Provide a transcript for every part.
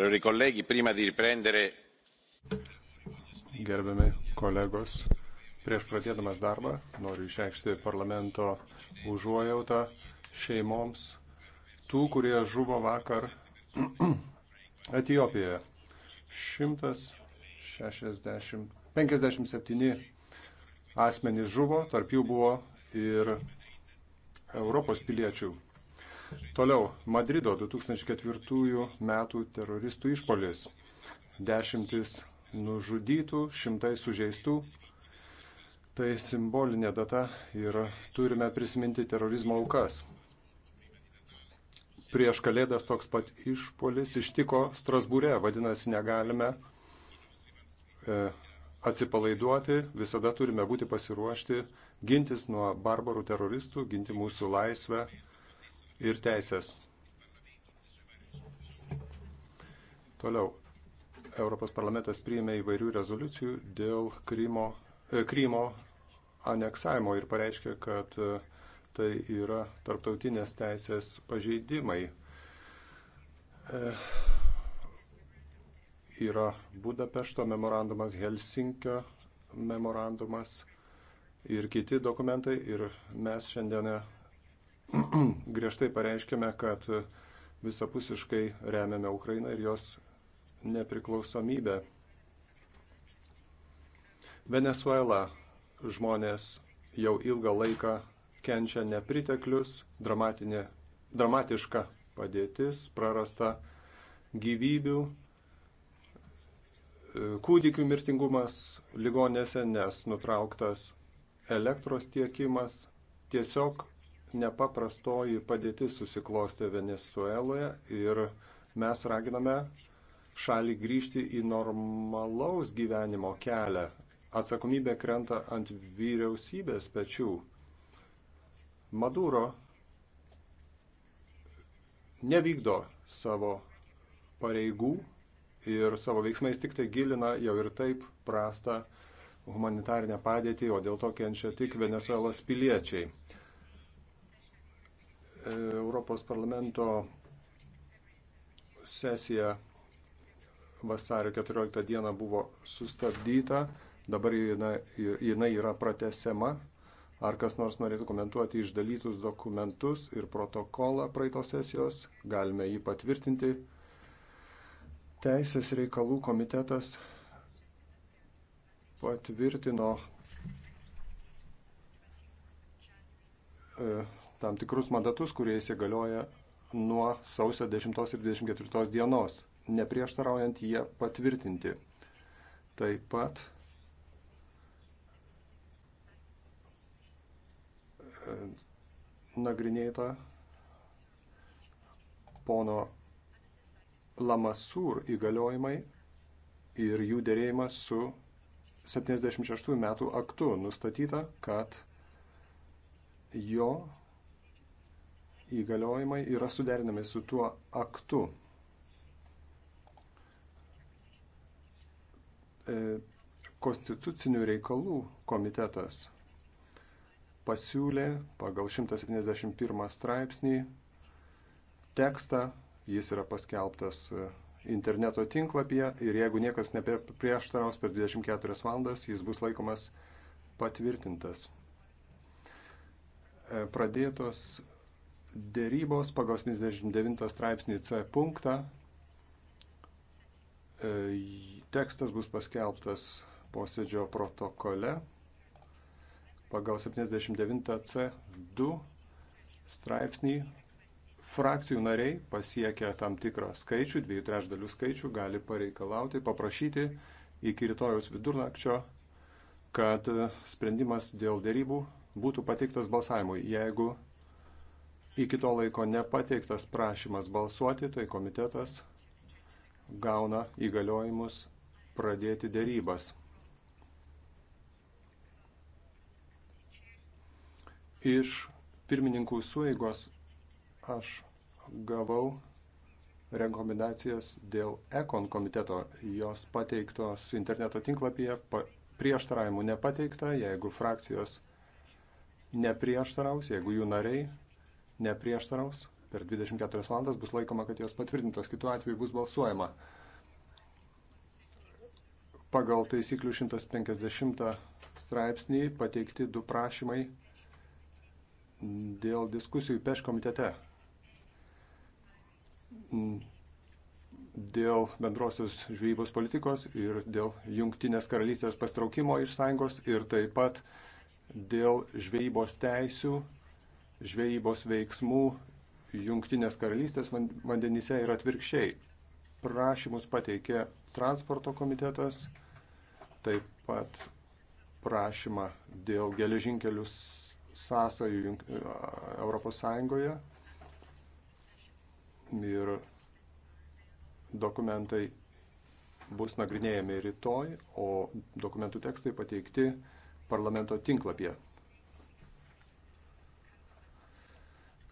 onorevoli colleghi prima di riprendere gerbiami kolegos prieš pradėdamas darbą noriu išreikšti parlamento užuojautą šeimoms tų kurie žuvo vakar etiopijoje šimtas šešiasdešimt penkiasdešimt septyni asmenys žuvo tarp jų buvo ir europos piliečių Toliau, Madrido 2004 metų teroristų išpolis. Dešimtis nužudytų, šimtai sužeistų. Tai simbolinė data ir turime prisiminti terorizmo aukas. Prieš kalėdas toks pat išpolis ištiko Strasbūre, vadinasi, negalime e, atsipalaiduoti, visada turime būti pasiruošti gintis nuo barbarų teroristų, ginti mūsų laisvę ir teisės. Toliau. Europos parlamentas priėmė įvairių rezoliucijų dėl Krymo, e, Krymo aneksavimo ir pareiškė, kad e, tai yra tarptautinės teisės pažeidimai. E, yra Budapešto memorandumas, Helsinkio memorandumas ir kiti dokumentai ir mes šiandieną griežtai pareiškėme, kad visapusiškai remiame Ukrainą ir jos nepriklausomybę. Venezuela žmonės jau ilgą laiką kenčia nepriteklius, dramatiška padėtis, prarasta gyvybių, kūdikių mirtingumas ligonėse, nes nutrauktas elektros tiekimas. Tiesiog nepaprastoji padėtis susiklostė Venezueloje ir mes raginame šalį grįžti į normalaus gyvenimo kelią. Atsakomybė krenta ant vyriausybės pečių. Maduro nevykdo savo pareigų ir savo veiksmais tik tai gilina jau ir taip prastą humanitarinę padėtį, o dėl to kenčia tik Venezuelos piliečiai. E, Europos parlamento sesija vasario 14 dieną buvo sustabdyta, dabar jinai, jinai yra pratesiama. Ar kas nors norėtų komentuoti išdalytus dokumentus ir protokolą praeitos sesijos, galime jį patvirtinti. Teisės reikalų komitetas patvirtino e, tam tikrus mandatus, kurie įsigalioja nuo sausio 10 ir 24 dienos, neprieštaraujant jie patvirtinti. Taip pat e, nagrinėta pono Lamasūr įgaliojimai ir jų dėrėjimas su 76 metų aktu nustatyta, kad jo įgaliojimai yra suderinami su tuo aktu. E, Konstitucinių reikalų komitetas pasiūlė pagal 171 straipsnį tekstą, jis yra paskelbtas e, interneto tinklapyje ir jeigu niekas neprieštaraus per 24 valandas, jis bus laikomas patvirtintas. E, pradėtos dėrybos pagal 79 straipsnį C punktą. E, tekstas bus paskelbtas posėdžio protokole pagal 79C2 straipsnį frakcijų nariai pasiekę tam tikrą skaičių, dviejų trešdalių skaičių, gali pareikalauti, paprašyti iki rytojus vidurnakčio, kad sprendimas dėl dėrybų būtų pateiktas balsavimui. Jeigu iki to laiko nepateiktas prašymas balsuoti, tai komitetas gauna įgaliojimus pradėti dėrybas. Iš pirmininkų sueigos aš gavau rekomendacijas dėl Ekon komiteto. Jos pateiktos interneto tinklapyje prieštaravimų nepateikta, jeigu frakcijos neprieštaraus, jeigu jų nariai neprieštaraus, per 24 valandas bus laikoma, kad jos patvirtintos, kitu atveju bus balsuojama. Pagal taisyklių 150 straipsnį pateikti du prašymai dėl diskusijų peš komitete dėl bendrosios žvejybos politikos ir dėl jungtinės karalystės pastraukimo iš sąjungos ir taip pat dėl žvejybos teisių žvejybos veiksmų Junktinės karalystės vandenyse ir atvirkščiai. Prašymus pateikė transporto komitetas, taip pat prašymą dėl geležinkelių sąsajų Europos Sąjungoje ir dokumentai bus nagrinėjami rytoj, o dokumentų tekstai pateikti parlamento tinklapyje.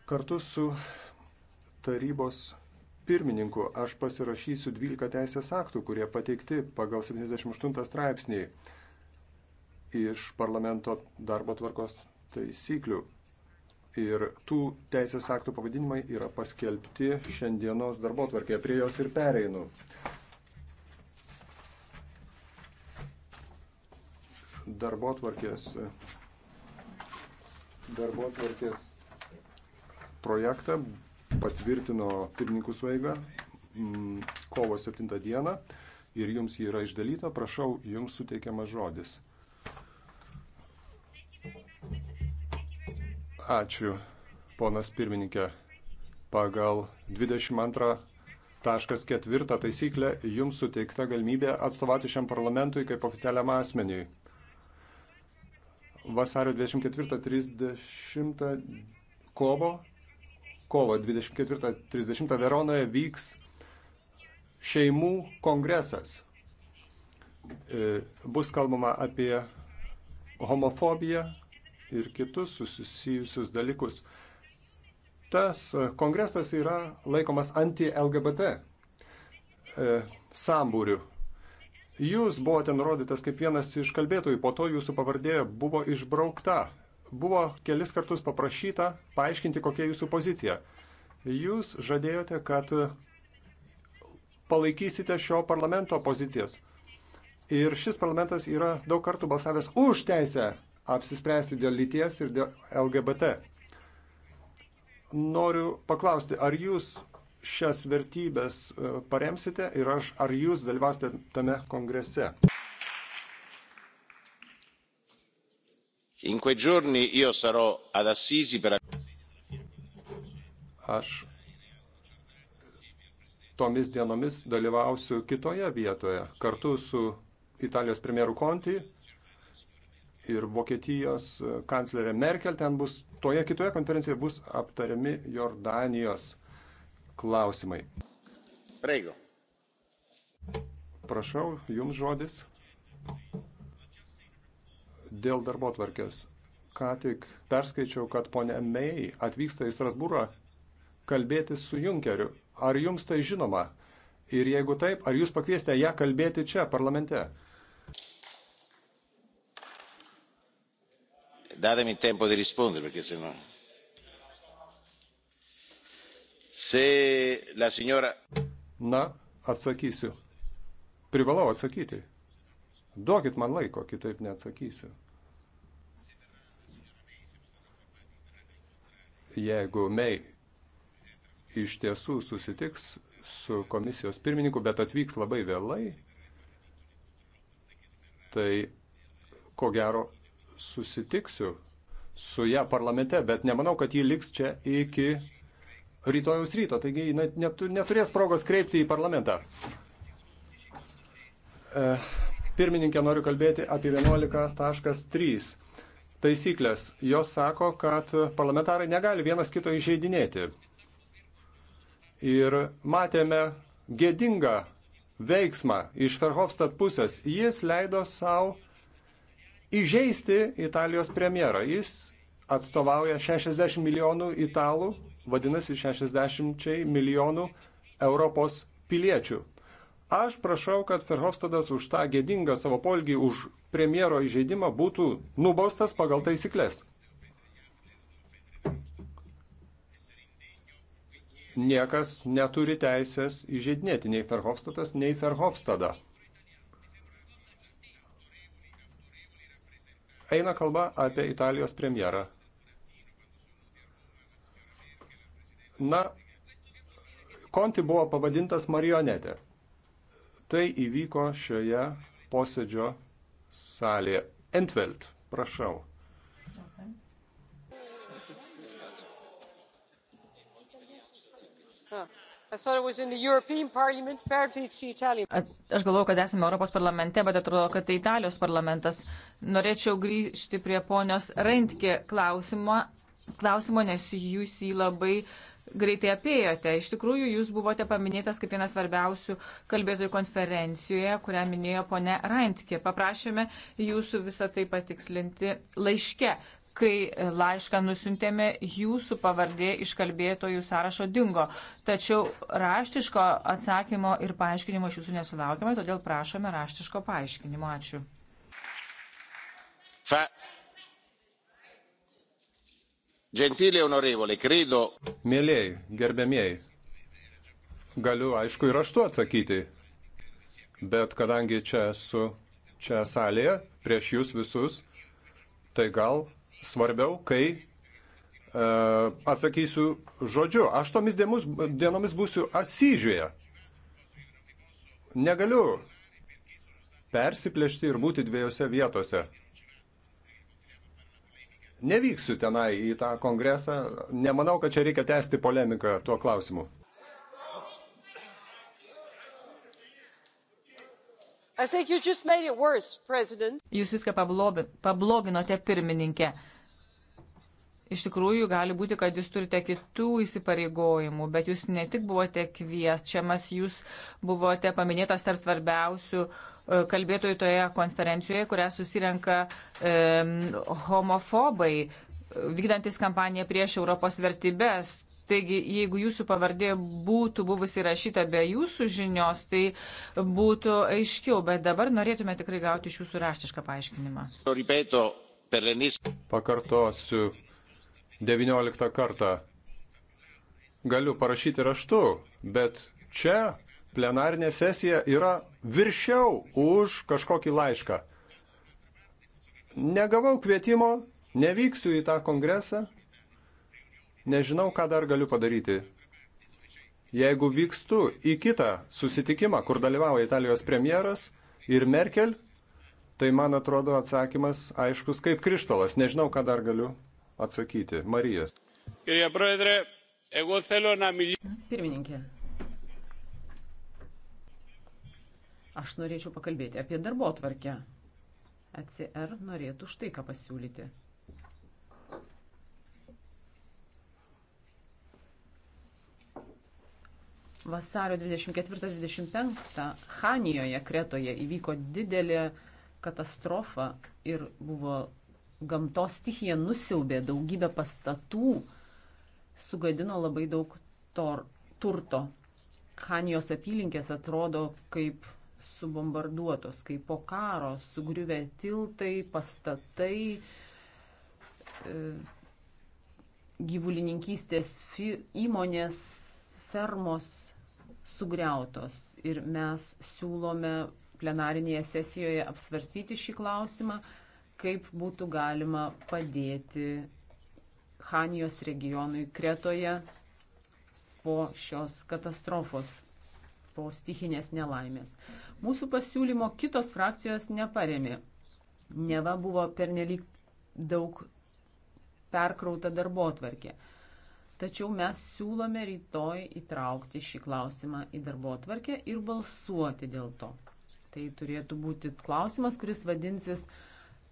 Kartu su tarybos pirmininku aš pasirašysiu 12 teisės aktų, kurie pateikti pagal 78 straipsnį iš parlamento darbo tvarkos taisyklių. Ir tų teisės aktų pavadinimai yra paskelbti šiandienos darbo tvarkėje. Prie jos ir pereinu. Darbo tvarkės. Darbo tvarkės projektą patvirtino pirmininkų svaiga mm, kovo 7 dieną ir jums jį yra išdalyta. Prašau, jums suteikiamas žodis. Ačiū, ponas pirmininkė. Pagal 22.4 taisyklę jums suteikta galimybė atstovauti šiam parlamentui kaip oficialiam asmeniui. Vasario 24.30 kovo kovo 24-30 Veronoje vyks šeimų kongresas. E, bus kalbama apie homofobiją ir kitus susijusius dalykus. Tas kongresas yra laikomas anti-LGBT e, sambūriu. Jūs buvote nurodytas kaip vienas iš kalbėtojų, po to jūsų pavardė buvo išbraukta buvo kelis kartus paprašyta paaiškinti, kokia jūsų pozicija. Jūs žadėjote, kad palaikysite šio parlamento pozicijas. Ir šis parlamentas yra daug kartų balsavęs už teisę apsispręsti dėl lyties ir dėl LGBT. Noriu paklausti, ar jūs šias vertybės e, paremsite ir aš, ar jūs dalyvausite tame kongrese? in quei giorni io sarò ad assisi per. aš tomis dienomis dalyvausiu kitoje vietoje kartu su italijos premjeru konti ir vokietijos kanclerė merkel ten bus toje kitoje konferencijoje bus aptariami jordanijos klausimai. Prego. Prašau, jums žodis dėl darbo tvarkės. Ką tik perskaičiau, kad ponia Mei atvyksta į Strasbūrą kalbėti su Junkeriu. Ar jums tai žinoma? Ir jeigu taip, ar jūs pakviesite ją kalbėti čia, parlamente? Datemi tempo di rispondere, perché se no. Se la signora. Na, atsakysiu. Privalau atsakyti. Duokit man laiko, kitaip neatsakysiu. Jeigu Mei iš tiesų susitiks su komisijos pirmininku, bet atvyks labai vėlai, tai ko gero susitiksiu su ją parlamente, bet nemanau, kad ji liks čia iki rytojaus ryto, taigi jinai neturės progos kreipti į parlamentą. Uh. Pirmininkė, noriu kalbėti apie 11.3 taisyklės. Jos sako, kad parlamentarai negali vienas kito įžeidinėti. Ir matėme gėdingą veiksmą iš Ferhofstad pusės. Jis leido savo įžeisti Italijos premjerą. Jis atstovauja 60 milijonų italų, vadinasi 60 milijonų Europos piliečių. Aš prašau, kad Ferhofstadas už tą gėdingą savo polgį, už premjero įžeidimą būtų nubaustas pagal taisyklės. Niekas neturi teisės įžeidinėti nei Ferhofstadas, nei Ferhofstada. Eina kalba apie Italijos premjerą. Na, Konti buvo pavadintas marionetė. Tai įvyko šioje posėdžio salėje. Entvelt, prašau. Aš galvojau, kad esame Europos parlamente, bet atrodo, kad tai Italijos parlamentas. Norėčiau grįžti prie ponios Raintke klausimo, klausimo nes jūs jį labai uh, greitai apėjote. Iš tikrųjų, jūs buvote paminėtas kaip vienas svarbiausių kalbėtojų konferencijoje, kurią minėjo ponė Rantke. Paprašėme jūsų visą tai patikslinti laiške. Kai laišką nusintėme, jūsų pavardė iš kalbėtojų sąrašo dingo. Tačiau raštiško atsakymo ir paaiškinimo iš jūsų nesulaukime, todėl prašome raštiško paaiškinimo. Ačiū. Fa Gentiliai e onorevoliai, kredo. Mėlėjai, gerbėmėjai, galiu aišku ir aš tu atsakyti, bet kadangi čia esu, čia salėje, prieš jūs visus, tai gal svarbiau, kai e, atsakysiu žodžiu. Aš tomis dienos, dienomis būsiu Asyžiuje. Negaliu persiplėšti ir būti dviejose vietose nevyksiu tenai į tą kongresą. Nemanau, kad čia reikia tęsti polemiką tuo klausimu. Worse, Jūs viską pabloginote pirmininkę. Iš tikrųjų, gali būti, kad jūs turite kitų įsipareigojimų, bet jūs ne tik buvote kviečiamas, jūs buvote paminėtas tarp svarbiausių uh, kalbėtojų toje konferencijoje, kurią susirenka homofobai, vykdantis kampaniją prieš Europos vertybės. Taigi, jeigu jūsų pavardė būtų buvusi rašyta be jūsų žinios, tai būtų aiškiau, bet dabar norėtume tikrai gauti iš jūsų raštišką paaiškinimą. Pakartosiu 19 kartą. Galiu parašyti raštu, bet čia plenarinė sesija yra viršiau už kažkokį laišką. Negavau kvietimo, nevyksiu į tą kongresą, nežinau, ką dar galiu padaryti. Jeigu vykstu į kitą susitikimą, kur dalyvauja Italijos premjeras ir Merkel, tai man atrodo atsakymas aiškus kaip krištolas. Nežinau, ką dar galiu atsakyti. Marijas. Pirmininkė, Aš norėčiau pakalbėti apie darbo tvarkę. ECR norėtų štai ką pasiūlyti. Vasario 24-25 Hanijoje, Kretoje, įvyko didelė katastrofa ir buvo gamtos stichija nusiaubė daugybę pastatų, sugadino labai daug tor, turto. Hanijos apylinkės atrodo kaip subombarduotos, kai po karo sugriuvę tiltai, pastatai, e, gyvulininkystės įmonės, fermos sugriautos. Ir mes siūlome plenarinėje sesijoje apsvarstyti šį klausimą, kaip būtų galima padėti Hanijos regionui Kretoje po šios katastrofos, po stichinės nelaimės. Mūsų pasiūlymo kitos frakcijos neparemė. Neva buvo pernelyg daug perkrauta darbo atvarkė. Tačiau mes siūlome rytoj įtraukti šį klausimą į darbo atvarkę ir balsuoti dėl to. Tai turėtų būti klausimas, kuris vadinsis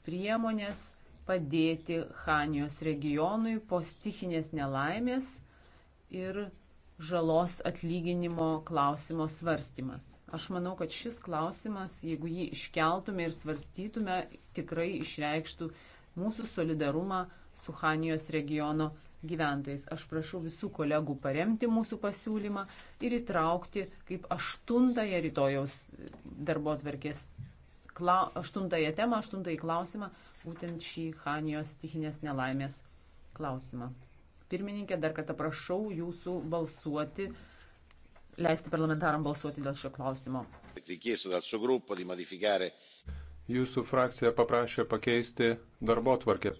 priemonės padėti Hanijos regionui po stichinės nelaimės ir žalos atlyginimo klausimo svarstymas. Aš manau, kad šis klausimas, jeigu jį iškeltume ir svarstytume, tikrai išreikštų mūsų solidarumą su Hanijos regiono gyventojais. Aš prašau visų kolegų paremti mūsų pasiūlymą ir įtraukti kaip aštuntąją rytojaus darbo atverkės, klau, aštuntąją temą, aštuntąjį klausimą, būtent šį Hanijos stichinės nelaimės klausimą pirmininkė, dar kartą prašau jūsų balsuoti, leisti parlamentaram balsuoti dėl šio klausimo. Jūsų frakcija paprašė pakeisti darbo tvarkę,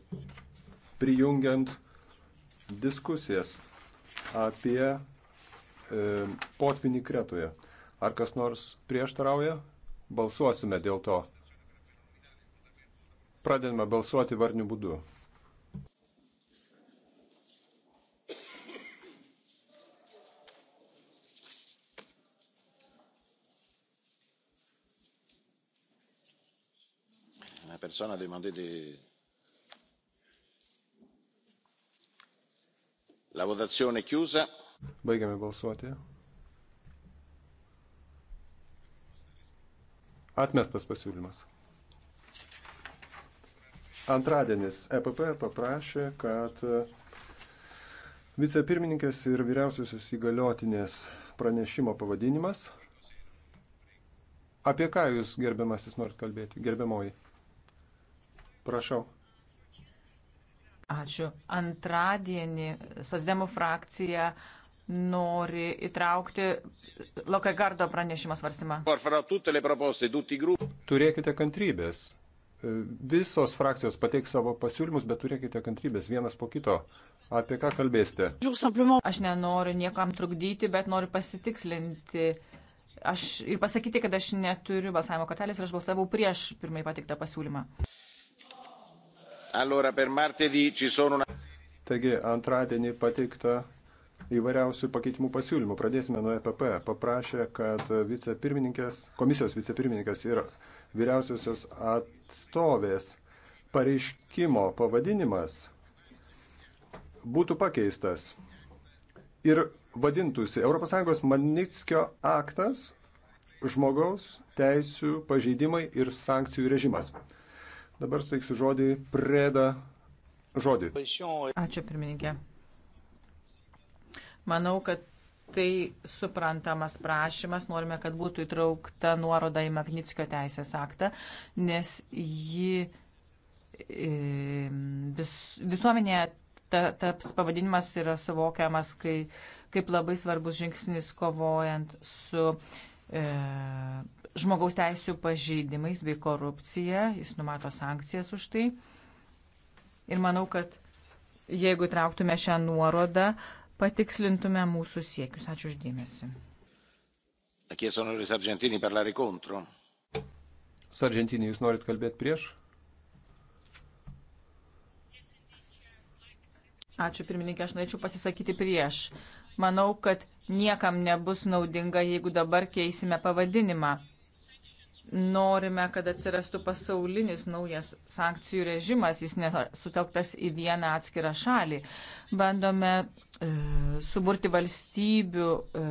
prijungiant diskusijas apie e, potvinį Kretoje. Ar kas nors prieštarauja? Balsuosime dėl to. Pradedame balsuoti varnių būdu. personne n'a demandé de... la votazione è chiusa. baigiame balsuoti. atmestas pasiūlymas. Antradienis EPP paprašė, kad vicepirmininkės ir vyriausiosios įgaliotinės pranešimo pavadinimas. Apie ką jūs gerbiamasis norit kalbėti, gerbiamoji? Prašau. Ačiū. Antradienį Sosdemų frakcija nori įtraukti Lokagardo pranešimo svarstymą. Turėkite kantrybės. E, visos frakcijos pateiks savo pasiūlymus, bet turėkite kantrybės vienas po kito. Apie ką kalbėsite? Aš nenoriu niekam trukdyti, bet noriu pasitikslinti. Aš ir pasakyti, kad aš neturiu balsavimo kortelės ir aš balsavau prieš pirmąjį patiktą pasiūlymą. Allora, per martedì ci sono una... Taigi antradienį pateikta įvairiausių pakeitimų pasiūlymų. Pradėsime nuo EPP. Paprašė, kad vicepirmininkės, komisijos vicepirmininkės ir vyriausiosios atstovės pareiškimo pavadinimas būtų pakeistas ir vadintųsi ES Manitskio aktas žmogaus teisų pažeidimai ir sankcijų režimas. Dabar steiksiu žodį preda žodį. Ačiū pirmininkė. Manau, kad tai suprantamas prašymas, norime, kad būtų įtraukta nuoroda į Magnitskio teisės aktą, nes ji e, vis, visuomenėje ta, taps pavadinimas yra suvokiamas kai, kaip labai svarbus žingsnis kovojant su e, žmogaus teisų pažeidimais bei korupcija, jis numato sankcijas už tai. Ir manau, kad jeigu trauktume šią nuorodą, patikslintume mūsų siekius. Ačiū uždėmesi. Sargentinį, jūs norit kalbėti prieš? Ačiū pirmininkė, aš norėčiau pasisakyti prieš. Manau, kad niekam nebus naudinga, jeigu dabar keisime pavadinimą norime, kad atsirastų pasaulinis naujas sankcijų režimas, jis nesutelktas į vieną atskirą šalį. Bandome e, suburti valstybių e,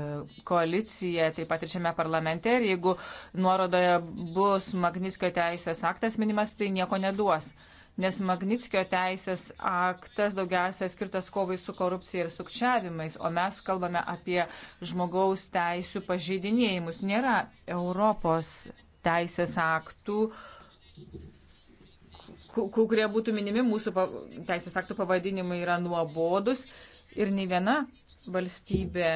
koaliciją, taip pat ir šiame parlamente, ir jeigu nuorodoje bus Magnitskio teisės aktas minimas, tai nieko neduos. Nes Magnitskio teisės aktas daugiausia skirtas kovai su korupcija ir sukčiavimais, o mes kalbame apie žmogaus teisų pažeidinėjimus. Nėra Europos teisės aktų, kurie būtų minimi, mūsų teisės aktų pavadinimai yra nuobodus ir nei viena valstybė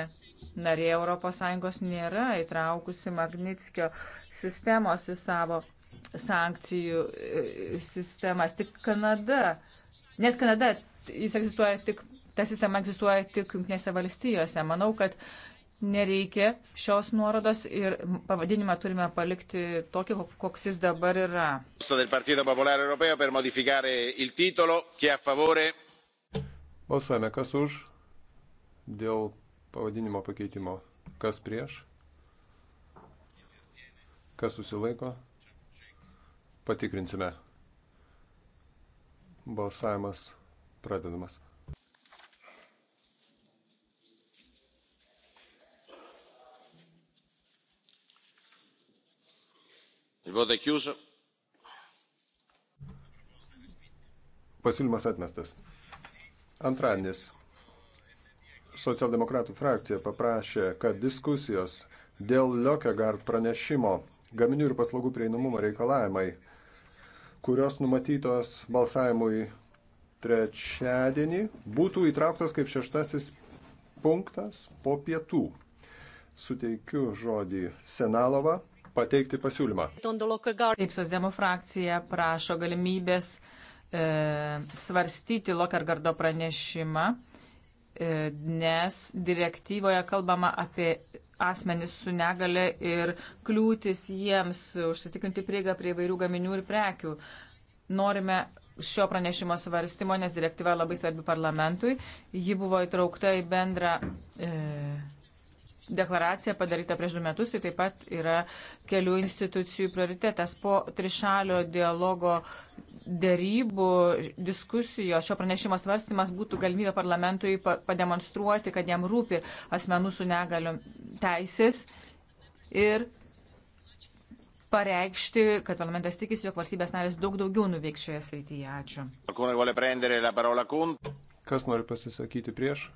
narė ES nėra įtraukusi Magnitskio sistemos į savo sankcijų e, sistemas. Tik Kanada, net Kanada, jis egzistuoja tik, ta sistema egzistuoja tik Junktinėse valstijose. Manau, kad nereikia šios nuorodos ir pavadinimą turime palikti tokį, koks jis dabar yra. Balsuojame, kas už dėl pavadinimo pakeitimo, kas prieš, kas susilaiko. Patikrinsime. Balsavimas pradedamas. Il voto è chiuso. Pasiūlymas atmestas. Antradienis. Socialdemokratų frakcija paprašė, kad diskusijos dėl Liokegard pranešimo gaminių ir paslaugų prieinamumo reikalavimai, kurios numatytos balsavimui trečiadienį, būtų įtrauktas kaip šeštasis punktas po pietų. Suteikiu žodį Senalova pateikti pasiūlymą. Taip, Sosdemų frakcija prašo galimybės e, svarstyti Lokergardo pranešimą, e, nes direktyvoje kalbama apie asmenys su negale ir kliūtis jiems užsitikrinti prieigą prie vairių gaminių ir prekių. Norime šio pranešimo svarstymo, nes direktyva labai svarbi parlamentui. Ji buvo įtraukta į bendrą. E, deklaracija padaryta prieš du metus, tai taip pat yra kelių institucijų prioritetas. Po trišalio dialogo dėrybų, diskusijos, šio pranešimo svarstymas būtų galimybė parlamentui pademonstruoti, kad jam rūpi asmenų su negaliu teisės ir pareikšti, kad parlamentas tikisi, jog valstybės narės daug daugiau nuveiks šioje srityje. Ačiū. Kas nori pasisakyti prieš?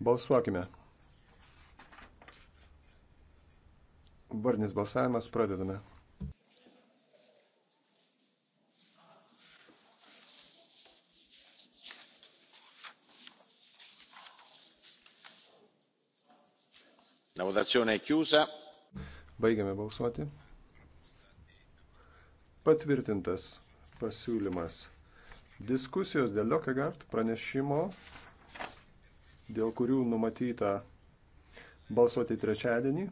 Balsuokime. Varnis balsavimas pradedame. La votazione è chiusa. Baigiame balsuoti. Patvirtintas pasiūlymas. Diskusijos dėl Lokegard pranešimo dėl kurių numatyta balsuoti trečiadienį,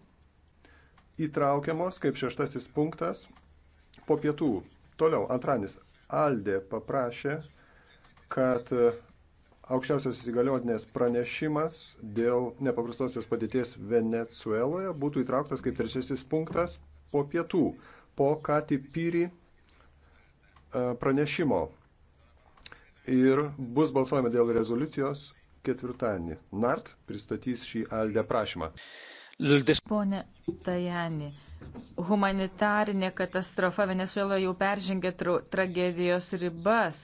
įtraukiamos kaip šeštasis punktas po pietų. Toliau, antranis, Aldė paprašė, kad aukščiausios įgaliotinės pranešimas dėl nepaprastosios padėties Venezueloje būtų įtrauktas kaip trečiasis punktas po pietų, po Katipyri e, pranešimo. Ir bus balsuojama dėl rezoliucijos ketvirtadienį. NART pristatys šį ALDE prašymą. Pone Tajani, humanitarinė katastrofa Venezueloje jau peržengė tra tragedijos ribas,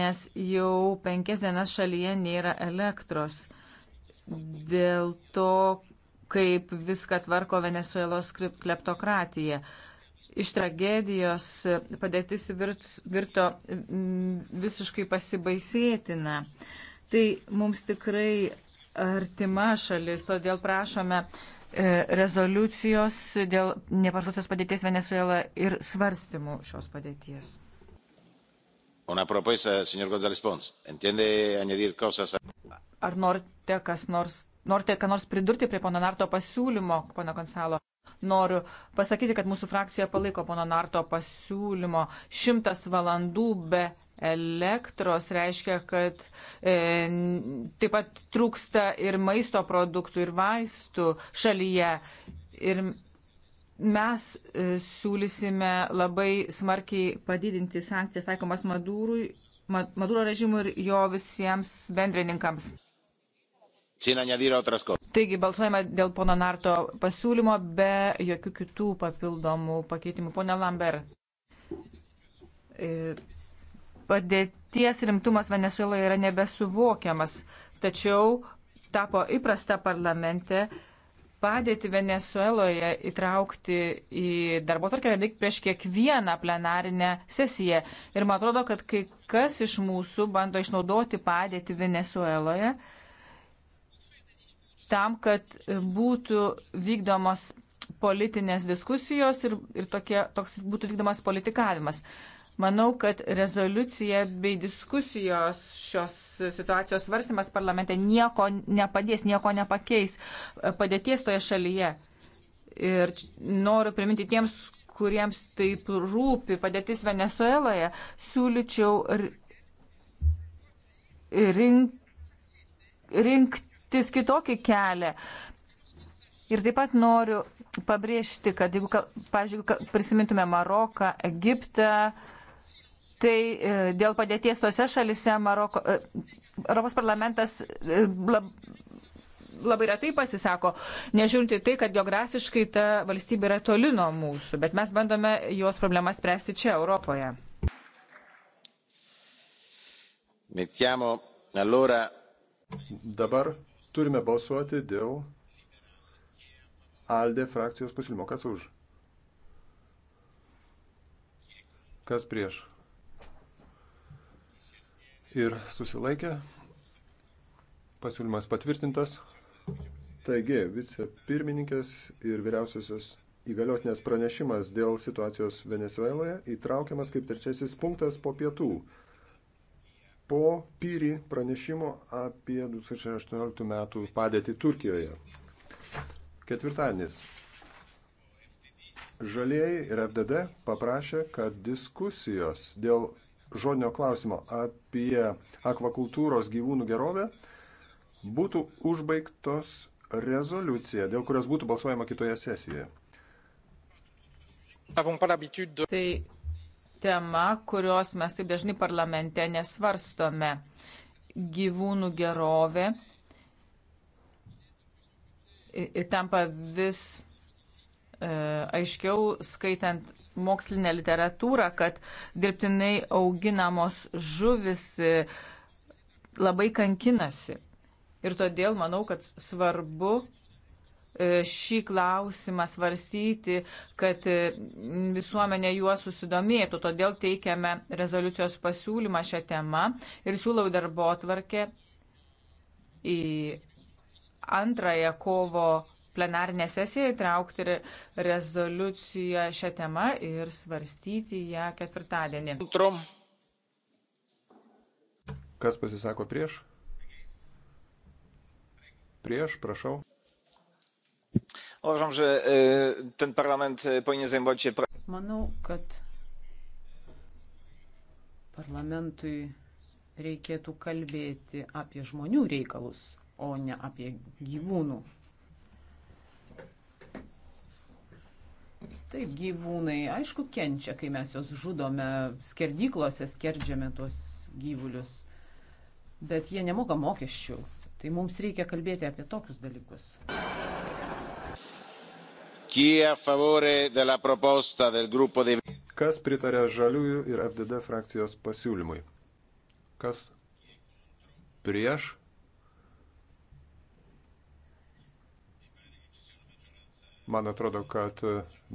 nes jau penkias dienas šalyje nėra elektros. Dėl to, kaip viską tvarko Venezuelos kleptokratija iš tragedijos padėtis virt, virto visiškai pasibaisėtina. Tai mums tikrai artima šalis, todėl prašome e, rezoliucijos dėl nepartosios padėties Venezuela ir svarstymų šios padėties. Una propuesta, señor González Pons. ¿Entiende añadir cosas? Ar norite kas nors, norite ką nors pridurti prie pono Narto pasiūlymo, pono Gonzalo? Noriu pasakyti, kad mūsų frakcija palaiko pono Narto pasiūlymo šimtas valandų be elektros, reiškia, kad e, taip pat trūksta ir maisto produktų, ir vaistų šalyje. Ir mes e, siūlysime labai smarkiai padidinti sankcijas taikomas Madūrui, Maduro režimui ir jo visiems bendrininkams. Taigi balsuojame dėl pono Narto pasiūlymo be jokių kitų papildomų pakeitimų. Pone Lambert. E, Padėties rimtumas Venezueloje yra nebesuvokiamas, tačiau tapo įprasta parlamente padėti Venezueloje įtraukti į darbo tvarkę beveik prieš kiekvieną plenarinę sesiją. Ir man atrodo, kad kai kas iš mūsų bando išnaudoti padėti Venezueloje tam, kad būtų vykdomos politinės diskusijos ir, ir tokie, toks būtų vykdomas politikavimas. Manau, kad rezoliucija bei diskusijos šios situacijos svarstymas parlamente nieko nepadės, nieko nepakeis padėties toje šalyje. Ir noriu priminti tiems, kuriems taip rūpi padėtis Venezueloje, siūlyčiau rink, rinktis kitokį kelią. Ir taip pat noriu pabrėžti, kad jeigu, pavyzdžiui, prisimintume Maroką, Egiptą, Tai e, dėl padėties tose šalise Maroko, e, Europos parlamentas e, lab, labai retai pasisako, nežiūrinti tai, kad geografiškai ta valstybė yra toli nuo mūsų, bet mes bandome jos problemas spręsti čia, Europoje. Mettiamo allora. Dabar turime balsuoti dėl ALDE frakcijos pasiūlymo. Kas už? Kas prieš? ir susilaikė. Pasiūlymas patvirtintas. Taigi, vicepirmininkės ir vyriausiosios įgaliotinės pranešimas dėl situacijos Venezueloje įtraukiamas kaip trečiasis punktas po pietų. Po pyri pranešimo apie 2018 metų padėtį Turkijoje. Ketvirtadienis. Žalieji ir FDD paprašė, kad diskusijos dėl žodinio klausimo apie akvakultūros gyvūnų gerovę būtų užbaigtos rezoliucija, dėl kurios būtų balsuojama kitoje sesijoje. Tai tema, kurios mes taip dažnai parlamente nesvarstome. Gyvūnų gerovė tampa vis e, aiškiau skaitant mokslinę literatūrą, kad dirbtinai auginamos žuvis e, labai kankinasi. Ir todėl manau, kad svarbu e, šį klausimą svarstyti, kad e, visuomenė juo susidomėtų. Todėl teikiame rezoliucijos pasiūlymą šią temą ir siūlau darbo atvarkę į antrąją kovo plenarinę sesiją įtraukti rezoliuciją šią temą ir svarstyti ją ketvirtadienį. Trum. Kas pasisako prieš? Prieš, prašau. Uważam, że e, ten parlament e, powinien zajmować się. Manau, kad parlamentui reikėtų kalbėti apie žmonių reikalus, o ne apie gyvūnų Taip, gyvūnai, aišku, kenčia, kai mes juos žudome, skerdyklose skerdžiame tuos gyvulius, bet jie nemoka mokesčių. Tai mums reikia kalbėti apie tokius dalykus. Kas pritarė žaliųjų ir FDD frakcijos pasiūlymui? Kas prieš? Man atrodo, kad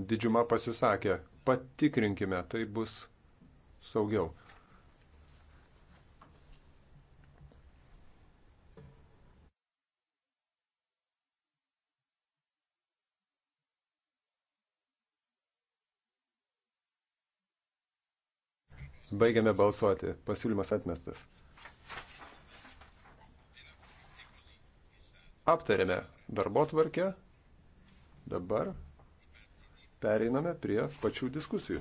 didžiuma pasisakė, patikrinkime, tai bus saugiau. Baigiame balsuoti. Pasiūlymas atmestas. Aptarėme darbo tvarkę Dabar pereiname prie pačių diskusijų.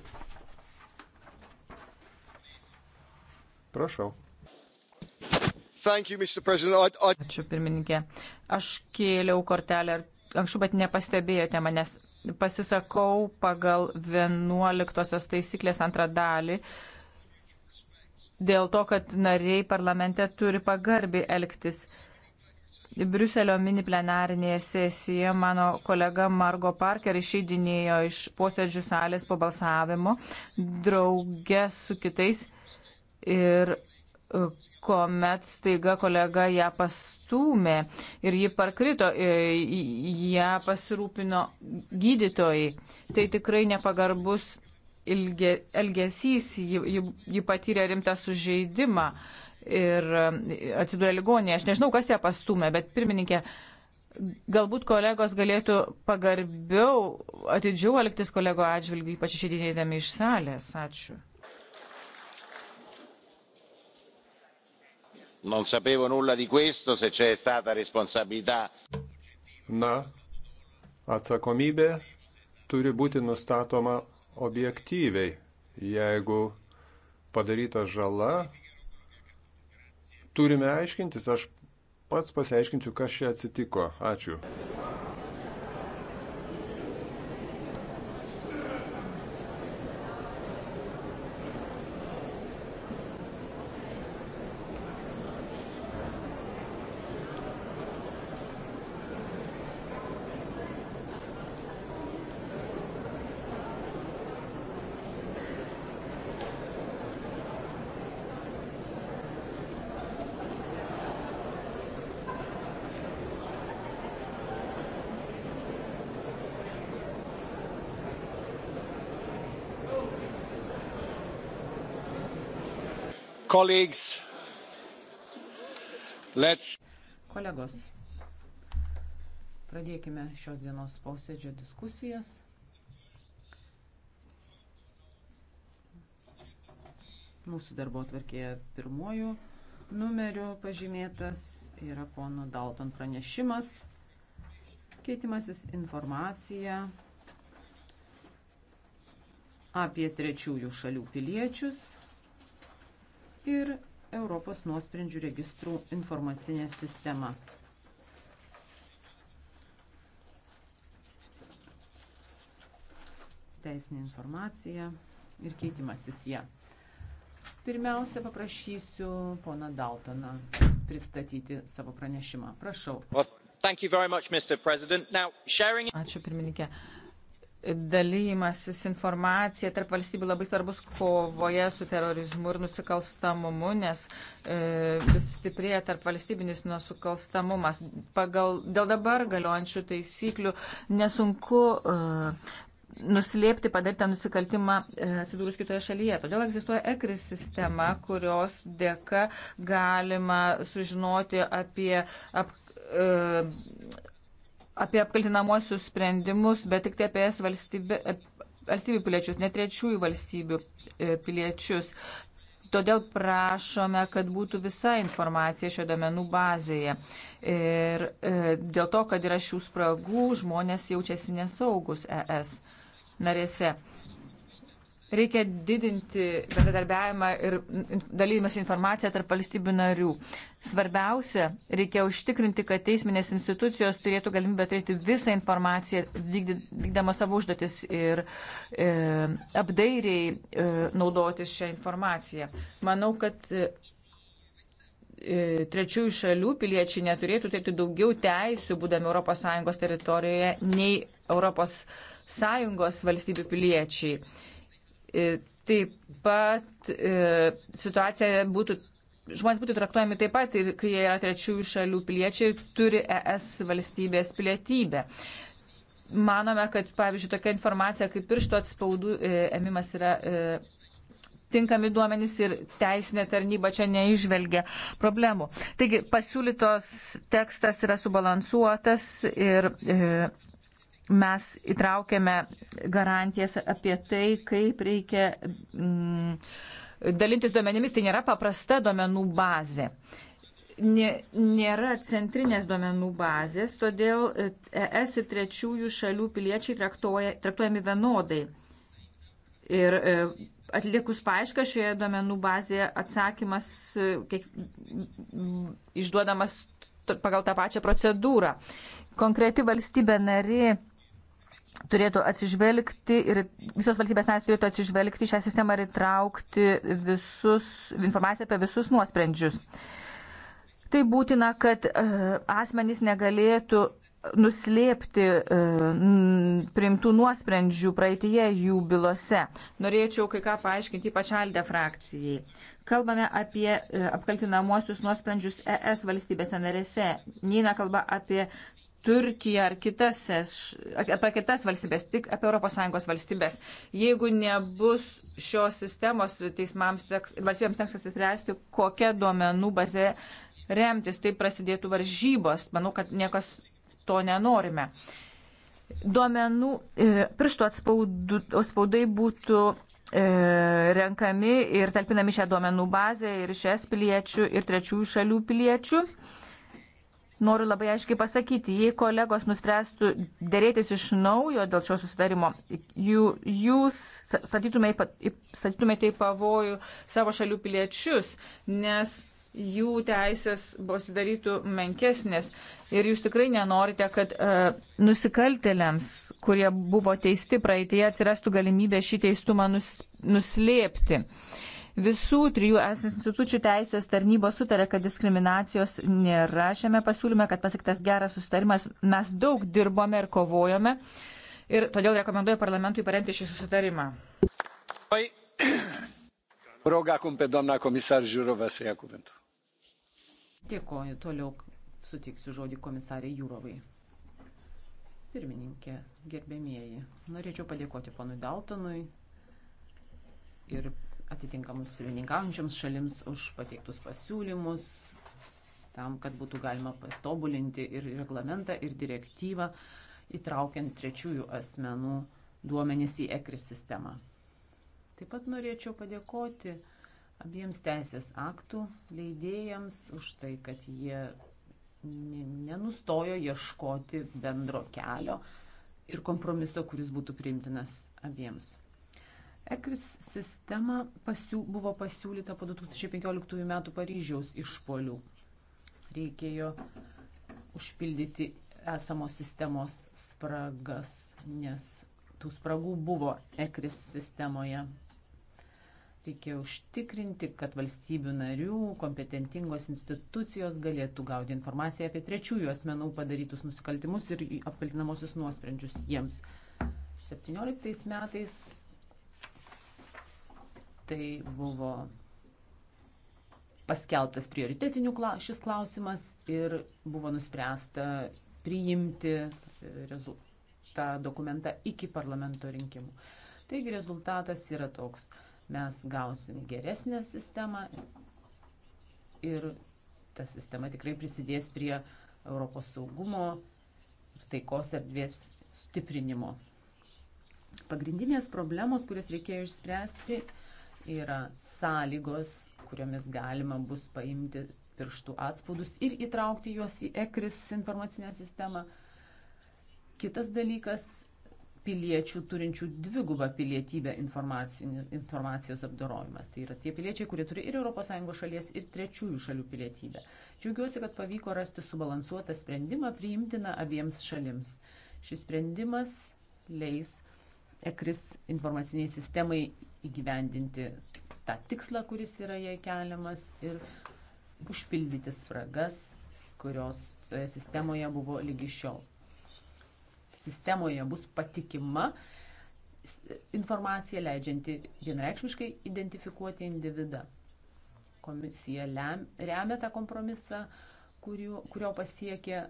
Prašau. You, Ačiū pirmininkė. Aš kėliau kortelę anksčiau, bet nepastebėjote manęs. Pasisakau pagal 11 taisyklės antrą dalį dėl to, kad nariai parlamente turi pagarbiai elgtis. Briuselio mini plenarinėje sesijoje mano kolega Margo Parker išeidinėjo iš posėdžių salės po balsavimo drauge su kitais ir e, kuomet staiga kolega ją pastūmė ir ji parkrito, e, ją pasirūpino gydytojai. Tai tikrai nepagarbus elgesys, ji, ji, ji patyrė rimtą sužeidimą. Uh, ir e, atsiduria ligonėje. Aš nežinau, kas ją pastumė, bet pirmininkė, galbūt kolegos galėtų pagarbiau, atidžiau elgtis kolego atžvilgių, ypač išeidinėdami iš salės. Ačiū. Non sapevo nulla di questo, se c'è stata responsabilità. Na, atsakomybė turi būti nustatoma objektyviai. Jeigu padaryta žala, turime aiškintis, aš pats pasiaiškinsiu, kas čia atsitiko. Ačiū. Colleagues, let's. Kolegos, pradėkime šios dienos posėdžio diskusijas. Mūsų darbo atvarkėje pirmojų numeriu pažymėtas yra pono Dalton pranešimas, keitimasis informacija apie trečiųjų šalių piliečius ir Europos nuosprendžių registrų informacinė sistema. Teisinė informacija ir keitimasis ją. Pirmiausia, paprašysiu poną Daltoną pristatyti savo pranešimą. Prašau. Well, much, Now, sharing... Ačiū pirmininkė. Uh, dalymasis informacija tarp valstybių labai svarbus kovoje su terorizmu ir nusikalstamumu, nes e, vis stiprėja tarp valstybinis nusikalstamumas. Pagal, dėl dabar galiojančių taisyklių nesunku e, nuslėpti padarytą nusikaltimą e, atsidūrus kitoje šalyje. Todėl egzistuoja ECRIS sistema, kurios dėka galima sužinoti apie ap, e, apie apkaltinamuosius sprendimus, bet tik tai apie es valstybė, valstybių piliečius, ne trečiųjų valstybių e, piliečius. Todėl prašome, kad būtų visa informacija šio domenų bazėje. Ir e, dėl to, kad yra šių spragų, žmonės jaučiasi nesaugus ES narėse reikia didinti bendradarbiavimą ir dalymas informaciją tarp valstybių narių. Svarbiausia, reikia užtikrinti, kad teisminės institucijos turėtų galimybę turėti visą informaciją, vykdama savo užduotis ir e, apdairiai e, naudotis šią informaciją. Manau, kad e, e trečiųjų šalių piliečiai neturėtų turėti daugiau teisių, būdami ES teritorijoje, nei ES valstybių piliečiai. E, taip pat e, situacija būtų žmonės būtų traktuojami taip pat ir kai jie yra trečiųjų šalių piliečiai ir turi ES valstybės pilietybę. Manome, kad, pavyzdžiui, tokia informacija kaip piršto atspaudų e, ėmimas e, yra. E, Tinkami duomenys ir teisinė tarnyba čia neižvelgia problemų. Taigi pasiūlytos tekstas yra subalansuotas ir e, mes įtraukėme garantijas apie tai, kaip reikia mm, dalintis duomenimis. Tai nėra paprasta duomenų bazė. Nėra centrinės duomenų bazės, todėl e, ES ir trečiųjų šalių piliečiai traktuoja, traktuojami vienodai. Ir e, atlikus paaišką šioje duomenų bazėje atsakymas e, kiek, išduodamas pagal tą pačią procedūrą. Konkreti valstybė nari turėtų atsižvelgti ir visos valstybės narės turėtų atsižvelgti šią sistemą ir įtraukti visus, informaciją apie visus nuosprendžius. Tai būtina, kad e, asmenys negalėtų nuslėpti e, priimtų nuosprendžių praeitie jų bylose. Norėčiau kai ką paaiškinti ypač Alde frakcijai. Kalbame apie e, apkaltinamuosius nuosprendžius ES valstybėse narėse. Nina kalba apie Turkiją ar kitas, apie kitas valstybės, tik apie ES valstybės. Jeigu nebus šios sistemos, teismams teks, valstybėms teks atsispręsti, kokia duomenų bazė remtis, tai prasidėtų varžybos. Manau, kad niekas to nenorime. Duomenų e, pirštų atspaudu, atspaudai būtų e, renkami ir talpinami šią duomenų bazę ir iš es piliečių ir trečiųjų šalių piliečių. Noriu labai aiškiai pasakyti, jei kolegos nuspręstų dėrėtis iš naujo dėl šio susidarimo, jų, jūs statytumėte į pavojų savo šalių piliečius, nes jų teisės pasidarytų menkesnės. Ir jūs tikrai nenorite, kad e, nusikaltelėms, kurie buvo teisti praeitie, atsirastų galimybė šį teistumą nus, nuslėpti. E, Visų trijų es institucijų teisės tarnybos sutarė, kad diskriminacijos nėra šiame pasiūlyme, kad pasiktas geras susitarimas. Mes daug dirbome ir kovojome ir todėl rekomenduoju parlamentui paremti šį susitarimą. Oi. Rog acum pe doamna comisar Jurova să ia cuvântul. Dėkoju. Toliau sutiksiu žodį komisarė Jurovai. Pirmininkė, gerbėmieji, norėčiau padėkoti ponui Daltonui ir atitinkamus pirmininkaujančiams šalims už pateiktus pasiūlymus, tam, kad būtų galima patobulinti ir reglamentą, ir direktyvą, įtraukiant trečiųjų asmenų duomenys į ECRIS sistemą. Taip pat norėčiau padėkoti abiems teisės aktų leidėjams už tai, kad jie nenustojo ieškoti bendro kelio ir kompromiso, kuris būtų priimtinas abiems. ECRIS sistema pasiū, buvo pasiūlyta po 2015 metų Paryžiaus išpolių. Reikėjo užpildyti esamos sistemos spragas, nes tų spragų buvo ECRIS sistemoje. Reikėjo užtikrinti, kad valstybių narių kompetentingos institucijos galėtų gauti informaciją apie trečiųjų asmenų padarytus nusikaltimus ir apkaltinamosius nuosprendžius jiems. 17 metais Tai buvo paskelbtas prioritetiniu šis klausimas ir buvo nuspręsta priimti e, tą dokumentą iki parlamento rinkimų. Taigi rezultatas yra toks. Mes gausim geresnę sistemą ir ta sistema tikrai prisidės prie Europos saugumo ir taikos erdvės stiprinimo. Pagrindinės problemos, kurias reikėjo išspręsti, yra sąlygos, kuriomis galima bus paimti pirštų atspaudus ir įtraukti juos į ECRIS informacinę sistemą. Kitas dalykas - piliečių turinčių dvigubą pilietybę informacijos apdorojimas. Tai yra tie piliečiai, kurie turi ir ES šalies, ir trečiųjų šalių pilietybę. Džiaugiuosi, kad pavyko rasti subalansuotą sprendimą priimtiną abiems šalims. Šis sprendimas leis ekris informaciniai sistemai įgyvendinti tą tikslą, kuris yra jai keliamas ir užpildyti spragas, kurios toje sistemoje buvo lygi šiol. Sistemoje bus patikima informacija leidžianti vienreikšmiškai identifikuoti individą. Komisija remia tą kompromisą, kurio, kurio pasiekė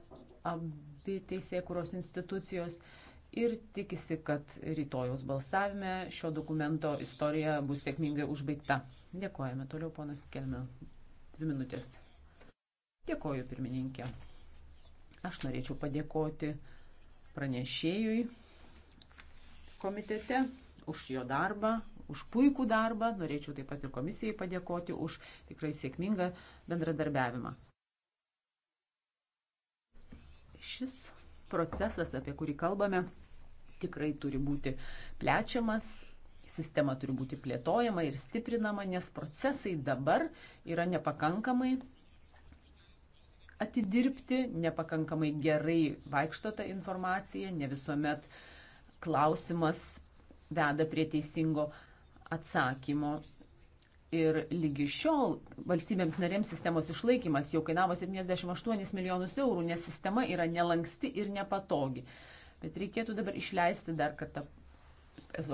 abi teisėkuros institucijos ir tikisi, kad rytojaus balsavime šio dokumento istorija bus sėkmingai užbaigta. Dėkojame. Toliau ponas Kelmė. Dvi minutės. Dėkoju, pirmininkė. Aš norėčiau padėkoti pranešėjui komitete už jo darbą, už puikų darbą. Norėčiau taip pat ir komisijai padėkoti už tikrai sėkmingą bendradarbiavimą. Šis procesas, apie kurį kalbame, tikrai turi būti plečiamas, sistema turi būti plėtojama ir stiprinama, nes procesai dabar yra nepakankamai atidirbti, nepakankamai gerai vaikšto ta informacija, ne visuomet klausimas veda prie teisingo atsakymo. Ir lygi šiol valstybėms narėms sistemos išlaikymas jau kainavo 78 milijonus eurų, nes sistema yra nelanksti ir nepatogi. Bet reikėtų dabar išleisti dar kartą ES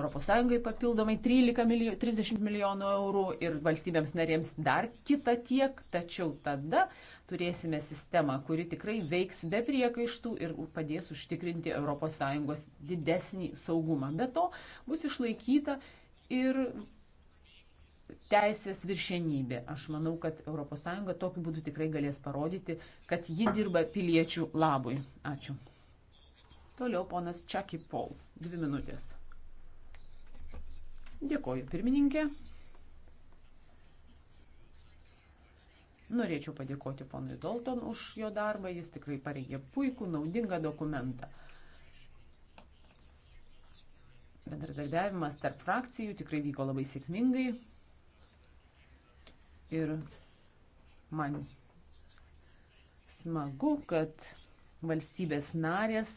papildomai 13 milijonų, 30 milijonų eurų ir valstybėms narėms dar kitą tiek, tačiau tada turėsime sistemą, kuri tikrai veiks be priekaištų ir padės užtikrinti ES didesnį saugumą. Be to bus išlaikyta ir teisės viršenybė. Aš manau, kad ES tokiu būdu tikrai galės parodyti, kad ji dirba piliečių labui. Ačiū. Toliau ponas Čaki Paul. Dvi minutės. Dėkoju, pirmininkė. Norėčiau padėkoti ponui Dalton už jo darbą, jis tikrai parengė puikų, naudingą dokumentą. Bendradarbiavimas tarp frakcijų tikrai vyko labai sėkmingai ir man smagu, kad valstybės narės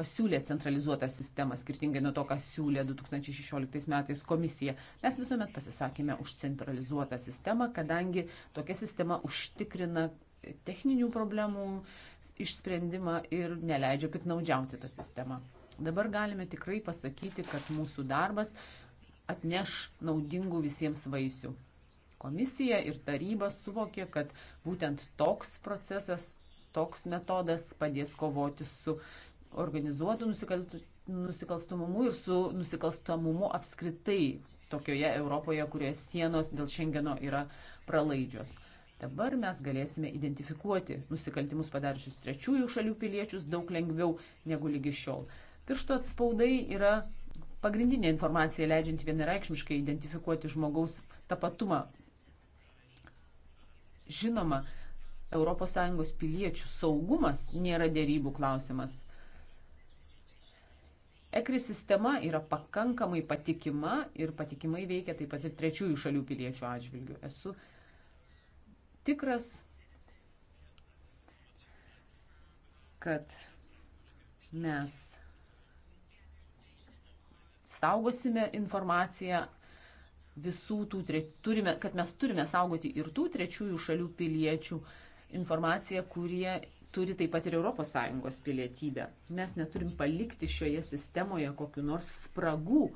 pasiūlė centralizuotą sistemą, skirtingai nuo to, ką siūlė 2016 metais komisija. Mes visuomet pasisakėme už centralizuotą sistemą, kadangi tokia sistema užtikrina techninių problemų išsprendimą ir neleidžia piknaudžiauti tą sistemą. Dabar galime tikrai pasakyti, kad mūsų darbas atneš naudingų visiems vaisių. Komisija ir taryba suvokė, kad būtent toks procesas, toks metodas padės kovoti su organizuotų nusikalstamumu ir su nusikalstamumu apskritai tokioje Europoje, kurioje sienos dėl Šengeno yra pralaidžios. Dabar mes galėsime identifikuoti nusikaltimus padariusius trečiųjų šalių piliečius daug lengviau negu lygi šiol. Piršto atspaudai yra pagrindinė informacija leidžianti vienareikšmiškai identifikuoti žmogaus tapatumą. Žinoma, ES piliečių saugumas nėra dėrybų klausimas ECRI sistema yra pakankamai patikima ir patikimai veikia taip pat ir trečiųjų šalių piliečių atžvilgių. Esu tikras, kad mes saugosime informaciją visų tų, tre... turime, kad mes turime saugoti ir tų trečiųjų šalių piliečių informaciją, kurie turi taip pat ir ES pilietybę. Mes neturim palikti šioje sistemoje kokiu nors spragų,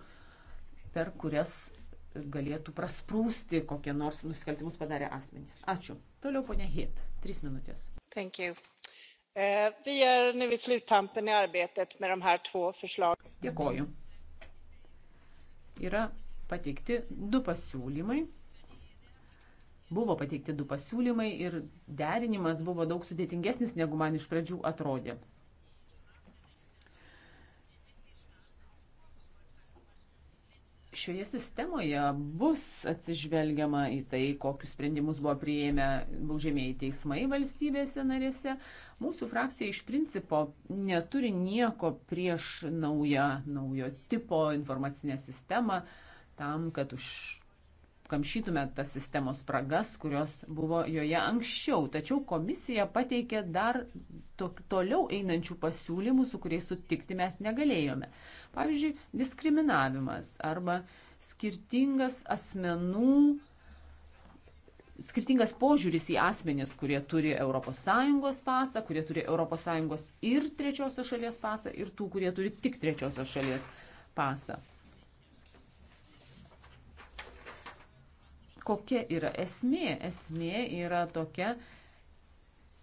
per kurias galėtų prasprūsti kokie nors nusikaltimus padarę asmenys. Ačiū. Toliau ponia Hit. Tris minutės. Thank you. Eh, vi är nu i sluttampen i arbetet med de här två förslagen. Dėkoju. Yra pateikti du pasiūlymai Buvo pateikti du pasiūlymai ir derinimas buvo daug sudėtingesnis, negu man iš pradžių atrodė. Šioje sistemoje bus atsižvelgiama į tai, kokius sprendimus buvo prieėmę baudžiamieji teismai valstybėse narėse. Mūsų frakcija iš principo neturi nieko prieš naują, naujo tipo informacinę sistemą tam, kad už apkamšytume tas sistemos spragas, kurios buvo joje anksčiau. Tačiau komisija pateikė dar to, toliau einančių pasiūlymų, su kuriais sutikti mes negalėjome. Pavyzdžiui, diskriminavimas arba skirtingas asmenų. Skirtingas požiūris į asmenis, kurie turi ES pasą, kurie turi ES ir trečiosios šalies pasą, ir tų, kurie turi tik trečiosios šalies pasą. kokia yra esmė. Esmė yra tokia,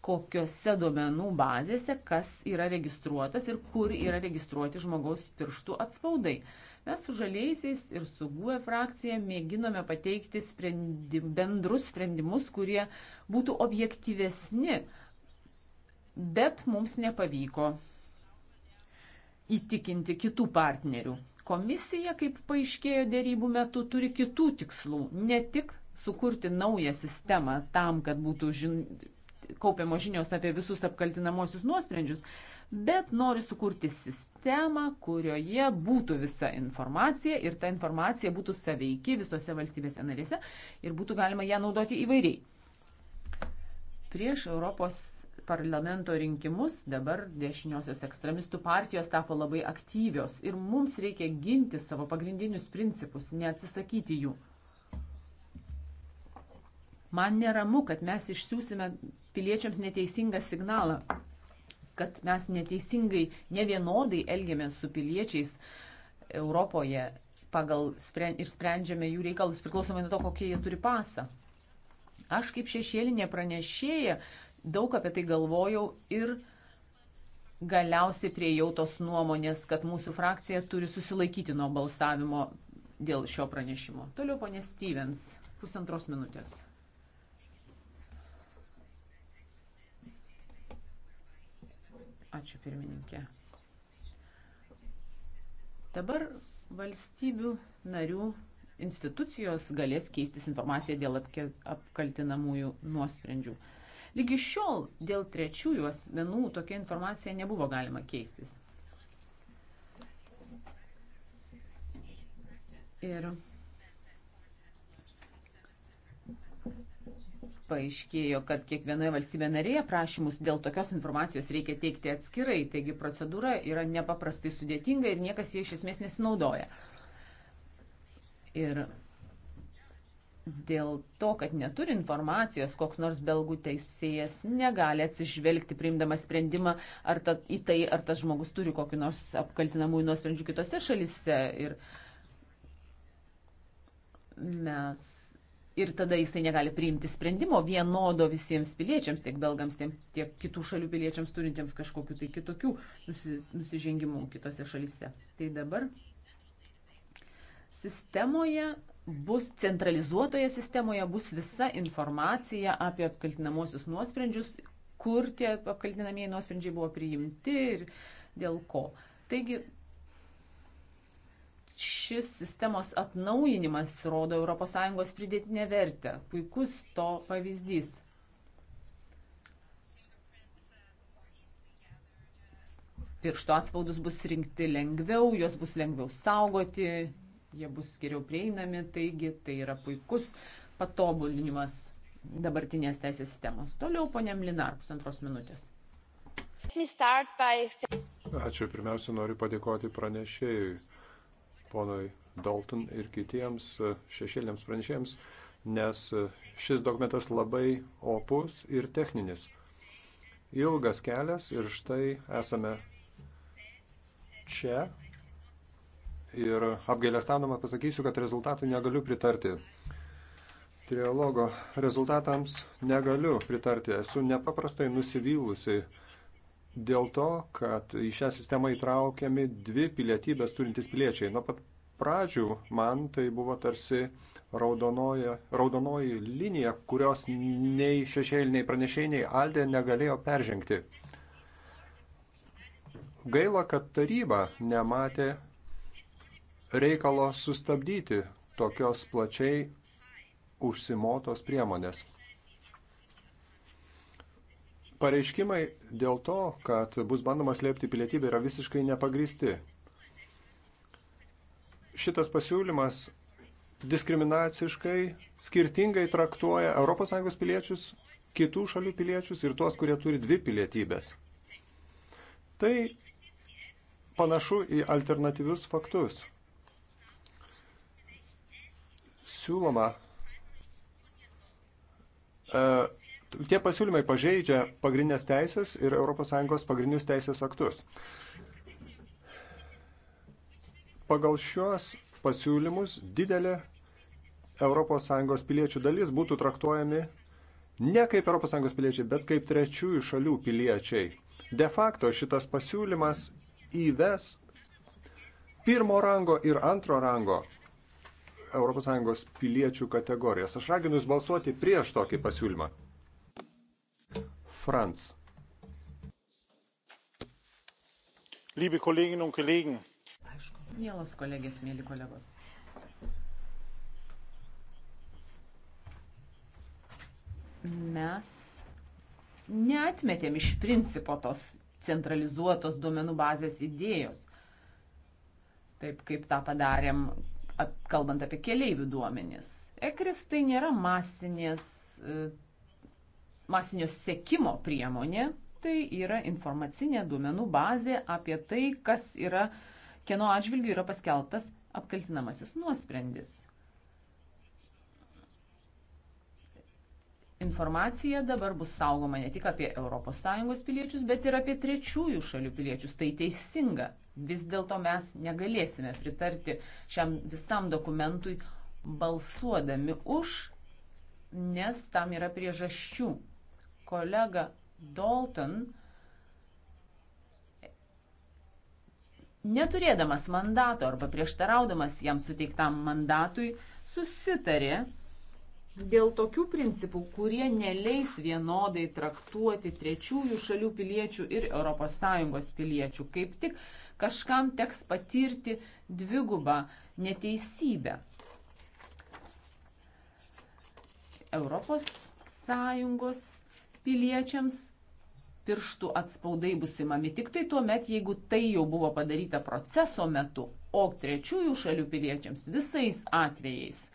kokiuose duomenų bazėse, kas yra registruotas ir kur yra registruoti žmogaus pirštų atspaudai. Mes su žaliaisiais ir su GUE frakcija mėginome pateikti sprendi, bendrus sprendimus, kurie būtų objektyvesni, bet mums nepavyko įtikinti kitų partnerių. Komisija, kaip paaiškėjo dėrybų metu, turi kitų tikslų, ne tik sukurti naują sistemą tam, kad būtų žin... kaupiamos žinios apie visus apkaltinamosius nuosprendžius, bet nori sukurti sistemą, kurioje būtų visa informacija ir ta informacija būtų saveiki visose valstybėse narėse ir būtų galima ją naudoti įvairiai. Prieš Europos parlamento rinkimus, dabar dešiniosios ekstremistų partijos tapo labai aktyvios ir mums reikia ginti savo pagrindinius principus, neatsisakyti jų. Man neramu, kad mes išsiųsime piliečiams neteisingą signalą, kad mes neteisingai, nevienodai elgiamės su piliečiais Europoje pagal ir sprendžiame jų reikalus priklausomai nuo to, kokie jie turi pasą. Aš kaip šešėlinė pranešėja Daug apie tai galvojau ir galiausiai priejau tos nuomonės, kad mūsų frakcija turi susilaikyti nuo balsavimo dėl šio pranešimo. Toliau ponė Stevens, pusantros minutės. Ačiū pirmininkė. Dabar valstybių narių institucijos galės keistis informaciją dėl apkaltinamųjų nuosprendžių. Lygi šiol dėl trečiųjų asmenų tokia informacija nebuvo galima keistis. Ir paaiškėjo, kad kiekvienoje valstybė narėje prašymus dėl tokios informacijos reikia teikti atskirai, taigi procedūra yra nepaprastai sudėtinga ir niekas jie iš esmės nesinaudoja. Ir dėl to, kad neturi informacijos, koks nors belgų teisėjas negali atsižvelgti, priimdamas sprendimą ar ta, į tai, ar tas žmogus turi kokiu nors apkaltinamųjų nuosprendžių kitose šalise. Ir mes. Ir tada jisai negali priimti sprendimo vienodo visiems piliečiams, tiek belgams, tiek kitų šalių piliečiams turintiems kažkokiu tai kitokių nusi, nusižengimų kitose šalise. Tai dabar sistemoje bus centralizuotoje sistemoje bus visa informacija apie apkaltinamosius nuosprendžius, kur tie apkaltinamieji nuosprendžiai buvo priimti ir dėl ko. Taigi šis sistemos atnaujinimas rodo ES pridėtinę vertę. Puikus to pavyzdys. Piršto atspaudus bus rinkti lengviau, juos bus lengviau saugoti, jie bus geriau prieinami, taigi tai yra puikus patobulinimas dabartinės teisės sistemos. Toliau ponė Mlinar, pusantros minutės. Ačiū. Pirmiausia, noriu padėkoti pranešėjui, ponui Dalton ir kitiems šešėliams pranešėjams, nes šis dokumentas labai opus ir techninis. Ilgas kelias ir štai esame čia ir apgailestaudama pasakysiu, kad rezultatų negaliu pritarti. Trialogo rezultatams negaliu pritarti. Esu nepaprastai nusivylusi dėl to, kad į šią sistemą įtraukiami dvi pilietybės turintys piliečiai. Nuo pat pradžių man tai buvo tarsi raudonoji, raudonoji linija, kurios nei šešėliniai pranešėjai, nei Aldė negalėjo peržengti. Gaila, kad taryba nematė reikalo sustabdyti tokios plačiai užsimotos priemonės. Pareiškimai dėl to, kad bus bandoma slėpti pilietybę, yra visiškai nepagristi. Šitas pasiūlymas diskriminaciškai, skirtingai traktuoja ES piliečius, kitų šalių piliečius ir tuos, kurie turi dvi pilietybės. Tai panašu į alternatyvius faktus siūloma, e, tie pasiūlymai pažeidžia pagrindinės teisės ir ES pagrindinius teisės aktus. Pagal šios pasiūlymus didelė ES piliečių dalis būtų traktuojami ne kaip ES piliečiai, bet kaip trečiųjų šalių piliečiai. De facto šitas pasiūlymas įves pirmo rango ir antro rango ES piliečių kategorijas. Aš raginu jūs balsuoti prieš tokį pasiūlymą. Franz. Liebe Kolleginnen und Kollegen. Aišku, mielos kolegės, mėly kolegos. Mes neatmetėm iš principo tos centralizuotos duomenų bazės idėjos taip kaip tą padarėm kalbant apie keleivių duomenis. Ekris tai nėra masinės, e, masinio sekimo priemonė, tai yra informacinė duomenų bazė apie tai, kas yra, kieno atžvilgių yra paskelbtas apkaltinamasis nuosprendis. informacija dabar bus saugoma ne tik apie ES piliečius, bet ir apie trečiųjų šalių piliečius. Tai teisinga. Vis dėlto mes negalėsime pritarti šiam visam dokumentui balsuodami už, nes tam yra priežasčių. Kolega Dalton, neturėdamas mandato arba prieštaraudamas jam suteiktam mandatui, susitarė dėl tokių principų, kurie neleis vienodai traktuoti trečiųjų šalių piliečių ir ES piliečių. Kaip tik kažkam teks patirti dvigubą neteisybę. ES piliečiams pirštų atspaudai bus įmami tik tai tuo met, jeigu tai jau buvo padaryta proceso metu, o trečiųjų šalių piliečiams visais atvejais –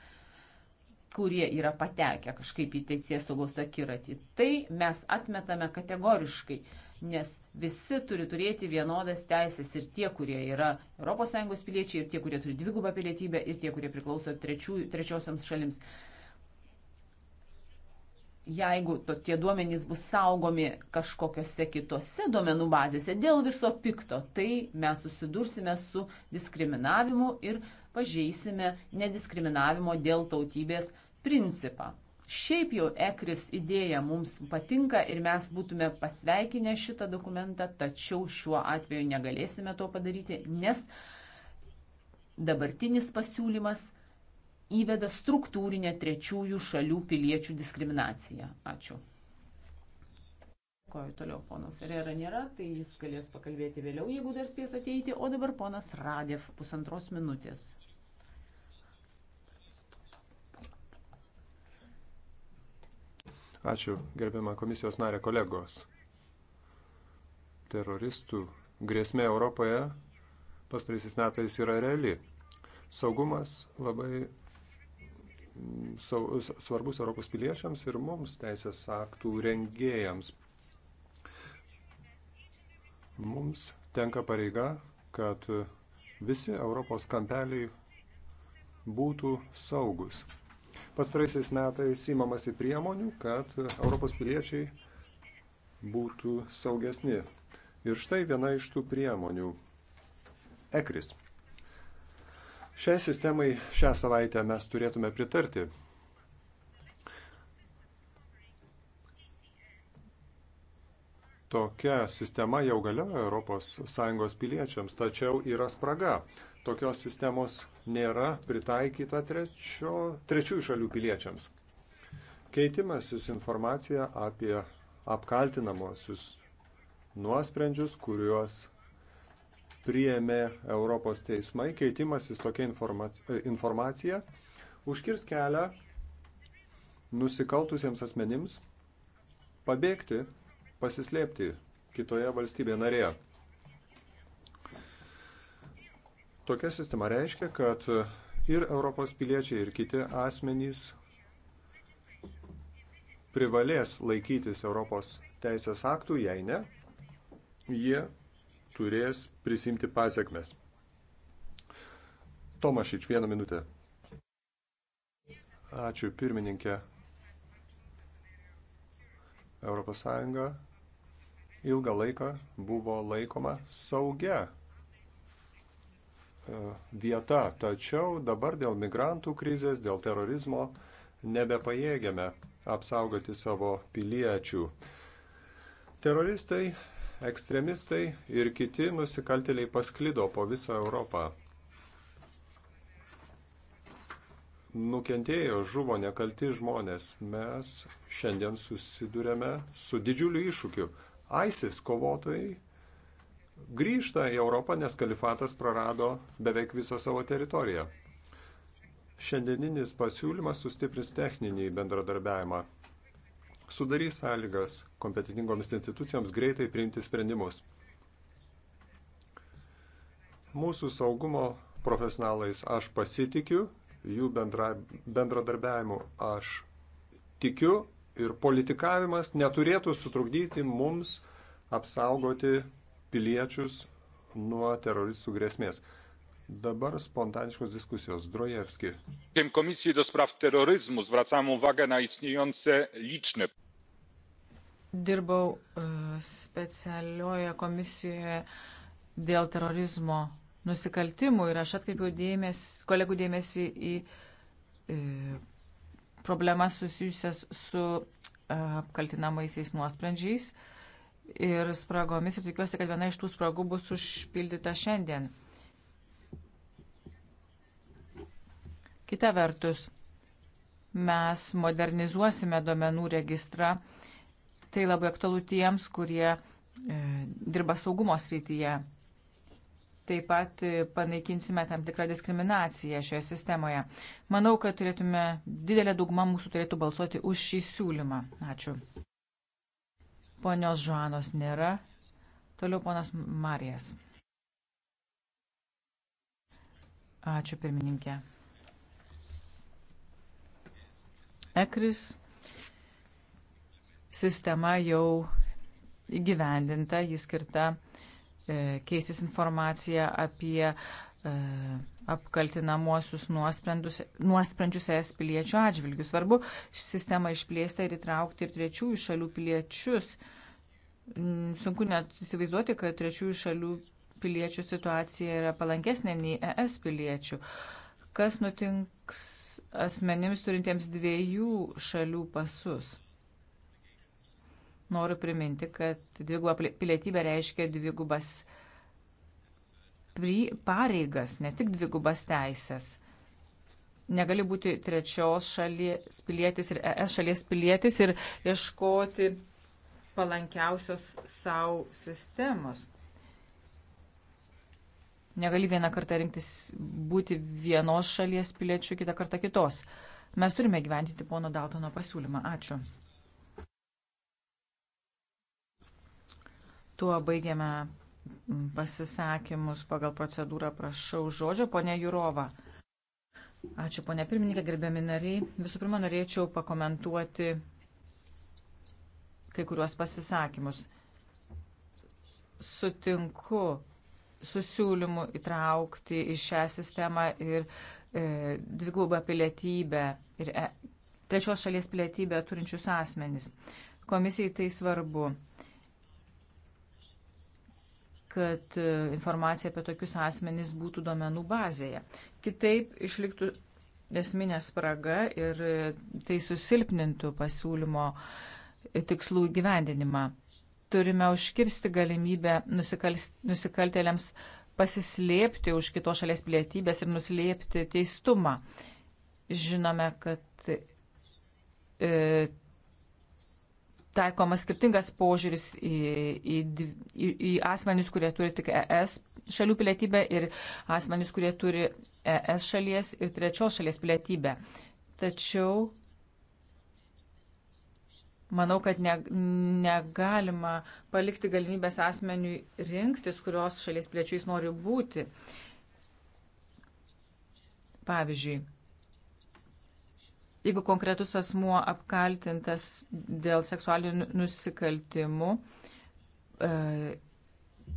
kurie yra patekę kažkaip į teisės saugos akiratį. Tai mes atmetame kategoriškai, nes visi turi turėti vienodas teisės ir tie, kurie yra ES piliečiai, ir tie, kurie turi dvigubą pilietybę, ir tie, kurie priklauso trečių, trečiosiams šalims. Jeigu to, tie duomenys bus saugomi kažkokiose kitose duomenų bazėse dėl viso pikto, tai mes susidursime su diskriminavimu ir pažeisime nediskriminavimo dėl tautybės principą. Šiaip jau ekris idėja mums patinka ir mes būtume pasveikinę šitą dokumentą, tačiau šiuo atveju negalėsime to padaryti, nes dabartinis pasiūlymas įveda struktūrinę trečiųjų šalių piliečių diskriminaciją. Ačiū. Koju toliau, pono Ferrera nėra, tai jis galės pakalbėti vėliau, jeigu dar spės ateiti, o dabar ponas Radėv pusantros minutės. Ačiū, gerbiamą komisijos narę kolegos. Teroristų grėsmė Europoje pastaraisiais metais yra reali. Saugumas labai svarbus Europos piliečiams ir mums teisės aktų rengėjams. Mums tenka pareiga, kad visi Europos kampeliai būtų saugus pastaraisiais metais įmamasi priemonių, kad Europos piliečiai būtų saugesni. Ir štai viena iš tų priemonių - ekris. Šiai sistemai šią savaitę mes turėtume pritarti. Tokia sistema jau galioja ES piliečiams, tačiau yra spraga tokios sistemos nėra pritaikyta trečio, trečiųjų šalių piliečiams. Keitimasis informacija apie apkaltinamosius nuosprendžius, kuriuos priėmė Europos teismai, keitimasis tokia informacija, e, informacija užkirs kelią nusikaltusiems asmenims pabėgti, pasislėpti kitoje valstybėje narėje. Tokia sistema reiškia, kad ir Europos piliečiai, ir kiti asmenys privalės laikytis Europos teisės aktų, jei ne, jie turės prisimti pasiekmes. Tomašič, vieną minutę. Ačiū pirmininkė. ES ilgą laiką buvo laikoma saugia vieta, tačiau dabar dėl migrantų krizės, dėl terorizmo nebepajėgiame apsaugoti savo piliečių. Teroristai, ekstremistai ir kiti nusikaltėliai pasklido po visą Europą. Nukentėjo, žuvo nekalti žmonės. Mes šiandien susidurėme su didžiuliu iššūkiu. ISIS kovotojai grįžta į Europą, nes kalifatas prarado beveik visą savo teritoriją. Šiandieninis pasiūlymas sustiprins techninį bendradarbiavimą, sudarys sąlygas kompetitingoms institucijoms greitai priimti sprendimus. Mūsų saugumo profesionalais aš pasitikiu, jų bendra, bendradarbiavimu aš tikiu ir politikavimas neturėtų sutrukdyti mums apsaugoti piliečius nuo teroristų grėsmės. Dabar spontaniczkos dyskusjos. Zdrojewski. W Komisji do Spraw Terroryzmu zwracam uwagę na istniejące liczne. Dirbau e, specialioje komisijoje dėl terorizmo nusikaltimų ir aš atkreipiau dėmesį, kolegų dėmesį į e, problemas susijusias su e, apkaltinamaisiais nuosprendžiais. Uh, ir spragomis ir tikiuosi, kad viena iš tų spragų bus užpildyta šiandien. Kita vertus, mes modernizuosime duomenų registrą. Tai labai aktualu tiems, kurie e, dirba saugumo srityje. Taip pat e, panaikinsime tam tikrą diskriminaciją šioje sistemoje. Manau, kad turėtume didelę daugumą mūsų turėtų balsuoti už šį siūlymą. Ačiū. Ponios Žuanos nėra. Toliau ponas Marijas. Ačiū pirmininkė. Ekris sistema jau įgyvendinta, jis skirta e, keistis informacija apie e, apkaltinamuosius nuosprendžius es piliečių atžvilgių. Svarbu sistemą išplėsti ir įtraukti ir trečiųjų šalių piliečius. Mm, sunku net įsivaizduoti, kad trečiųjų šalių piliečių situacija yra palankesnė nei ES piliečių. Kas nutinks asmenims turintiems dviejų šalių pasus? Noriu priminti, kad dviguba pilietybė reiškia dvigubas pareigas, ne tik dvigubas teisės. Negali būti trečios šalies pilietis ir ES šalies pilietis ir ieškoti palankiausios savo sistemos. Negali vieną kartą rinktis būti vienos šalies piliečių, kitą kartą kitos. Mes turime gyventi pono Daltono pasiūlymą. Ačiū. Tuo baigiame pasisakymus pagal procedūrą prašau žodžio, ponė Jurova. Ačiū, ponė pirmininkė, gerbėmi nariai. Visų pirma, norėčiau pakomentuoti kai kuriuos pasisakymus. Sutinku su siūlymu įtraukti į šią sistemą ir e, dvigubą pilietybę ir e, trečios šalies pilietybę turinčius asmenys. Komisijai tai svarbu kad e, informacija apie tokius asmenys būtų duomenų bazėje. Kitaip išliktų esminė spraga ir e, tai susilpnintų pasiūlymo e, tikslų gyvendinimą. Turime užkirsti galimybę nusikaltėliams pasislėpti už kitos šalies pilietybės ir nuslėpti teistumą. Žinome, kad e, taikomas skirtingas požiūris į, į, į, į asmenys, kurie turi tik ES šalių pilietybę ir asmenys, kurie turi ES šalies ir trečios šalies pilietybę. Tačiau manau, kad ne, negalima palikti galimybės asmeniui rinktis, kurios šalies piliečiais nori būti. Pavyzdžiui, jeigu konkretus asmuo apkaltintas dėl seksualinių nu-, nusikaltimų, e,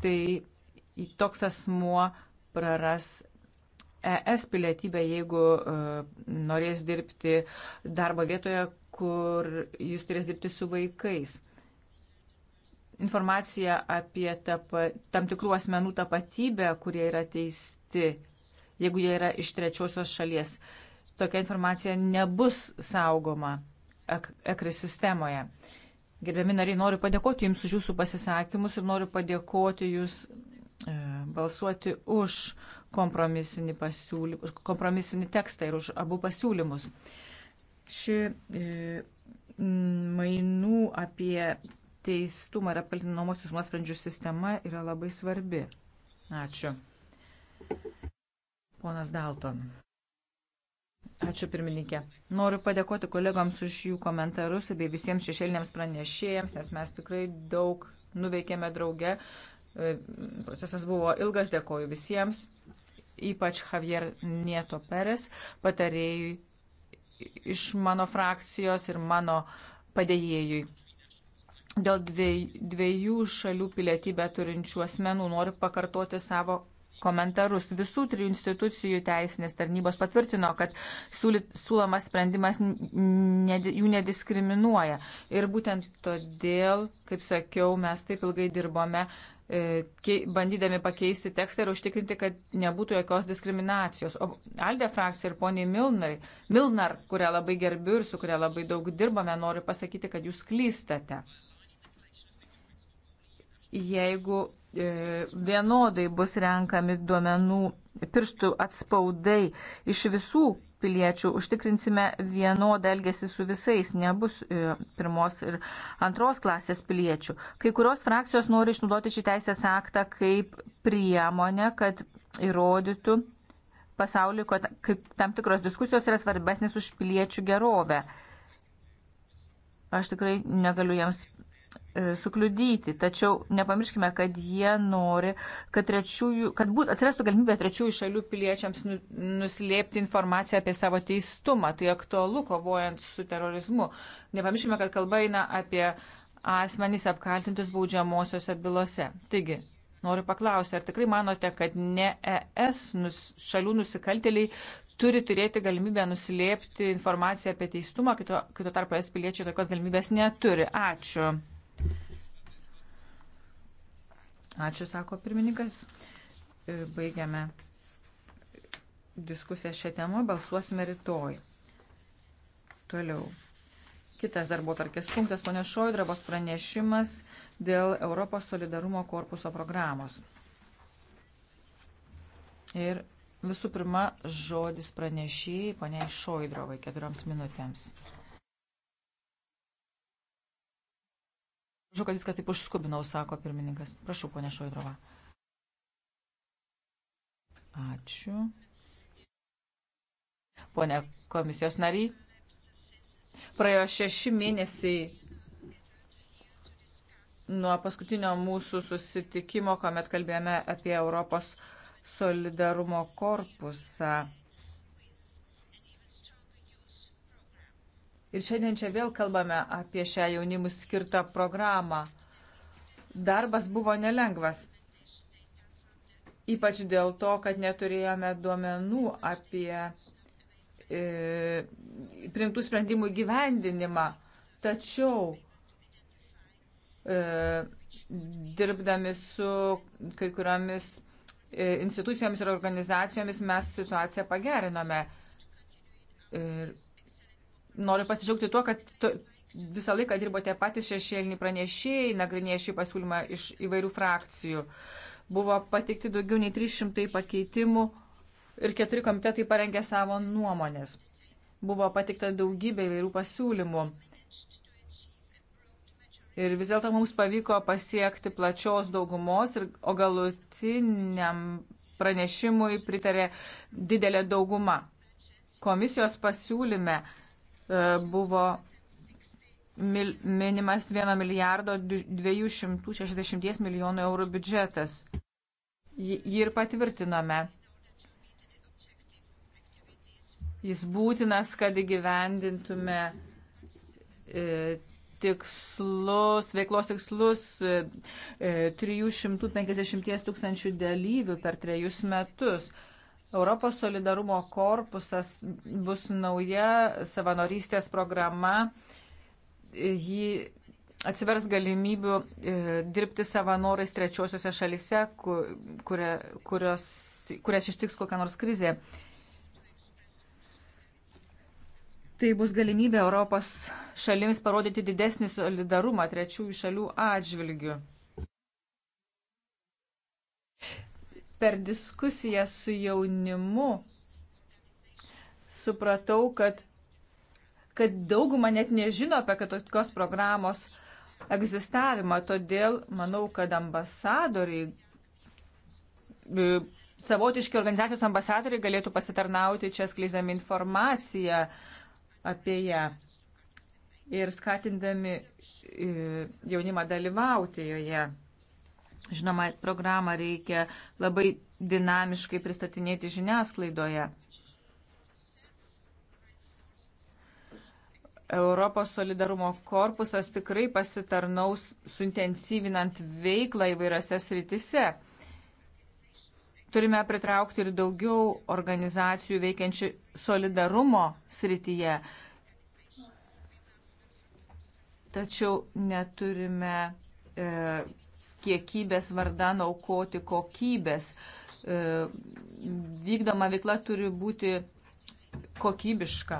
tai toks asmuo praras ES pilietybę, jeigu e, norės dirbti darbo vietoje, kur jis turės dirbti su vaikais informacija apie tapa, tam tikrų asmenų tapatybę, kurie yra teisti, jeigu jie yra iš trečiosios šalies tokia informacija nebus saugoma ekri sistemoje. Gerbiami nariai, noriu padėkoti Jums už Jūsų pasisakymus ir noriu padėkoti Jūs e, balsuoti už kompromisinį, pasiūly, už kompromisinį tekstą ir už abu pasiūlymus. Ši e, mainų apie teistumą ir apkaltinamosius nuosprendžių sistema yra labai svarbi. Ačiū. Ponas Dalton. Ačiū pirmininkė. Noriu padėkoti kolegams už jų komentarus bei visiems šešėliniams pranešėjams, nes mes tikrai daug nuveikėme drauge. E, procesas buvo ilgas, dėkoju visiems, ypač Javier Nieto Peres, patarėjui iš mano frakcijos ir mano padėjėjui. Dėl dviejų šalių pilietybę turinčių asmenų noriu pakartoti savo komentarus. Visų trijų institucijų teisinės tarnybos patvirtino, kad siūlomas sprendimas ne, jų nediskriminuoja. Ir būtent todėl, kaip sakiau, mes taip ilgai dirbome e, bandydami pakeisti tekstą ir užtikrinti, kad nebūtų jokios diskriminacijos. O Aldė frakcija ir poniai Milnar, Milnar, kurią labai gerbiu ir su kuria labai daug dirbame, noriu pasakyti, kad jūs klystate. Jeigu E, vienodai bus renkami duomenų pirštų atspaudai iš visų piliečių, užtikrinsime vienodą elgesį su visais, nebus e, pirmos ir antros klasės piliečių. Kai kurios frakcijos nori išnaudoti šį teisės aktą kaip priemonę, kad įrodytų pasauliu, kad tam tikros diskusijos yra svarbesnės už piliečių gerovę. Aš tikrai negaliu jiems E, sukliudyti. Tačiau nepamirškime, kad jie nori, kad, trečiųjų, kad būt, atrastų galimybę trečiųjų šalių piliečiams nu, nuslėpti informaciją apie savo teistumą. Tai aktualu kovojant su terorizmu. Nepamirškime, kad kalba eina apie asmenys apkaltintus baudžiamosiose bylose. Taigi, noriu paklausti, ar tikrai manote, kad ne ES nus, šalių nusikaltėliai turi turėti galimybę nuslėpti informaciją apie teistumą, kito, kito tarpo es piliečiai tokios galimybės neturi. Ačiū. Ačiū, sako pirmininkas. E, baigiame diskusiją šią temą, balsuosime rytoj. Toliau. Kitas darbo tarkės punktas, ponė Šoidrabos pranešimas dėl Europos solidarumo korpuso programos. Ir visų pirma, žodis pranešėjai, ponė Šoidrovai, keturioms minutėms. Žinau, kad viską taip užskubinau, sako pirmininkas. Prašau, ponė Šoidrova. Ačiū. Pone komisijos nariai, praėjo šeši mėnesiai nuo paskutinio mūsų susitikimo, kuomet kalbėjome apie Europos solidarumo korpusą. Ir šiandien čia vėl kalbame apie šią jaunimų skirtą programą. Darbas buvo nelengvas. Ypač dėl to, kad neturėjome duomenų apie e, primtų sprendimų gyvendinimą. Tačiau e, dirbdami su kai kuriomis e, institucijomis ir organizacijomis mes situaciją pagerinome. Ir e, noriu pasidžiaugti tuo, kad tu visą laiką dirbote patys šešėlinį pranešėjai, nagrinėję šį pasiūlymą iš įvairių frakcijų. Buvo pateikti daugiau nei 300 pakeitimų ir keturi komitetai parengė savo nuomonės. Buvo pateikta daugybė įvairių pasiūlymų. Ir vis dėlto mums pavyko pasiekti plačios daugumos, ir, o galutiniam pranešimui pritarė didelė dauguma. Komisijos pasiūlyme E, buvo minimas 1 milijardo 260 milijonų eurų biudžetas. Jį ir patvirtinome. Jis būtinas, kad įgyvendintume e, tikslus, veiklos tikslus 350 e, tūkstančių dalyvių per trejus metus. Europos solidarumo korpusas bus nauja savanorystės programa. Ji atsivers galimybių e, dirbti savanorais trečiosiuose šalise, kuria, kurios, kurias ištiks kokia nors krizė. Tai bus galimybė Europos šalims parodyti didesnį solidarumą trečiųjų šalių atžvilgių. per diskusiją su jaunimu supratau, kad, kad dauguma net nežino apie tokios programos egzistavimą. Todėl manau, kad ambasadoriai, e, savotiški organizacijos ambasadoriai galėtų pasitarnauti čia skleidami informaciją apie ją ir skatindami e, jaunimą dalyvauti joje. Žinoma, programą reikia labai dinamiškai pristatinėti žiniasklaidoje. Europos solidarumo korpusas tikrai pasitarnaus suintensyvinant veiklą įvairiose sritise. Turime pritraukti ir daugiau organizacijų veikiančių solidarumo srityje. Tačiau neturime. E, kiekybės vardan aukoti kokybės. E, vykdoma veikla turi būti kokybiška.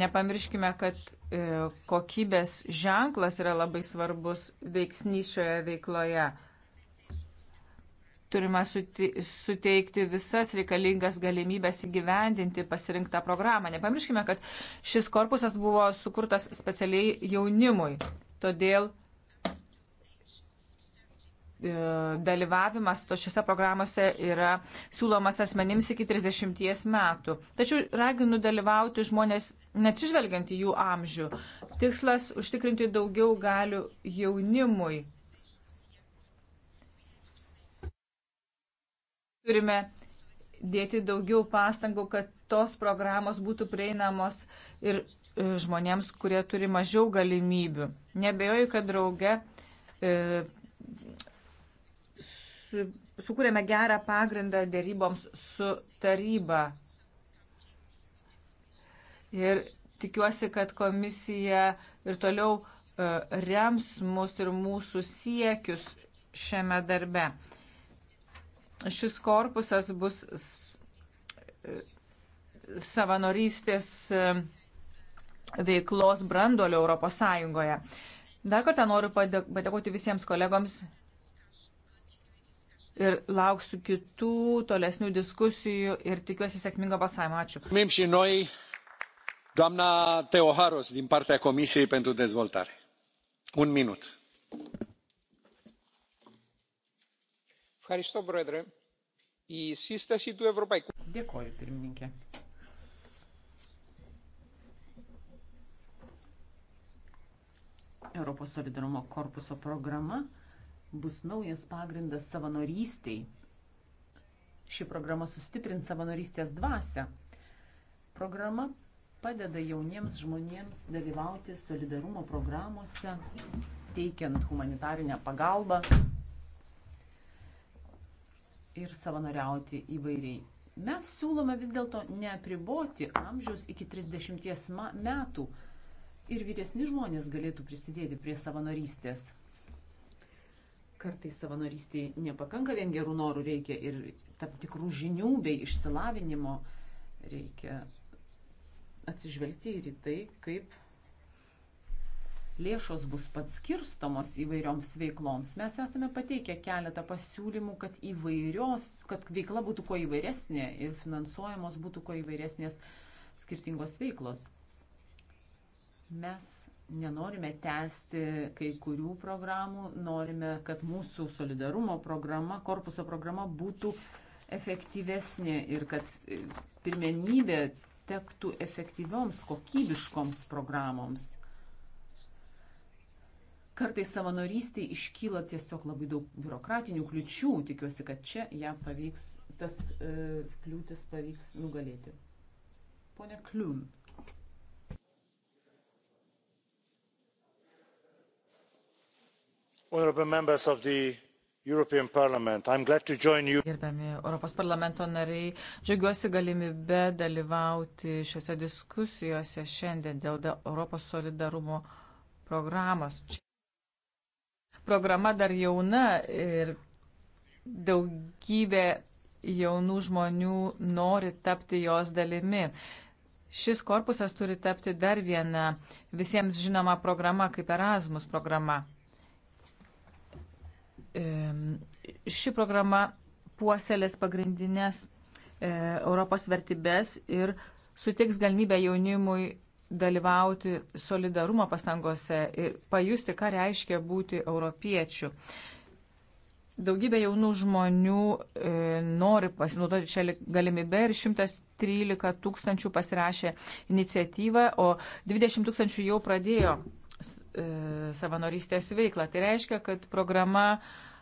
Nepamirškime, kad e, kokybės ženklas yra labai svarbus veiksnys šioje veikloje. Turime suteikti visas reikalingas galimybės įgyvendinti pasirinktą programą. Nepamirškime, kad šis korpusas buvo sukurtas specialiai jaunimui. Todėl E, dalyvavimas šiuose programuose yra siūlomas asmenims iki 30 metų. Tačiau raginu dalyvauti žmonės, neatsižvelgiant į jų amžių. Tikslas - užtikrinti daugiau galių jaunimui. Turime dėti daugiau pastangų, kad tos programos būtų prieinamos ir e, žmonėms, kurie turi mažiau galimybių. Nebejoju, kad drauge e, su, sukūrėme gerą pagrindą dėryboms su taryba. Ir tikiuosi, kad komisija ir toliau e, rems mus ir mūsų siekius šiame darbe. Šis korpusas bus e, savanorystės e, veiklos brandolio Europos Sąjungoje. Dar kartą noriu padėkoti visiems kolegoms ir lauksiu kitų tolesnių diskusijų ir tikiuosi sėkmingo balsavimo. Ačiū. Doamna Teoharos din partea Comisiei pentru Dezvoltare. Un minut. Ευχαριστώ, Πρόεδρε. Η σύσταση του Ευρωπαϊκού... Dėkoju, pirmininkė. Europos solidarumo korpuso programa bus naujas pagrindas savanorystiai. Ši programa sustiprins savanorystės dvasę. Programa padeda jauniems žmonėms dalyvauti solidarumo programuose, teikiant humanitarinę pagalbą ir savanoriauti įvairiai. Mes siūlome vis dėlto neapriboti amžiaus iki 30 metų ir vyresni žmonės galėtų prisidėti prie savanorystės. Kartais savanorystiai nepakanka vien gerų norų, reikia ir tam tikrų žinių bei išsilavinimo, reikia atsižvelgti ir į tai, kaip lėšos bus patskirstomos įvairioms veikloms. Mes esame pateikę keletą pasiūlymų, kad, įvairios, kad veikla būtų kuo įvairesnė ir finansuojamos būtų kuo įvairesnės skirtingos veiklos. Mes nenorime tęsti kai kurių programų, norime, kad mūsų solidarumo programa, korpuso programa būtų efektyvesnė ir kad e, pirmenybė tektų efektyvioms, kokybiškoms programoms. Kartais savanorystiai iškyla tiesiog labai daug biurokratinių kliučių, tikiuosi, kad čia ją pavyks, tas e, kliūtis pavyks nugalėti. Pone Kliūn. Gerbiami Europos parlamento nariai, džiaugiuosi galimybę dalyvauti šiuose diskusijose šiandien dėl Europos solidarumo programos. Programa dar jauna ir daugybė jaunų žmonių nori tapti jos dalimi. Šis korpusas turi tapti dar viena visiems žinoma programa kaip Erasmus programa. Ši programa puoselės pagrindinės e, Europos vertybės ir sutiks galimybę jaunimui dalyvauti solidarumo pastangose ir pajusti, ką reiškia būti europiečiu. Daugybė jaunų žmonių e, nori pasinaudoti šią galimybę ir 113 tūkstančių pasirašė iniciatyvą, o 20 tūkstančių jau pradėjo E, savanorystės veiklą. Tai reiškia, kad programa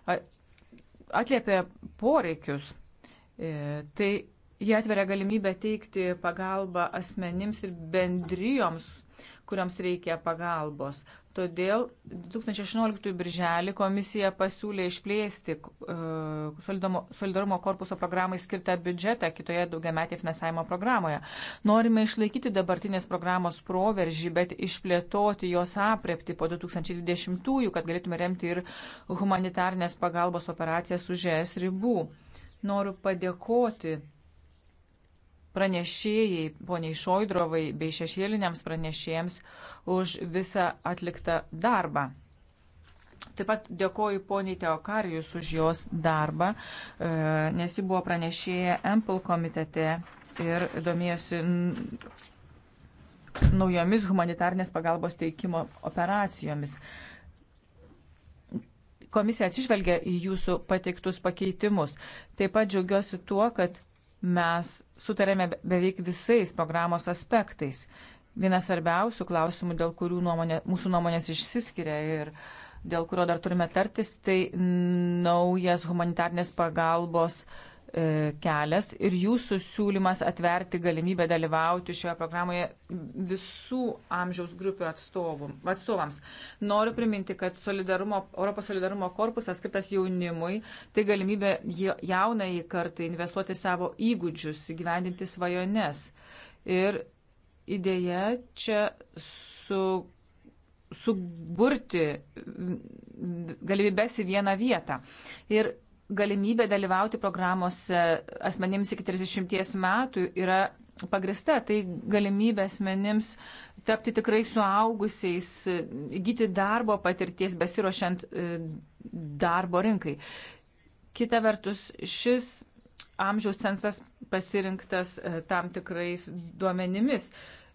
atliepia poreikius. E, tai jie atveria galimybę teikti pagalbą asmenims ir bendrijoms, kuriams reikia pagalbos. Todėl 2016 birželį komisija pasiūlė išplėsti e, solidarumo korpuso programai skirtą biudžetą kitoje daugiametėje finansavimo programoje. Norime išlaikyti dabartinės programos proveržį, bet išplėtoti jos aprepti po 2020-ųjų, kad galėtume remti ir humanitarnės pagalbos operacijas už ES ribų. Noriu padėkoti pranešėjai, poniai Šoidrovai bei šešėliniams pranešėjams už visą atliktą darbą. Taip pat dėkoju poniai Teokarijus už jos darbą, e, nes ji buvo pranešėję MPL komitete ir domėjosi naujomis humanitarnės pagalbos teikimo operacijomis. Komisija atsižvelgia į jūsų pateiktus pakeitimus. Taip pat džiaugiuosi tuo, kad mes sutarėme beveik visais programos aspektais. Vienas svarbiausių klausimų, dėl kurių nuomonė, mūsų nuomonės išsiskiria ir dėl kurio dar turime tartis, tai naujas humanitarnės pagalbos uh, E, kelias ir jūsų siūlymas atverti galimybę dalyvauti šioje programoje visų amžiaus grupių atstovų, atstovams. Noriu priminti, kad solidarumo, Europos solidarumo korpusas skirtas jaunimui, tai galimybė jaunai kartai investuoti savo įgūdžius, gyvendinti svajones. Ir idėja čia su suburti galimybės į vieną vietą. Ir galimybė dalyvauti programuose asmenims iki 30 metų yra pagrista. Tai galimybė asmenims tapti tikrai suaugusiais, įgyti darbo patirties besirošiant e, darbo rinkai. Kita vertus, šis amžiaus censas pasirinktas e, tam tikrais duomenimis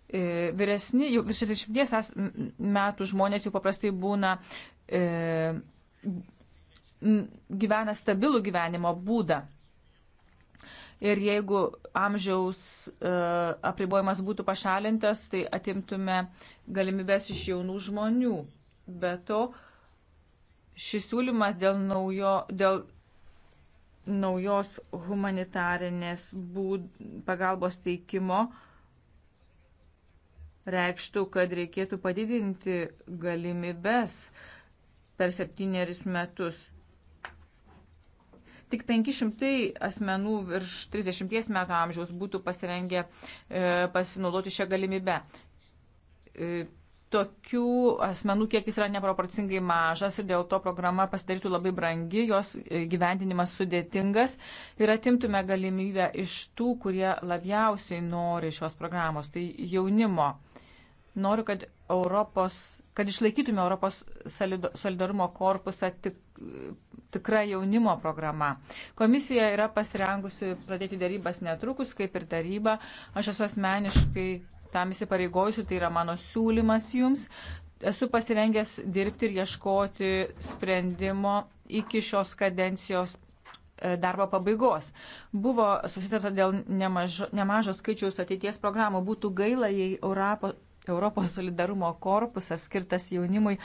e, vyresni, jau virš 60 metų žmonės jau paprastai būna e, gyvena stabilų gyvenimo būdą. Ir jeigu amžiaus e, apribojimas būtų pašalintas, tai atimtume galimybės iš jaunų žmonių. Be to, šis siūlymas dėl, naujo, dėl naujos humanitarinės būd, pagalbos teikimo reikštų, kad reikėtų padidinti galimybes per septynerius metus Tik 500 asmenų virš 30 metų amžiaus būtų pasirengę e, pasinaudoti šią galimybę. E, tokių asmenų kiekis yra neproporcingai mažas ir dėl to programa pasidarytų labai brangi, jos gyvendinimas sudėtingas ir atimtume galimybę iš tų, kurie labiausiai nori šios programos, tai jaunimo. Noriu, kad, Europos, kad išlaikytume Europos solidarumo korpusą tik, tikrą jaunimo programą. Komisija yra pasirengusi pradėti darybas netrukus, kaip ir taryba. Aš esu asmeniškai tam įsipareigojusiu, tai yra mano siūlymas jums. Esu pasirengęs dirbti ir ieškoti sprendimo iki šios kadencijos e, darbo pabaigos. Buvo susitarta dėl nemažo, nemažo skaičiaus ateities programų. Būtų gaila, jei Europos Europos solidarumo korpusas skirtas jaunimui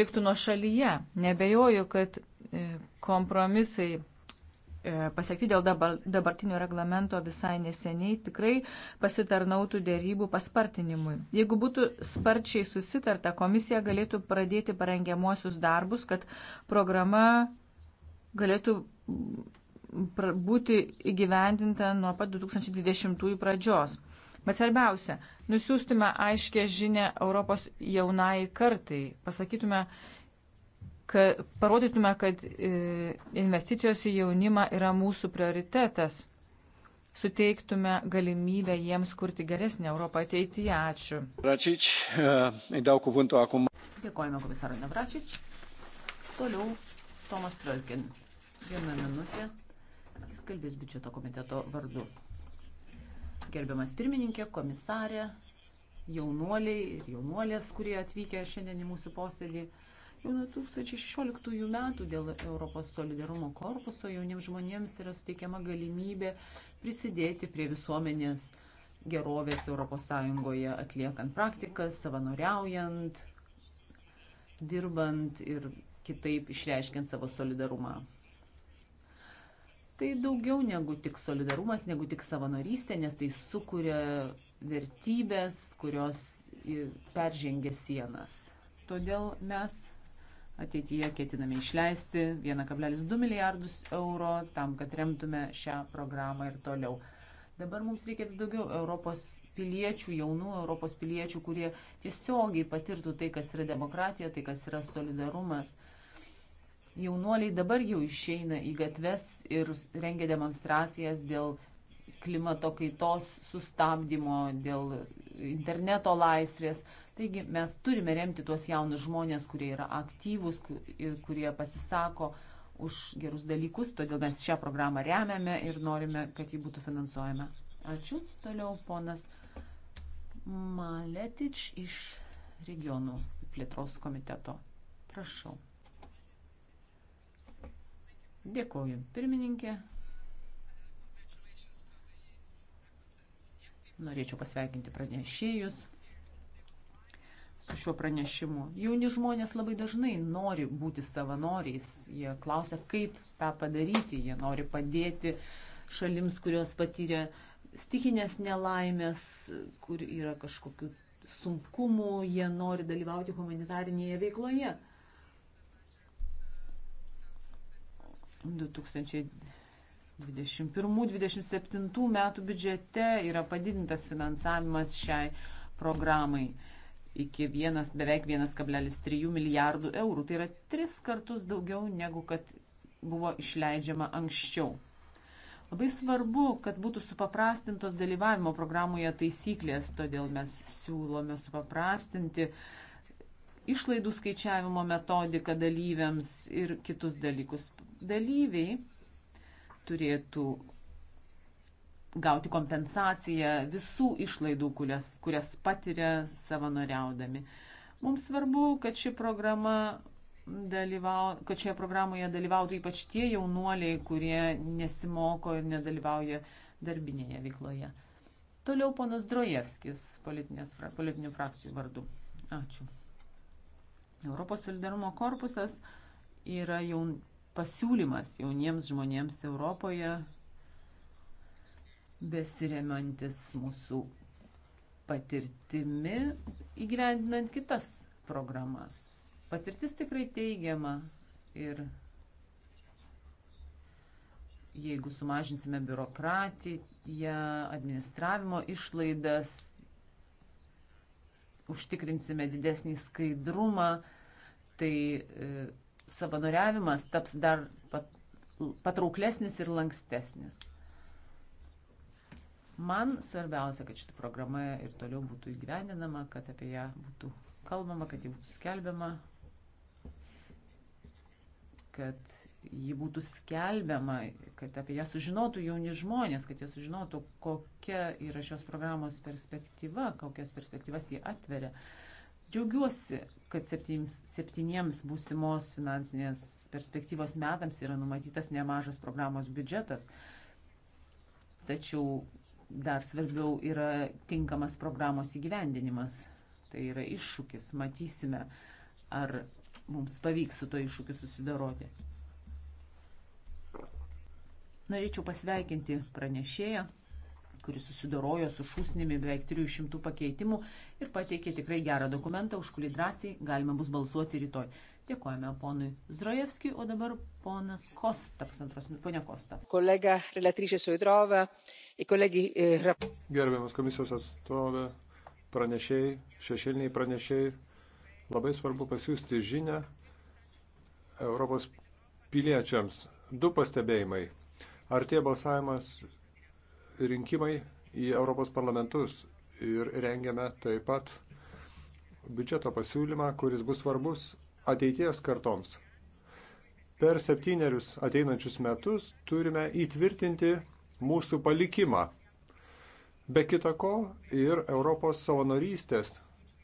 liktų nuo šalyje. Nebejoju, kad e, kompromisai e, pasiekti dėl dabar, dabartinio reglamento visai neseniai tikrai pasitarnautų dėrybų paspartinimui. Jeigu būtų sparčiai susitarta, komisija galėtų pradėti parengiamuosius darbus, kad programa galėtų būti įgyvendinta nuo pat 2020 pradžios. Bet svarbiausia, nusiųstume aiškę žinę Europos jaunai kartai. Pasakytume, kad, parodytume, kad e, investicijos į jaunimą yra mūsų prioritetas. Suteiktume galimybę jiems kurti geresnį Europą ateityje. Ačiū. Račič, e, įdau kuvuntų akum. Dėkojame komisarui Navračič. Toliau Tomas Velkin. Vieną minutę. Jis kalbės biudžeto komiteto vardu. Gerbiamas pirmininkė, komisarė, jaunuoliai ir jaunuolės, kurie atvykę šiandien į mūsų posėdį. Jau nuo 2016 metų dėl Europos solidarumo korpuso jauniems žmonėms yra suteikiama galimybė prisidėti prie visuomenės gerovės ES atliekant praktikas, savanoriaujant, dirbant ir kitaip išreiškiant savo solidarumą tai daugiau negu tik solidarumas, negu tik savanorystė, nes tai sukuria vertybės, kurios peržengia sienas. Todėl mes ateityje ketiname išleisti 1,2 milijardus euro tam, kad remtume šią programą ir toliau. Dabar mums reikia vis daugiau Europos piliečių, jaunų Europos piliečių, kurie tiesiogiai patirtų tai, kas yra demokratija, tai, kas yra solidarumas Jaunuoliai dabar jau išeina į gatves ir rengia demonstracijas dėl klimato kaitos sustabdymo, dėl interneto laisvės. Taigi mes turime remti tuos jaunus žmonės, kurie yra aktyvūs, kurie pasisako už gerus dalykus, todėl mes šią programą remiame ir norime, kad ji būtų finansuojama. Ačiū. Toliau ponas Maletič iš regionų plėtros komiteto. Prašau. Dėkoju, pirmininkė. Norėčiau pasveikinti pranešėjus su šiuo pranešimu. Jauni žmonės labai dažnai nori būti savanoriais. Jie klausia, kaip tą padaryti. Jie nori padėti šalims, kurios patyrė stikinės nelaimės, kur yra kažkokių sunkumų. Jie nori dalyvauti humanitarinėje veikloje. 2021-2027 metų biudžete yra padidintas finansavimas šiai programai iki vienas, beveik 1,3 milijardų eurų. Tai yra tris kartus daugiau negu kad buvo išleidžiama anksčiau. Labai svarbu, kad būtų supaprastintos dalyvavimo programoje taisyklės, todėl mes siūlome supaprastinti išlaidų skaičiavimo metodiką dalyviams ir kitus dalykus dalyviai turėtų gauti kompensaciją visų išlaidų, kurias, kurias patiria savanoriaudami. Mums svarbu, kad ši programa dalyvau, kad šioje programoje dalyvautų ypač tie jaunuoliai, kurie nesimoko ir nedalyvauja darbinėje veikloje. Toliau ponas Drojevskis, politinių frakcijų vardu. Ačiū. Europos solidarumo korpusas yra jaun, pasiūlymas jauniems žmonėms Europoje, besiriamantis mūsų patirtimi įgyvendinant kitas programas. Patirtis tikrai teigiama ir jeigu sumažinsime biurokratiją, administravimo išlaidas, užtikrinsime didesnį skaidrumą, tai e, savanoriavimas taps dar patrauklesnis ir lankstesnis. Man svarbiausia, kad šitą programą ir toliau būtų įgyvendinama, kad apie ją būtų kalbama, kad ji būtų skelbiama, kad ji būtų skelbiama, kad apie ją sužinotų jauni žmonės, kad jie sužinotų, kokia yra šios programos perspektyva, kokias perspektyvas jie atveria. Uh, Džiaugiuosi, kad septyms, septyniems būsimos finansinės perspektyvos metams yra numatytas nemažas programos biudžetas, tačiau dar svarbiau yra tinkamas programos įgyvendinimas. Tai yra iššūkis, matysime, ar mums pavyks su to iššūkiu susidoroti. Norėčiau pasveikinti pranešėją kuris susidorojo su šūsnimi beveik 300 pakeitimų ir pateikė tikrai gerą dokumentą, už kurį drąsiai galima bus balsuoti rytoj. Dėkojame ponui Zdrojevskijui, o dabar ponas Kosta, pusantros, ponia Kosta. Kolega, relatrišė Suidrovė, į kolegį. Eh, Gerbiamas komisijos atstovė, pranešėjai, šešėliniai pranešėjai, labai svarbu pasiūsti žinę Europos piliečiams. Du pastebėjimai. Ar tie balsavimas rinkimai į Europos parlamentus ir rengiame taip pat biudžeto pasiūlymą, kuris bus svarbus ateities kartoms. Per septynerius ateinančius metus turime įtvirtinti mūsų palikimą, be kitako ir Europos savanorystės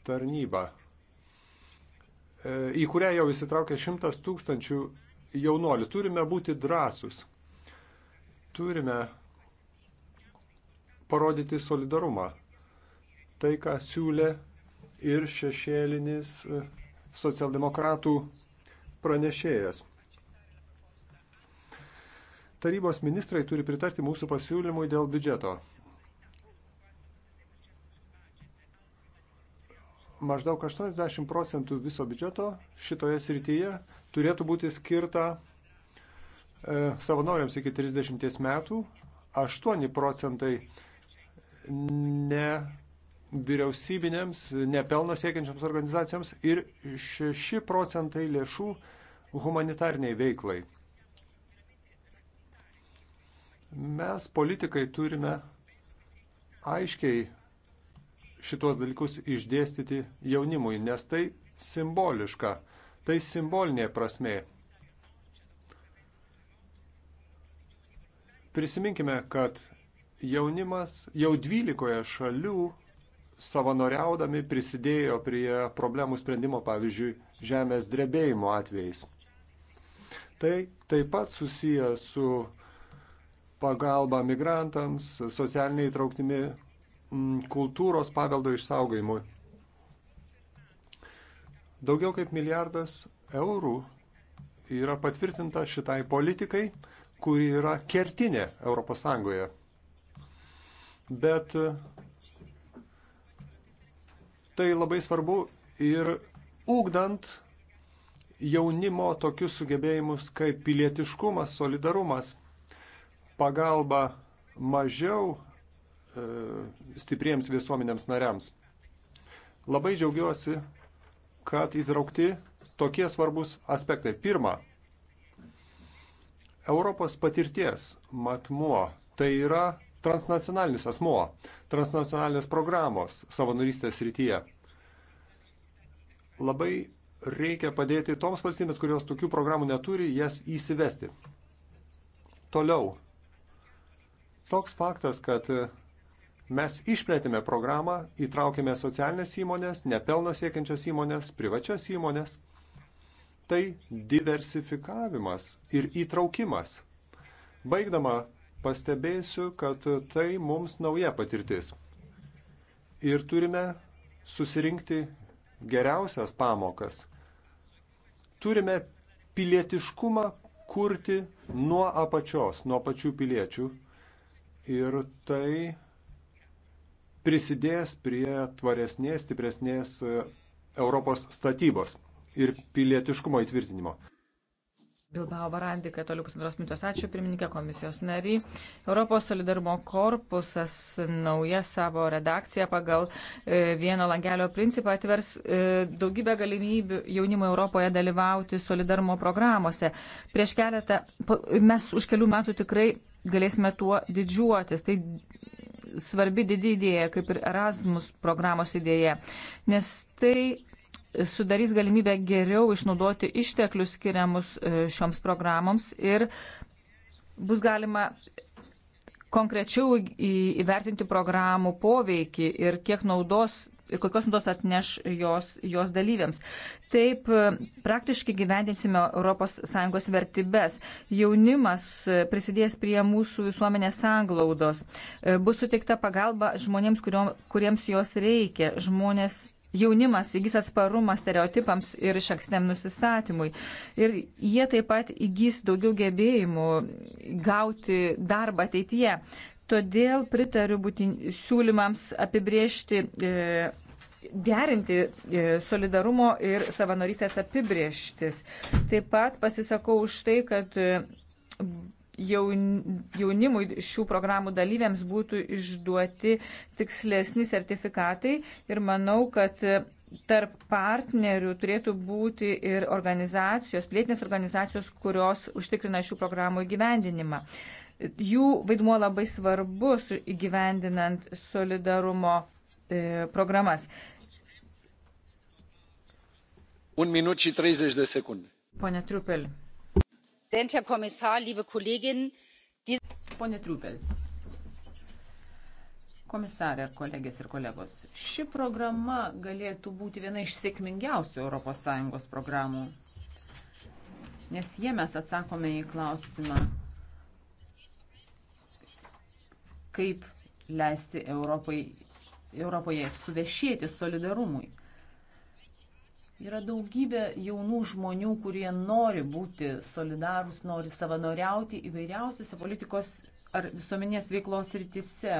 tarnybą, e, į kurią jau įsitraukė šimtas tūkstančių jaunuolių. Turime būti drąsus. Turime parodyti solidarumą. Tai, ką siūlė ir šešėlinis e, socialdemokratų pranešėjas. Tarybos ministrai turi pritarti mūsų pasiūlymui dėl biudžeto. Maždaug 80 procentų viso biudžeto šitoje srityje turėtų būti skirta e, savanoriams iki 30 metų, 8 procentai ne vyriausybinėms, nepelno siekiančiams organizacijoms ir 6 procentai lėšų humanitarniai veiklai. Mes, politikai, turime aiškiai šitos dalykus išdėstyti jaunimui, nes tai simboliška, tai simbolinė prasme. Prisiminkime, kad Jaunimas jau 12 šalių savanoriaudami prisidėjo prie problemų sprendimo, pavyzdžiui, žemės drebėjimo atvejais. Tai taip pat susiję su pagalba migrantams, socialiniai įtrauktimi kultūros paveldo išsaugojimui. Daugiau kaip milijardas eurų yra patvirtinta šitai politikai, kuri yra kertinė ES bet e, tai labai svarbu ir ūkdant jaunimo tokius sugebėjimus kaip pilietiškumas, solidarumas, pagalba mažiau e, stipriems visuomenėms nariams. Labai džiaugiuosi, kad įtraukti tokie svarbus aspektai. Pirma, Europos patirties matmuo tai yra transnacionalinis asmuo, transnacionalinės programos savanorystės rytyje. Labai reikia padėti toms valstybėms, kurios tokių programų neturi, jas įsivesti. Toliau. Toks faktas, kad mes išplėtėme programą, įtraukėme socialinės įmonės, nepelno siekiančias įmonės, privačias įmonės. Tai diversifikavimas ir įtraukimas. Baigdama pastebėsiu, kad tai mums nauja patirtis. Ir turime susirinkti geriausias pamokas. Turime pilietiškumą kurti nuo apačios, nuo pačių piliečių. Ir tai prisidės prie tvaresnės, stipresnės Europos statybos ir pilietiškumo įtvirtinimo. Bilbao Barandika, toliau pusantros minutės. Ačiū, pirmininkė komisijos nariai. Europos solidarumo korpusas nauja savo redakcija pagal e, vieno langelio principą atvers e, daugybę galimybių jaunimo Europoje dalyvauti solidarumo programuose. Prieš keletą, mes už kelių metų tikrai galėsime tuo didžiuotis. Tai svarbi dididėja, kaip ir Erasmus programos idėja, nes tai sudarys galimybę geriau išnaudoti išteklius skiriamus e, šioms programoms ir bus galima konkrečiau įvertinti programų poveikį ir kiek naudos ir kokios naudos atneš jos, jos dalyviams. Taip e, praktiškai gyvendinsime ES vertybės. Jaunimas e, prisidės prie mūsų visuomenės sanglaudos. Bus suteikta pagalba žmonėms, kuriom, kuriems jos reikia. Žmonės jaunimas įgys atsparumą stereotipams ir šaksniam nusistatymui. Ir jie taip pat įgys daugiau gebėjimų gauti darbą ateityje. Todėl pritariu būtin siūlymams apibriežti. E, Derinti e, solidarumo ir savanorystės apibrieštis. Taip pat pasisakau už tai, kad jaunimui šių programų dalyviams būtų išduoti tikslesni sertifikatai ir manau, kad tarp partnerių turėtų būti ir organizacijos, plėtinės organizacijos, kurios užtikrina šių programų įgyvendinimą. Jų vaidmuo labai svarbus įgyvendinant solidarumo e, programas. Un minut și 30 de secunde. Pone Triupel präsident herr kommissar liebe kolleginnen! pone triupel komisare kolegės ir kolegos ši programa galėtų būti viena iš sėkmingiausių europos sąjungos programų nes ja mes atsakome į klausimą kaip leisti europai europoje suvešėti solidarumui Yra daugybė jaunų žmonių, kurie nori būti solidarūs, nori savanoriauti įvairiausiose politikos ar visuomenės veiklos rytise,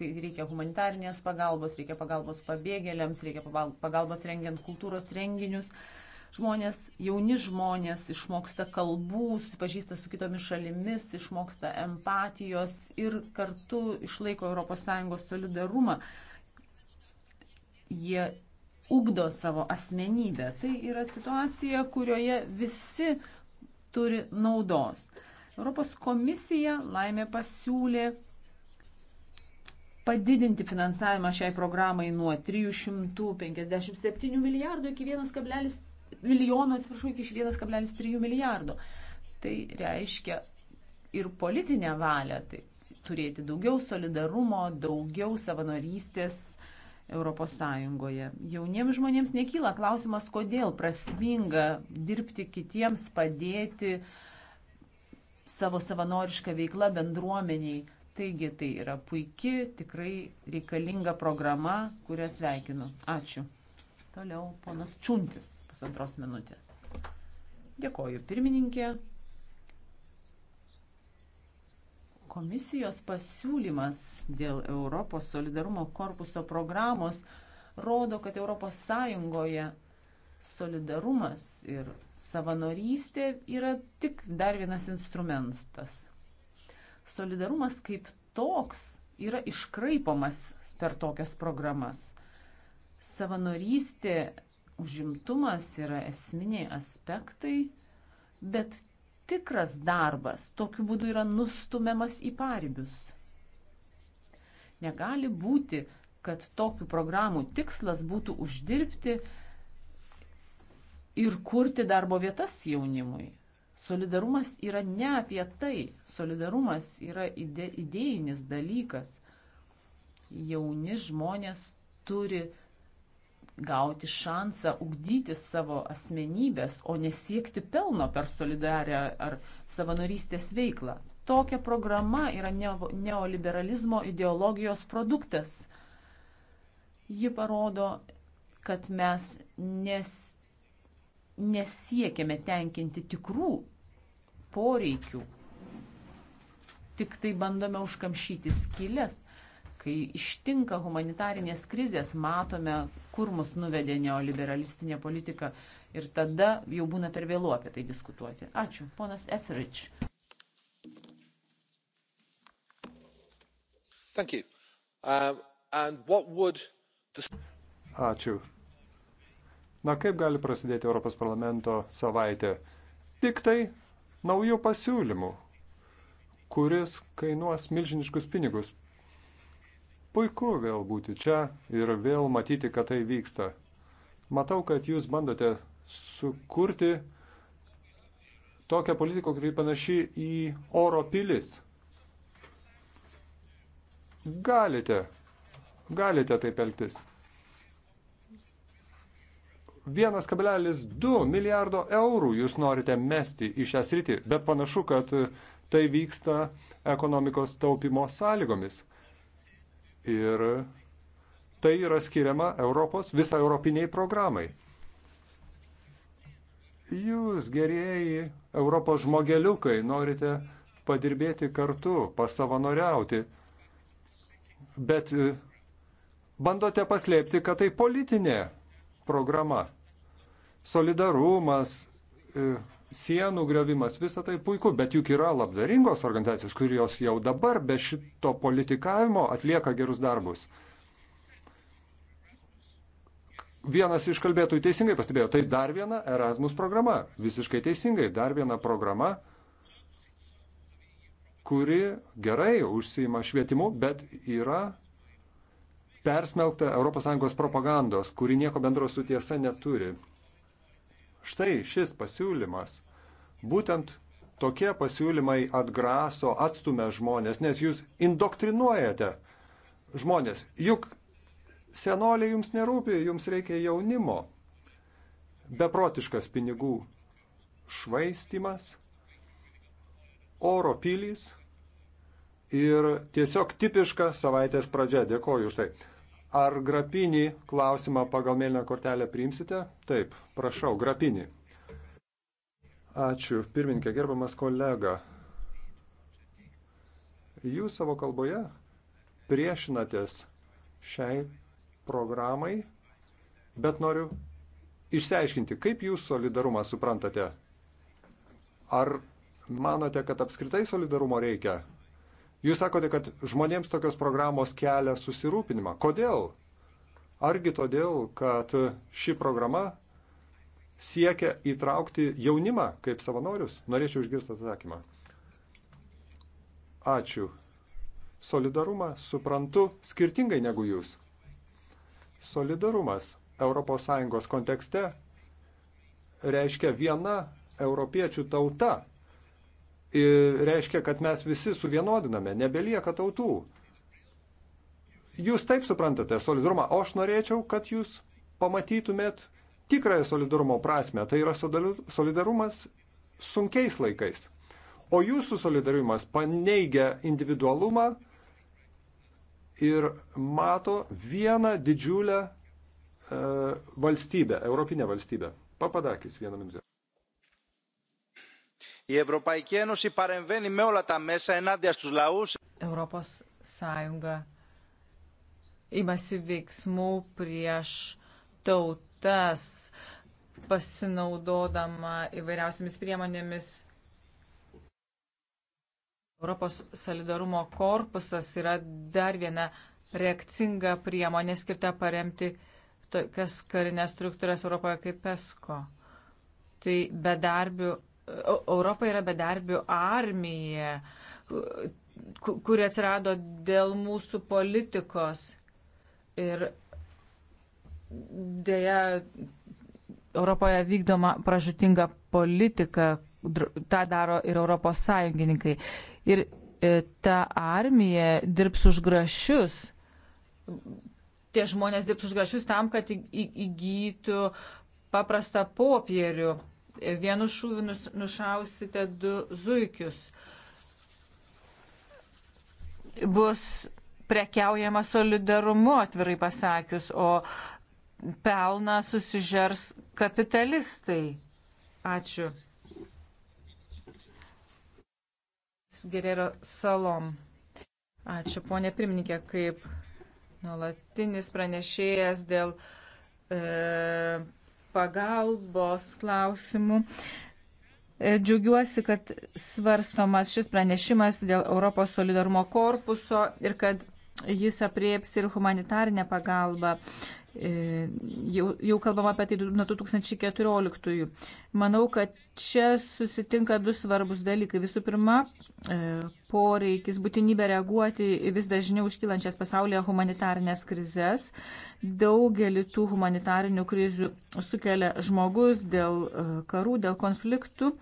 kai reikia humanitarnės pagalbos, reikia pagalbos pabėgėliams, reikia pagalbos rengiant kultūros renginius. Žmonės, jauni žmonės išmoksta kalbų, susipažįsta su kitomis šalimis, išmoksta empatijos ir kartu išlaiko ES solidarumą. Jie ugdo savo asmenybę. Tai yra situacija, kurioje visi turi naudos. Europos komisija laimė pasiūlė padidinti finansavimą šiai programai nuo 357 milijardų iki 1, milijono, atsiprašau, iki 1,3 milijardo. Tai reiškia ir politinę valią, tai turėti daugiau solidarumo, daugiau savanorystės Europos Sąjungoje. Jauniems žmonėms nekyla klausimas, kodėl prasminga dirbti kitiems, padėti savo savanorišką veiklą bendruomeniai. Taigi tai yra puikia, tikrai reikalinga programa, kurią sveikinu. Ačiū. Toliau ponas Čuntis, pusantros minutės. Dėkoju pirmininkė. Komisijos pasiūlymas dėl Europos solidarumo korpuso programos rodo, kad ES solidarumas ir savanorystė yra tik dar vienas instrumentas. Solidarumas kaip toks yra iškraipomas per tokias programas. Savanorystė, užimtumas yra esminiai aspektai, bet tikras darbas tokiu būdu yra nustumiamas į paribius. Negali būti, kad tokių programų tikslas būtų uždirbti ir kurti darbo vietas jaunimui. Solidarumas yra ne apie tai. Solidarumas yra ide idėjinis dalykas. Jauni žmonės turi gauti šansą ugdyti savo asmenybės, o nesiekti pelno per solidarę ar savanorystės veiklą. Tokia programa yra neoliberalizmo ideologijos produktas. Ji parodo, kad mes nes, nesiekėme tenkinti tikrų poreikių, tik tai bandome užkamšyti skylės kai ištinka humanitarinės krizės, matome, kur mus nuvedė neoliberalistinė politika ir tada jau būna per vėlu apie tai diskutuoti. Ačiū, ponas Eferich. Um, Ačiū. Na kaip gali prasidėti Europos parlamento savaitė? Tik tai naujų pasiūlymų, kuris kainuos milžiniškus pinigus Puiku vėl būti čia ir vėl matyti, kad tai vyksta. Matau, kad jūs bandote sukurti tokią politiką, kuri panaši į oro pilis. Galite, galite taip elgtis. 1,2 milijardo eurų jūs norite mesti į šią sritį, bet panašu, kad tai vyksta ekonomikos taupimo sąlygomis ir tai yra skiriama Europos visą europiniai programai. Jūs, gerieji Europos žmogeliukai, norite padirbėti kartu, pasavanoriauti, bet e, bandote paslėpti, kad tai politinė programa. Solidarumas, e, sienų griovimas, visa tai puiku, bet juk yra labdaringos organizacijos, kurios jau dabar be šito politikavimo atlieka gerus darbus. Vienas iš kalbėtojų teisingai pastebėjo, tai dar viena Erasmus programa. Visiškai teisingai, dar viena programa, kuri gerai užsima švietimu, bet yra persmelkta ES propagandos, kuri nieko bendro su tiesa neturi. Štai šis pasiūlymas. Būtent tokie pasiūlymai atgraso, atstumia žmonės, nes jūs indoktrinuojate žmonės. Juk senoliai jums nerūpi, jums reikia jaunimo. Beprotiškas pinigų švaistimas, oro pilys ir tiesiog tipiška savaitės pradžia. Dėkoju už tai. Ar grapinį klausimą pagal mėlyną kortelę priimsite? Taip, prašau, grapinį. Ačiū, pirmininkė, gerbamas kolega. Jūs savo kalboje priešinatės šiai programai, bet noriu išsiaiškinti, kaip jūs solidarumą suprantate. Ar manote, kad apskritai solidarumo reikia? Jūs sakote, kad žmonėms tokios programos kelia susirūpinimą. Kodėl? Argi todėl, kad ši programa siekia įtraukti jaunimą kaip savanorius? Norėčiau išgirsti atsakymą. Ačiū. Solidarumą suprantu skirtingai negu jūs. Solidarumas ES kontekste reiškia viena europiečių tauta reiškia, kad mes visi suvienodiname, nebelieka tautų. Jūs taip suprantate solidarumą, o aš norėčiau, kad jūs pamatytumėt tikrąją solidarumo prasme. Tai yra solidarumas sunkiais laikais. O jūsų solidarumas paneigia individualumą ir mato vieną didžiulę e, valstybę, europinę valstybę. Papadakis vieną minutę. Η Ευρωπαϊκή Ένωση παρεμβαίνει με όλα τα μέσα ενάντια στους λαούς. Europos Sąjunga imasi veiksmų prieš tautas, pasinaudodama įvairiausiamis priemonėmis. Europos solidarumo korpusas yra dar viena reakcinga priemonė skirta paremti tokias karinės struktūras Europoje kaip PESCO. Tai bedarbių Europa yra bedarbių armija, kuri atsirado dėl mūsų politikos. Ir dėja, Europoje vykdoma pražutinga politika, tą daro ir Europos sąjungininkai. Ir e, ta armija dirbs už grašius. Tie žmonės dirbs už grašius tam, kad įgytų paprastą popierių Vienu šūviu nušausite du zuikius. Bus prekiaujama solidarumu, atvirai pasakius, o pelną susižers kapitalistai. Ačiū. Gerero salom. Ačiū, ponė pirmininkė, kaip nuolatinis pranešėjas dėl e, pagalbos klausimų. E, džiaugiuosi, kad svarstomas šis pranešimas dėl Europos solidarumo korpuso ir kad jis aprieps ir humanitarinę pagalbą. E, jau, jau kalbam apie tai nuo 2014. Manau, kad čia susitinka du svarbus dalykai. Visų pirma, e, poreikis būtinybė reaguoti į vis dažniau užkylančias pasaulyje humanitarnės krizės. Daugelį tų humanitarinių krizių sukelia žmogus dėl e, karų, dėl konfliktų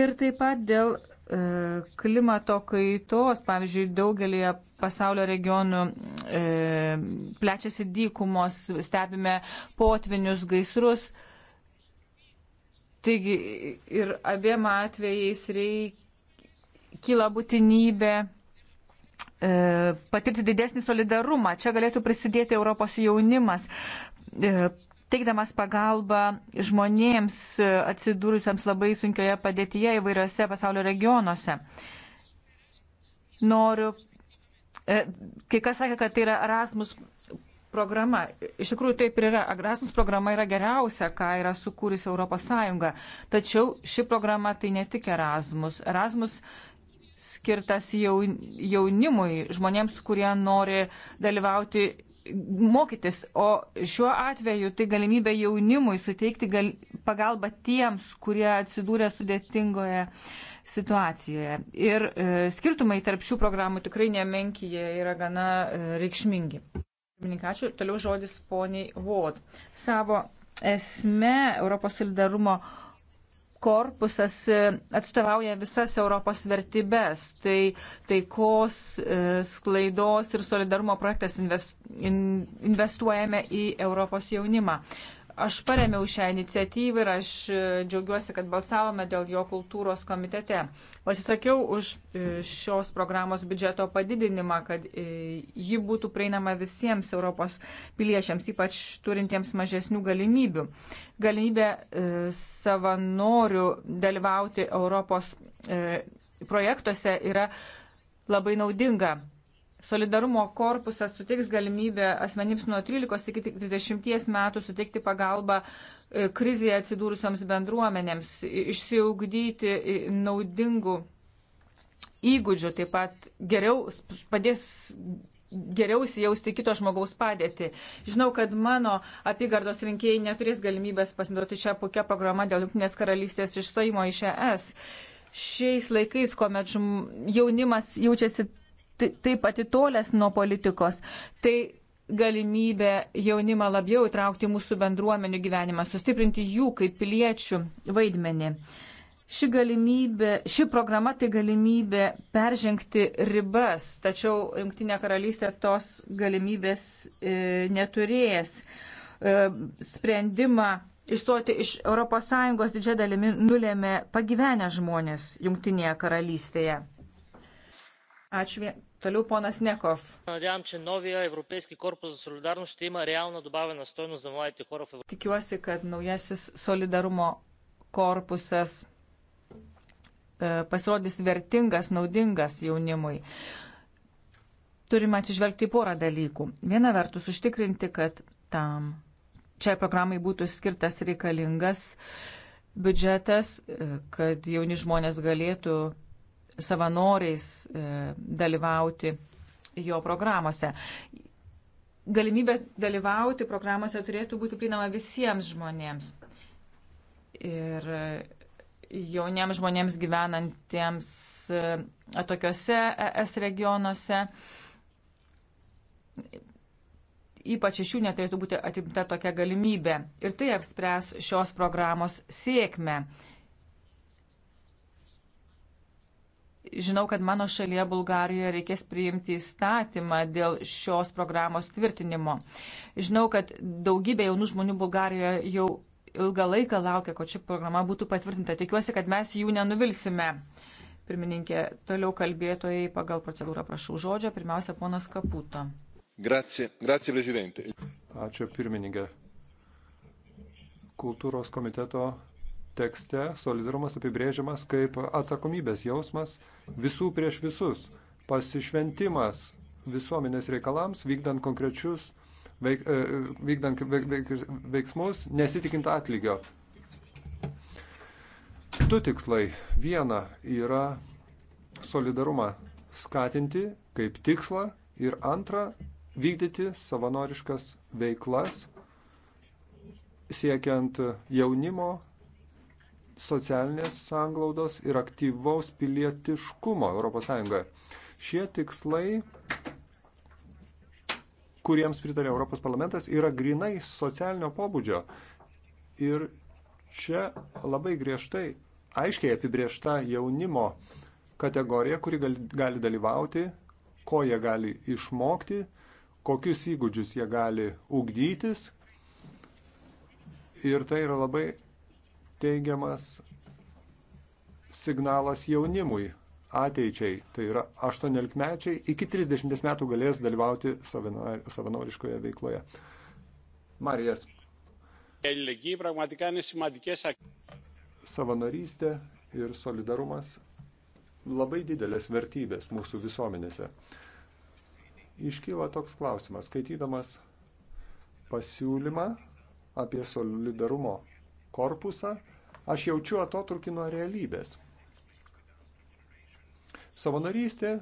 ir taip pat dėl E, klimato kaitos, pavyzdžiui, daugelį pasaulio regionų e, plečiasi dykumos, stebime potvinius, gaisrus. Taigi ir abiem atvejais reikia kyla būtinybė e, patirti didesnį solidarumą. Čia galėtų prisidėti Europos jaunimas, e, teikdamas pagalbą žmonėms atsidūrusiems labai sunkioje padėtyje įvairiose pasaulio regionuose. Noriu, e, kai kas sakė, kad tai yra Erasmus programa. Iš tikrųjų taip ir yra. Erasmus programa yra geriausia, ką yra sukūrusi Europos Sąjunga. Tačiau ši programa tai ne tik Erasmus. Erasmus skirtas jaunimui, žmonėms, kurie nori dalyvauti mokytis, o šiuo atveju tai galimybė jaunimui suteikti gal, pagalbą tiems, kurie atsidūrė sudėtingoje situacijoje. Ir e, skirtumai tarp šių programų tikrai nemenki, jie yra gana e, reikšmingi. Pirmininkačiu, toliau žodis poniai Vod. Savo esme Europos solidarumo korpusas e, atstovauja visas Europos vertybės. Tai taikos, e, sklaidos ir solidarumo projektas investuojame į Europos jaunimą. Aš paremiau šią iniciatyvą ir aš e, džiaugiuosi, kad balsavome dėl jo kultūros komitete. Pasisakiau už e, šios programos biudžeto padidinimą, kad e, ji būtų prieinama visiems Europos piliečiams, ypač turintiems mažesnių galimybių. Galimybė savanorių dalyvauti Europos projektuose yra labai naudinga. Solidarumo korpusas suteiks galimybę asmenims nuo 13 iki 30 metų suteikti pagalbą e, krizėje atsidūrusioms bendruomenėms, išsiugdyti naudingų įgūdžių, taip pat geriau padės geriau įsijausti kito žmogaus padėtį. Žinau, kad mano apygardos rinkėjai neturės galimybės pasinaudoti šią puikią programą dėl Junktinės karalystės išstojimo iš ES. Šiais laikais, kuomet jaunimas jaučiasi taip tai atitolęs nuo politikos, tai galimybė jaunimą labiau įtraukti į mūsų bendruomenių gyvenimą, sustiprinti jų kaip piliečių vaidmenį. Ši, galimybė, ši programa tai galimybė peržengti ribas, tačiau Junktinė karalystė tos galimybės e, neturės. E, sprendimą išstoti iš ES didžia dalimi nulėmė pagyvenę žmonės Junktinėje karalystėje. Ačiū. Vien... Toliau ponas Nekov. Надявам, че новия Европейски корпус за солидарност ще има реална добавена стойност за младите хора в Европа. Tikiuosi, kad naujasis solidarumo korpusas e, pasirodys vertingas, naudingas jaunimui. Turime atsižvelgti į porą dalykų. Viena vertus užtikrinti, kad tam čia programai būtų skirtas reikalingas biudžetas, e, kad jauni žmonės galėtų savanoriais e, dalyvauti jo programuose. Galimybė dalyvauti programuose turėtų būti prieinama visiems žmonėms. Ir jauniems žmonėms gyvenantiems e, atokiose ES regionuose. Ypač iš jų neturėtų būti atimta tokia galimybė. Ir tai apspręs šios programos sėkmę. žinau, kad mano šalyje Bulgarijoje reikės priimti įstatymą dėl šios programos tvirtinimo. Žinau, kad daugybė jaunų žmonių Bulgarijoje jau ilgą laiką laukia, kad ši programa būtų patvirtinta. Tikiuosi, kad mes jų nenuvilsime. Pirmininkė, toliau kalbėtojai pagal procedūrą prašau žodžio. Pirmiausia, ponas Kaputo. Grazie, grazie, prezidentė. Ačiū, pirmininkė. Kultūros komiteto tekste solidarumas apibrėžiamas kaip atsakomybės jausmas visų prieš visus, pasišventimas visuomenės reikalams, vykdant konkrečius veik, e, vykdant veik, veik, veiksmus, nesitikint atlygio. Du tikslai. Viena yra solidarumą skatinti kaip tikslą ir antra vykdyti savanoriškas veiklas siekiant jaunimo socialinės sanglaudos ir aktyvaus pilietiškumo ES. Šie tikslai, kuriems pritarė Europos parlamentas, yra grinai socialinio pobūdžio. Ir čia labai griežtai, aiškiai apibriešta jaunimo kategorija, kuri gali, gali dalyvauti, ko jie gali išmokti, kokius įgūdžius jie gali ugdytis. Ir tai yra labai teigiamas signalas jaunimui ateičiai, tai yra 18-mečiai iki 30 metų galės dalyvauti savanoriškoje veikloje. Marijas. Savanorystė ir solidarumas labai didelės vertybės mūsų visuomenėse. Iškyla toks klausimas, skaitydamas pasiūlymą apie solidarumo korpusą, Aš jaučiu atotrukį nuo realybės. Savanorystė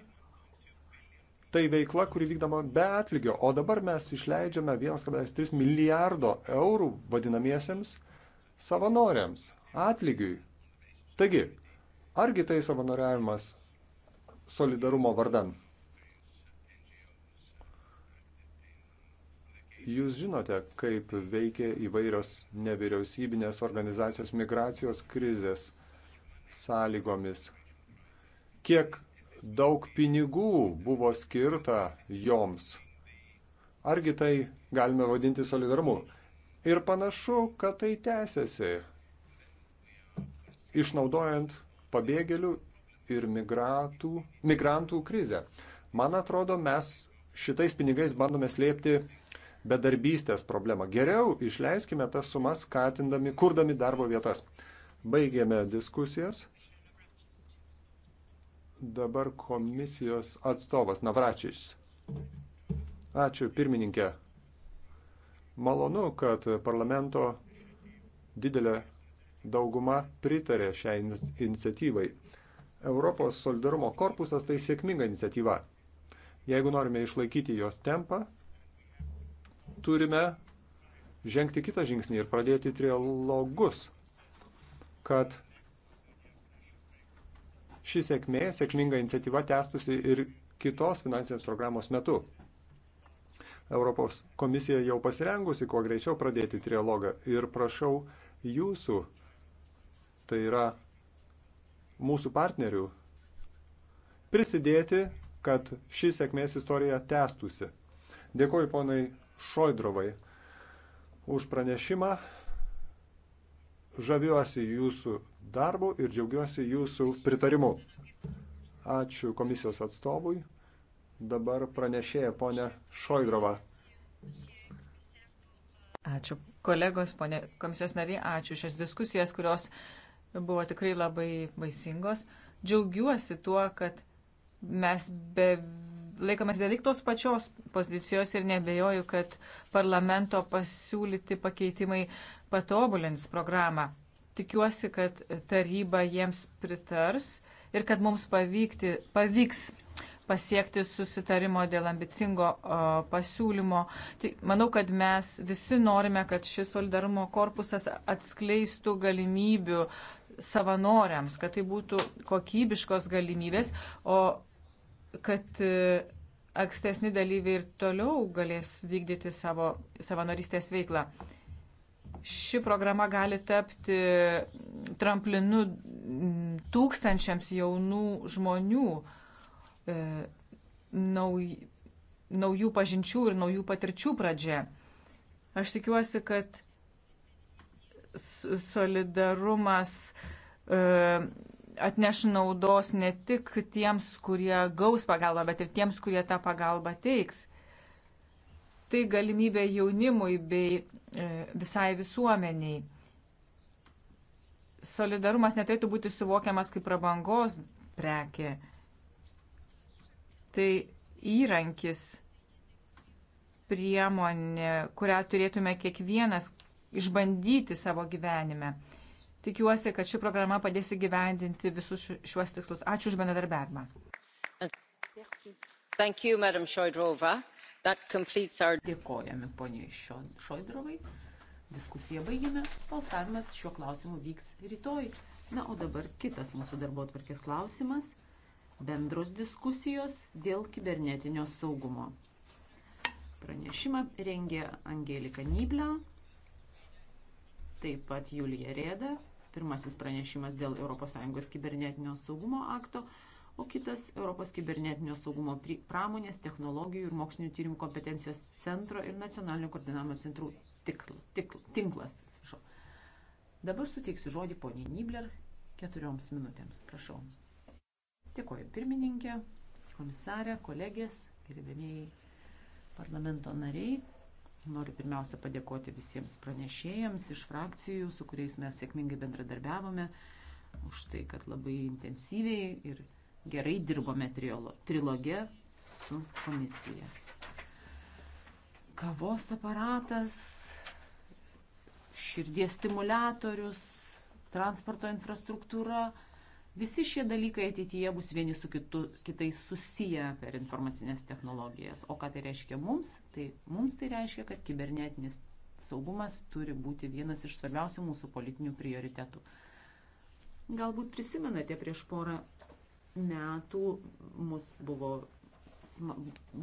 tai veikla, kuri vykdama be atlygio, o dabar mes išleidžiame 1,3 milijardo eurų vadinamiesiems savanoriams atlygiui. Taigi, argi tai savanoriavimas solidarumo vardan? Jūs žinote, kaip veikia įvairios nevyriausybinės organizacijos migracijos krizės sąlygomis. Kiek daug pinigų buvo skirta joms. Argi tai galime vadinti solidarumu? Ir panašu, kad tai tęsiasi, išnaudojant pabėgėlių ir migratų, migrantų krizę. Man atrodo, mes šitais pinigais bandome slėpti bedarbystės problemą. Geriau išleiskime tas sumas, skatindami, kurdami darbo vietas. Baigėme diskusijas. Dabar komisijos atstovas Navračiš. Ačiū, pirmininkė. Malonu, kad parlamento didelė dauguma pritarė šiai iniciatyvai. Europos solidarumo korpusas tai sėkminga iniciatyva. Jeigu norime išlaikyti jos tempą, turime žengti kitą žingsnį ir pradėti trialogus, kad ši sėkmė, sėkminga iniciatyva tęstusi ir kitos finansinės programos metu. Europos komisija jau pasirengusi kuo greičiau pradėti trialogą ir prašau jūsų, tai yra mūsų partnerių, prisidėti, kad ši sėkmės istorija tęstusi. Dėkuoju ponai Šoidrovai už pranešimą. Žaviuosi jūsų darbu ir džiaugiuosi jūsų pritarimu. Ačiū komisijos atstovui. Dabar pranešėja ponė Šoidrova. Ačiū kolegos, ponė komisijos nariai, ačiū šias diskusijas, kurios buvo tikrai labai vaisingos. Džiaugiuosi tuo, kad mes be laikomas beveik tos pačios pozicijos ir nebejoju, kad parlamento pasiūlyti pakeitimai patobulins programą. Tikiuosi, kad taryba jiems pritars ir kad mums pavykti, pavyks pasiekti susitarimo dėl ambicingo o, pasiūlymo. Tai manau, kad mes visi norime, kad šis solidarumo korpusas atskleistų galimybių savanoriams, kad tai būtų kokybiškos galimybės, o kad e, ankstesni dalyviai ir toliau galės vykdyti savo savanorystės veiklą. Ši programa gali tapti tramplinu tūkstančiams jaunų žmonių e, nauj, naujų pažinčių ir naujų patirčių pradžia. Aš tikiuosi, kad solidarumas e, atneš naudos ne tik tiems, kurie gaus pagalbą, bet ir tiems, kurie tą pagalbą teiks. Tai galimybė jaunimui bei e, visai visuomeniai. Solidarumas neturėtų būti suvokiamas kaip prabangos prekė. Tai įrankis, priemonė, kurią turėtume kiekvienas išbandyti savo gyvenime. Tikiuosi, kad ši programa padės įgyvendinti visus šiuos tikslus. Ačiū už bendradarbiavimą. Our... Dėkojame poniai Šoidrovai. Diskusiją baigėme. Balsavimas šiuo klausimu vyks rytoj. Na, o dabar kitas mūsų darbo atvarkės klausimas - bendros diskusijos dėl kibernetinio saugumo. Pranešimą rengė Angelika Nyblė, taip pat Julija Rėda. Pirmasis pranešimas dėl ES kibernetinio saugumo akto, o kitas Europos kibernetinio saugumo pramonės, technologijų ir mokslinių tyrimų kompetencijos centro ir nacionalinio koordinavimo centrų tikl, tikl, tinklas. Atsiprašau. Dabar suteiksiu žodį poniai Nibler keturioms minutėms. Prašau. Dėkuoju pirmininkė, komisarė, kolegės, gerbėmėjai parlamento nariai. Noriu pirmiausia padėkoti visiems pranešėjams iš frakcijų, su kuriais mes sėkmingai bendradarbiavome, už tai, kad labai intensyviai ir gerai dirbome trilogė su komisija. Kavos aparatas, širdies stimulatorius, transporto infrastruktūra, Visi šie dalykai ateityje bus vieni su kitu, kitais susiję per informacinės technologijas. O ką tai reiškia mums? Tai mums tai reiškia, kad kibernetinis saugumas turi būti vienas iš svarbiausių mūsų politinių prioritetų. Galbūt prisimenate, prieš porą metų mus buvo,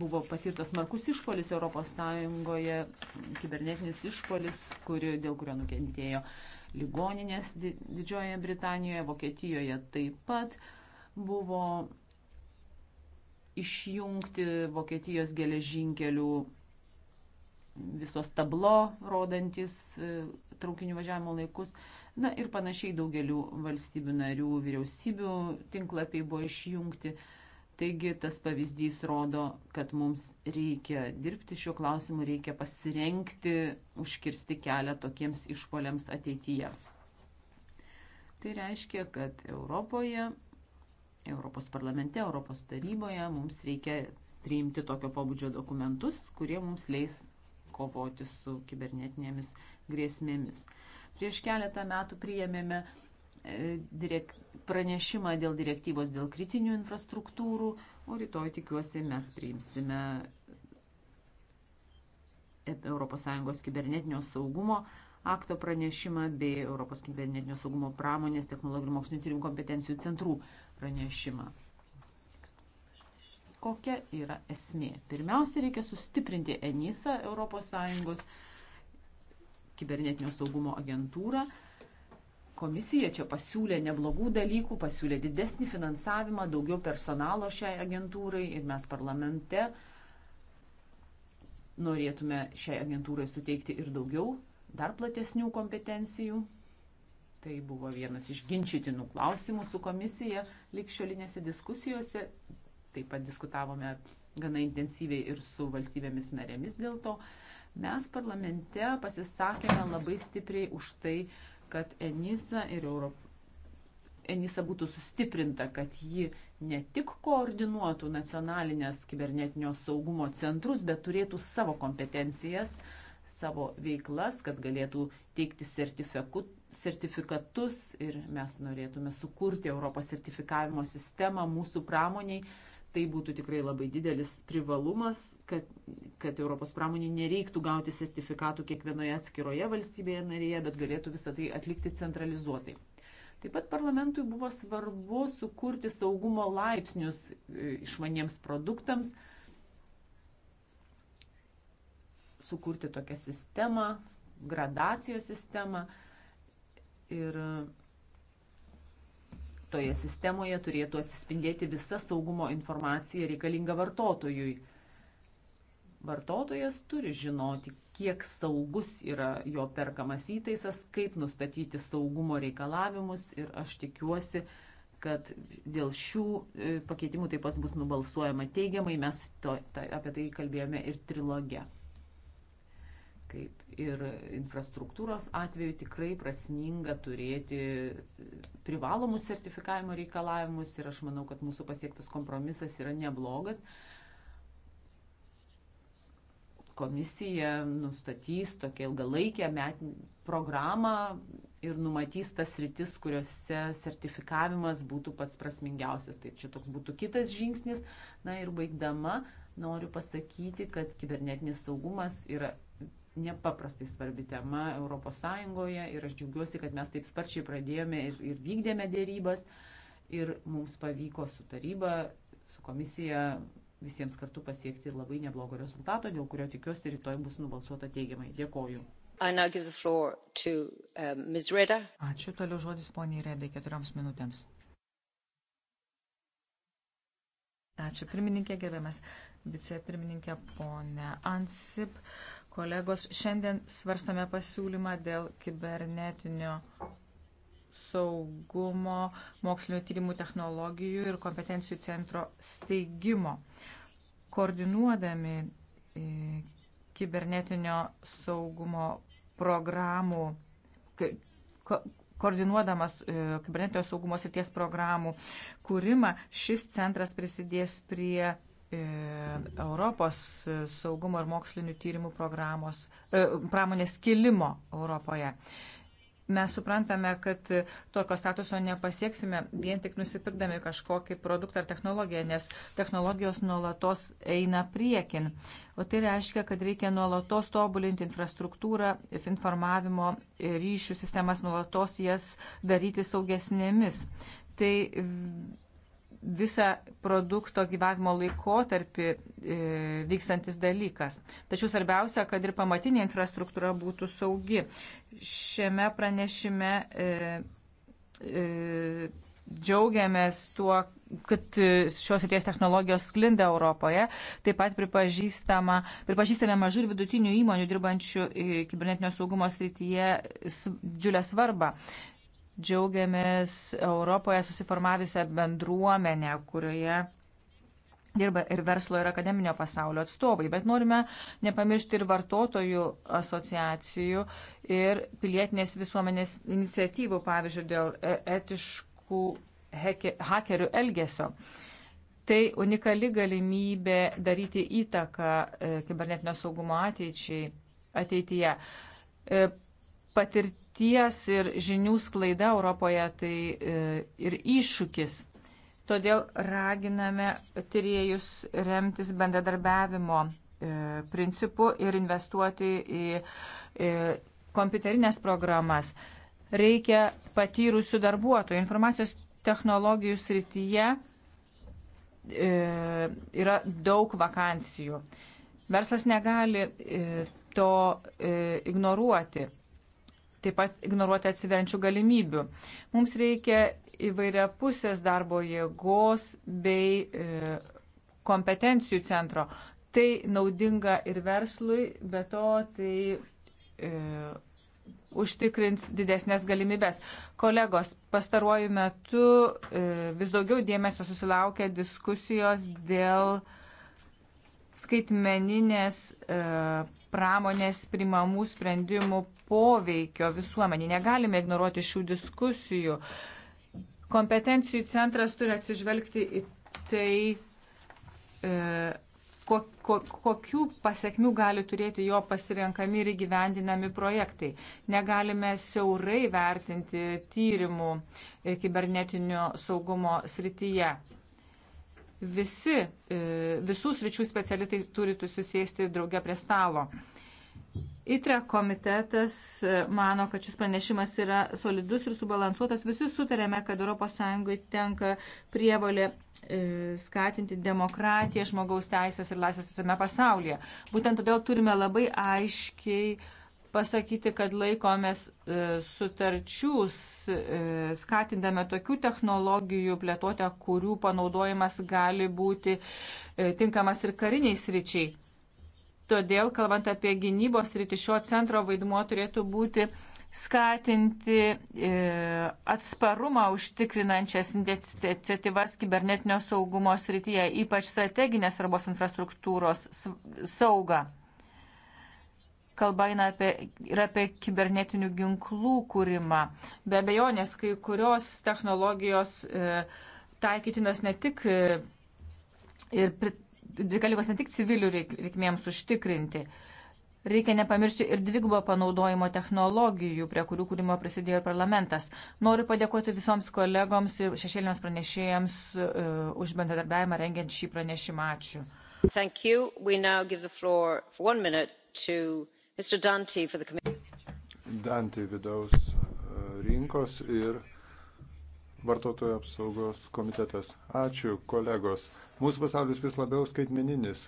buvo patirtas smarkus išpolis ES, kibernetinis išpolis, kuri, dėl kurio nukentėjo ligoninės Didžiojoje Britanijoje, Vokietijoje taip pat buvo išjungti Vokietijos geležinkelių visos tablo rodantis e, traukinių važiavimo laikus. Na ir panašiai daugeliu valstybių narių vyriausybių tinklapiai buvo išjungti. Taigi tas pavyzdys rodo, kad mums reikia dirbti šiuo klausimu, reikia pasirenkti, užkirsti kelią tokiems išpoliams ateityje. Tai reiškia, kad Europoje, Europos parlamente, Europos taryboje mums reikia priimti tokio pobūdžio dokumentus, kurie mums leis kovoti su kibernetinėmis grėsmėmis. Prieš keletą metų priėmėme direk, pranešimą dėl direktyvos dėl kritinių infrastruktūrų, o rytoj tikiuosi mes priimsime ES kibernetinio saugumo akto pranešimą bei ES kibernetinio saugumo pramonės technologijų ir mokslinio tyrimų kompetencijų centrų pranešimą. Kokia yra esmė? Pirmiausia, reikia sustiprinti ENISA ES kibernetinio saugumo agentūrą Komisija čia pasiūlė neblogų dalykų, pasiūlė didesnį finansavimą, daugiau personalo šiai agentūrai ir mes parlamente norėtume šiai agentūrai suteikti ir daugiau, dar platesnių kompetencijų. Tai buvo vienas iš ginčytinų klausimų su komisija likščiolinėse diskusijose. Taip pat diskutavome gana intensyviai ir su valstybėmis narėmis dėl to. Mes parlamente pasisakėme labai stipriai už tai, kad Enisa ir Europos. Enisa būtų sustiprinta, kad ji ne tik koordinuotų nacionalinės kibernetinio saugumo centrus, bet turėtų savo kompetencijas, savo veiklas, kad galėtų teikti sertifikatus ir mes norėtume sukurti Europos sertifikavimo sistemą mūsų pramoniai, Tai būtų tikrai labai didelis privalumas, kad, kad Europos pramonė nereiktų gauti sertifikatų kiekvienoje atskiroje valstybėje narėje, bet galėtų visą tai atlikti centralizuotai. Taip pat parlamentui buvo svarbu sukurti saugumo laipsnius e, išmaniems produktams, sukurti tokią sistemą, gradacijos sistemą. Ir Toje sistemoje turėtų atsispindėti visa saugumo informacija reikalinga vartotojui. Vartotojas turi žinoti, kiek saugus yra jo perkamas įtaisas, kaip nustatyti saugumo reikalavimus ir aš tikiuosi, kad dėl šių e, pakeitimų taip pat bus nubalsuojama teigiamai, mes to, ta, apie tai kalbėjome ir trilogė kaip ir infrastruktūros atveju tikrai prasminga turėti e, privalomus sertifikavimo reikalavimus ir aš manau, kad mūsų pasiektas kompromisas yra neblogas. Komisija nustatys tokią ilgalaikę programą ir numatys tas rytis, kuriuose sertifikavimas būtų pats prasmingiausias. Taip, čia toks būtų kitas žingsnis. Na ir baigdama, noriu pasakyti, kad kibernetinis saugumas yra nepaprastai svarbi tema ES ir aš džiaugiuosi, kad mes taip sparčiai pradėjome ir, ir vykdėme dėrybas ir mums pavyko su taryba, su komisija visiems kartu pasiekti labai neblogo rezultato, dėl kurio tikiuosi rytoj bus nubalsuota teigiamai. Dėkoju. To, um, Ačiū, toliau žodis poniai Redai keturioms minutėms. Ačiū pirmininkė, gerbiamas vicepirmininkė ponė Ansip. Uh, Kolegos, šiandien svarstame pasiūlymą dėl kibernetinio saugumo, mokslinio tyrimų technologijų ir kompetencijų centro steigimo. Koordinuodami e, kibernetinio saugumo programų, ko, koordinuodamas e, kibernetinio saugumo srities programų kūrimą, šis centras prisidės prie E, Europos saugumo ir mokslinių tyrimų programos, e, pramonės kilimo Europoje. Mes suprantame, kad tokio statuso nepasieksime vien tik nusipirkdami kažkokį produktą ar technologiją, nes technologijos nuolatos eina priekin. O tai reiškia, kad reikia nuolatos tobulinti infrastruktūrą, informavimo ryšių sistemas, nuolatos jas daryti saugesnėmis. Tai visą produkto gyvavimo laikotarpį e, vykstantis dalykas. Tačiau svarbiausia, kad ir pamatinė infrastruktūra būtų saugi. Šiame pranešime e, e, džiaugiamės tuo, kad šios ryties technologijos sklinda Europoje. Taip pat pripažįstame mažų ir vidutinių įmonių dirbančių e, kibernetinio saugumo srityje didžiulę svarbą. E, Džiaugiamės Europoje susiformavusią bendruomenę, kurioje dirba ir verslo ir akademinio pasaulio atstovai, bet norime nepamiršti ir vartotojų asociacijų ir pilietinės visuomenės iniciatyvų, pavyzdžiui, dėl e, etiškų heke, hakerių elgesio. Tai unikali galimybė daryti įtaką e, kibernetinio saugumo ateičiai ateityje. E, Patirti patirties ir žinių sklaida Europoje tai e, ir iššūkis. Todėl raginame tyriejus remtis bendradarbiavimo e, principų ir investuoti į e, kompiuterinės programas. Reikia patyrusių darbuotojų. Informacijos technologijų srityje yra daug vakancijų. Verslas negali to ignoruoti taip pat ignoruoti atsiverančių galimybių. Mums reikia įvairia pusės darbo jėgos bei e, kompetencijų centro. Tai naudinga ir verslui, bet to tai e, užtikrins didesnės galimybės. Kolegos, pastaruoju metu e, vis daugiau dėmesio susilaukia diskusijos dėl skaitmeninės e, pramonės primamų sprendimų poveikio visuomenį. Negalime ignoruoti šių diskusijų. Kompetencijų centras turi atsižvelgti į tai, e, ko, ko, kokių pasiekmių gali turėti jo pasirenkami ir įgyvendinami projektai. Negalime siaurai vertinti tyrimų e, kibernetinio saugumo srityje visi, e, visų sričių specialistai turi susėsti drauge prie stalo. ITRE komitetas e, mano, kad šis pranešimas yra solidus ir subalansuotas. Visi sutarėme, kad ES tenka prievalė e, skatinti demokratiją, žmogaus teisės ir laisvės visame pasaulyje. Būtent todėl turime labai aiškiai uh, pasakyti, kad laikomės e, sutarčių, e, skatindame tokių technologijų plėtotę, kurių panaudojimas gali būti e, tinkamas ir kariniai sričiai. Todėl, kalbant apie gynybos rytį, šio centro vaidmuo turėtų būti skatinti atsparumą užtikrinančias iniciatyvas kibernetinio saugumo srityje, ypač strateginės arbos infrastruktūros saugą kalba eina apie, ir apie kibernetinių ginklų kūrimą. Be abejonės, kai kurios technologijos e, taikytinos ne tik e, ir reikalingos ne tik civilių reikmėms užtikrinti. Reikia nepamiršti ir dvigubo panaudojimo technologijų, prie kurių kūrimo prisidėjo ir parlamentas. Noriu padėkoti visoms kolegoms ir šešėliniams pranešėjams uh, už bendradarbiavimą rengiant šį pranešimą. Ačiū. To... Dantį vidaus e, rinkos ir vartotojų apsaugos komitetas. Ačiū, kolegos. Mūsų pasaulis vis labiau skaitmeninis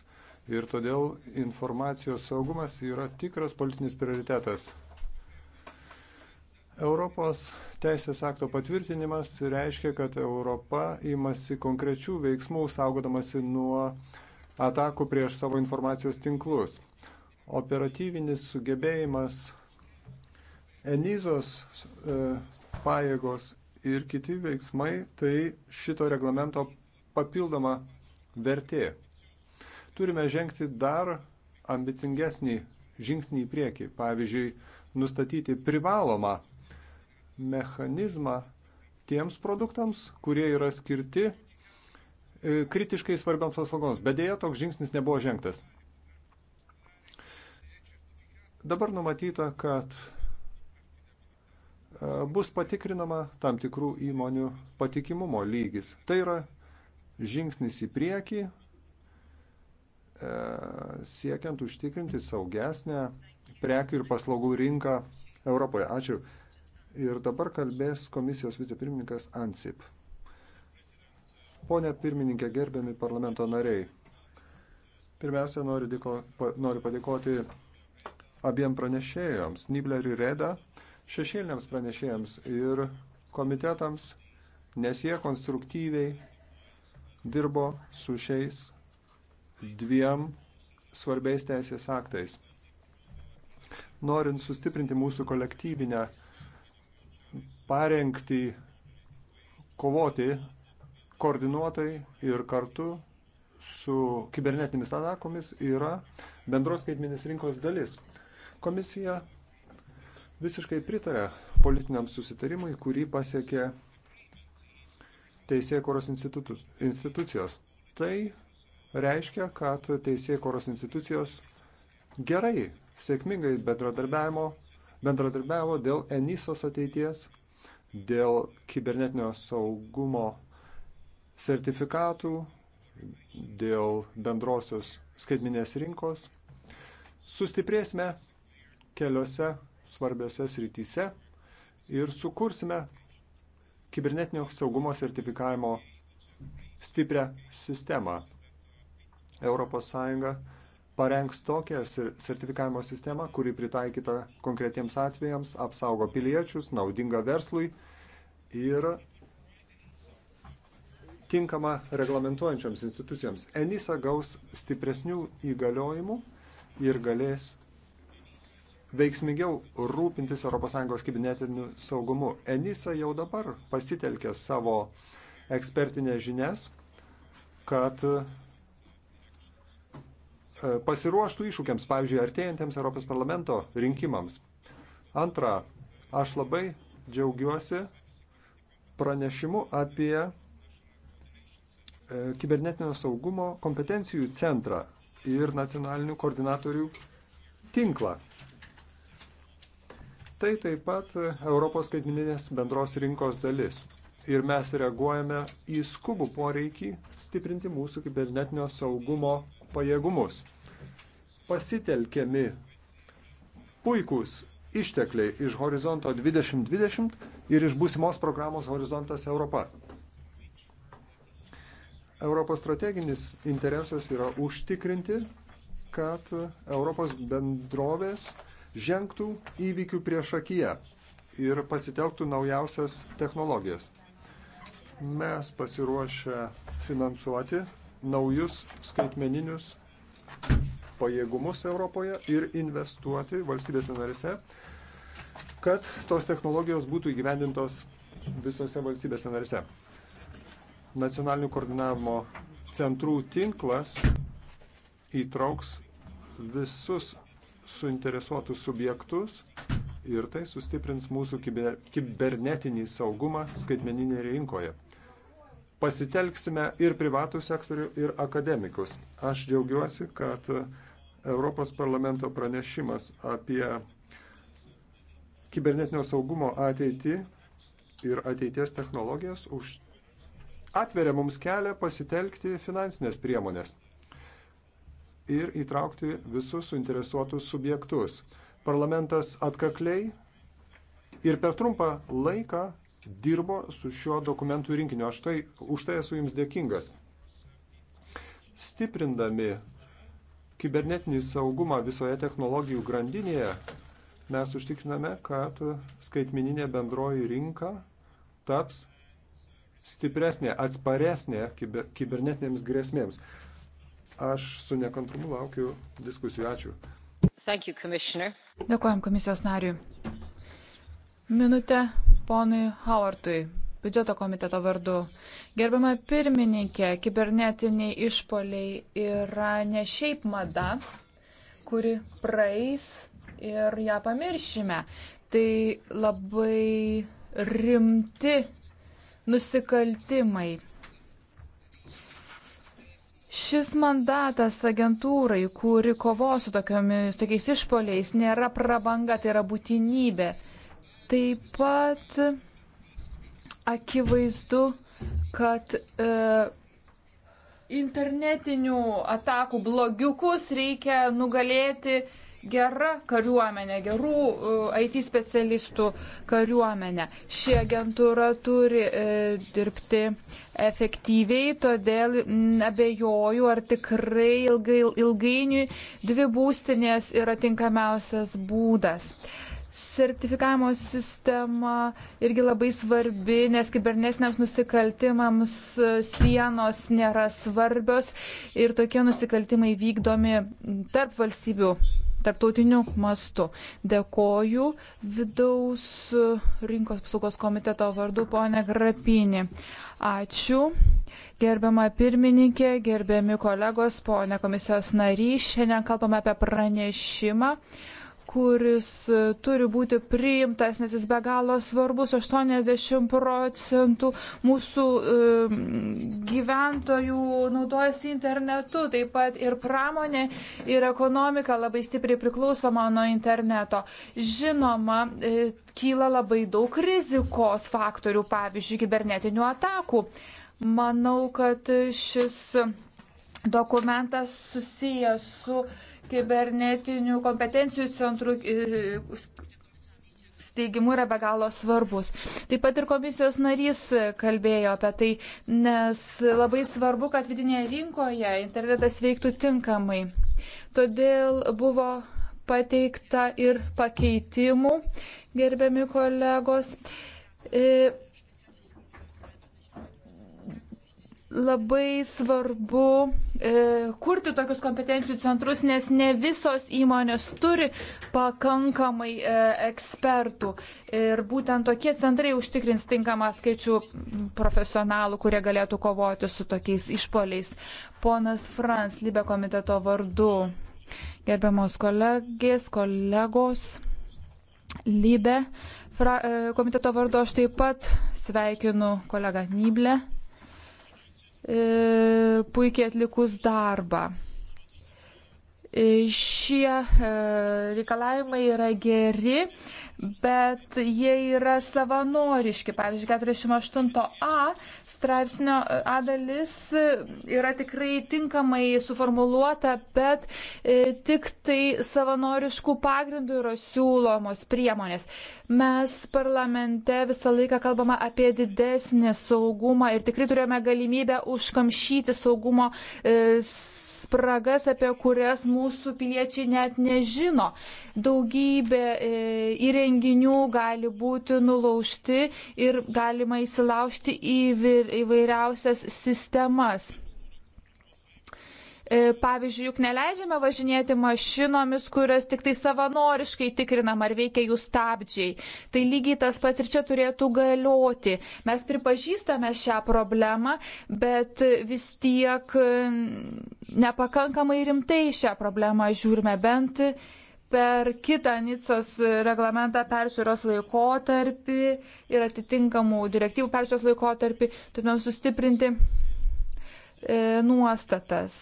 ir todėl informacijos saugumas yra tikras politinis prioritetas. Europos teisės akto patvirtinimas reiškia, kad Europa imasi konkrečių veiksmų saugodamasi nuo atakų prieš savo informacijos tinklus operatyvinis sugebėjimas Enizos e, pajėgos ir kiti veiksmai, tai šito reglamento papildoma vertė. Turime žengti dar ambicingesnį žingsnį į priekį, pavyzdžiui, nustatyti privalomą mechanizmą tiems produktams, kurie yra skirti e, kritiškai svarbiams paslaugoms. Bet dėja, toks žingsnis nebuvo žengtas. Dabar numatyta, kad e, bus patikrinama tam tikrų įmonių patikimumo lygis. Tai yra žingsnis į priekį, e, siekiant užtikrinti saugesnę prekių ir paslaugų rinką Europoje. Ačiū. Ir dabar kalbės komisijos vicepirmininkas Ansip. Pone pirmininkė, gerbiami parlamento nariai. Pirmiausia, noriu, diko, noriu padėkoti abiem pranešėjams, Nibleriui Reda, šešėliniams pranešėjams ir komitetams, nes jie konstruktyviai dirbo su šiais dviem svarbiais teisės aktais. Norint sustiprinti mūsų kolektyvinę parengti kovoti koordinuotai ir kartu su kibernetinėmis atakomis yra bendros skaitminės rinkos dalis. Komisija visiškai pritarė politiniam susitarimui, kurį pasiekė teisėkoros institucijos. Tai reiškia, kad teisėkoros institucijos gerai, sėkmingai bendradarbiavo, bendradarbiavo dėl Enisos ateities, dėl kibernetinio saugumo sertifikatų, dėl bendrosios skaitminės rinkos. Sustiprėsime keliose svarbiose srityse ir sukursime kibernetinio saugumo sertifikavimo stiprią sistemą. ES parengs tokią sertifikavimo sistemą, kuri pritaikyta konkretiems atvejams, apsaugo piliečius, naudinga verslui ir tinkama reglamentuojančioms institucijoms. ENISA gaus stipresnių įgaliojimų ir galės veiksmingiau rūpintis ES kibernetiniu saugumu. Enisa jau dabar pasitelkė savo ekspertinės žinias, kad e, pasiruoštų iššūkiams, pavyzdžiui, artėjantiems Europos parlamento rinkimams. Antra, aš labai džiaugiuosi pranešimu apie e, kibernetinio saugumo kompetencijų centrą ir nacionalinių koordinatorių tinklą. Tai taip pat Europos skaitmininės bendros rinkos dalis. Ir mes reaguojame į skubų poreikį stiprinti mūsų kibernetinio saugumo pajėgumus. Pasitelkiami puikūs ištekliai iš horizonto 2020 ir iš būsimos programos Horizontas Europa. Europos strateginis interesas yra užtikrinti, kad Europos bendrovės žengtų įvykių prieš akiją ir pasitelktų naujausias technologijas. Mes pasiruošę finansuoti naujus skaitmeninius pajėgumus Europoje ir investuoti valstybėse narise, kad tos technologijos būtų įgyvendintos visose valstybėse narise. Nacionalinių koordinavimo centrų tinklas įtrauks visus suinteresuotus subjektus ir tai sustiprins mūsų kiber, kibernetinį saugumą skaitmeninėje rinkoje. Pasitelksime ir privatų sektorių, ir akademikus. Aš džiaugiuosi, kad Europos parlamento pranešimas apie kibernetinio saugumo ateitį ir ateities technologijas už atveria mums kelią pasitelkti finansinės priemonės ir įtraukti visus suinteresuotus subjektus. Parlamentas atkakliai ir per trumpą laiką dirbo su šiuo dokumentų rinkiniu. Aš tai, už tai esu jums dėkingas. Stiprindami kibernetinį saugumą visoje technologijų grandinėje, mes užtikriname, kad skaitmininė bendroji rinka taps stipresnė, atsparesnė kiber, kibernetinėms grėsmėms. Aš su nekantrumu laukiu diskusijų. Ačiū. Thank you, Dėkojom komisijos nariui. Minutė ponui Howardui biudžeto komiteto vardu. Gerbama pirmininkė, kibernetiniai išpoliai yra ne šiaip mada, kuri praeis ir ją pamiršime. Tai labai rimti nusikaltimai. Šis mandatas agentūrai, kuri kovos su tokiomis, tokiais išpoliais, nėra prabanga, tai yra būtinybė. Taip pat akivaizdu, kad e, internetinių atakų blogiukus reikia nugalėti gera kariuomenė, gerų IT specialistų kariuomenė. Ši agentūra turi e, dirbti efektyviai, todėl abejoju, ar tikrai ilgai, ilgainiui dvi būstinės yra tinkamiausias būdas sertifikavimo sistema irgi labai svarbi, nes kibernetiniams nusikaltimams e, sienos nėra svarbios ir tokie nusikaltimai vykdomi tarp valstybių tarptautiniu mastu. Dėkoju vidaus rinkos apsaugos komiteto vardu, ponė Grapinė. Ačiū. Gerbiama pirmininkė, gerbiami kolegos, ponė komisijos nary, šiandien kalbame apie pranešimą kuris e, turi būti priimtas, nes jis be galo svarbus. 80 procentų mūsų e, gyventojų naudojasi internetu, taip pat ir pramonė, ir ekonomika labai stipriai priklausoma nuo interneto. Žinoma, e, kyla labai daug rizikos faktorių, pavyzdžiui, kibernetinių atakų. Manau, kad šis dokumentas susijęs su kibernetinių kompetencijų centrų e, steigimu yra be galo svarbus. Taip pat ir komisijos narys kalbėjo apie tai, nes labai svarbu, kad vidinėje rinkoje internetas veiktų tinkamai. Todėl buvo pateikta ir pakeitimų, gerbiami kolegos. E, labai svarbu e, kurti tokius kompetencijų centrus, nes ne visos įmonės turi pakankamai e, ekspertų. Ir būtent tokie centrai užtikrins tinkamą skaičių profesionalų, kurie galėtų kovoti su tokiais išpoliais. Ponas Frans, Libė komiteto vardu. Gerbiamos kolegės, kolegos, Libė e, komiteto vardu aš taip pat sveikinu kolegą Nyblę E, puikiai atlikus darbą. E, šie e, reikalavimai yra geri bet jie yra savanoriški. Pavyzdžiui, 48a straipsnio e, A dalis e, yra tikrai tinkamai suformuoluota, bet e, tik tai savanoriškų pagrindų yra siūlomos priemonės. Mes parlamente visą laiką kalbame apie didesnį saugumą ir tikrai turėjome galimybę užkamšyti saugumo. E, spragas, apie kurias mūsų piliečiai net nežino. Daugybė e, įrenginių gali būti nulaužti ir galima įsilaužti į įvairiausias sistemas. E, pavyzdžiui, juk neleidžiame važinėti mašinomis, kurias tik tai savanoriškai tikrinam, ar veikia jų stabdžiai. Tai lygiai tas pats ir čia turėtų galioti. Mes pripažįstame šią problemą, bet vis tiek nepakankamai rimtai šią problemą žiūrime bent per kitą Nicos reglamentą peržiūros laikotarpį ir atitinkamų direktyvų peržiūros laikotarpį turime sustiprinti E, nuostatas.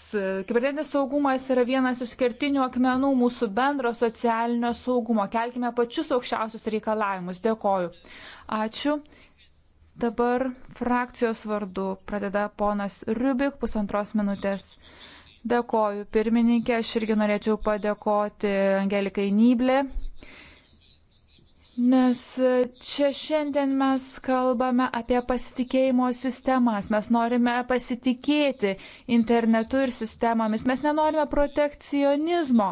Kibernetinis saugumas yra vienas iš kertinių akmenų mūsų bendro socialinio saugumo. Kelkime pačius aukščiausius reikalavimus. Dėkoju. Ačiū. Dabar frakcijos vardu pradeda ponas Rubik pusantros minutės. Dėkoju pirmininkė, aš irgi norėčiau padėkoti Angelikai Nyblė Nes e, čia šiandien mes kalbame apie pasitikėjimo sistemas, mes norime pasitikėti internetu ir sistemomis, mes nenorime protekcionizmo.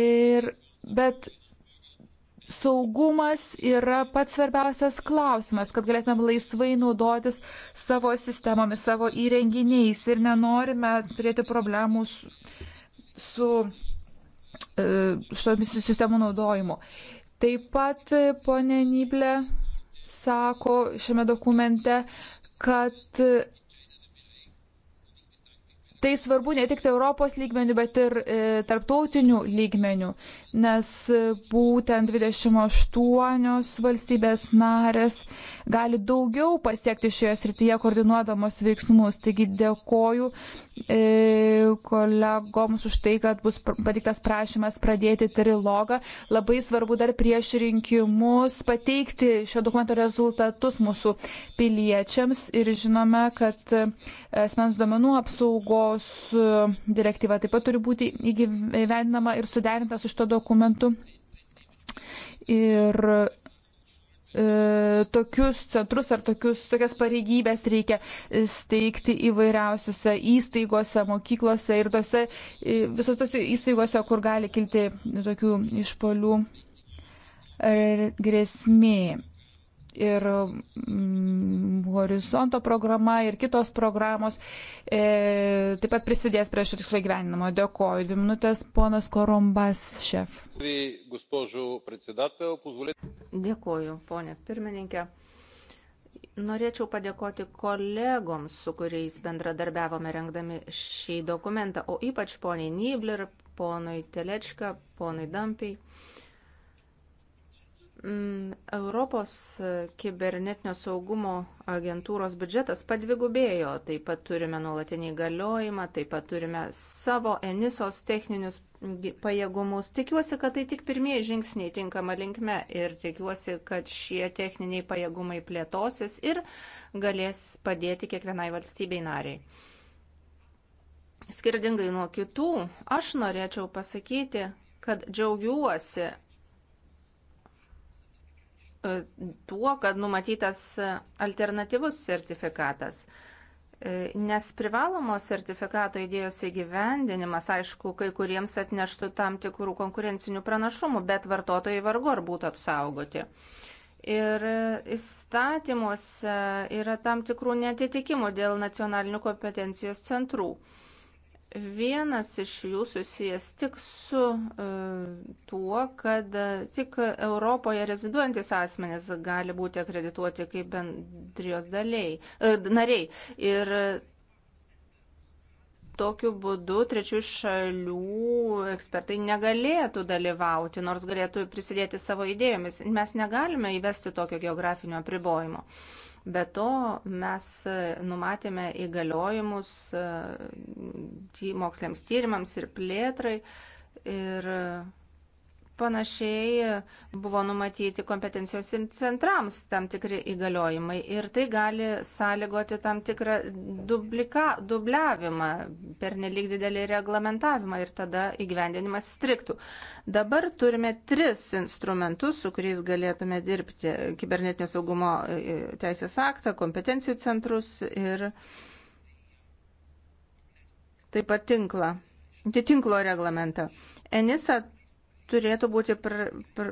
Ir, bet saugumas yra pats svarbiausias klausimas, kad galėtume laisvai naudotis savo sistemomis, savo įrenginiais ir nenorime turėti problemų su, su e, šiomis sistemų naudojimu. Taip pat e, ponė Nyblė sako šiame dokumente, kad e, Tai svarbu ne tik tai Europos lygmenių, bet ir e, tarptautinių lygmenių, nes e, būtent 28 valstybės narės gali daugiau pasiekti šioje srityje koordinuodamos veiksmus. Taigi dėkoju e, kolegoms už tai, kad bus patiktas prašymas pradėti trilogą. Labai svarbu dar prieš rinkimus pateikti šio dokumento rezultatus mūsų piliečiams ir žinome, kad e, asmens duomenų apsaugos apsaugos e, direktyva taip pat turi būti įgyvendinama ir suderinta su šito dokumentu. Ir e, tokius centrus ar tokius, tokias pareigybės reikia steigti įvairiausiose įstaigose, mokyklose ir tose, e, visos tose įstaigose, kur gali kilti tokių išpolių e, grėsmė ir mm, horizonto programa ir kitos programos e, taip pat prisidės prie šio tikslo gyvenimo. Dėkoju. Dvi minutės, ponas Korombas, šef. Dėkoju, ponė pirmininkė. Norėčiau padėkoti kolegoms, su kuriais bendradarbiavome rengdami šį dokumentą, o ypač poniai Nibler, ponui Telečka, ponui Dampiai. Mm, Europos kibernetinio saugumo agentūros biudžetas padvigubėjo, taip pat turime nuolatinį galiojimą, taip pat turime savo Enisos techninius pajėgumus. Tikiuosi, kad tai tik pirmieji žingsniai tinkama linkme ir tikiuosi, kad šie techniniai pajėgumai plėtosis ir galės padėti kiekvienai valstybei nariai. Skirtingai nuo kitų, aš norėčiau pasakyti, kad džiaugiuosi tuo, kad numatytas alternatyvus sertifikatas. Nes privalomo sertifikato idėjos įgyvendinimas, aišku, kai kuriems atneštų tam tikrų konkurencinių pranašumų, bet vartotojai vargu ar būtų apsaugoti. Ir įstatymuose yra tam tikrų netitikimų dėl nacionalinių kompetencijos centrų. Vienas iš jų susijęs tik su e, tuo, kad e, tik Europoje reziduojantis asmenys gali būti akredituoti kaip bendrijos daliai, e, nariai. Ir tokiu būdu trečių šalių ekspertai negalėtų dalyvauti, nors galėtų prisidėti savo idėjomis. Mes negalime įvesti tokio geografinio apribojimo. E, Be to mes numatėme įgaliojimus e, moksliniams tyrimams ir plėtrai ir Panašiai buvo numatyti kompetencijos centrams tam tikri įgaliojimai ir tai gali sąlygoti tam tikrą dublika, dubliavimą per nelik didelį reglamentavimą ir tada įgyvendinimas striktų. Dabar turime tris instrumentus, su kuriais galėtume dirbti - kibernetinio saugumo e, e, teisės aktą, kompetencijų centrus ir taip pat tinklą, tai tinklo reglamentą. Enisa turėtų būti pr, pr,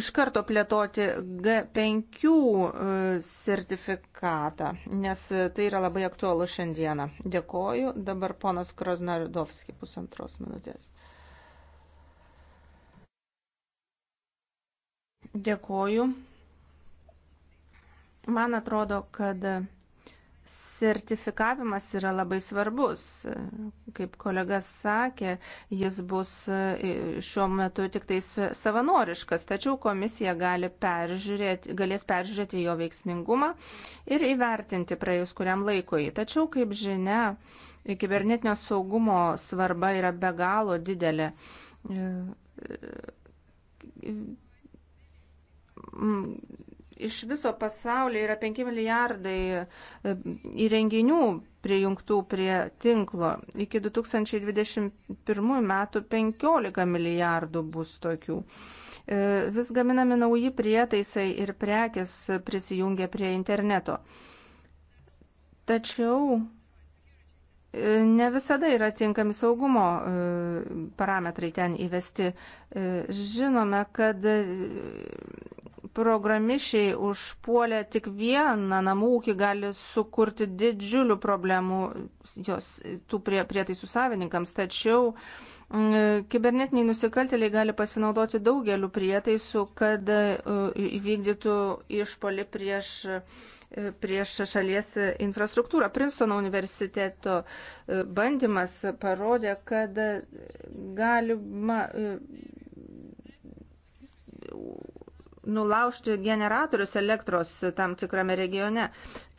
iš karto plėtoti G5 e, sertifikatą, nes tai yra labai aktualu šiandieną. Dėkoju. Dabar ponas Kroznardovski pusantros minutės. Dėkoju. Man atrodo, kad sertifikavimas yra labai svarbus. Kaip kolegas sakė, jis bus e, šiuo metu tik tai savanoriškas, tačiau komisija gali peržiūrėti, galės peržiūrėti jo veiksmingumą ir įvertinti praėjus kuriam laikui. Tačiau, kaip žinia, kibernetinio saugumo svarba yra be galo didelė e, e, iš viso pasaulio yra 5 milijardai e, įrenginių prijungtų prie tinklo. Iki 2021 metų 15 milijardų bus tokių. E, vis gaminami nauji prietaisai ir prekės prisijungia prie interneto. Tačiau e, ne visada yra tinkami saugumo parametrai ten įvesti. Žinome, kad programišiai užpuolę tik vieną namų ūkį gali sukurti didžiulių problemų jos tų prie, prietaisų savininkams. Tačiau m, mm, kibernetiniai nusikaltėliai gali pasinaudoti daugeliu prietaisų, kad e, įvykdytų išpolį prieš, e, prieš šalies infrastruktūrą. Princeton universiteto e, bandymas parodė, kad galima nulaužti generatorius elektros tam tikrame regione.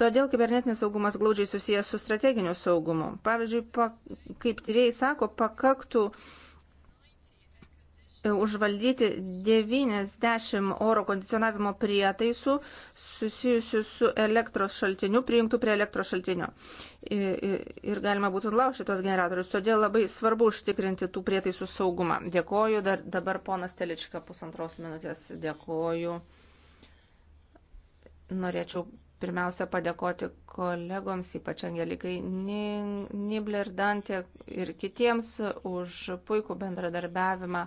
Todėl kibernetinis saugumas glaudžiai susijęs su strateginiu saugumu. Pavyzdžiui, pa, kaip tyrėjai sako, pakaktų uh, užvaldyti 90 oro kondicionavimo prietaisų susijusių su elektros šaltiniu, prijungtų prie elektros šaltinio. Ir galima būtų laužti tos generatorius. Todėl labai svarbu užtikrinti tų prietaisų saugumą. Dėkoju. Dar, dabar ponas Telička pusantros minutės. Dėkoju. Norėčiau pirmiausia padėkoti kolegoms, ypač Angelikai Nibler, Dantė ir kitiems už puikų bendradarbiavimą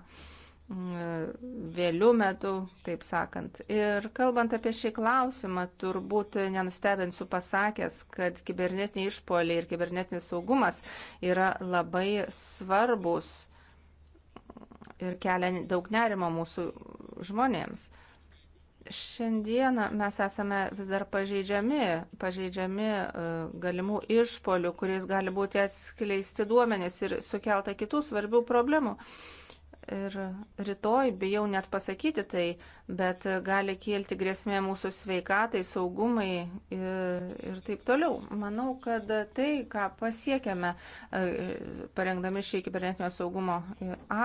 Mm, vėlių metų, taip sakant. Ir kalbant apie šį klausimą, turbūt nenustebinsiu pasakęs, kad kibernetiniai išpoliai ir kibernetinis saugumas yra labai svarbus ir kelia daug nerimo mūsų žmonėms. Šiandieną mes esame vis dar pažeidžiami, pažeidžiami e, galimų išpolių, kuriais gali būti atskleisti duomenys ir sukelta kitų svarbių problemų. Uh, ir rytoj, bijau net pasakyti tai, bet gali kilti grėsmė mūsų sveikatai, saugumai ir, ir taip toliau. Manau, kad tai, ką pasiekėme e, parengdami šį kibernetinio saugumo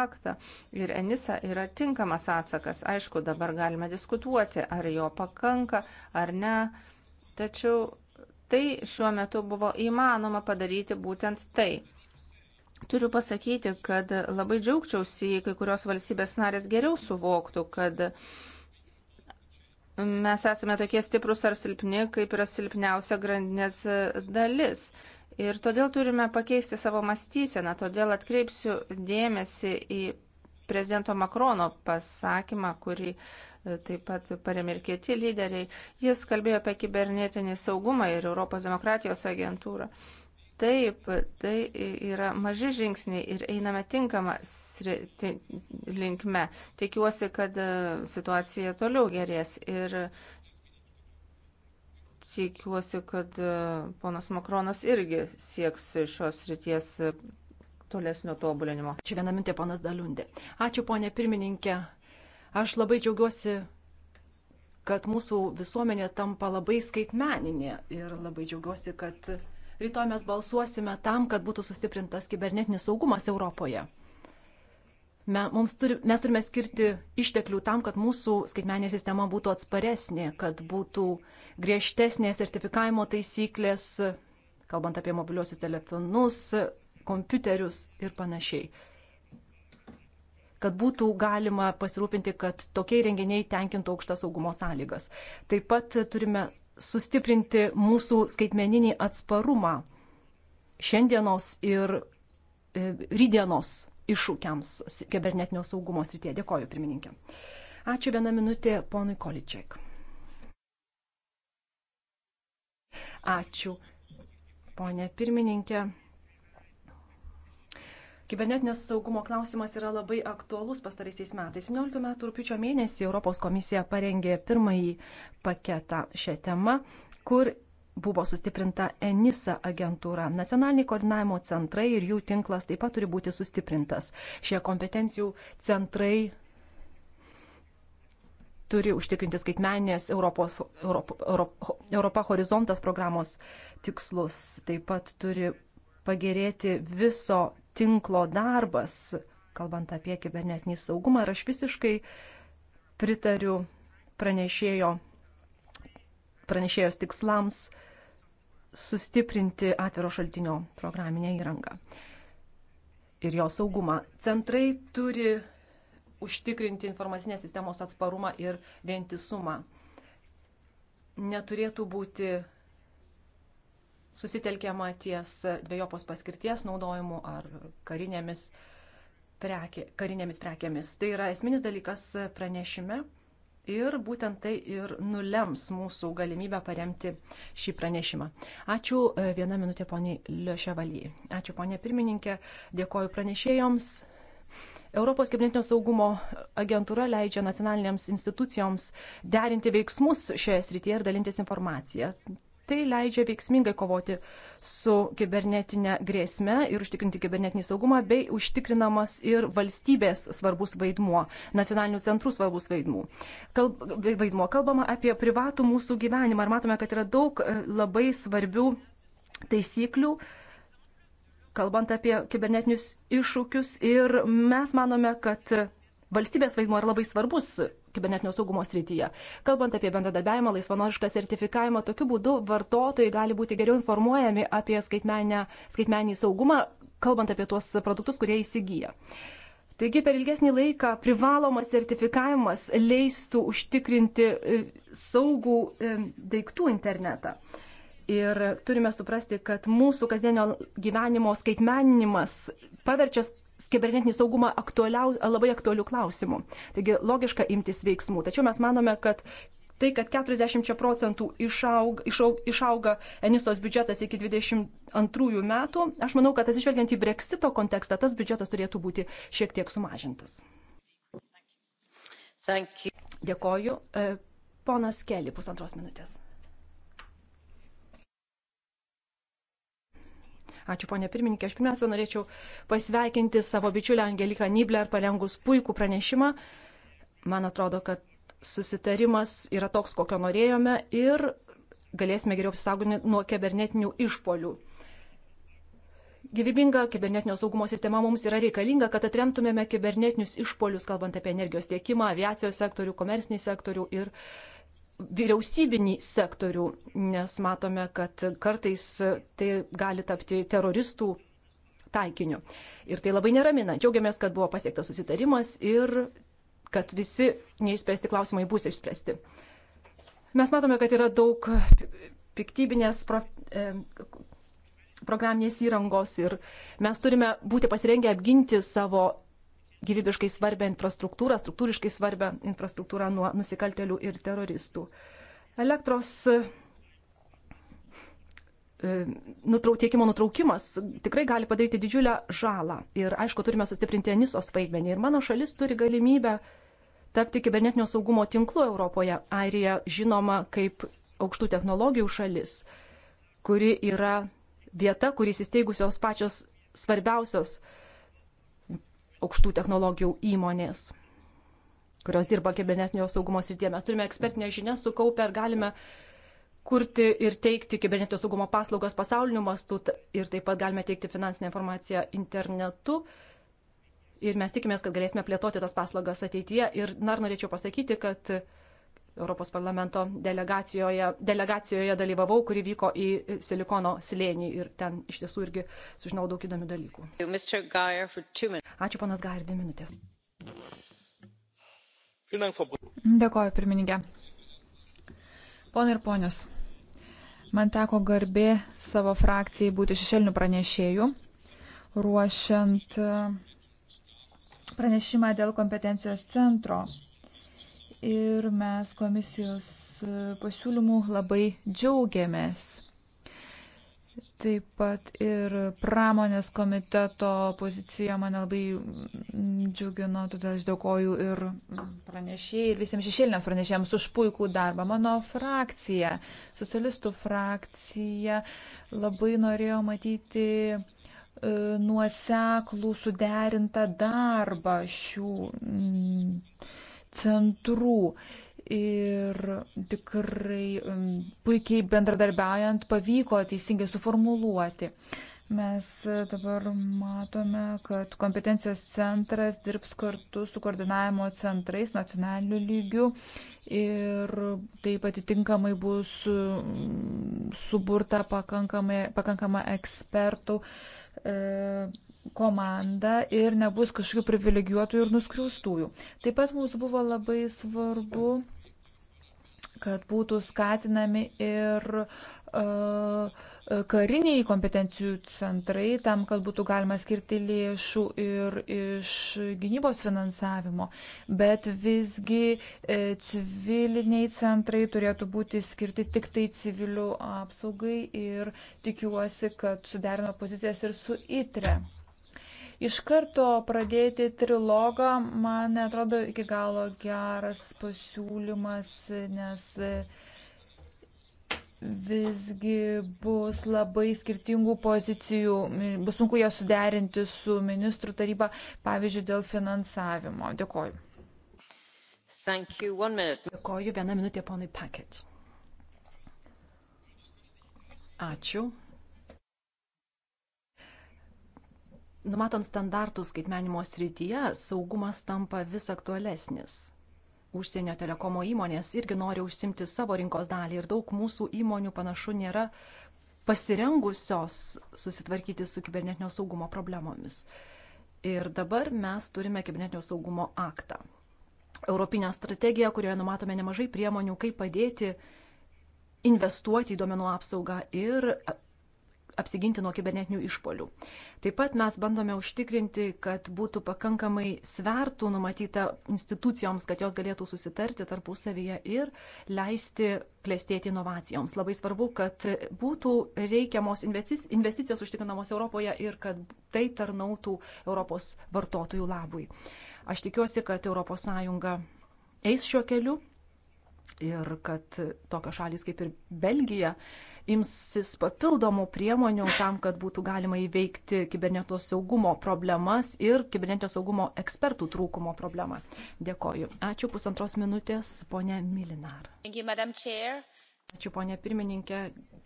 aktą ir Enisa, yra tinkamas atsakas. Aišku, dabar galime diskutuoti, ar jo pakanka ar ne, tačiau tai šiuo metu buvo įmanoma padaryti būtent tai. Turiu pasakyti, kad labai džiaugčiausi, jei kai kurios valstybės narės geriau suvoktų, kad mes esame tokie stiprus ar silpni, kaip yra silpniausia grandinės dalis. Ir todėl turime pakeisti savo mąstyseną, todėl atkreipsiu dėmesį į prezidento Makrono pasakymą, kurį e, taip pat paremė ir kiti lyderiai. Jis kalbėjo apie kibernetinį saugumą ir Europos demokratijos agentūrą. Taip, tai yra maži žingsniai ir einame tinkamą linkme. Tikiuosi, kad e, situacija toliau gerės ir tikiuosi, kad e, ponas Makronas irgi sieks šios ryties e, tolesnio tobulinimo. Čia viena mintė, ponas Daliundė. Ačiū, ponė pirmininkė. Aš labai džiaugiuosi kad mūsų visuomenė tampa labai skaitmeninė ir labai džiaugiuosi, kad Rytoj mes balsuosime tam, kad būtų sustiprintas kibernetinis saugumas Europoje. Me, turi, mes turime skirti išteklių tam, kad mūsų skaitmeninė sistema būtų atsparesnė, kad būtų griežtesnės sertifikavimo taisyklės, kalbant apie mobiliuosius telefonus, kompiuterius ir panašiai kad būtų galima pasirūpinti, kad tokie renginiai tenkintų aukštas saugumo sąlygas. Taip pat turime sustiprinti mūsų skaitmeninį atsparumą šiandienos ir e, rydienos iššūkiams kibernetinio saugumo srityje. Dėkoju, pirmininkė. Ačiū vieną minutę ponui Količiak. Ačiū, ponė pirmininkė. Kibernetinės saugumo klausimas yra labai aktuolus pastaraisiais metais. 17 metų rūpiučio mėnesį Europos komisija parengė pirmąjį paketą šią temą, kur buvo sustiprinta ENISA agentūra. Nacionaliniai koordinavimo centrai ir jų tinklas taip pat turi būti sustiprintas. Šie kompetencijų centrai turi užtikrinti skaitmeninės Europos, Europo, Europo, Europa horizontas programos tikslus. Taip pat turi pagerėti viso tinklo darbas, kalbant apie kibernetinį saugumą. Ir aš visiškai pritariu pranešėjo, pranešėjos tikslams sustiprinti atviro šaltinio programinę įrangą ir jo saugumą. Centrai turi užtikrinti informacinės sistemos atsparumą ir vientisumą. Neturėtų būti susitelkiama ties dviejopos paskirties naudojimu ar karinėmis, prekė, karinėmis prekėmis. Tai yra esminis dalykas pranešime ir būtent tai ir nulems mūsų galimybę paremti šį pranešimą. Ačiū e, vieną minutę poniai Lioševalyje. Ačiū ponė pirmininkė, dėkoju pranešėjoms. Europos kibernetinio saugumo agentūra leidžia nacionalinėms institucijoms derinti veiksmus šioje srityje ir dalintis informaciją. Tai leidžia veiksmingai kovoti su kibernetinė grėsme ir užtikrinti kibernetinį saugumą, bei užtikrinamas ir valstybės svarbus vaidmuo, nacionalinių centrų svarbus vaidmuo. Kalb, vaidmuo. Kalbama apie privatų mūsų gyvenimą ir matome, kad yra daug e, labai svarbių taisyklių, kalbant apie kibernetinius iššūkius ir mes manome, kad valstybės vaidmuo yra labai svarbus kibernetinio saugumo srityje. Kalbant apie bendradarbiavimą, laisvanorišką sertifikavimą, tokiu būdu vartotojai gali būti geriau informuojami apie skaitmeninį saugumą, kalbant apie tuos produktus, kurie įsigyja. Taigi per ilgesnį laiką privalomas sertifikavimas leistų užtikrinti e, saugų e, daiktų internetą. Ir turime suprasti, kad mūsų kasdienio gyvenimo skaitmeninimas paverčia kibernetinį saugumą aktualiau, labai aktualių klausimų. Taigi logiška imtis veiksmų. Tačiau mes manome, kad tai, kad 40 procentų išaug, išaug, išauga Enisos biudžetas iki 22 metų, aš manau, kad atsižvelgiant į breksito kontekstą, tas biudžetas turėtų būti šiek tiek sumažintas. Dėkoju. E, ponas Keli, pusantros minutės. Ačiū, ponė pirmininkė. Aš pirmiausia norėčiau pasveikinti savo bičiulę Angeliką Nibler parengus puikų pranešimą. Man atrodo, kad susitarimas yra toks, kokio norėjome ir galėsime geriau apsisaugoti nuo kibernetinių išpolių. Gyvybinga kibernetinio saugumo sistema mums yra reikalinga, kad atremtumėme kibernetinius išpolius, kalbant apie energijos tiekimą, aviacijos sektorių, komersinį sektorių ir uh, vyriausybinį sektorių, nes matome, kad kartais tai gali tapti teroristų taikiniu. Ir tai labai neramina. Džiaugiamės, kad buvo pasiektas susitarimas ir kad visi neišspręsti klausimai bus išspręsti. Mes matome, kad yra daug piktybinės pro, e, programinės įrangos ir mes turime būti pasirengę apginti savo gyvybiškai svarbę infrastruktūrą, struktūriškai svarbę infrastruktūrą nuo nusikaltelių ir teroristų. Elektros e, tiekimo nutraukimas tikrai gali padaryti didžiulę žalą. Ir aišku, turime sustiprinti Enisos vaidmenį. Ir mano šalis turi galimybę tapti kibernetinio saugumo tinklu Europoje. Airija žinoma kaip aukštų technologijų šalis, kuri yra vieta, kur įsisteigusios pačios svarbiausios uh, aukštų technologijų įmonės, kurios dirba kibernetinio saugumo srityje. Mes turime ekspertinę žinią sukaupę ir galime kurti ir teikti kibernetinio saugumo paslaugas pasauliniu mastu ir taip pat galime teikti finansinę informaciją internetu. Ir mes tikimės, kad galėsime plėtoti tas paslaugas ateityje. Ir dar norėčiau pasakyti, kad uh, Europos parlamento delegacijoje, delegacijoje dalyvavau, kuri vyko į Silikono slėnį ir ten iš tiesų irgi sužinau daug įdomių dalykų. Ačiū, panas Gair, dvi minutės. Dėkoju, pirmininkė. Pone ir ponios, man teko garbė savo frakcijai būti šešėlinių pranešėjų, ruošiant uh, pranešimą dėl kompetencijos centro ir mes komisijos e, pasiūlymų labai džiaugiamės. Taip pat ir pramonės komiteto pozicija mane labai džiugino, todėl aš dėkoju ir pranešėjai, ir visiems šešėlinėms pranešėjams už puikų darbą. Mano frakcija, socialistų frakcija, labai norėjo matyti e, nuoseklų suderintą darbą šių centrų. Ir tikrai um, puikiai bendradarbiaujant pavyko teisingai suformuluoti. Mes e, dabar matome, kad kompetencijos centras dirbs kartu su koordinavimo centrais nacionaliniu lygiu ir taip atitinkamai bus mm, suburta pakankama ekspertų e, komanda ir nebus kažkokių privilegijuotų ir nuskriaustųjų. Taip pat mums buvo labai svarbu, kad būtų skatinami ir uh, kariniai kompetencijų centrai tam, kad būtų galima skirti lėšų ir iš gynybos finansavimo. Bet visgi e, civiliniai centrai turėtų būti skirti tik tai civilių apsaugai ir tikiuosi, kad suderino pozicijas ir su ITRE iš karto pradėti trilogą, man netrodo iki galo geras pasiūlymas, nes visgi bus labai skirtingų pozicijų, bus sunku ją suderinti su ministrų taryba, pavyzdžiui, dėl finansavimo. Dėkoju. Dėkoju, viena minutė ponui Paket. Ačiū. Numatant standartus skaitmenimo srityje, saugumas tampa vis aktualesnis. Užsienio telekomo įmonės irgi nori užsimti savo rinkos dalį ir daug mūsų įmonių panašu nėra pasirengusios susitvarkyti su kibernetinio saugumo problemomis. Ir dabar mes turime kibernetinio saugumo aktą. Europinę strategiją, kurioje numatome nemažai priemonių, kaip padėti investuoti į duomenų apsaugą ir apsiginti nuo kibernetinių išpolių. Taip pat mes bandome užtikrinti, kad būtų pakankamai svertų numatyta institucijoms, kad jos galėtų susitarti tarpusavyje ir leisti klėstėti inovacijoms. Labai svarbu, kad būtų reikiamos investicijos užtikrinamos Europoje ir kad tai tarnautų Europos vartotojų labui. Aš tikiuosi, kad ES eis šiuo keliu ir kad tokios šalis kaip ir Belgija uh, imsis papildomų priemonių tam, kad būtų galima įveikti kibernetinio saugumo problemas ir kibernetinio saugumo ekspertų trūkumo problemą. Dėkoju. Ačiū pusantros minutės, ponė Milinar. Ačiū, ponė pirmininkė,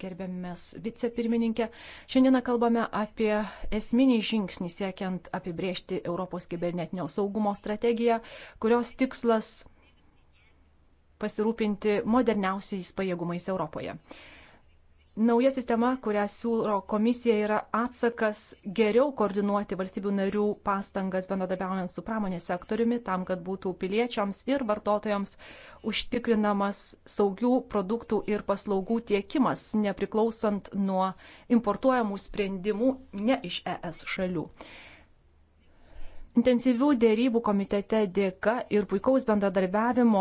gerbėmės vicepirmininkė. Šiandieną kalbame apie esminį žingsnį siekiant apibriežti Europos kibernetinio saugumo strategiją, kurios tikslas pasirūpinti moderniausiais pajėgumais Europoje. Nauja sistema, kurią siūlo komisija, yra atsakas geriau koordinuoti valstybių narių pastangas bendradarbiaujant su pramonės sektoriumi, tam, kad būtų piliečiams ir vartotojams užtikrinamas saugių produktų ir paslaugų tiekimas, nepriklausant nuo importuojamų sprendimų ne iš ES šalių intensyvių dėrybų komitete dėka ir puikaus bendradarbiavimo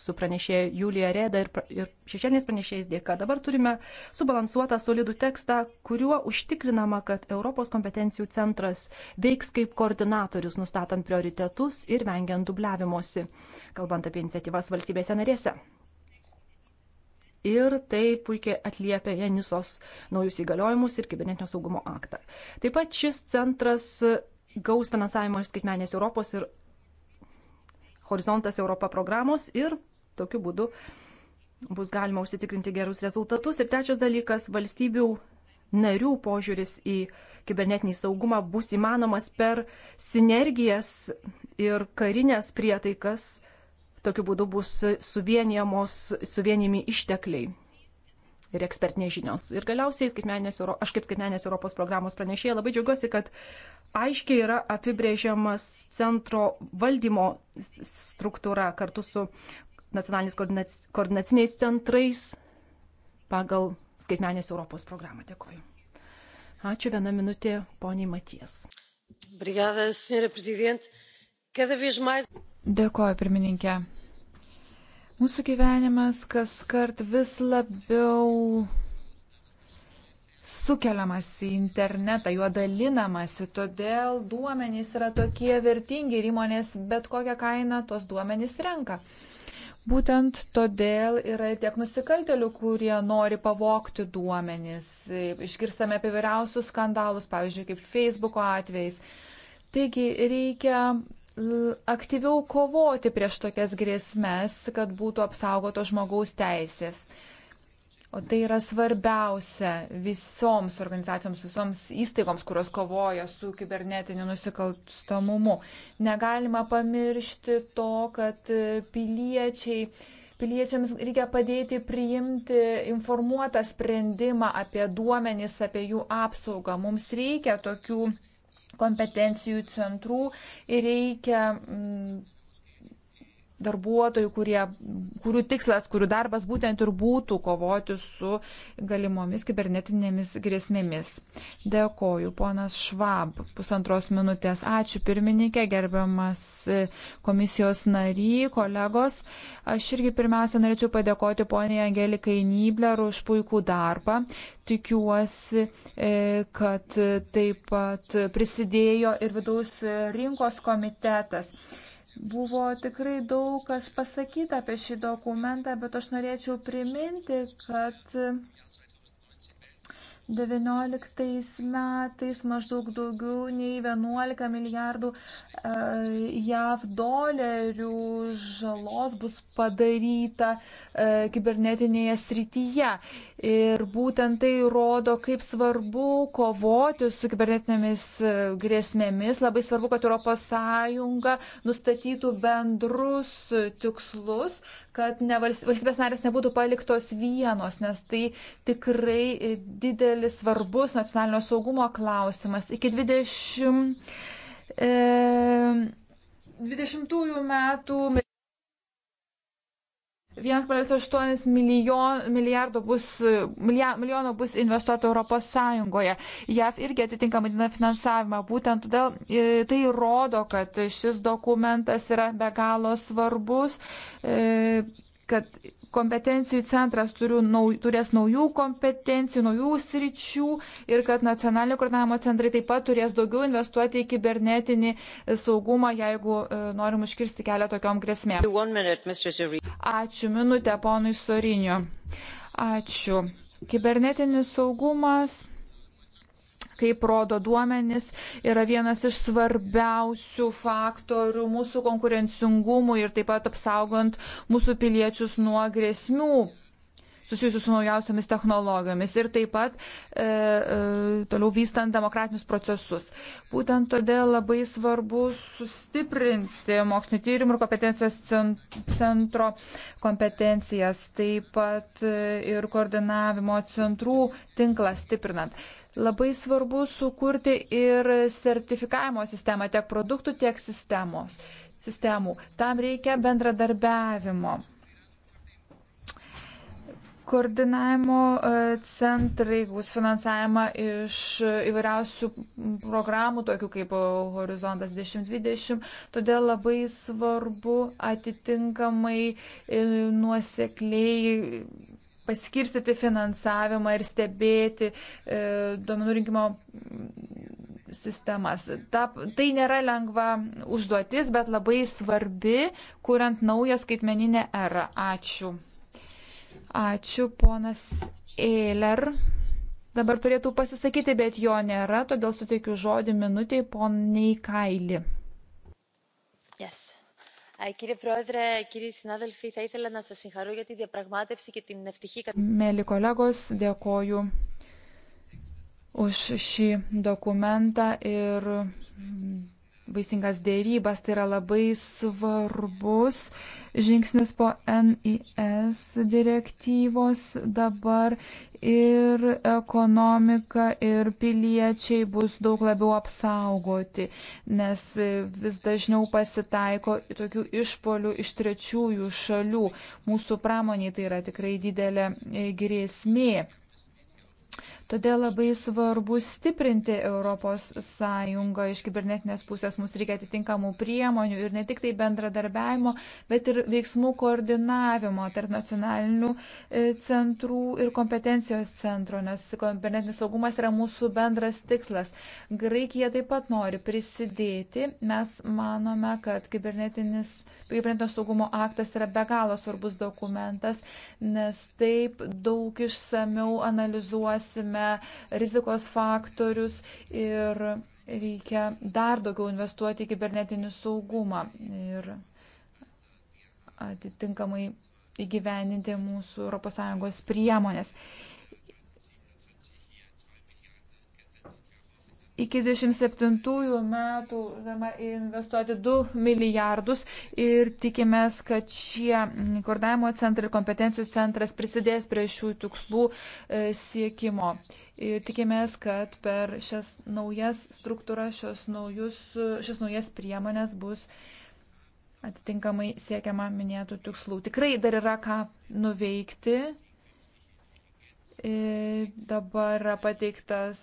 su pranešėja Julija Reda ir, ir šešėliniais pranešėjais dėka dabar turime subalansuotą solidų tekstą, kuriuo užtikrinama, kad Europos kompetencijų centras veiks kaip koordinatorius, nustatant prioritetus ir vengiant dubliavimuose, kalbant apie iniciatyvas valstybėse narėse. Ir tai puikiai atliepia Janisos naujus įgaliojimus ir kibernetinio saugumo aktą. Taip pat šis centras gaus finansavimą iš skaitmenės Europos ir Horizontas Europa programos ir tokiu būdu bus galima užsitikrinti gerus rezultatus. Ir trečias dalykas - valstybių narių požiūris į kibernetinį saugumą bus įmanomas per sinergijas ir karinės prietaikas. Tokiu būdu bus suvienijami ištekliai ir ekspertinės žinios. Ir galiausiai, Euro, aš kaip skaitmenės Europos programos pranešėja labai džiaugiuosi, kad aiškiai yra apibrėžiamas centro valdymo struktūra kartu su nacionaliniais koordinaciniais centrais pagal skaitmenės Europos programą. Dėkuoju. Ačiū vieną minutę, poniai Maties. Brigada, Dėkuoju, pirmininkė. Mūsų gyvenimas kas kart vis labiau sukeliamas į internetą, juo dalinamasi, todėl duomenys yra tokie vertingi ir įmonės bet kokią kainą tuos duomenys renka. Būtent todėl yra ir tiek nusikaltelių, kurie nori pavokti duomenys. Išgirstame apie vyriausius skandalus, pavyzdžiui, kaip Facebooko atvejais. Taigi reikia aktyviau kovoti prieš tokias grėsmes, kad būtų apsaugotos žmogaus teisės. O tai yra svarbiausia visoms organizacijoms, visoms įstaigoms, kurios kovoja su kibernetiniu nusikalstamumu. Negalima pamiršti to, kad piliečiai piliečiams reikia padėti priimti informuotą sprendimą apie duomenis, apie jų apsaugą. Mums reikia tokių kompetencijų centrų ir reikia mm, darbuotojų, kurie, kurių tikslas, kurių darbas būtent ir būtų kovoti su galimomis kibernetinėmis grėsmėmis. Dėkoju, ponas Švab, pusantros minutės. Ačiū pirmininkė, gerbiamas e, komisijos nary, kolegos. Aš irgi pirmiausia norėčiau padėkoti poniai Angelikai Nybler už puikų darbą. Tikiuosi, e, kad taip pat prisidėjo ir vidaus rinkos komitetas. Buvo tikrai daug kas pasakyta apie šį dokumentą, bet aš norėčiau priminti, kad 19 metais maždaug daugiau nei 11 milijardų e, JAV dolerių žalos bus padaryta e, kibernetinėje srityje. Ir būtent tai rodo, kaip svarbu kovoti su kibernetinėmis e, grėsmėmis. Labai svarbu, kad ES nustatytų bendrus tikslus, kad ne, valstybės narės nebūtų paliktos vienos, nes tai tikrai didelis svarbus nacionalinio saugumo klausimas. Iki 20. E, 20 metų 1,8 milijardo bus, milijono bus investuota Europos Sąjungoje. JAV irgi atitinkamai dina finansavimą. Būtent todėl e, tai rodo, kad šis dokumentas yra be galo svarbus. E, kad kompetencijų centras nau, turės naujų kompetencijų, naujų sričių ir kad nacionalinio koordinavimo centrai taip pat turės daugiau investuoti į kibernetinį saugumą, jeigu e, norim užkirsti kelią tokiom grėsmėm. Ačiū minutę ponui Soriniu. Ačiū. Kibernetinis saugumas kaip rodo duomenis, yra vienas iš svarbiausių faktorių mūsų konkurencingumui ir taip pat apsaugant mūsų piliečius nuo grėsmių susijusių su naujausiamis technologijomis ir taip pat e, e, toliau vystant demokratinius procesus. Būtent todėl labai svarbu sustiprinti mokslinio tyrimų ir kompetencijos centro kompetencijas, taip pat e, ir koordinavimo centrų tinklą stiprinant. Labai svarbu sukurti ir sertifikavimo sistemą tiek produktų, tiek sistemos, sistemų. Tam reikia bendradarbiavimo. Koordinavimo e, centrai gaus finansavimą iš įvairiausių programų, tokių kaip Horizontas 1020, todėl labai svarbu atitinkamai e, nuosekliai paskirstyti finansavimą ir stebėti e, duomenų rinkimo sistemas. Ta, tai nėra lengva užduotis, bet labai svarbi, kuriant naują skaitmeninę erą. Ačiū. Ačiū, ponas Eiler. Dabar turėtų pasisakyti, bet jo nėra, todėl suteikiu žodį minutiai poniai Kaili. Yes. Κύριε Πρόεδρε, κύριοι συνάδελφοι, θα ήθελα να σας συγχαρώ για τη διαπραγμάτευση και την ευτυχή κατάσταση. Μέλη kolegos, dėkoju už šį dokumentą ir vaisingas dėrybas. Tai yra labai svarbus žingsnis po NIS direktyvos dabar ir ekonomika ir piliečiai bus daug labiau apsaugoti, nes vis dažniau pasitaiko tokių išpolių iš trečiųjų šalių. Mūsų pramoniai tai yra tikrai didelė grėsmė. Todėl labai svarbu stiprinti ES iš kibernetinės pusės. Mums reikia atitinkamų priemonių ir ne tik tai bendradarbiavimo, bet ir veiksmų koordinavimo tarp nacionalinių e, centrų ir kompetencijos centro, nes kibernetinis saugumas yra mūsų bendras tikslas. Graikija taip pat nori prisidėti. Mes manome, kad kibernetinis, kibernetinio saugumo aktas yra be galo svarbus dokumentas, nes taip daug išsameu analizuosime vertiname rizikos faktorius ir reikia dar daugiau investuoti į kibernetinį saugumą ir atitinkamai įgyveninti mūsų ES priemonės. iki 27 metų investuoti 2 milijardus ir tikimės, kad šie koordinavimo centrai ir kompetencijų centras prisidės prie šių tikslų e, siekimo. Ir tikimės, kad per šias naujas struktūras, šios, naujus, šios naujas priemonės bus atitinkamai siekiama minėtų tikslų. Tikrai dar yra ką nuveikti E, dabar pateiktas,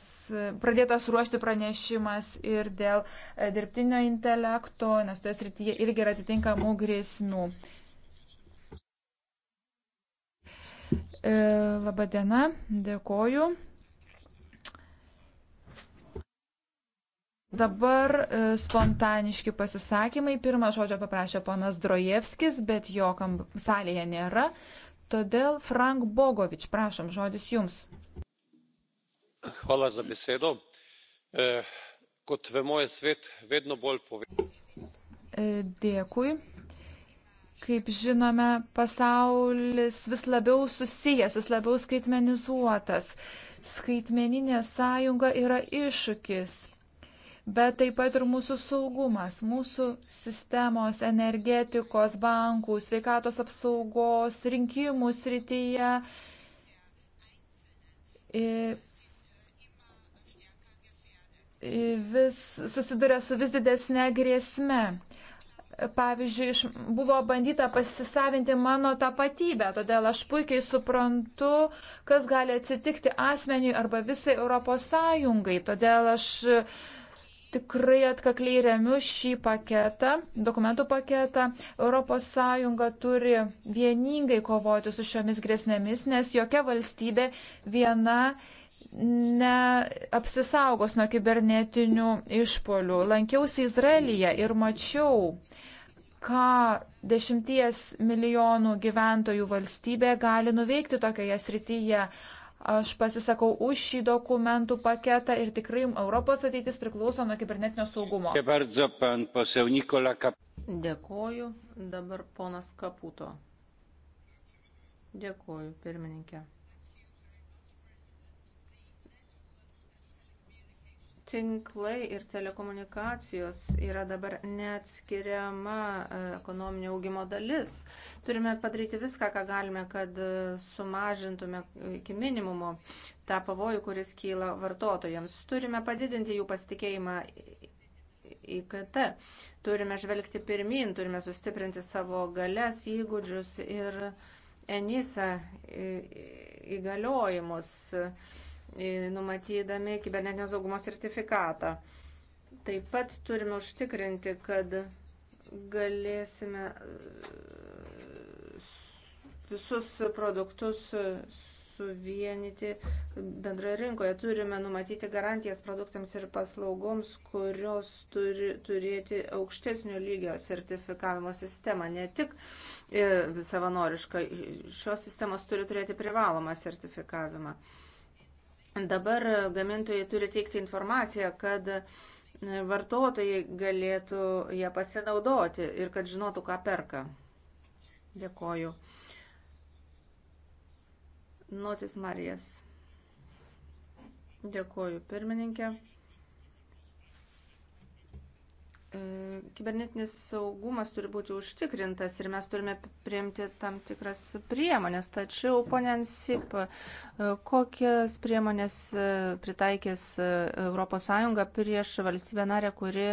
pradėtas ruošti pranešimas ir dėl e, dirbtinio intelekto, nes toje srityje irgi yra atitinkamų grėsmių. E, Labadiena, dėkoju. Dabar spontaniški pasisakymai. Pirmą žodžio paprašė ponas Drojevskis, bet jo salėje nėra. Todėl Frank Bogovič, prašom, žodis jums. Hvala za besedo. E, kot vemo, je svet vedno bolj povezan. E, dėkui. Kaip žinome, pasaulis vis labiau susijęs, vis labiau skaitmenizuotas. Skaitmeninė sąjunga yra iššūkis bet taip pat ir mūsų saugumas, mūsų sistemos, energetikos, bankų, sveikatos apsaugos, rinkimų srityje. vis susiduria su vis didesnė grėsme. Pavyzdžiui, iš, buvo bandyta pasisavinti mano tapatybę, todėl aš puikiai suprantu, kas gali atsitikti asmeniui arba visai Europos Sąjungai. Todėl aš tikrai atkakliai remiu šį paketą, dokumentų paketą. ES turi vieningai kovoti su šiomis grėsmėmis, nes jokia valstybė viena neapsisaugos nuo kibernetinių išpolių. Lankiausi Izraelyje ir mačiau, ką dešimties milijonų gyventojų valstybė gali nuveikti tokioje srityje. Aš pasisakau už šį dokumentų paketą ir tikrai Europos ateitis priklauso nuo kibernetinio saugumo. Dėkoju. Dabar ponas Kaputo. Dėkoju, pirmininkė. tinklai ir telekomunikacijos yra dabar neatskiriama e, ekonominio augimo dalis. Turime padaryti viską, ką galime, kad e, sumažintume iki minimumo tą pavojų, kuris kyla vartotojams. Turime padidinti jų pasitikėjimą IKT. Turime žvelgti pirmin, turime sustiprinti savo galias, įgūdžius ir ENISA e, įgaliojimus. E, numatydami kibernetinio saugumo sertifikatą. Taip pat turime užtikrinti, kad galėsime e, visus produktus suvienyti bendroje rinkoje. Turime numatyti garantijas produktams ir paslaugoms, kurios turi turėti aukštesnio lygio sertifikavimo sistemą, ne tik e, savanorišką. Šios sistemos turi turėti privalomą sertifikavimą. Dabar gamintojai turi teikti informaciją, kad vartotojai galėtų ją pasinaudoti ir kad žinotų, ką perka. Dėkoju. Notis Marijas. Dėkoju, pirmininkė. E, kibernetinis saugumas turi būti užtikrintas ir mes turime priimti tam tikras priemonės. Tačiau, ponė Ansip, e, kokias priemonės e, pritaikys ES prieš valstybę narę, kuri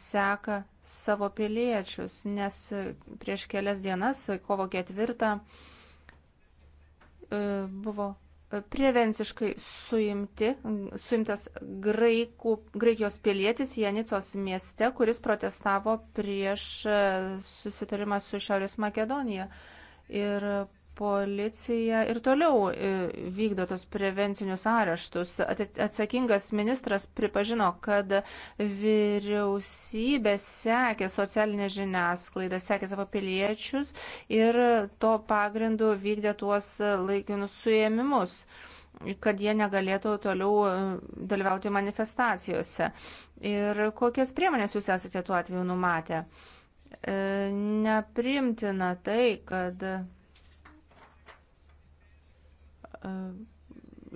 seka savo piliečius, nes prieš kelias dienas, kovo ketvirtą, buvo prevenciškai suimti, suimtas graikų, Graikijos pilietis Janicos mieste, kuris protestavo prieš e, susitarimą su Šiaurės Makedonija. Ir policija ir toliau e, vykdo tos prevencinius areštus. Atsakingas ministras pripažino, kad vyriausybė sekė socialinę žiniasklaidą, sekė savo piliečius ir to pagrindu vykdė tuos laikinus suėmimus kad jie negalėtų toliau e, dalyvauti manifestacijose. Ir kokias priemonės jūs esate tuo atveju numatę? E, Neprimtina tai, kad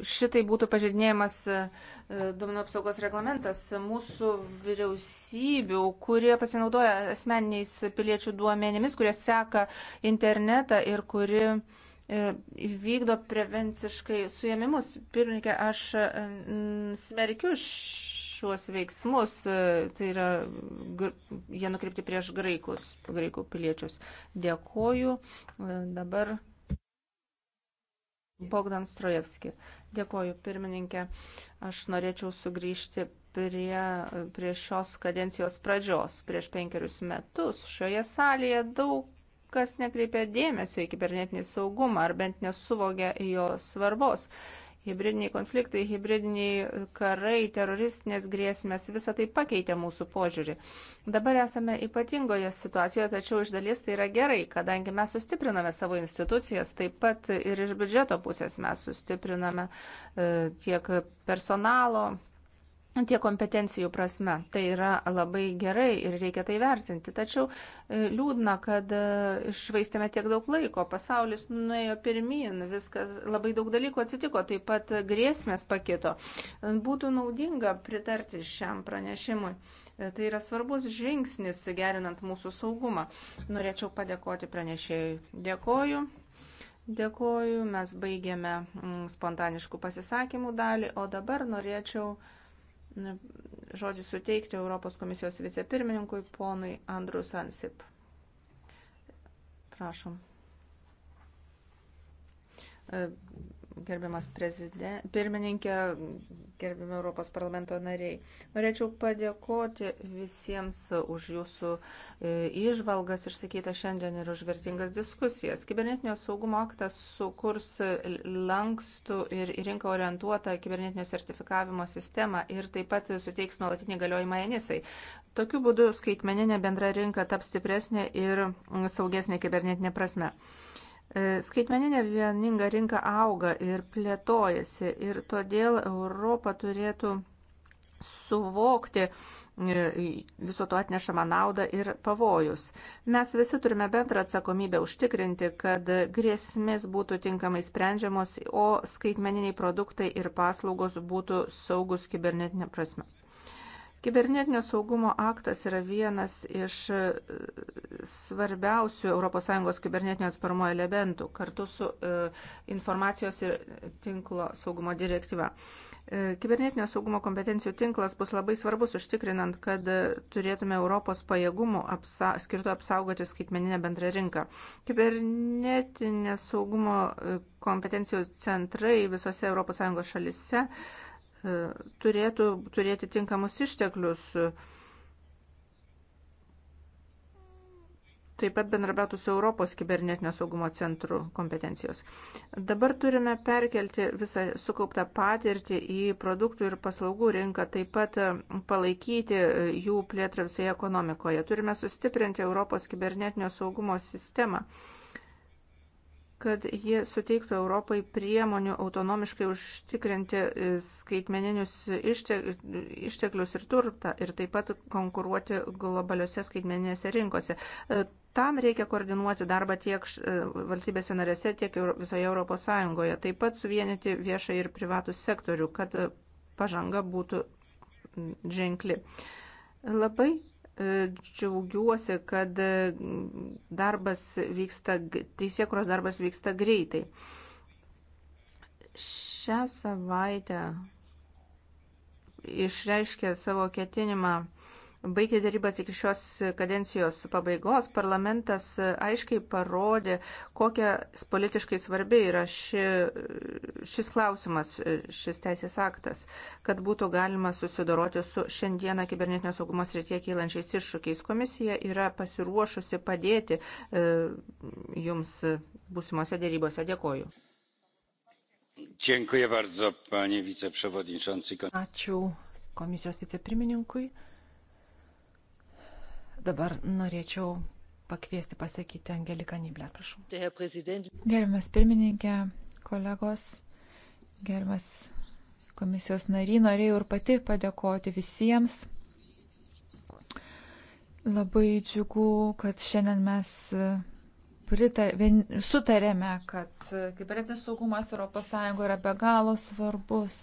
šitai būtų pažeidinėjimas e, duomenų apsaugos reglamentas mūsų vyriausybių, kurie pasinaudoja asmeniniais piliečių duomenimis, kurie seka internetą ir kuri e, vykdo prevenciškai suėmimus. Pirmininkė, aš e, smerkiu šiuos veiksmus, tai yra jie nukreipti prieš graikus, graikų piliečius. Dėkoju. Dabar Bogdan Strojevski. Dėkoju, pirmininkė. Aš norėčiau sugrįžti prie, prie šios kadencijos pradžios. Prieš penkerius metus šioje salėje daug kas nekreipia dėmesio į kibernetinį saugumą ar bent nesuvogė jo svarbos. Hybridiniai konfliktai, hybridiniai karai, teroristinės grėsmės, visa tai pakeitė mūsų požiūrį. Dabar esame ypatingoje situacijoje, tačiau iš dalies tai yra gerai, kadangi mes sustipriname savo institucijas, taip pat ir iš biudžeto pusės mes sustipriname e, tiek personalo, tiek kompetencijų prasme. Tai yra labai gerai ir reikia tai vertinti. Tačiau e, liūdna, kad e, išvaistėme tiek daug laiko, pasaulis nuėjo pirmin, viskas labai daug dalykų atsitiko, taip pat grėsmės pakito. Būtų naudinga pritarti šiam pranešimui. E, tai yra svarbus žingsnis gerinant mūsų saugumą. Norėčiau padėkoti pranešėjui. Dėkoju. Dėkoju, mes baigėme mm, spontaniškų pasisakymų dalį, o dabar norėčiau žodį suteikti Europos komisijos vicepirmininkui ponui Andrus Ansip. Prašom. E, gerbiamas pirmininkė, gerbiami Europos parlamento nariai. Norėčiau padėkoti visiems už jūsų išvalgas e, išsakytą šiandien ir už vertingas diskusijas. Kibernetinio saugumo aktas sukurs lankstų ir rinką orientuotą kibernetinio sertifikavimo sistemą ir taip pat suteiks nuolatinį galiojimą Enisai. Tokiu būdu skaitmeninė bendra rinka taps stipresnė ir saugesnė kibernetinė prasme. E, skaitmeninė vieninga rinka auga ir plėtojasi ir todėl Europa turėtų suvokti e, viso to atnešamą naudą ir pavojus. Mes visi turime bendrą atsakomybę užtikrinti, kad grėsmės būtų tinkamai sprendžiamos, o skaitmeniniai produktai ir paslaugos būtų saugus kibernetinė prasme. Kibernetinio saugumo aktas yra vienas iš e, svarbiausių ES kibernetinio atsparumo elementų kartu su e, informacijos ir tinklo saugumo direktyva. E, kibernetinio saugumo kompetencijų tinklas bus labai svarbus užtikrinant, kad turėtume Europos pajėgumų apsa skirtų apsaugoti skaitmeninę bendrą rinką. Kibernetinio saugumo kompetencijų centrai visose ES šalise E, turėtų turėti tinkamus išteklius. E, taip pat bendrabiautų su Europos kibernetinio saugumo centru kompetencijos. Dabar turime perkelti visą sukauptą patirtį į produktų ir paslaugų rinką, taip pat e, palaikyti jų plėtrą visoje ekonomikoje. Turime sustiprinti Europos kibernetinio saugumo sistemą kad jie suteiktų Europai priemonių autonomiškai užtikrinti e, skaitmeninius išteklius ir turtą ir taip pat konkuruoti globaliuose skaitmeninėse rinkose. E, tam reikia koordinuoti darbą tiek e, valstybėse narėse, tiek visoje Europos Sąjungoje. Taip pat suvienyti viešą ir privatų sektorių, kad pažanga būtų ženkli. Labai džiaugiuosi, kad darbas vyksta, teisėkuros darbas vyksta greitai. Šią savaitę išreiškė savo ketinimą baigė darybas iki šios kadencijos pabaigos, parlamentas aiškiai parodė, kokia politiškai svarbi yra ši, šis klausimas, šis teisės aktas, kad būtų galima susidoroti su šiandieną kibernetinio saugumo srityje kylančiais iššūkiais. Komisija yra pasiruošusi padėti e, jums būsimose darybose. Dėkoju. Dziękuję bardzo, panie wiceprzewodniczący. Ačiū komisijos vicepirmininkui. Dabar norėčiau pakviesti pasakyti Angeliką Nibler, prašau. Gerbiamas pirmininkė, kolegos, gerbiamas komisijos nary, norėjau ir pati padėkoti visiems. Labai džiugu, kad šiandien mes pritar, vien, sutarėme, kad kibernetinis saugumas ES yra be galo svarbus.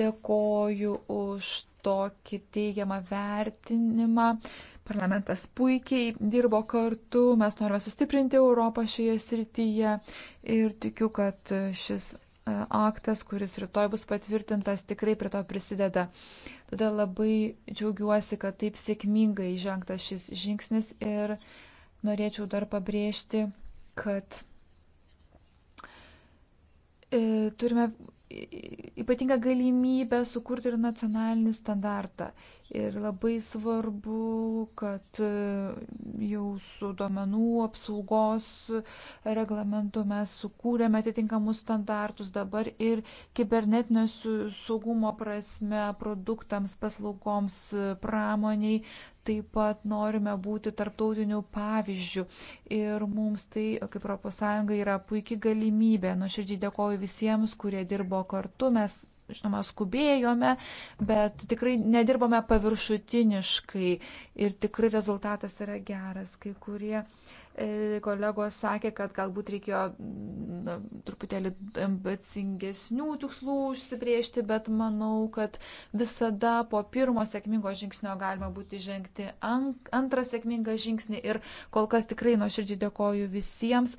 Dėkoju už tokį teigiamą vertinimą. Uh, Parlamentas puikiai dirbo kartu, mes norime sustiprinti Europą šioje srityje ir tikiu, kad šis e, aktas, kuris rytoj bus patvirtintas, tikrai prie to prisideda. Todėl labai džiaugiuosi, kad taip sėkmingai žengtas šis žingsnis ir norėčiau dar pabrėžti, kad e, turime ypatingą galimybę sukurti ir nacionalinį standartą. Ir labai svarbu, kad jau su duomenų apsaugos reglamentu mes sukūrėme atitinkamus standartus dabar ir kibernetinio saugumo prasme produktams, paslaugoms, pramoniai Taip pat norime būti tarptautiniu pavyzdžiu ir mums tai, kaip ES, yra puikia galimybė. Nuoširdžiai dėkoju visiems, kurie dirbo kartu. Mes žinoma, skubėjome, bet tikrai nedirbome paviršutiniškai ir tikrai rezultatas yra geras. Kai kurie uh, E, kolegos sakė, kad galbūt reikėjo na, truputėlį ambicingesnių tikslų užsibriežti, bet manau, kad visada po pirmo sėkmingo žingsnio galima būti žengti antrą sėkmingą žingsnį ir kol kas tikrai nuoširdžiai dėkoju visiems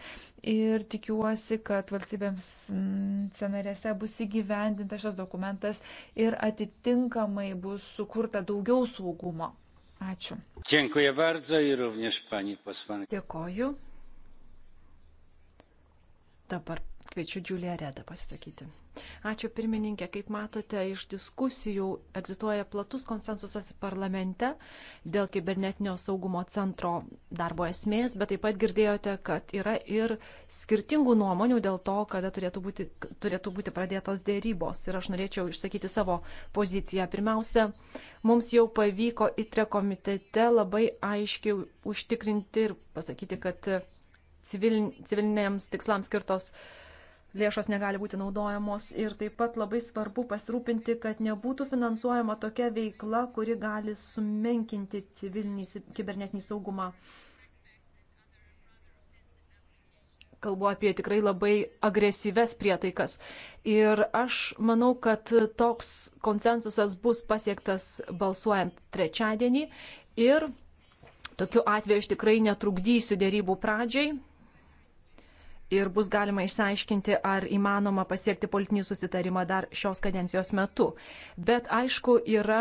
ir tikiuosi, kad valstybėms mm, scenarėse bus įgyvendintas šis dokumentas ir atitinkamai bus sukurta daugiau saugumo. Ačiū. Dziękuję bardzo i również pani posłanka. Dėkoju. Dabar Kviečiu Džiulę Redą pasisakyti. Ačiū pirmininkė, kaip matote, iš diskusijų egzistuoja platus konsensusas parlamente dėl kibernetinio saugumo centro darbo esmės, bet taip pat girdėjote, kad yra ir skirtingų nuomonių dėl to, kada turėtų būti, turėtų būti pradėtos dėrybos. Ir aš norėčiau išsakyti savo poziciją. Pirmiausia, mums jau pavyko įtre komitete labai aiškiai užtikrinti ir pasakyti, kad civilin, civiliniams tikslams skirtos lėšos negali būti naudojamos ir taip pat labai svarbu pasirūpinti, kad nebūtų finansuojama tokia veikla, kuri gali sumenkinti civilinį kibernetinį saugumą. Kalbu apie tikrai labai agresyves prietaikas. Ir aš manau, kad toks konsensusas bus pasiektas balsuojant trečiadienį. Ir tokiu atveju aš tikrai netrukdysiu dėrybų pradžiai ir bus galima išsiaiškinti, ar įmanoma pasiekti politinį susitarimą dar šios kadencijos metu. Bet aišku, yra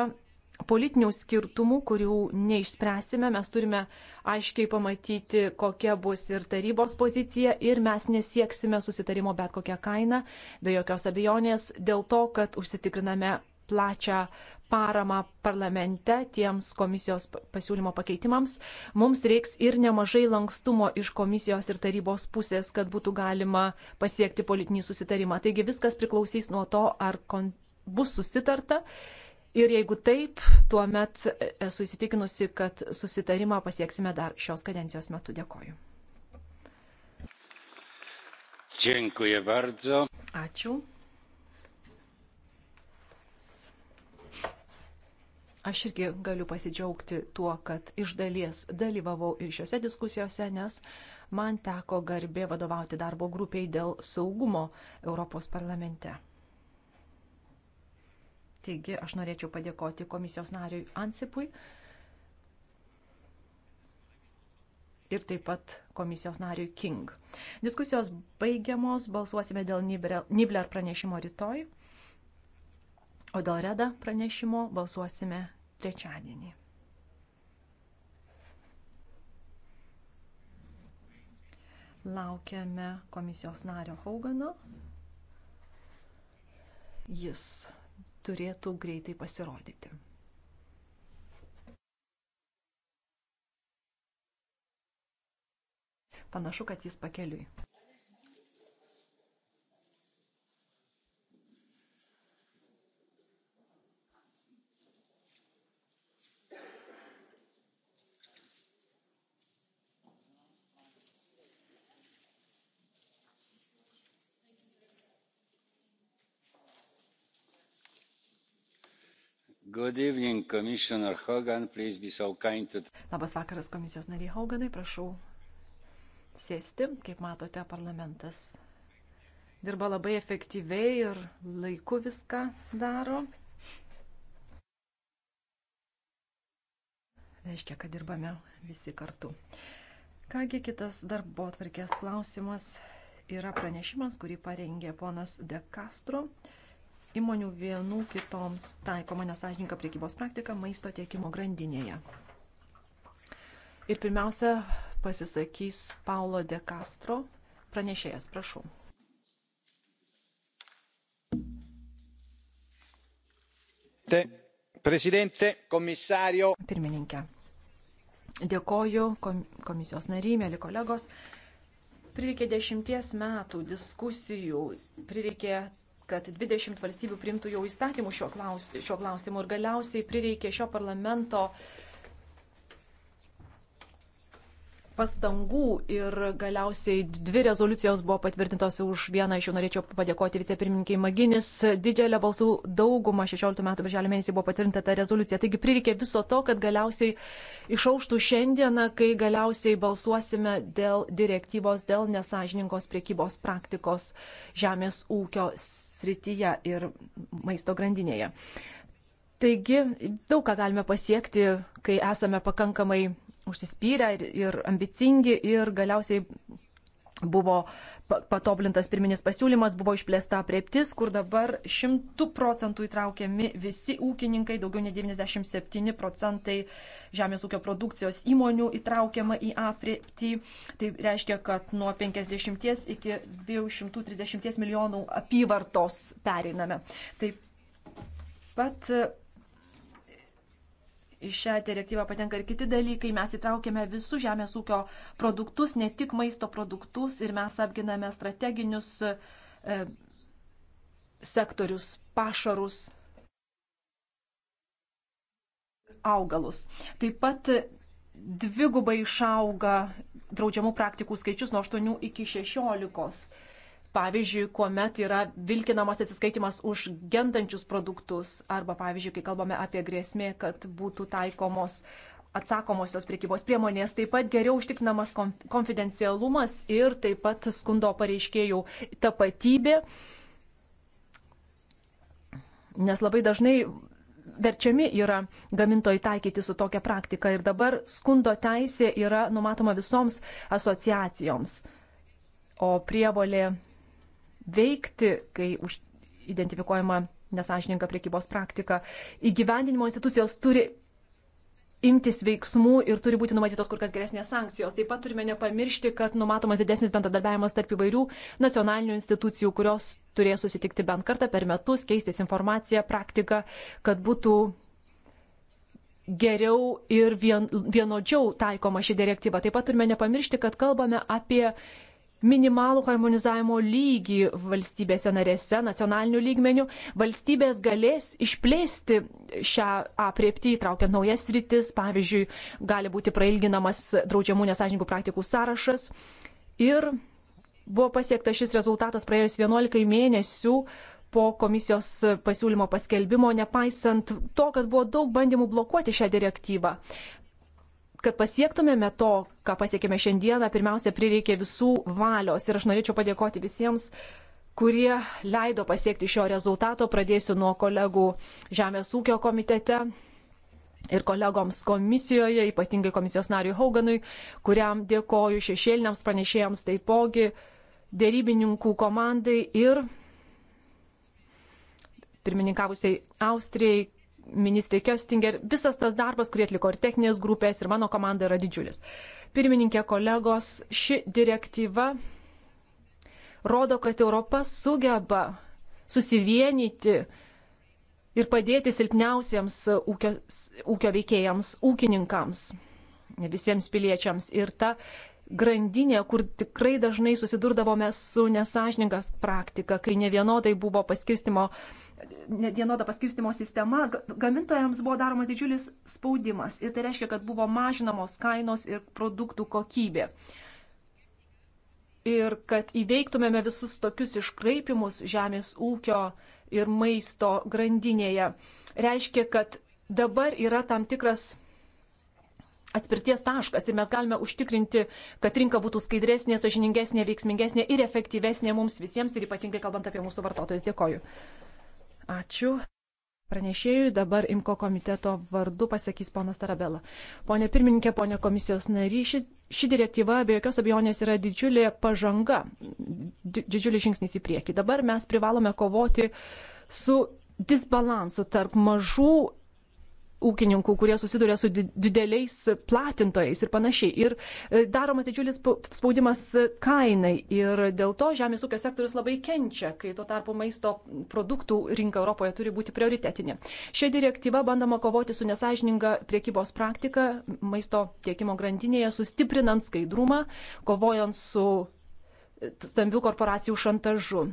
politinių skirtumų, kurių neišspręsime. Mes turime aiškiai pamatyti, kokia bus ir tarybos pozicija ir mes nesieksime susitarimo bet kokią kainą, be jokios abejonės, dėl to, kad užsitikriname plačią paramą parlamente tiems komisijos pasiūlymo pakeitimams, mums reiks ir nemažai lankstumo iš komisijos ir tarybos pusės, kad būtų galima pasiekti politinį susitarimą. Taigi viskas priklausys nuo to, ar bus susitarta. Ir jeigu taip, tuomet esu įsitikinusi, kad susitarimą pasieksime dar šios kadencijos metu. Dėkoju. Dziękuję bardzo. Ačiū. Aš irgi galiu pasidžiaugti tuo, kad iš dalies dalyvavau ir šiuose diskusijose, nes man teko garbė vadovauti darbo grupiai dėl saugumo Europos parlamente. Taigi aš norėčiau padėkoti komisijos nariui Ansipui ir taip pat komisijos nariui King. Diskusijos baigiamos, balsuosime dėl Nibler pranešimo rytoj. O dėl reda pranešimo balsuosime trečiadienį. Laukiame komisijos nario Haugano. Jis turėtų greitai pasirodyti. Panašu, kad jis pakeliui. Good evening, Commissioner Hogan. Please be so kind to... Labas vakaras, komisijos nariai Hoganai, prašau sėsti. Kaip matote, parlamentas dirba labai efektyviai ir laiku viską daro. Reiškia, kad dirbame visi kartu. Kągi kitas darbo atvarkės klausimas yra pranešimas, kurį parengė ponas De Castro įmonių vienų kitoms taikoma nesažininka priekybos praktika maisto tiekimo grandinėje. Ir pirmiausia, pasisakys Paulo de Castro, pranešėjas, prašau. Prezidente, komisario. Pirmininkė. Dėkoju komisijos nariai, mėly kolegos. Prireikė dešimties metų diskusijų, prireikė kad 20 valstybių primtų jau įstatymų šiuo klausimu ir galiausiai prireikė šio parlamento uh, pastangų ir galiausiai dvi rezoliucijos buvo patvirtintos už vieną iš jų norėčiau padėkoti vicepirmininkai Maginis. Didžiulė balsų dauguma 16 metų birželio mėnesį buvo patvirtinta ta rezoliucija. Taigi prireikė viso to, kad galiausiai išauštų šiandieną, kai galiausiai balsuosime dėl direktyvos, dėl nesažininkos priekybos praktikos žemės ūkio srityje ir maisto grandinėje. Taigi daug ką galime pasiekti, kai esame pakankamai užsispyrę ir, ir ambicingi ir galiausiai buvo patoblintas pirminis pasiūlymas, buvo išplėsta prieptis, kur dabar 100 procentų įtraukiami visi ūkininkai, daugiau nei 97 procentai žemės ūkio produkcijos įmonių įtraukiama į apriepti. Tai reiškia, kad nuo 50 iki 230 milijonų apyvartos pereiname. Taip pat į šią direktyvą patenka ir kiti dalykai. Mes įtraukėme visus žemės ūkio produktus, ne tik maisto produktus ir mes apginame strateginius e, sektorius, pašarus, augalus. Taip pat dvigubai išauga draudžiamų praktikų skaičius nuo 8 iki 16 Pavyzdžiui, kuomet yra vilkinamas atsiskaitimas už gendančius produktus arba, pavyzdžiui, kai kalbame apie grėsmę, kad būtų taikomos atsakomosios priekybos priemonės, taip pat geriau užtikrinamas konfidencialumas ir taip pat skundo pareiškėjų tapatybė, nes labai dažnai verčiami yra gamintojai taikyti su tokia praktika ir dabar skundo teisė yra numatoma visoms asociacijoms, o prievolė veikti, kai už identifikuojama nesažininga priekybos praktika. Įgyvendinimo institucijos turi imtis veiksmų ir turi būti numatytos kur kas geresnės sankcijos. Taip pat turime nepamiršti, kad numatomas didesnis bendradarbiavimas tarp įvairių nacionalinių institucijų, kurios turės susitikti bent kartą per metus, keistis informaciją, praktiką, kad būtų geriau ir vien, vienodžiau taikoma ši direktyva. Taip pat turime nepamiršti, kad kalbame apie minimalų harmonizavimo lygį valstybėse narėse, nacionalinių lygmenių, valstybės galės išplėsti šią apriepti, įtraukiant naujas rytis, pavyzdžiui, gali būti prailginamas draudžiamų nesažininkų praktikų sąrašas. Ir buvo pasiektas šis rezultatas praėjus 11 mėnesių po komisijos pasiūlymo paskelbimo, nepaisant to, kad buvo daug bandymų blokuoti šią direktyvą kad pasiektumėme to, ką pasiekėme šiandieną, pirmiausia, prireikė visų valios. Ir aš norėčiau padėkoti visiems, kurie leido pasiekti šio rezultato. Pradėsiu nuo kolegų Žemės ūkio komitete. Ir kolegoms komisijoje, ypatingai komisijos nariui Hauganui, kuriam dėkoju šešėliniams pranešėjams, taipogi dėrybininkų komandai ir pirmininkavusiai Austrijai, ministrė Kjostinger, visas tas darbas, kurį atliko ir techninės grupės, ir mano komanda yra didžiulis. Pirmininkė, kolegos, ši direktyva rodo, kad Europa sugeba susivienyti ir padėti silpniausiems ūkio, ūkio veikėjams, ūkininkams, visiems piliečiams. Ir ta grandinė, kur tikrai dažnai susidurdavome su nesažininkas praktika, kai nevienodai buvo paskirstimo vienoda paskirstimo sistema, gamintojams buvo daromas didžiulis spaudimas ir tai reiškia, kad buvo mažinamos kainos ir produktų kokybė. Ir kad įveiktumėme visus tokius iškraipimus žemės ūkio ir maisto grandinėje, reiškia, kad dabar yra tam tikras atspirties taškas ir mes galime užtikrinti, kad rinka būtų skaidresnė, sažiningesnė, veiksmingesnė ir efektyvesnė mums visiems ir ypatingai kalbant apie mūsų vartotojus. Dėkoju. Ačiū. Pranešėjui dabar Imko komiteto vardu pasakys ponas Tarabela. Pone pirmininkė, ponė komisijos nary, ši, ši direktyva be jokios abejonės yra didžiulė pažanga, didžiulis žingsnis į priekį. Dabar mes privalome kovoti su disbalansu tarp mažų ūkininkų, kurie susiduria su dideliais platintojais ir panašiai. Ir e, daromas didžiulis spaudimas kainai ir dėl to žemės ūkio sektorius labai kenčia, kai tuo tarpu maisto produktų rinka Europoje turi būti prioritetinė. Šia direktyva bandoma kovoti su nesažininga priekybos praktika maisto tiekimo grandinėje, sustiprinant skaidrumą, kovojant su e, stambių korporacijų šantažu.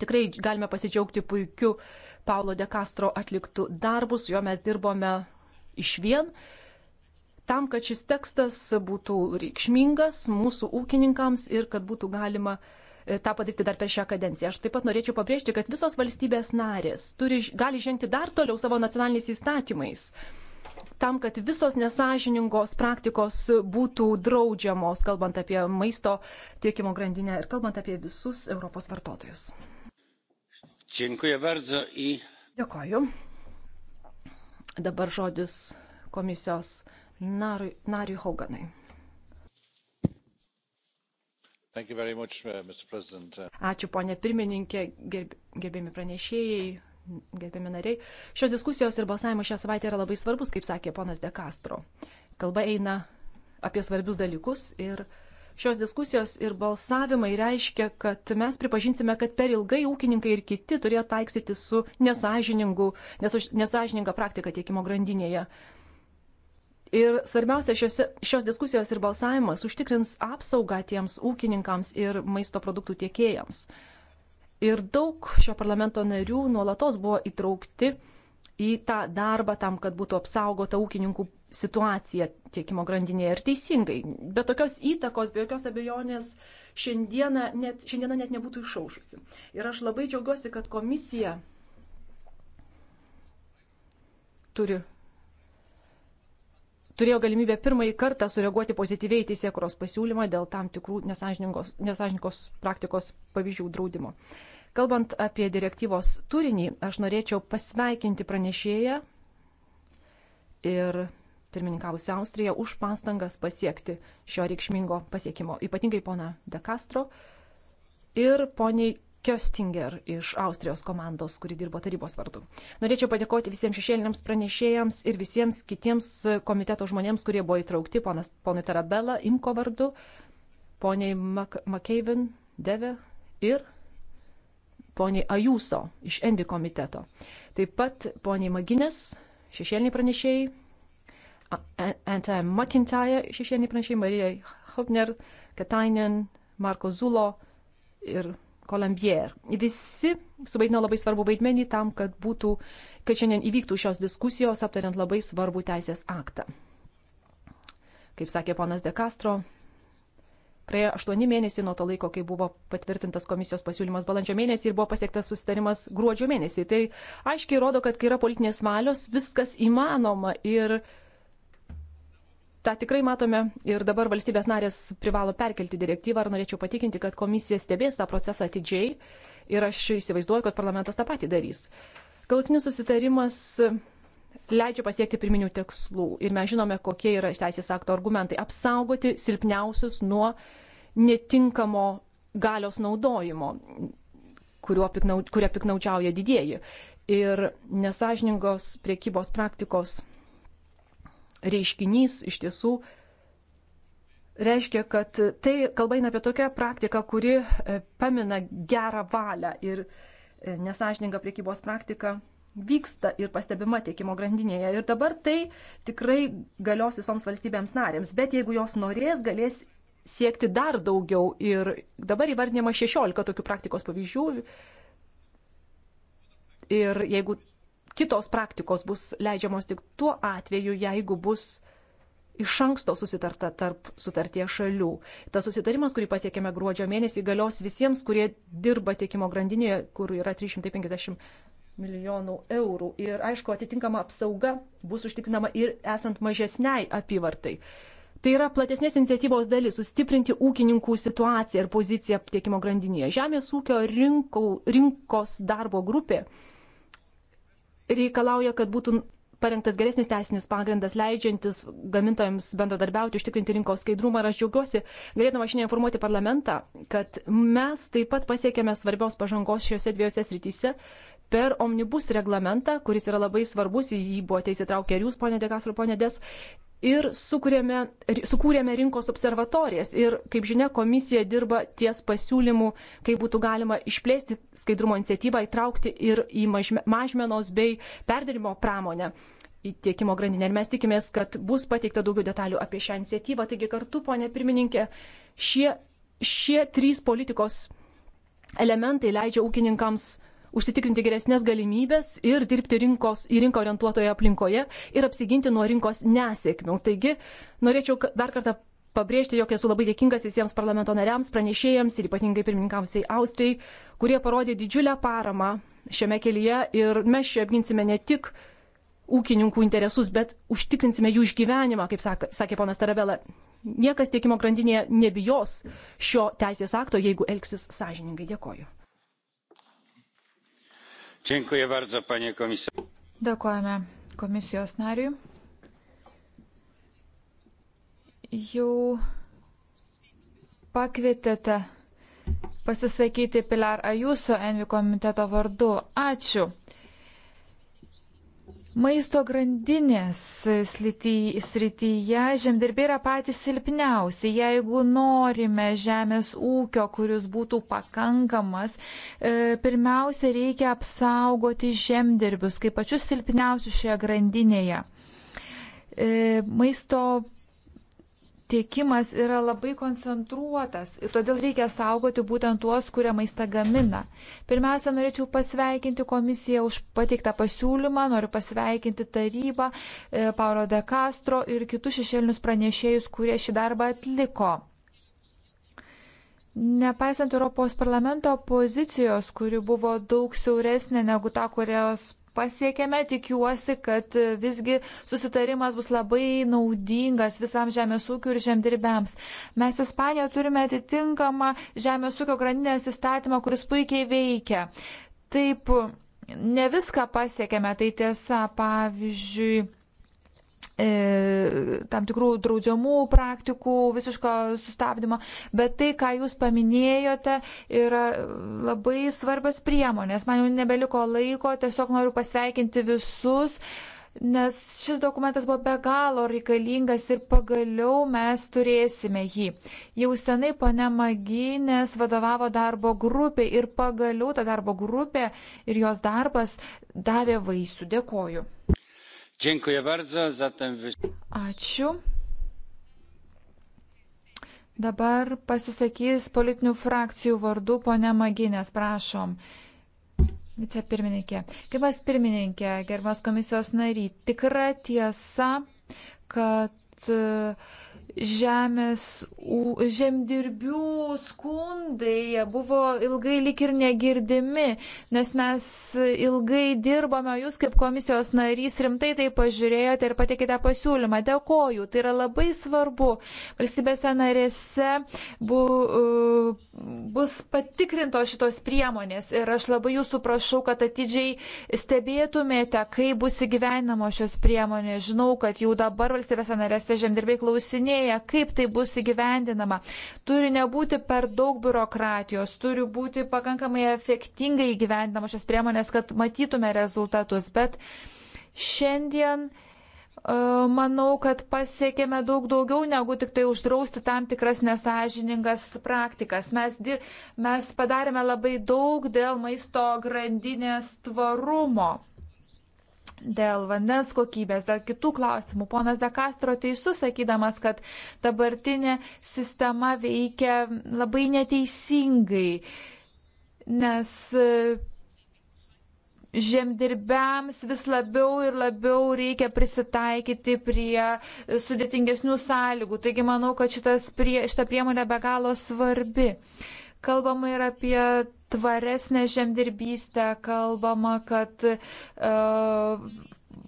Tikrai galime pasidžiaugti puikiu Paulo de Castro atliktų darbų, su juo mes dirbome iš vien. Tam, kad šis tekstas būtų reikšmingas mūsų ūkininkams ir kad būtų galima e, tą padaryti dar per šią kadenciją. Aš taip pat norėčiau pabrėžti, kad visos valstybės narės turi, gali žengti dar toliau savo nacionaliniais įstatymais. Tam, kad visos nesažiningos praktikos būtų draudžiamos, kalbant apie maisto tiekimo grandinę ir kalbant apie visus Europos vartotojus. Dėkoju. Dabar žodis komisijos nariui Hoganui. Much, uh, Ačiū, ponė pirmininkė, gerbėmi pranešėjai, gerbėmi nariai. Šios diskusijos ir balsavimas šią savaitę yra labai svarbus, kaip sakė ponas De Castro. Kalba eina apie svarbius dalykus ir uh, Šios diskusijos ir balsavimai reiškia, kad mes pripažinsime, kad per ilgai ūkininkai ir kiti turėjo taiksyti su nesažininga praktika tiekimo grandinėje. Ir svarbiausia, šiose, šios diskusijos ir balsavimas užtikrins apsaugą tiems ūkininkams ir maisto produktų tiekėjams. Ir daug šio parlamento narių nuolatos buvo įtraukti į tą darbą tam, kad būtų apsaugota ūkininkų situaciją tiekimo grandinėje ir teisingai. Be tokios įtakos, be jokios abejonės, šiandieną net, šiandieną net nebūtų išaušusi. Ir aš labai džiaugiuosi, kad komisija turi turėjo galimybę pirmąjį kartą sureaguoti pozityviai į teisėkuros pasiūlymą dėl tam tikrų nesažininkos praktikos pavyzdžių draudimo. Kalbant apie direktyvos turinį, aš norėčiau pasveikinti pranešėją ir pirmininkavusi Austrija, už pastangas pasiekti šio reikšmingo pasiekimo, ypatingai pona De Castro ir poniai Kjostinger iš Austrijos komandos, kuri dirbo tarybos vardu. Norėčiau padėkoti visiems šešėliniams pranešėjams ir visiems kitiems komiteto žmonėms, kurie buvo įtraukti, ponas, ponai Tarabela, Imko vardu, poniai McKeivin, Deve ir poniai Ajuso iš Endi komiteto. Taip pat poniai Maginės, šešėliniai pranešėjai, Anta McIntyre, šešienį pranešėjai, Marijai Hopner, Katainen, Marko Zulo ir Kolambier. Visi suvaidino labai svarbu vaidmenį tam, kad būtų, kad šiandien įvyktų šios diskusijos aptariant labai svarbų teisės aktą. Kaip sakė ponas De Castro, praėjo aštuoni mėnesiai nuo to laiko, kai buvo patvirtintas komisijos pasiūlymas balandžio mėnesį ir buvo pasiektas susitarimas gruodžio mėnesį. Tai aiškiai rodo, kad kai yra politinės valios, viskas įmanoma ir uh, Ta tikrai matome ir dabar valstybės narės privalo perkelti direktyvą ir norėčiau patikinti, kad komisija stebės tą procesą atidžiai ir aš įsivaizduoju, kad parlamentas tą patį darys. Galutinis susitarimas leidžia pasiekti pirminių tikslų ir mes žinome, kokie yra teisės akto argumentai - apsaugoti silpniausius nuo netinkamo galios naudojimo, kuria piknaudžiauja didieji ir nesažiningos priekybos praktikos reiškinys iš tiesų reiškia, kad tai kalba eina apie tokią praktiką, kuri e, pamina gerą valią ir e, nesažininga priekybos praktika vyksta ir pastebima tiekimo grandinėje. Ir dabar tai tikrai galios visoms valstybėms narėms, bet jeigu jos norės, galės siekti dar daugiau. Ir dabar įvardinima 16 tokių praktikos pavyzdžių. Ir jeigu kitos praktikos bus leidžiamos tik tuo atveju, jeigu bus iš anksto susitarta tarp sutarties šalių. Tas susitarimas, kurį pasiekėme gruodžio mėnesį, galios visiems, kurie dirba tiekimo grandinėje, kur yra 350 milijonų eurų. Ir aišku, atitinkama apsauga bus užtikrinama ir esant mažesniai apyvartai. Tai yra platesnės iniciatyvos dalis - sustiprinti ūkininkų situaciją ir poziciją tiekimo grandinėje. Žemės ūkio rinko, rinkos darbo grupė reikalauja, kad būtų parengtas geresnis teisinis pagrindas, leidžiantis gamintojams bendradarbiauti, užtikrinti rinkos skaidrumą. Ir aš džiaugiuosi, galėdama šiandien informuoti parlamentą, kad mes taip pat pasiekėme svarbios pažangos šiuose dviejose srityse per omnibus reglamentą, kuris yra labai svarbus, į jį buvote įsitraukę ir jūs, ponė Dekas ir ponė Des ir sukūrėme, sukūrėme rinkos observatorijas. Ir, kaip žinia, komisija dirba ties pasiūlymu, kaip būtų galima išplėsti skaidrumo iniciatyvą, įtraukti ir į mažmenos bei perdirimo pramonę. Į tiekimo grandinę. Ir mes tikimės, kad bus pateikta daugiau detalių apie šią iniciatyvą. Taigi kartu, ponė pirmininkė, šie, šie trys politikos elementai leidžia ūkininkams užsitikrinti geresnės galimybės ir dirbti rinkos, į rinką orientuotoje aplinkoje ir apsiginti nuo rinkos nesėkmių. Taigi, norėčiau dar kartą pabrėžti, jog esu labai dėkingas visiems parlamento nariams, pranešėjams ir ypatingai pirmininkausiai Austrijai, kurie parodė didžiulę paramą šiame kelyje ir mes čia apginsime ne tik ūkininkų interesus, bet užtikrinsime jų išgyvenimą, kaip sakė, sakė ponas Tarabela. Niekas tiekimo grandinėje nebijos šio teisės akto, jeigu elgsis sąžiningai. Dėkoju. Bardzo, panie komisarė. Dėkojame komisijos nariui. Jau pakvietėte pasisakyti Pilar Ajuso Envi komiteto vardu. Ačiū. Maisto grandinės srityje žemdirbiai yra patys silpniausi. Jeigu norime žemės ūkio, kuris būtų pakankamas, e, pirmiausia reikia apsaugoti žemdirbius kaip pačius silpniausius šioje grandinėje. E, maisto tiekimas yra labai koncentruotas ir todėl reikia saugoti būtent tuos, kurie maistą gamina. Pirmiausia, norėčiau pasveikinti komisiją už pateiktą pasiūlymą, noriu pasveikinti tarybą, e, Paulo de Castro ir kitus šešėlinius pranešėjus, kurie šį darbą atliko. Nepaisant Europos parlamento pozicijos, kuri buvo daug siauresnė negu ta, kurios pasiekėme. Tikiuosi, kad visgi susitarimas bus labai naudingas visam žemės ūkiu ir žemdirbiams. Mes Ispanijoje turime atitinkamą žemės ūkio grandinės įstatymą, kuris puikiai veikia. Taip, ne viską pasiekėme, tai tiesa, pavyzdžiui E, tam tikrų draudžiamų praktikų, visiško sustabdymo, bet tai, ką jūs paminėjote, yra labai svarbios priemonės. Man jau nebeliko laiko, tiesiog noriu pasveikinti visus. Nes šis dokumentas buvo be galo reikalingas ir pagaliau mes turėsime jį. Jau senai pane Maginės vadovavo darbo grupė ir pagaliau ta darbo grupė ir jos darbas davė vaisių. Dėkoju. Ačiū. Dabar pasisakys politinių frakcijų vardu ponia Maginės, prašom. Vicepirmininkė. Gerbas pirmininkė, gerbas komisijos nariai, tikra tiesa, kad uh, žemės žemdirbių skundai buvo ilgai lik ir negirdimi, nes mes ilgai dirbame, jūs kaip komisijos narys rimtai tai pažiūrėjote ir patikite pasiūlymą. Dėkoju, tai yra labai svarbu. Valstybėse narėse bu, bus patikrintos šitos priemonės ir aš labai jūsų prašau, kad atidžiai stebėtumėte, kaip bus įgyvenamos šios priemonės. Žinau, kad jau dabar valstybėse narėse žemdirbiai klausinėja idėją, kaip tai bus įgyvendinama. Turi nebūti per daug biurokratijos, turi būti pakankamai efektingai įgyvendinamos šios priemonės, kad matytume rezultatus. Bet šiandien e, manau, kad pasiekėme daug daugiau negu tik tai uždrausti tam tikras nesažiningas praktikas. Mes, di, mes padarėme labai daug dėl maisto grandinės tvarumo dėl vandens kokybės, dėl kitų klausimų. Ponas Dekastro teisus, sakydamas, kad dabartinė sistema veikia labai neteisingai, nes e, žemdirbiams vis labiau ir labiau reikia prisitaikyti prie e, sudėtingesnių sąlygų. Taigi manau, kad prie, šita priemonė be galo svarbi. Kalbama ir apie tvaresnę žemdirbystę, kalbama, kad e,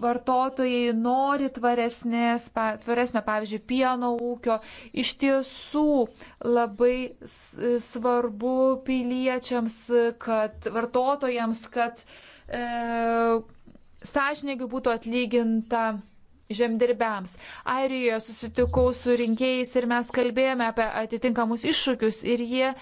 vartotojai nori tvaresnės, tvaresnio, pavyzdžiui, pieno ūkio. Iš tiesų labai svarbu piliečiams, kad vartotojams, kad e, sąžininkai būtų atlyginta žemdirbiams. Airijoje susitikau su rinkėjais ir mes kalbėjome apie atitinkamus iššūkius ir jie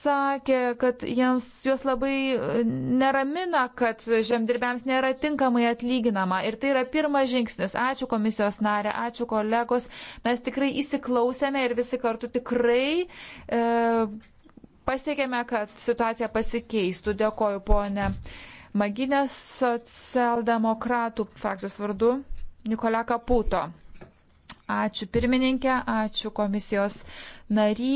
sakė, kad jiems juos labai e, neramina, kad žemdirbėms nėra tinkamai atlyginama. Ir tai yra pirmas žingsnis. Ačiū komisijos narė, ačiū kolegos. Mes tikrai įsiklausėme ir visi kartu tikrai. E, Pasiekėme, kad situacija pasikeistų. Dėkoju, ponė Maginės socialdemokratų frakcijos vardu Nikola Kaputo. Ačiū pirmininkė, ačiū komisijos nary.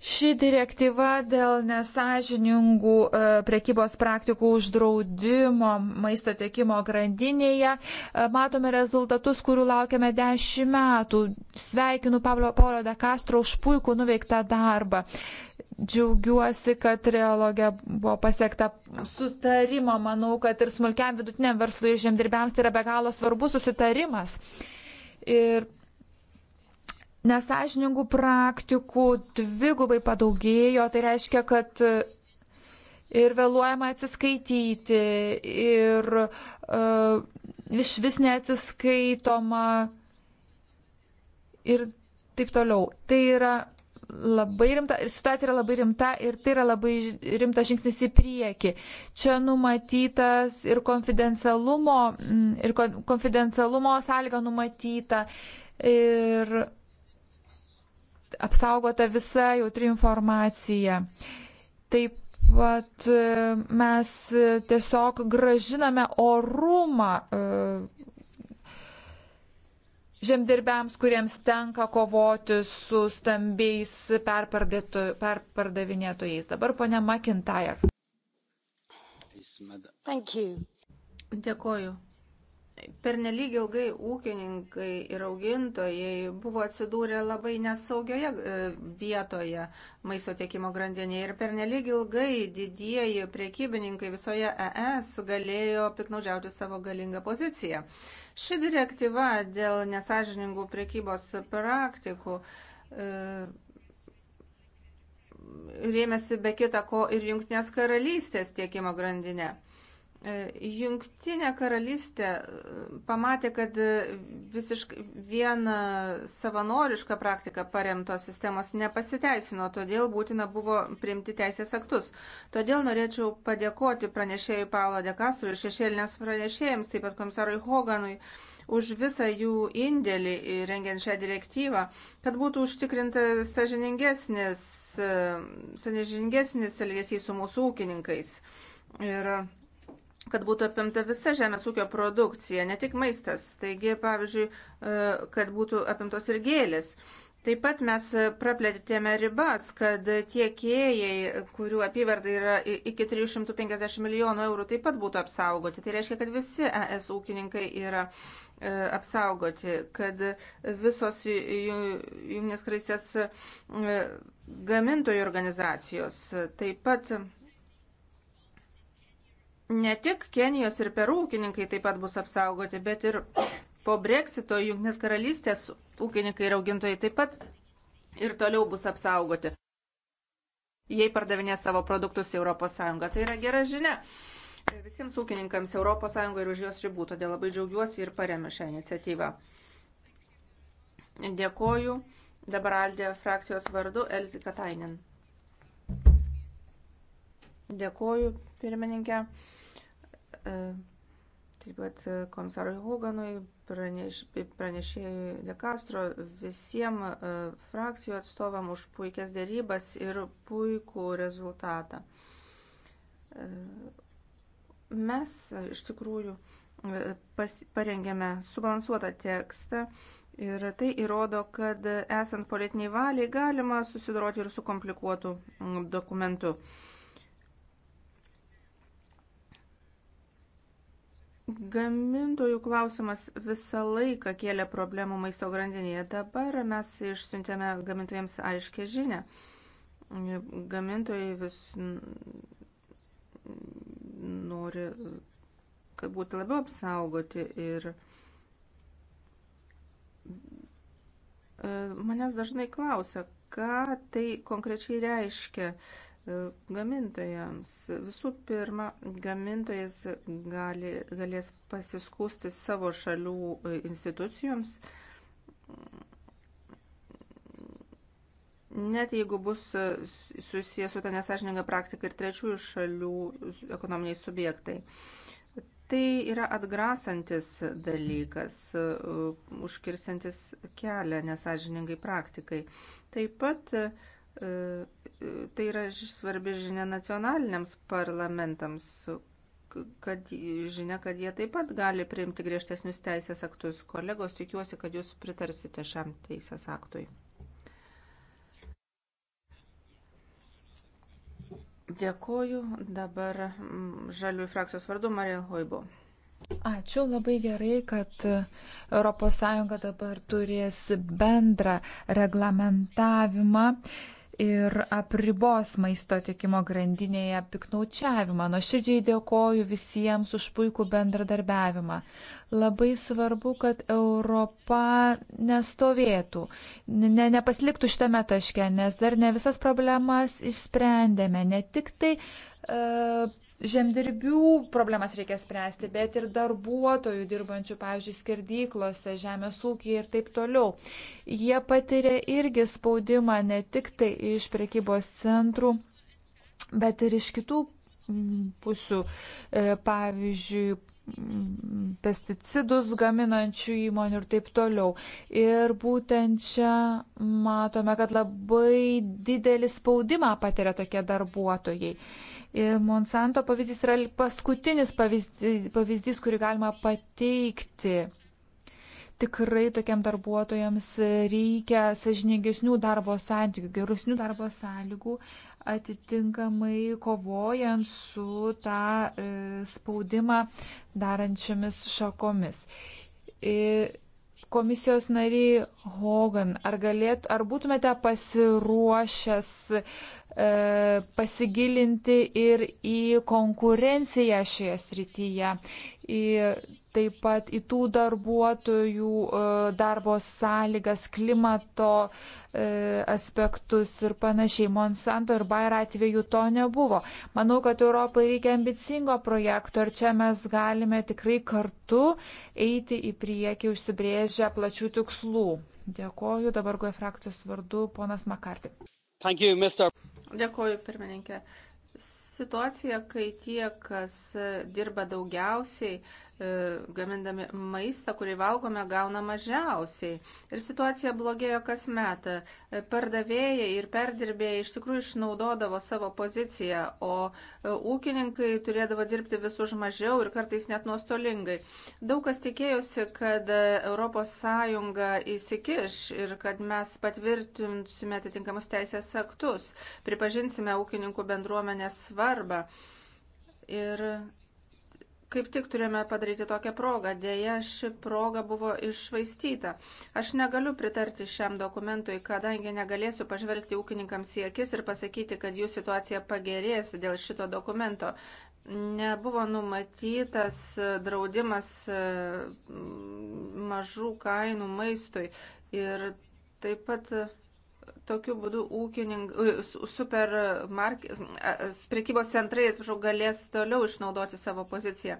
Ši direktyva dėl nesažiningų e, prekybos praktikų uždraudimo maisto tiekimo grandinėje e, matome rezultatus, kurių laukiame dešimt metų. Sveikinu Pablo Polo de Castro už puikų nuveiktą darbą. Džiaugiuosi, kad trialogė buvo pasiekta sutarimo. Manau, kad ir smulkiam vidutiniam verslui ir žemdirbiams tai yra be galo svarbus susitarimas. Ir nesažiningų praktikų dvigubai padaugėjo, tai reiškia, kad ir vėluojama atsiskaityti, ir uh, iš vis neatsiskaitoma ir taip toliau. Tai yra labai rimta, ir situacija yra labai rimta, ir tai yra labai rimtas žingsnis į priekį. Čia numatytas ir konfidencialumo, ir konfidencialumo sąlyga numatyta. Ir apsaugota visa jautri informacija. Taip pat e, mes tiesiog gražiname orumą e, žemdirbiams, kuriems tenka kovoti su stambiais perpardavinėtojais. Dabar ponia McIntyre. Dėkoju pernelyg ilgai ūkininkai ir augintojai buvo atsidūrę labai nesaugioje e, vietoje maisto tiekimo grandinėje ir pernelyg ilgai didieji priekybininkai visoje ES galėjo piknaudžiauti savo galingą poziciją. Ši direktyva dėl nesažiningų priekybos praktikų e, rėmėsi be kita ko ir Junktinės karalystės tiekimo grandinė. E, jungtinė karalystė e, pamatė, kad e, visiškai viena savanoriška praktika paremtos sistemos nepasiteisino, todėl būtina buvo priimti teisės aktus. Todėl norėčiau padėkoti pranešėjui Paulo Dekastro ir šešėlinės pranešėjams, taip pat komisarui Hoganui už visą jų indėlį rengiant šią direktyvą, kad būtų užtikrinta sažiningesnis, sažiningesnis elgesys su mūsų ūkininkais. Ir kad būtų apimta visa žemės ūkio produkcija, ne tik maistas, taigi, pavyzdžiui, e, kad būtų apimtos ir gėlės. Taip pat mes praplėtėme ribas, kad tiekėjai, kurių apyvardai yra iki 350 milijonų eurų, taip pat būtų apsaugoti. Tai reiškia, kad visi ES ūkininkai yra e, apsaugoti, kad visos jungtinės kraisės e, gamintojų organizacijos taip pat ne tik Kenijos ir Peru ūkininkai taip pat bus apsaugoti, bet ir po Brexito Junktinės karalystės ūkininkai ir augintojai taip pat ir toliau bus apsaugoti, jei pardavinė savo produktus į ES. Tai yra gera žinia visiems ūkininkams ES ir už jos ribų, todėl labai džiaugiuosi ir paremiu šią iniciatyvą. Dėkoju. Dabar Aldė frakcijos vardu Elzi Katainin. Dėkoju, pirmininkė. E, taip pat komisarui Hoganui, praneš, pranešėjui De Castro, visiems e, frakcijų atstovam už puikias dėrybas ir puikų rezultatą. E, mes iš tikrųjų pas, parengėme subalansuotą tekstą ir tai įrodo, kad esant politiniai valiai galima susidoroti ir su komplikuotu dokumentu. Gamintojų klausimas visą laiką kėlė problemų maisto grandinėje. Dabar mes išsiuntėme gamintojams aiškę žinę. Gamintojai vis nori kad būti labiau apsaugoti ir e, manęs dažnai klausia, ką tai konkrečiai reiškia E, gamintojams. Visų pirma, gamintojas gali, galės pasiskūsti savo šalių e, institucijoms, net jeigu bus e, susijęs su ta nesažininga praktika ir trečiųjų šalių ekonominiai subjektai. Tai yra atgrasantis dalykas, užkirsantis kelią nesažiningai praktikai. Taip pat E, e, tai yra svarbi žinia nacionaliniams parlamentams, kad žinia, kad jie taip pat gali priimti griežtesnius teisės aktus. Kolegos, tikiuosi, kad jūs pritarsite šiam teisės aktui. Dėkoju. Dabar mm, žaliųjų frakcijos vardu Marija Hoibo. Ačiū labai gerai, kad ES dabar turės bendrą reglamentavimą ir apribos maisto tiekimo grandinėje piknaučiavimą. Nuoširdžiai dėkoju visiems už puikų bendradarbiavimą. Labai svarbu, kad Europa nestovėtų, ne, nepasliktų šitame taške, nes dar ne visas problemas išsprendėme. Ne tik tai e, Žemdirbių problemas reikia spręsti, bet ir darbuotojų dirbančių, pavyzdžiui, skerdyklose, žemės ūkiai ir taip toliau. Jie patiria irgi spaudimą ne tik tai iš prekybos centrų, bet ir iš kitų mm, pusių. E, pavyzdžiui, mm, pesticidus gaminančių įmonių ir taip toliau. Ir būtent čia matome, kad labai didelį spaudimą patiria tokie darbuotojai. E, Monsanto pavyzdys yra paskutinis pavyzdys, pavyzdys kurį galima pateikti. Tikrai tokiam darbuotojams reikia sažiningesnių darbo santykių, geresnių darbo sąlygų, atitinkamai kovojant su tą e, spaudimą darančiamis šakomis. Ir e, Komisijos nariai Hogan, ar, galėt, ar būtumėte pasiruošęs e, pasigilinti ir į konkurenciją šioje srityje, į taip pat į tų darbuotojų e, darbo sąlygas, klimato e, aspektus ir panašiai. Monsanto ir Bayer atveju to nebuvo. Manau, kad Europai reikia ambicingo projekto ir čia mes galime tikrai kartu eiti į priekį užsibrėžę plačių tikslų. Dėkoju dabar GUE frakcijos vardu, ponas Makarti. You, Mr. Dėkoju, pirmininkė. Situacija, kai tie, kas dirba daugiausiai, E, gamindami maistą, kurį valgome, gauna mažiausiai. Ir situacija blogėjo kas metą. E, pardavėjai ir perdirbėjai iš tikrųjų išnaudodavo savo poziciją, o e, ūkininkai turėdavo dirbti vis už mažiau ir kartais net nuostolingai. Daug kas tikėjosi, kad ES įsikiš ir kad mes patvirtinsime atitinkamus teisės aktus, pripažinsime ūkininkų bendruomenės svarbą. Ir kaip tik turėjome padaryti tokią progą. Dėja, ši proga buvo išvaistyta. Aš negaliu pritarti šiam dokumentui, kadangi negalėsiu pažvelgti ūkininkams į akis ir pasakyti, kad jų situacija pagerės dėl šito dokumento. Nebuvo numatytas draudimas mažų kainų maistui. Ir taip pat tokiu būdu ūkininkai, e, supermark... E, e, prekybos centrai, atsiprašau, galės toliau išnaudoti savo poziciją.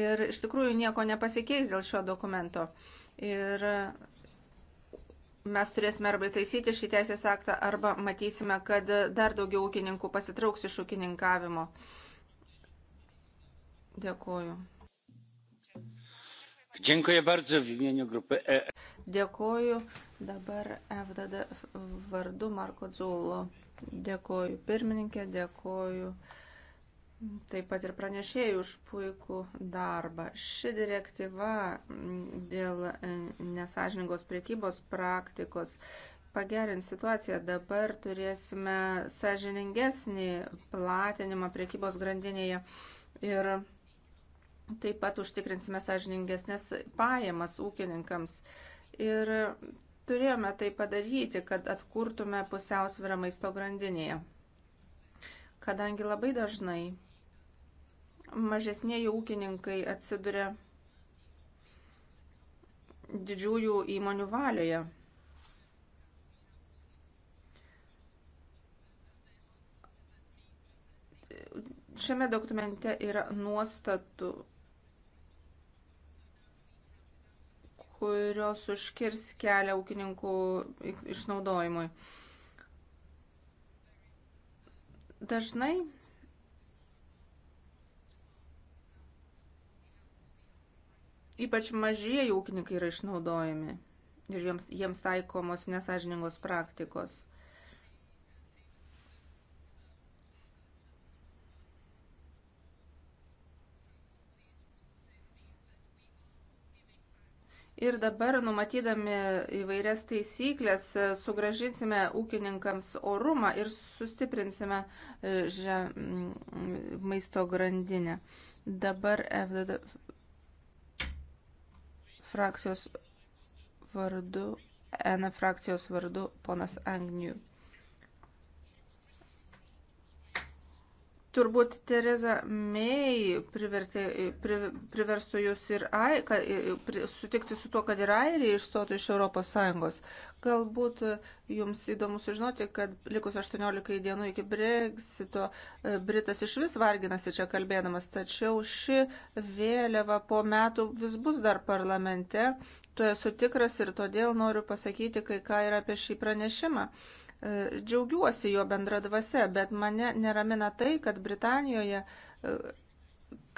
Ir iš tikrųjų nieko nepasikeis dėl šio dokumento. Ir mes turėsime arba taisyti šį teisės aktą, arba matysime, kad dar daugiau ūkininkų pasitrauks iš ūkininkavimo. Dėkuoju. Dėkuoju bardzo w imieniu grupy E. Dėkuoju. Dabar FDD vardu Marko Dzulo. Dėkoju pirmininkė, dėkoju taip pat ir pranešėjai už puikų darbą. Ši direktyva dėl e, nesažiningos priekybos praktikos pagerins situaciją. Dabar turėsime sažiningesnį platinimą priekybos grandinėje ir taip pat užtikrinsime sažiningesnės pajamas ūkininkams. Ir Turėjome tai padaryti, kad atkurtume pusiausvyrą maisto grandinėje. Kadangi labai dažnai mažesnėji ūkininkai atsiduria didžiųjų įmonių valioje. Šiame dokumente yra nuostatų kurios užkirs kelią ūkininkų išnaudojimui. Dažnai ypač mažieji ūkininkai yra išnaudojami ir jiems, jiems taikomos nesažiningos praktikos. Ir dabar, numatydami įvairias taisyklės, sugražinsime ūkininkams orumą ir sustiprinsime e, žia, maisto grandinę. Dabar FDD frakcijos vardu, N frakcijos vardu, ponas Angniu. Turbūt Tereza May privertė, pri, priverstų jūs ir ai, ka, pri, sutikti su tuo, kad ir Airija išstotų iš ES. Galbūt e, jums įdomu sužinoti, kad likus 18 dienų iki Brexito e, Britas iš vis varginasi čia kalbėdamas, tačiau ši vėliava po metų vis bus dar parlamente. Tu esu tikras ir todėl noriu pasakyti kai ką ir apie šį pranešimą. Uh, E, džiaugiuosi jo bendra dvasia, bet mane neramina tai, kad Britanijoje e,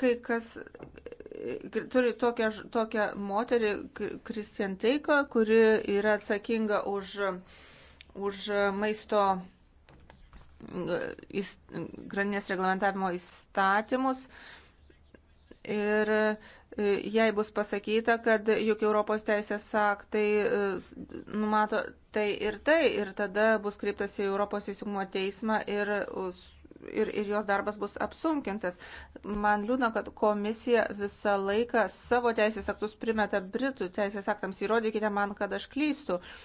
kai kas e, turi tokią, tokią moterį, Kristian Teiką, kuri yra atsakinga už, už maisto grandinės reglamentavimo įstatymus. Ir uh, jei bus pasakyta, kad juk Europos teisės aktai e, numato tai ir tai, ir tada bus kreiptas į Europos įsigumo teismą ir, ir, ir jos darbas bus apsunkintas. Man liūdna, kad komisija visą laiką savo teisės aktus primeta Britų teisės aktams. Įrodykite man, kad aš klystu. Uh,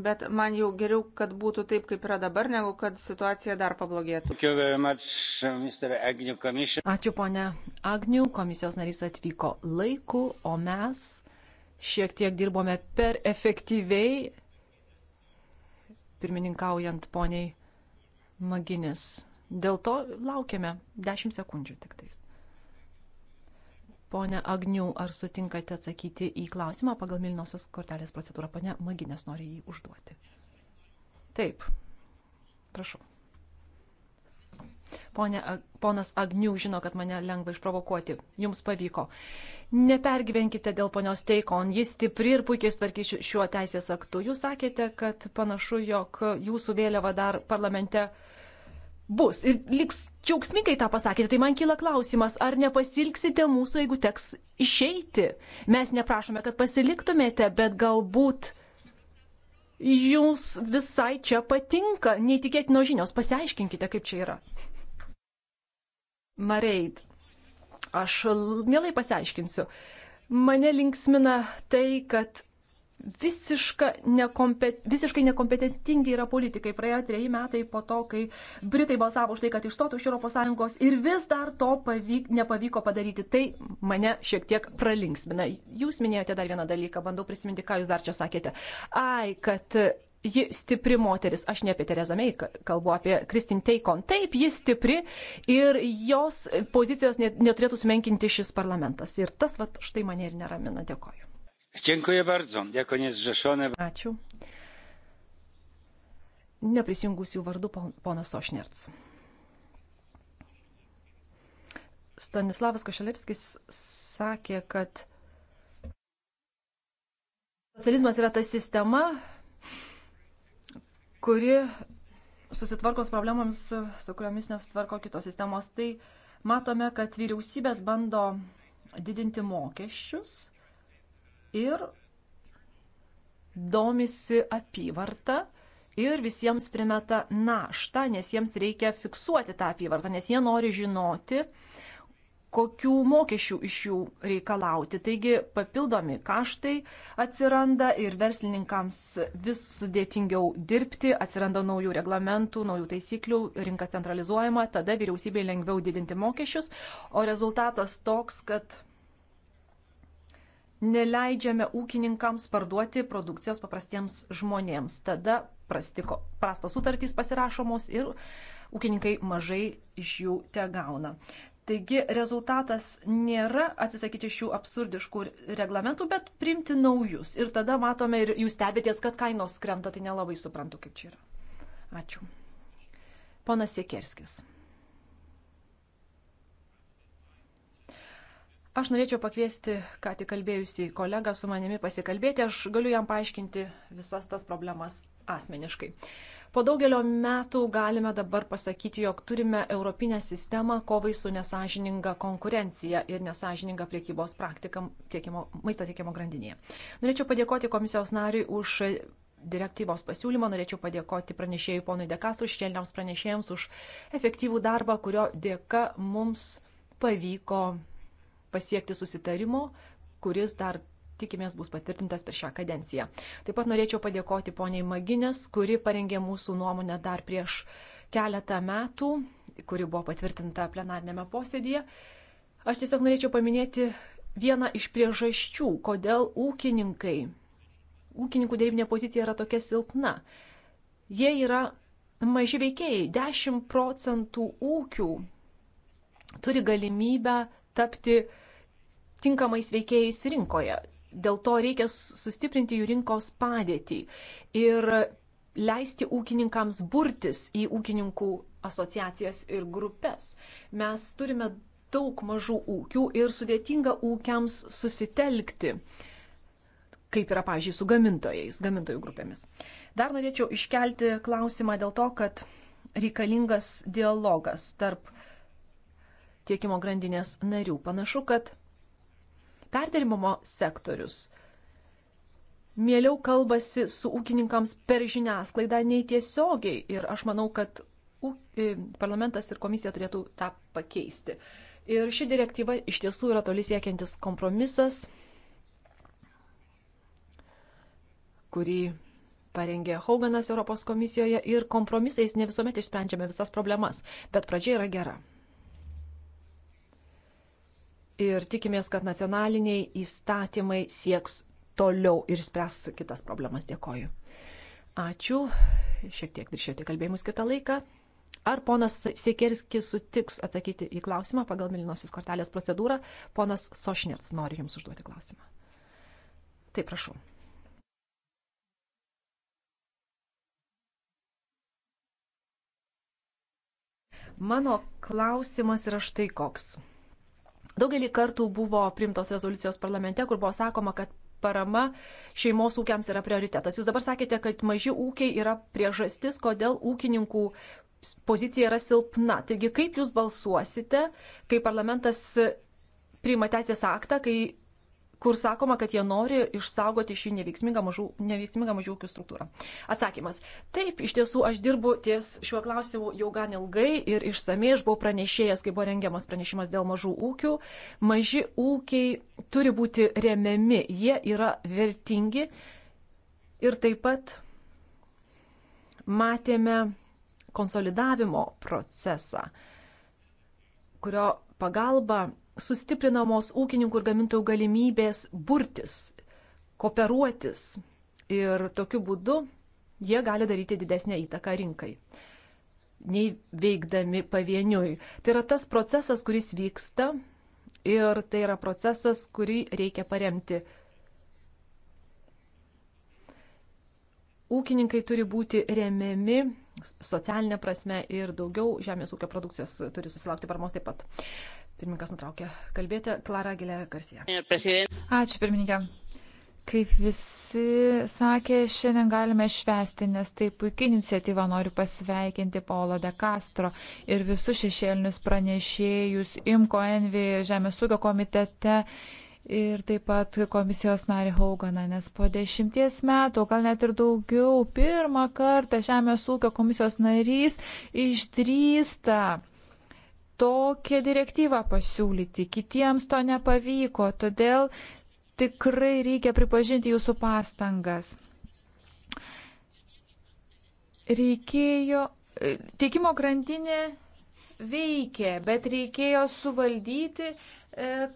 bet man jau geriau, kad būtų taip, kaip yra dabar, negu kad situacija dar pablogėtų. Ačiū, ponė Agnių, komisijos narys atvyko laiku, o mes šiek tiek dirbome per efektyviai, pirmininkaujant poniai Maginis. Dėl to laukiame 10 sekundžių tik tais. Pone Agnių, ar sutinkate atsakyti į klausimą pagal Milinosios kortelės procedūrą? Pane Maginės nori jį užduoti. Taip. Prašau. Pone, ponas Agnių žino, kad mane lengva išprovokuoti. Jums pavyko. Nepergyvenkite dėl ponios Teikon. Jis stipri ir puikiai tvarkys šiuo teisės aktu. Jūs sakėte, kad panašu, jog jūsų vėliava dar parlamente uh, bus. Ir liks čiauksmingai tą pasakėte, tai man kyla klausimas, ar nepasilgsite mūsų, jeigu teks išeiti. Mes neprašome, kad pasiliktumėte, bet galbūt jums visai čia patinka. Neįtikėtino žinios, pasiaiškinkite, kaip čia yra. Mareit, aš mielai pasiaiškinsiu. Mane linksmina tai, kad visiška nekompet, visiškai nekompetentingi yra politikai. Praėjo treji metai po to, kai Britai balsavo už tai, kad išstotų iš ES ir vis dar to pavyk, nepavyko padaryti. Tai mane šiek tiek pralinksmina. Jūs minėjote dar vieną dalyką, bandau prisiminti, ką jūs dar čia sakėte. Ai, kad ji stipri moteris. Aš ne apie Terezą Mei kalbu, apie Kristin Teikon. Taip, ji stipri ir jos pozicijos neturėtų sumenkinti šis parlamentas. Ir tas, va, štai mane ir neramina. Dėkoju. Dziękuję bardzo. Jako niezrzeszony. Ačiū. Neprisijungusių vardų ponas Ošnerts. Stanislavas Košelevskis sakė, kad socializmas yra ta sistema, kuri susitvarkos problemams, su kuriomis nesutvarko kitos sistemos. Tai matome, kad vyriausybės bando didinti mokesčius ir domisi apyvarta ir visiems primeta naštą, nes jiems reikia fiksuoti tą apyvartą, nes jie nori žinoti, kokių mokesčių iš jų reikalauti. Taigi papildomi kaštai atsiranda ir verslininkams vis sudėtingiau dirbti, atsiranda naujų reglamentų, naujų taisyklių, rinka centralizuojama, tada vyriausybei lengviau didinti mokesčius, o rezultatas toks, kad neleidžiame ūkininkams parduoti produkcijos paprastiems žmonėms. Tada prastiko, prastos sutartys pasirašomos ir ūkininkai mažai iš jų te gauna. Taigi rezultatas nėra atsisakyti šių absurdiškų reglamentų, bet priimti naujus. Ir tada matome ir jūs stebėtės, kad kainos krenta, tai nelabai suprantu, kaip čia yra. Ačiū. Ponas Siekerskis. Aš norėčiau pakviesti, ką tik kalbėjusi kolegą su manimi pasikalbėti, aš galiu jam paaiškinti visas tas problemas asmeniškai. Po daugelio metų galime dabar pasakyti, jog turime Europinę sistemą kovai su nesažininga konkurencija ir nesažininga priekybos praktika tiekimo, maisto tiekimo grandinėje. Norėčiau padėkoti komisijos nariui už direktyvos pasiūlymą. Norėčiau padėkoti pranešėjui ponui Dekastui, šešėliniams pranešėjams už efektyvų darbą, kurio dėka mums pavyko pasiekti susitarimo, kuris dar tikimės bus patvirtintas per šią kadenciją. Taip pat norėčiau padėkoti poniai Maginės, kuri parengė mūsų nuomonę dar prieš keletą metų, kuri buvo patvirtinta plenarnėme posėdėje. Aš tiesiog norėčiau paminėti vieną iš priežasčių, kodėl ūkininkai, ūkininkų dėrybinė pozicija yra tokia silpna. Jie yra maži veikėjai, 10 procentų ūkių turi galimybę tapti uh, tinkamais veikėjais rinkoje. Dėl to reikia sustiprinti jų rinkos padėtį ir leisti ūkininkams burtis į ūkininkų asociacijas ir grupės. Mes turime daug mažų ūkių ir sudėtinga ūkiams susitelkti, kaip yra, pažiūrėjau, su gamintojais, gamintojų grupėmis. Dar norėčiau iškelti klausimą dėl to, kad reikalingas dialogas tarp tiekimo grandinės narių. Panašu, kad perdirbimo sektorius mieliau kalbasi su ūkininkams per žiniasklaidą nei tiesiogiai. Ir aš manau, kad e, parlamentas ir komisija turėtų tą pakeisti. Ir ši direktyva iš tiesų yra toli siekiantis kompromisas, kurį parengė Hauganas Europos komisijoje ir kompromisais ne visuomet išsprendžiame visas problemas, bet pradžia yra gera ir tikimės, kad nacionaliniai įstatymai sieks toliau ir spręs kitas problemas. Dėkoju. Ačiū. Šiek tiek viršėjote kalbėjimus kitą laiką. Ar ponas Siekerskis sutiks atsakyti į klausimą pagal Milinosios kortelės procedūrą? Ponas Sošnets nori Jums užduoti klausimą. Taip, prašau. Mano klausimas yra štai koks. Daugelį kartų buvo primtos rezoliucijos parlamente, kur buvo sakoma, kad parama šeimos ūkiams yra prioritetas. Jūs dabar sakėte, kad maži ūkiai yra priežastis, kodėl ūkininkų pozicija yra silpna. Taigi, kaip jūs balsuosite, kai parlamentas priima teisės aktą, kai kur sakoma, kad jie nori išsaugoti šį neveiksmingą mažų, neveiksmingą mažų ūkių struktūrą. Atsakymas. Taip, iš tiesų aš dirbu ties šiuo klausimu jau gan ilgai ir išsamei aš buvau pranešėjęs, kai buvo rengiamas pranešimas dėl mažų ūkių. Maži ūkiai turi būti remiami, jie yra vertingi ir taip pat matėme konsolidavimo procesą, kurio pagalba sustiprinamos ūkininkų ir gamintojų galimybės burtis, kooperuotis ir tokiu būdu jie gali daryti didesnę įtaką rinkai nei veikdami pavieniui. Tai yra tas procesas, kuris vyksta ir tai yra procesas, kurį reikia paremti. Ūkininkai turi būti remiami socialinė prasme ir daugiau žemės ūkio produkcijos turi susilaukti paramos taip pat. Pirmininkas nutraukė kalbėti. Klara Gilera Garsija. Ačiū, pirmininkė. Kaip visi sakė, šiandien galime švesti, nes tai puikia iniciatyva noriu pasveikinti Paulo de Castro ir visus šešėlinius pranešėjus Imko Envi Žemės ūkio komitete ir taip pat komisijos narį Hauganą, nes po dešimties metų, gal net ir daugiau, pirmą kartą Žemės ūkio komisijos narys išdrįsta tokią direktyvą pasiūlyti. Kitiems to nepavyko, todėl tikrai reikia pripažinti jūsų pastangas. Reikėjo, e, teikimo grandinė veikė, bet reikėjo suvaldyti e,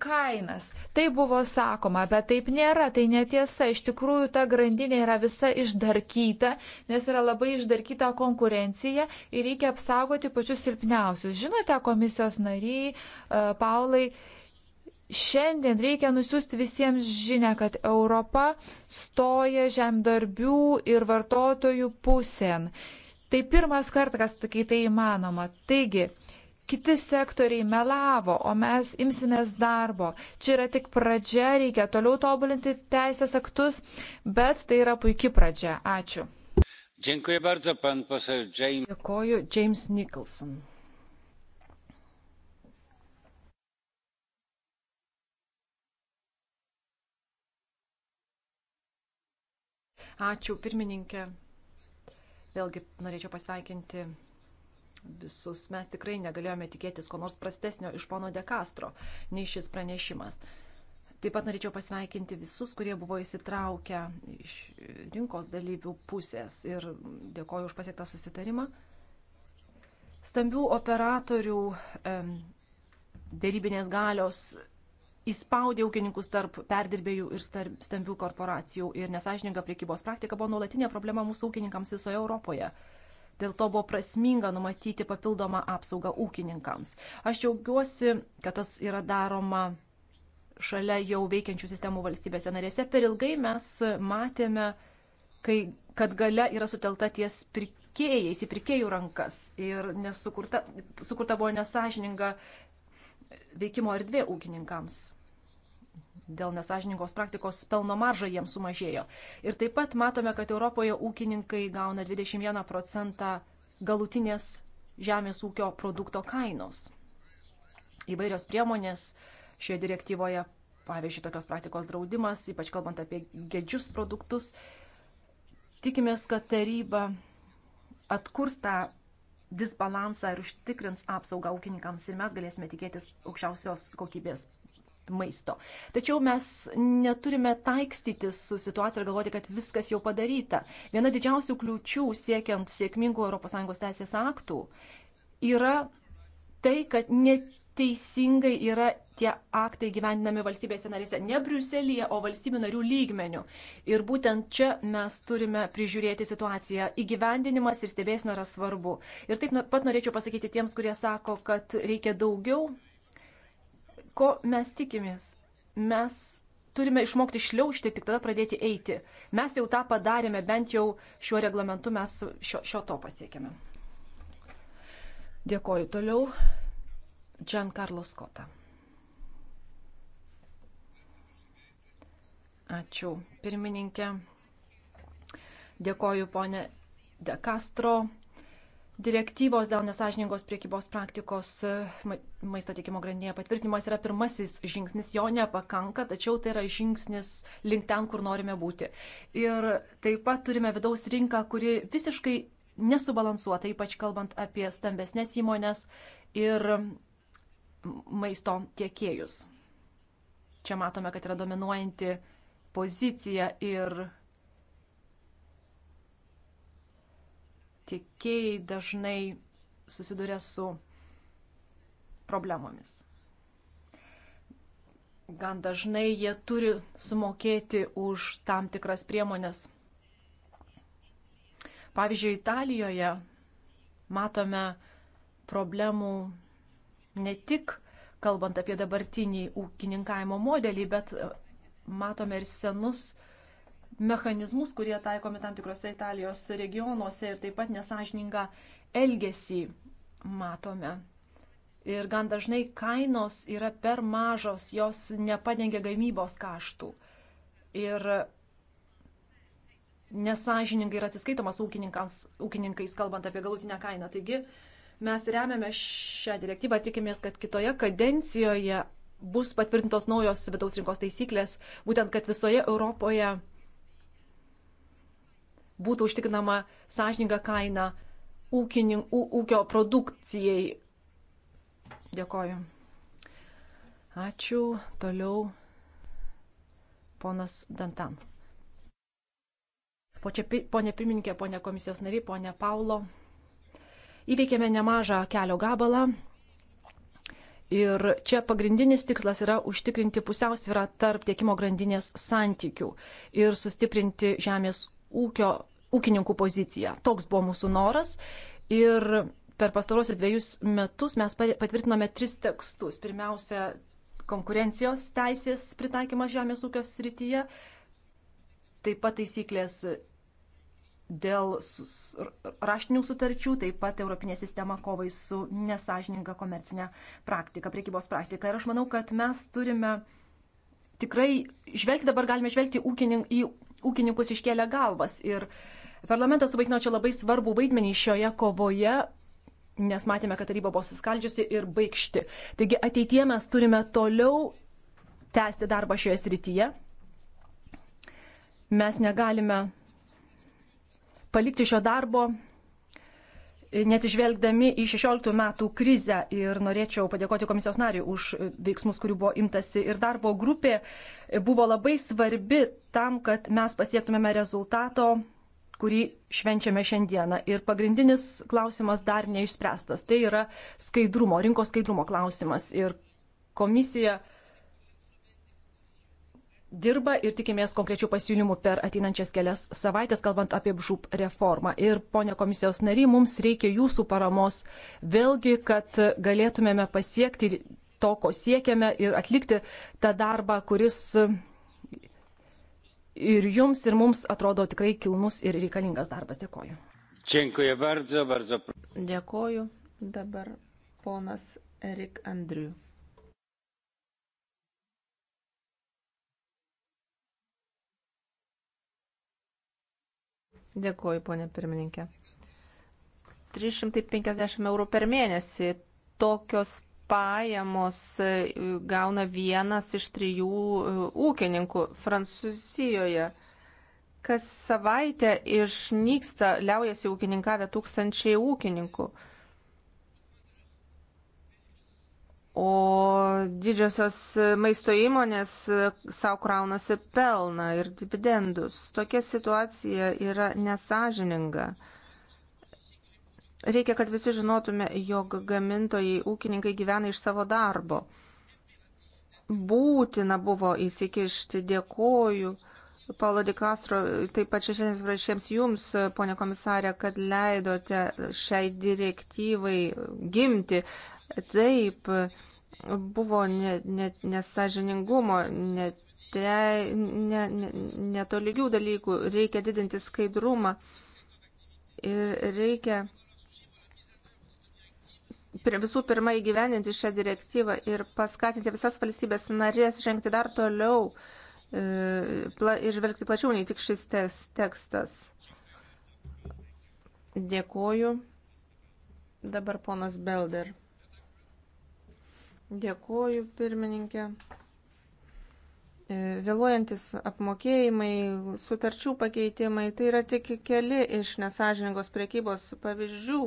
kainas. Tai buvo sakoma, bet taip nėra, tai netiesa. Iš tikrųjų, ta grandinė yra visa išdarkyta, nes yra labai išdarkyta konkurencija ir reikia apsaugoti pačius silpniausius. Žinote, komisijos nariai, e, Paulai, šiandien reikia nusiųsti visiems žinę, kad Europa stoja žemdarbių ir vartotojų pusėn. Tai pirmas kartas, kai tai įmanoma. Taigi, kiti sektoriai melavo, o mes imsimės darbo. Čia yra tik pradžia, reikia toliau tobulinti teisės aktus, bet tai yra puikia pradžia. Ačiū. Bardzo, James. Dėkoju, James Nicholson. Ačiū, pirmininkė. Vėlgi norėčiau pasveikinti visus. Mes tikrai negalėjome tikėtis ko nors prastesnio iš pono De Castro nei šis pranešimas. Taip pat norėčiau pasveikinti visus, kurie buvo įsitraukę iš rinkos dalyvių pusės ir dėkoju už pasiektą susitarimą. Stambių operatorių dėrybinės galios įspaudė ūkininkus tarp perdirbėjų ir stambių korporacijų ir nesažininga priekybos praktika buvo nuolatinė problema mūsų ūkininkams visoje Europoje. Dėl to buvo prasminga numatyti papildomą apsaugą ūkininkams. Aš džiaugiuosi, kad tas yra daroma šalia jau veikiančių sistemų valstybėse narėse. Per ilgai mes matėme, kai, kad gale yra sutelta ties pirkėjais, į pirkėjų rankas ir nesukurta, sukurta buvo nesažininga veikimo erdvė ūkininkams dėl nesažiningos praktikos pelno marža jiems sumažėjo. Ir taip pat matome, kad Europoje ūkininkai gauna 21 procentą galutinės žemės ūkio produkto kainos. Įvairios priemonės šioje direktyvoje, pavyzdžiui, tokios praktikos draudimas, ypač kalbant apie gedžius produktus, tikimės, kad taryba atkurs tą disbalansą ir užtikrins apsaugą ūkininkams ir mes galėsime tikėtis aukščiausios kokybės maisto. Tačiau mes neturime taikstytis su situacija ir galvoti, kad viskas jau padaryta. Viena didžiausių kliūčių siekiant sėkmingų ES teisės aktų yra tai, kad neteisingai yra tie aktai gyvendinami valstybėse narėse, ne Briuselėje, o valstybių narių lygmenių. Ir būtent čia mes turime prižiūrėti situaciją. Įgyvendinimas ir stebėsina yra svarbu. Ir taip nu, pat norėčiau pasakyti tiems, kurie sako, kad reikia daugiau Ko mes tikimės? Mes turime išmokti šliaužti, tik tada pradėti eiti. Mes jau tą padarėme, bent jau šiuo reglamentu mes šio, šio to pasiekėme. Dėkoju toliau. Giancarlo Scotta. Ačiū, pirmininkė. Dėkoju, ponė De Castro. Direktyvos dėl nesažiningos priekybos praktikos e, maisto tiekimo grandinėje patvirtinimas yra pirmasis žingsnis, jo nepakanka, tačiau tai yra žingsnis link ten, kur norime būti. Ir taip pat turime vidaus rinką, kuri visiškai nesubalansuota, ypač kalbant apie stambesnės įmonės ir maisto tiekėjus. Čia matome, kad yra dominuojanti pozicija ir tikėjai dažnai susiduria su problemomis. Gan dažnai jie turi sumokėti už tam tikras priemonės. Pavyzdžiui, Italijoje matome problemų ne tik kalbant apie dabartinį ūkininkavimo modelį, bet matome ir senus uh, mechanizmus, kurie taikomi tam tikrose Italijos regionuose ir taip pat nesažiningą elgesį matome. Ir gan dažnai kainos yra per mažos, jos nepadengia gamybos kaštų. Ir nesažiningai yra atsiskaitomas ūkininkais, kalbant apie galutinę kainą. Taigi mes remiame šią direktyvą, tikimės, kad kitoje kadencijoje bus patvirtintos naujos vidaus rinkos taisyklės, būtent kad visoje Europoje būtų užtikrinama sąžininga kaina ūkinin, ū, ūkio produkcijai. Dėkoju. Ačiū. Toliau ponas Dantan. Pone pirmininkė, pone komisijos nariai, pone Paulo, įveikėme nemažą kelio gabalą. Ir čia pagrindinis tikslas yra užtikrinti pusiausvyrą tarp tiekimo grandinės santykių ir sustiprinti žemės ūkio, ūkininkų poziciją. Toks buvo mūsų noras. Ir per pastarosius dviejus metus mes patvirtinome tris tekstus. Pirmiausia, konkurencijos teisės pritaikymas žemės ūkio srityje, taip pat taisyklės dėl raštinių sutarčių, taip pat Europinė sistema kovai su nesažininga komercinė praktika, priekybos praktika. Ir aš manau, kad mes turime tikrai žvelgti dabar galime žvelgti ūkinink, į ūkininkus iškėlę galvas. Ir parlamentas suvaidino čia labai svarbų vaidmenį šioje kovoje, nes matėme, kad taryba buvo suskaldžiusi ir baigšti. Taigi ateitie mes turime toliau tęsti darbą šioje srityje. Mes negalime palikti šio darbo netižvelgdami į 16 metų krizę. Ir norėčiau padėkoti komisijos nariui už veiksmus, kurių buvo imtasi. Ir darbo grupė buvo labai svarbi tam, kad mes pasiektumėme rezultato, kurį švenčiame šiandieną. Ir pagrindinis klausimas dar neišspręstas. Tai yra skaidrumo, rinkos skaidrumo klausimas. Ir komisija dirba ir tikimės konkrečių pasiūlymų per ateinančias kelias savaitės, kalbant apie BŽUP reformą. Ir, ponė komisijos nary, mums reikia jūsų paramos vėlgi, kad galėtumėme pasiekti to, ko siekiame ir atlikti tą darbą, kuris ir jums, ir mums atrodo tikrai kilnus ir reikalingas darbas. Dėkoju. Dziękuję bardzo, bardzo. Dėkoju. Dabar ponas Erik Andriu. Dėkuoju, ponė pirmininkė. 350 eurų per mėnesį. Tokios pajamos e, gauna vienas iš trijų e, ūkininkų Prancūzijoje. Kas savaitę išnyksta, liaujasi ūkininkavę tūkstančiai ūkininkų. O didžiosios maisto įmonės savo kraunasi pelną ir dividendus. Tokia situacija yra nesažininga. Reikia, kad visi žinotume, jog gamintojai, ūkininkai gyvena iš savo darbo. Būtina buvo įsikišti, dėkoju. Paulo Dikastro, taip pat šešiems prašėms jums, ponė komisarė, kad leidote šiai direktyvai gimti. Taip, buvo nesažiningumo, ne, ne, ne, ne, netolygių dalykų, reikia didinti skaidrumą ir reikia visų pirma įgyveninti šią direktyvą ir paskatinti visas valstybės narės žengti dar toliau e, ir žvelgti plačiau nei tik šis tekstas. Dėkoju. Dabar ponas Belder. Dėkuoju, pirmininkė. E, vėluojantis apmokėjimai, sutarčių pakeitimai, tai yra tik keli iš nesažiningos priekybos pavyzdžių.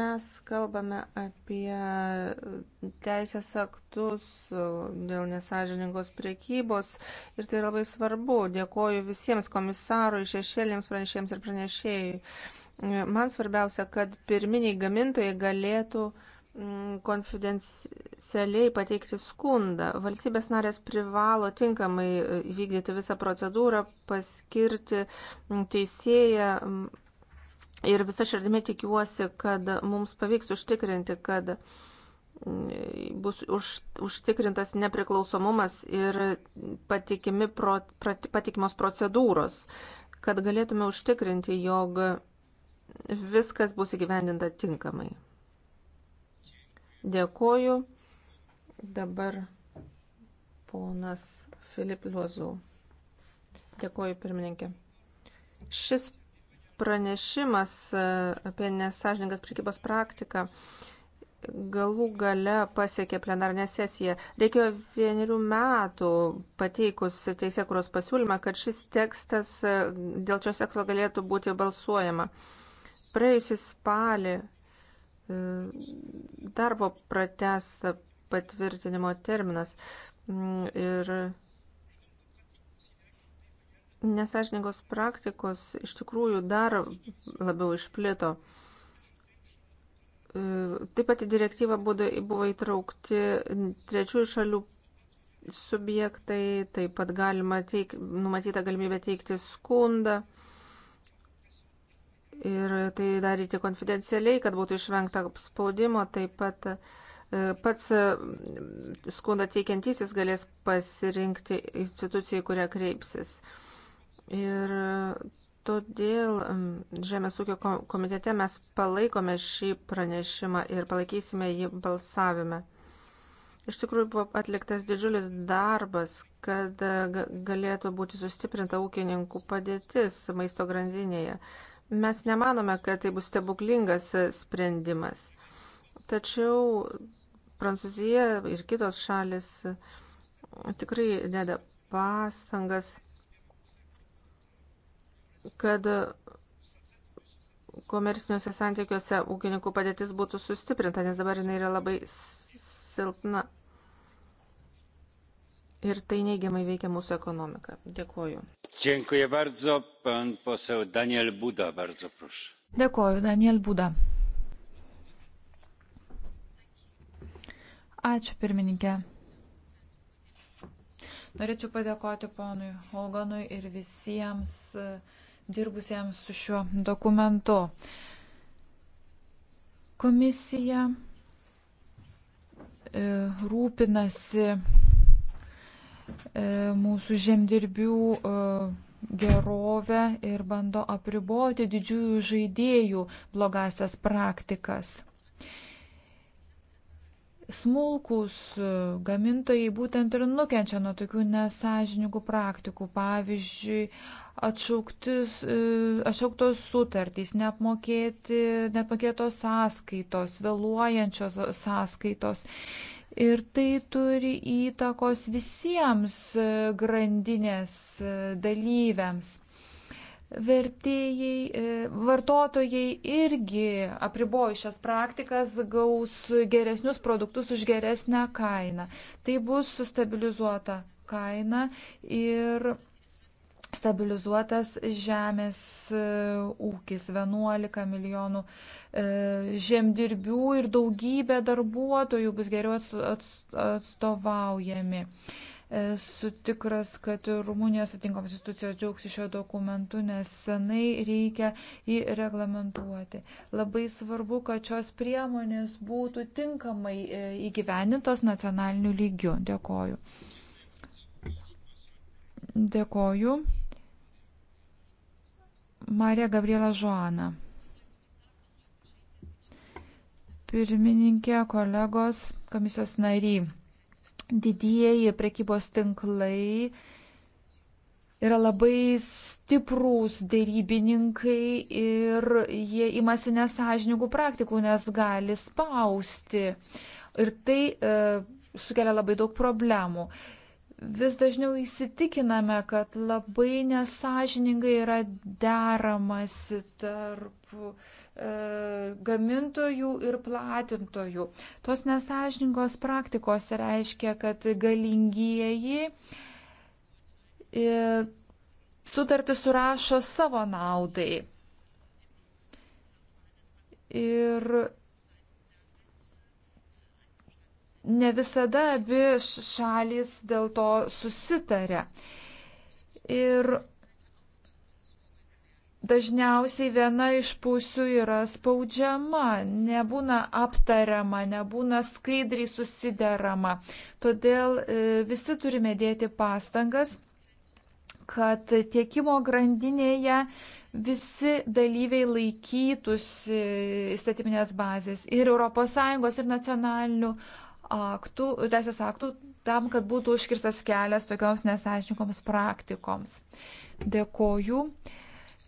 Mes kalbame apie teisės aktus dėl nesažiningos priekybos ir tai labai svarbu. Dėkoju visiems komisarui, šešėlėms pranešėjams ir pranešėjai. Man svarbiausia, kad pirminiai gamintojai galėtų uh, Mm, konfidencialiai pateikti skundą. Valstybės narės privalo tinkamai e, vykdyti visą procedūrą, paskirti mm, teisėją. Mm, ir visą širdimi tikiuosi, kad mums pavyks užtikrinti, kad bus už, užtikrintas nepriklausomumas ir patikimi pro, patikimos procedūros, kad galėtume užtikrinti, jog viskas bus įgyvendinta tinkamai. Dėkoju. Dabar ponas Filip Luozų. Dėkoju, pirmininkė. Šis pranešimas e, apie nesažininkas prekybos praktiką galų gale pasiekė plenarinę sesiją. Reikėjo vienerių metų pateikus teisėkuros pasiūlymą, kad šis tekstas e, dėl šios teksto galėtų būti balsuojama. Praėjusį spalį darbo pratesta patvirtinimo terminas mm, ir nesažiningos praktikos iš tikrųjų dar labiau išplito. E, taip pat į direktyvą buvo įtraukti trečiųjų šalių subjektai, taip pat galima teik, numatyta galimybė teikti skundą ir tai daryti konfidencialiai, kad būtų išvengta spaudimo, taip pat e, pats skundą teikiantysis galės pasirinkti institucijai, kurią kreipsis. Ir todėl Žemės ūkio komitete mes palaikome šį pranešimą ir palaikysime jį balsavime. Iš tikrųjų buvo atliktas didžiulis darbas, kad e, galėtų būti sustiprinta ūkininkų padėtis maisto grandinėje. Mes nemanome, kad tai bus stebuklingas sprendimas. Tačiau Prancūzija ir kitos šalis tikrai deda pastangas, kad komerciniuose santykiuose ūkininkų padėtis būtų sustiprinta, nes dabar jinai yra labai silpna ir tai neigiamai veikia mūsų ekonomiką. Dėkuoju. Dziękuję bardzo. Pan poseł Daniel Buda, bardzo proszę. Dėkuoju, Daniel Buda. Ačiū, pirmininkė. Norėčiau padėkoti ponui Hoganui ir visiems e, dirbusiems su šiuo dokumentu. Komisija e, rūpinasi E, mūsų žemdirbių e, gerovę ir bando apriboti didžiųjų žaidėjų blogasias praktikas. Smulkus e, gamintojai būtent ir nukenčia nuo tokių nesažininkų praktikų, pavyzdžiui, atšauktis, atšauktos sutartys, neapmokėti, neapmokėtos sąskaitos, vėluojančios sąskaitos. Ir tai turi įtakos visiems e, grandinės e, dalyviams. Vertėjai, e, vartotojai irgi apriboju šias praktikas, gaus geresnius produktus už geresnę kainą. Tai bus sustabilizuota kaina ir stabilizuotas žemės e, ūkis, 11 milijonų e, žemdirbių ir daugybė darbuotojų bus geriau atstovaujami. E, esu tikras, kad Rumunijos atinkamos institucijos džiaugsi šio dokumentu, nes senai reikia jį reglamentuoti. Labai svarbu, kad šios priemonės būtų tinkamai įgyvenintos nacionaliniu lygiu. Dėkoju. Dėkoju. Marija Gabriela Žoana. Pirmininkė, kolegos, komisijos nariai. Didieji prekybos tinklai yra labai stiprūs dėrybininkai ir jie imasi nesažininkų praktikų, nes gali spausti. Ir tai e, sukelia labai daug problemų. E, vis dažniau įsitikiname, kad labai nesažiningai yra deramasi tarp e, gamintojų ir platintojų. Tos nesažiningos praktikos reiškia, kad galingieji e, sutartį surašo savo naudai. Ir ne visada abi šalis dėl to susitarė. Ir dažniausiai viena iš pusių yra spaudžiama, nebūna aptariama, nebūna skaidriai susiderama. Todėl e, visi turime dėti pastangas, kad tiekimo grandinėje visi dalyviai laikytųsi įstatyminės bazės ir ES, ir nacionalinių aktų, teisės aktų tam, kad būtų užkirstas kelias tokioms nesąžininkoms praktikoms. Dėkoju.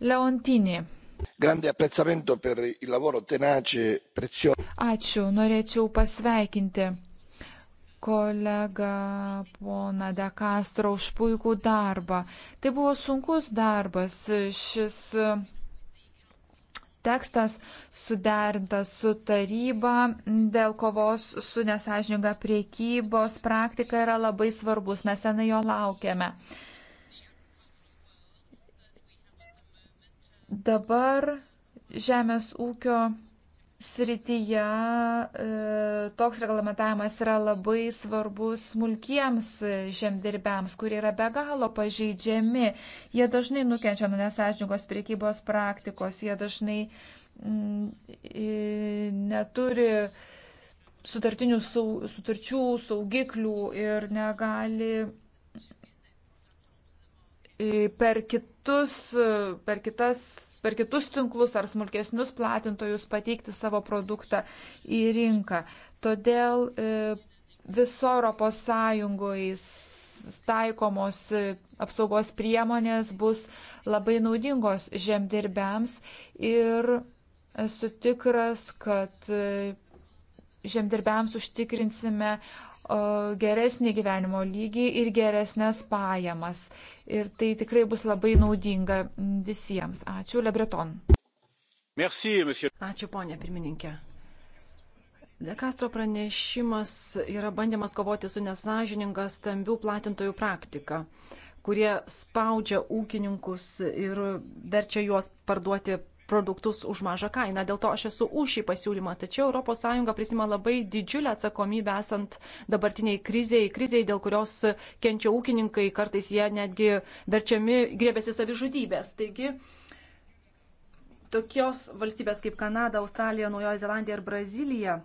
Leontinį. Ačiū, norėčiau pasveikinti kolegą poną De Castro už puikų darbą. Tai buvo sunkus darbas. Šis tekstas suderintas su taryba dėl kovos su nesažininga priekybos praktika yra labai svarbus. Mes senai jo laukiame. Dabar žemės ūkio srityje e, toks reglamentavimas yra labai svarbus smulkiems žemdirbiams, kurie yra be galo pažeidžiami. Jie dažnai nukenčia nuo nesąžininkos priekybos praktikos, jie dažnai m, mm, e, neturi sutartinių sau, sutarčių, saugiklių ir negali per kitus, per kitas per kitus tinklus ar smulkesnius platintojus pateikti savo produktą į rinką. Todėl e, viso Europos Sąjungoje taikomos e, apsaugos priemonės bus labai naudingos žemdirbiams ir esu tikras, kad e, žemdirbiams užtikrinsime geresnį gyvenimo lygį ir geresnės pajamas. Ir tai tikrai bus labai naudinga visiems. Ačiū, Lebreton. Merci, monsieur. Ačiū, ponė pirmininkė. De Castro pranešimas yra bandymas kovoti su nesažininga stambių platintojų praktika, kurie spaudžia ūkininkus ir verčia juos parduoti produktus už mažą kainą. Dėl to aš esu už šį pasiūlymą. Tačiau ES prisima labai didžiulę atsakomybę esant dabartiniai kriziai, kriziai, dėl kurios kenčia ūkininkai, kartais jie netgi verčiami grėbėsi savižudybės. Taigi, tokios valstybės kaip Kanada, Australija, Naujoji Zelandija ir Brazilija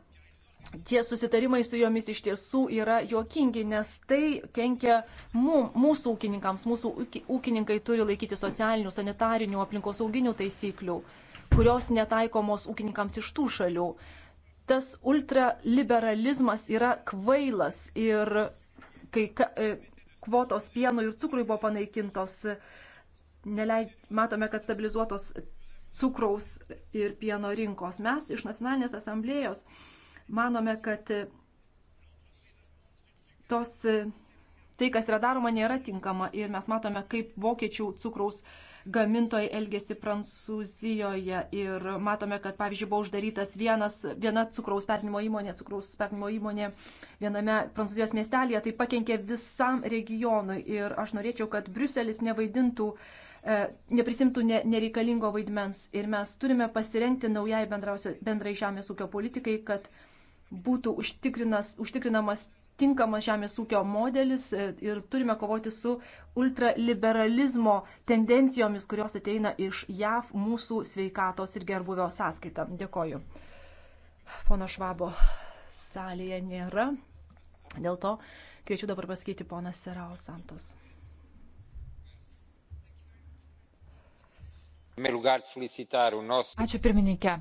tie susitarimai su jomis iš tiesų yra juokingi, nes tai kenkia mum, mūsų ūkininkams. Mūsų ūkininkai turi laikyti socialinių, sanitarinių, aplinkosauginių taisyklių, kurios netaikomos ūkininkams iš tų šalių. Tas ultraliberalizmas yra kvailas ir kai e, kvotos pienui ir cukrui buvo panaikintos, neleid, matome, kad stabilizuotos cukraus ir pieno rinkos. Mes iš nacionalinės asamblėjos Manome, kad tos, tai, kas yra daroma, nėra tinkama ir mes matome, kaip vokiečių cukraus gamintojai elgėsi Prancūzijoje ir matome, kad pavyzdžiui buvo uždarytas vienas, viena cukraus pernimo įmonė, cukraus pernimo įmonė viename Prancūzijos miestelėje, tai pakenkė visam regionui ir aš norėčiau, kad Bruselis nevaidintų, e, neprisimtų ne, nereikalingo vaidmens ir mes turime pasirengti naujai bendrai žemės ūkio politikai, kad būtų užtikrinamas tinkamas žemės ūkio modelis e, ir turime kovoti su ultraliberalizmo tendencijomis, kurios ateina iš JAV mūsų sveikatos ir gerbuvio sąskaita. Dėkoju. Pono Švabo salėje nėra. Dėl to kviečiu dabar pasakyti ponas Serao Santos. Ačiū pirmininkė.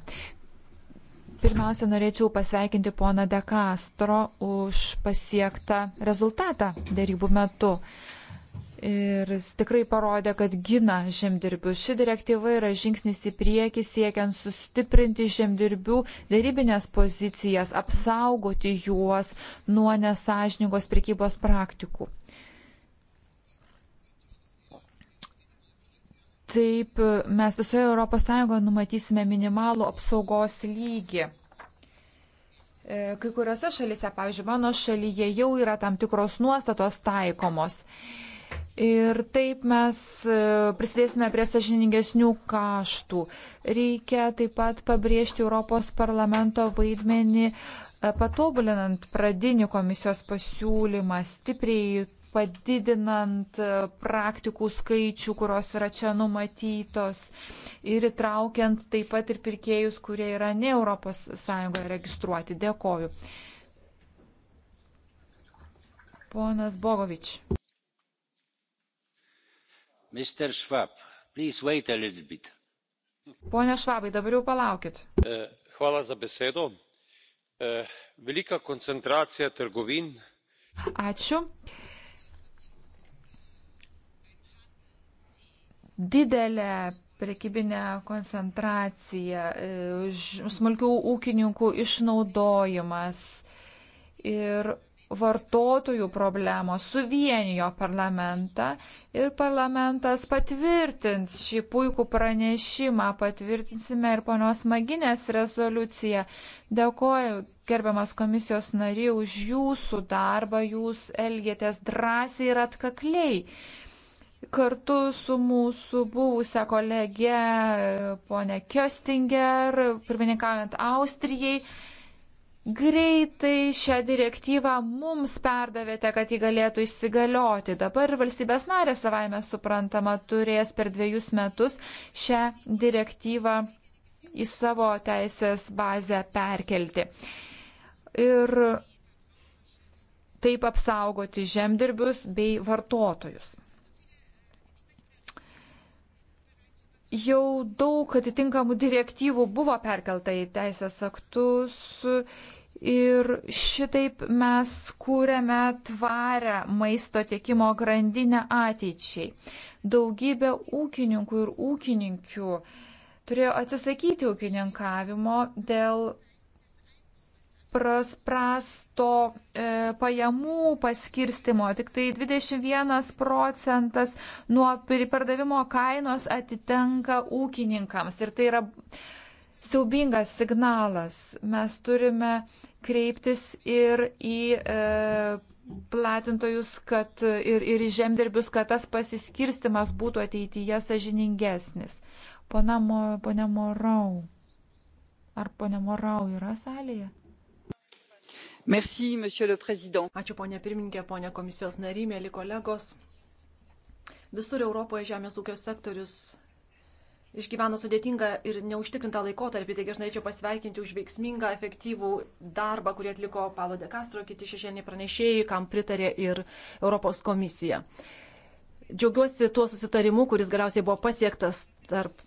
Pirmiausia, norėčiau pasveikinti poną De Castro už pasiektą rezultatą dėrybų metu. Ir jis tikrai parodė, kad gina žemdirbius. Ši direktyva yra žingsnis į priekį siekiant sustiprinti žemdirbių dėrybinės pozicijas, apsaugoti juos nuo nesažiningos prekybos praktikų. Taip mes visoje ES numatysime minimalų apsaugos lygį. E, kai kuriuose šalyse, pavyzdžiui, mano šalyje jau yra tam tikros nuostatos taikomos. Ir taip mes e, prisidėsime prie sažiningesnių kaštų. Reikia taip pat pabrėžti Europos parlamento vaidmenį, e, patobulinant pradinį komisijos pasiūlymą, stipriai padidinant e, praktikų skaičių, kurios yra čia numatytos ir įtraukiant taip pat ir pirkėjus, kurie yra ne ES registruoti. Dėkoju. Ponas Bogovič. Mr. Schwab, please wait a little bit. Pone Švabai, dabar jau palaukit. E, hvala za besedo. E, velika koncentracija trgovin. Ačiū. didelę prekybinę koncentraciją, e, smulkių ūkininkų išnaudojimas ir vartotojų problemos suvienijo parlamentą ir parlamentas patvirtins šį puikų pranešimą, patvirtinsime ir ponios Maginės rezoliuciją. Dėkoju, gerbiamas komisijos nariai, už jūsų darbą, jūs elgėtės drąsiai ir atkakliai kartu su mūsų buvusią kolegę ponę Kjostinger, pirmininkaujant Austrijai, greitai šią direktyvą mums perdavėte, kad ji galėtų įsigalioti. Dabar valstybės narė savaime suprantama turės per dviejus metus šią direktyvą į savo teisės bazę perkelti. Ir taip apsaugoti žemdirbius bei vartotojus. Jau daug atitinkamų direktyvų buvo perkelta į teisės aktus ir šitaip mes kūrėme tvarę maisto tiekimo grandinę ateičiai. Daugybė ūkininkų ir ūkininkių turėjo atsisakyti ūkininkavimo dėl prasto e, pajamų paskirstimo. Tik tai 21 procentas nuo pardavimo kainos atitenka ūkininkams. Ir tai yra siaubingas signalas. Mes turime kreiptis ir į e, platintojus kad, ir, ir į žemdirbius, kad tas pasiskirstimas būtų ateityje sažiningesnis. Pone Morau. Ar pone Morau yra salėje? Merci, monsieur le président. Ačiū, ponė pirmininkė, ponė komisijos nary, mėly kolegos. Visur Europoje žemės ūkio sektorius išgyveno sudėtingą ir neužtikrintą laikotarpį, taigi aš norėčiau pasveikinti už veiksmingą, efektyvų darbą, kurį atliko Palo de Castro, kiti šešėliniai pranešėjai, kam pritarė ir Europos komisija. Džiaugiuosi tuo susitarimu, kuris galiausiai buvo pasiektas tarp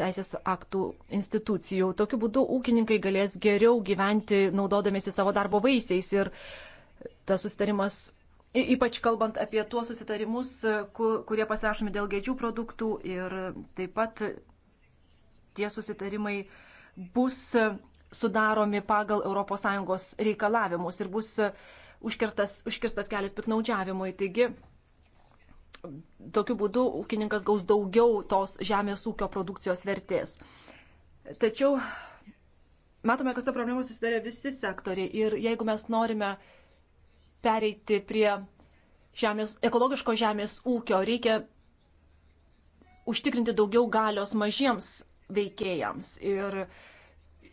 teisės aktų institucijų. Tokiu būdu ūkininkai galės geriau gyventi naudodamėsi savo darbo vaisiais ir tas susitarimas, ypač kalbant apie tuos susitarimus, kurie pasirašomi dėl gedžių produktų ir taip pat tie susitarimai bus sudaromi pagal ES reikalavimus ir bus užkirtas, užkirstas kelias piknaudžiavimui. Taigi, tokiu būdu ūkininkas gaus daugiau tos žemės ūkio produkcijos vertės. Tačiau matome, kad ta problema susidarė visi sektoriai ir jeigu mes norime pereiti prie žemės, ekologiško žemės ūkio, reikia užtikrinti daugiau galios mažiems veikėjams. Ir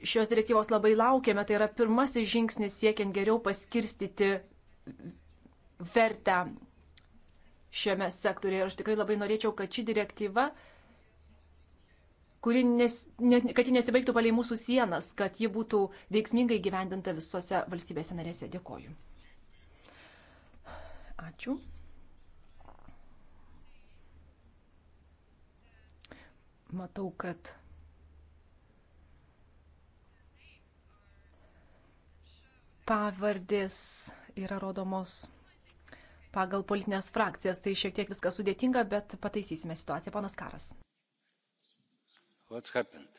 šios direktyvos labai laukiame, tai yra pirmasis žingsnis siekiant geriau paskirstyti vertę šiame sektorėje. Aš tikrai labai norėčiau, kad ši direktyva, kuri nes, ne, kad ji nesibaigtų palei mūsų sienas, kad ji būtų veiksmingai gyvendinta visose valstybėse narėse. Dėkoju. Ačiū. Matau, kad pavardės yra rodomos pagal politinės frakcijas. Tai šiek tiek viskas sudėtinga, bet pataisysime situaciją. Ponas Karas. What's happened?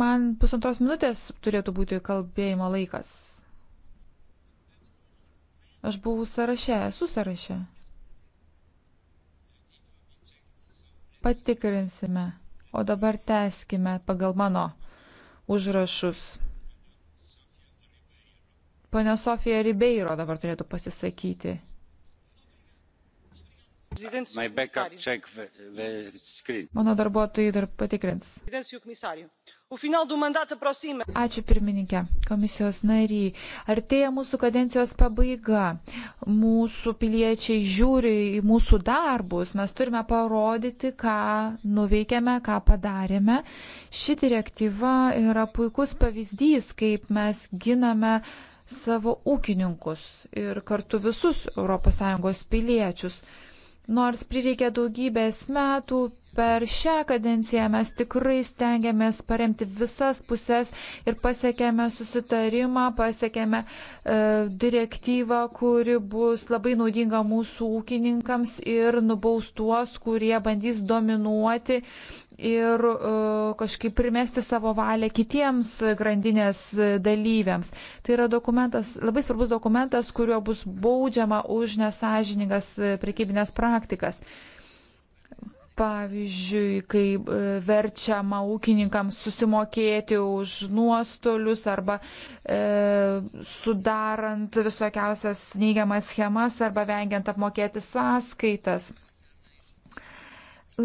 Man pusantros minutės turėtų būti kalbėjimo laikas. Aš buvau sąraše, esu sąraše. Patikrinsime, o dabar teskime pagal mano užrašus. Pone Sofija Ribeiro dabar turėtų pasisakyti. Mano darbuotojai dar patikrins. Ačiū pirmininkė, komisijos nariai. Artėja mūsų kadencijos pabaiga. Mūsų piliečiai žiūri į mūsų darbus. Mes turime parodyti, ką nuveikėme, ką padarėme. Ši direktyva yra puikus pavyzdys, kaip mes giname savo ūkininkus ir kartu visus ES piliečius. Nors prireikė daugybės metų, per šią kadenciją mes tikrai stengiamės paremti visas pusės ir pasiekėme susitarimą, pasiekėme e, direktyvą, kuri bus labai naudinga mūsų ūkininkams ir nubaus tuos, kurie bandys dominuoti ir e, kažkaip primesti savo valią kitiems grandinės dalyviams. Tai yra dokumentas, labai svarbus dokumentas, kuriuo bus baudžiama už nesažiningas prekybinės praktikas pavyzdžiui, kai e, verčiama ūkininkams susimokėti už nuostolius arba e, sudarant visokiausias neigiamas schemas arba vengiant apmokėti sąskaitas.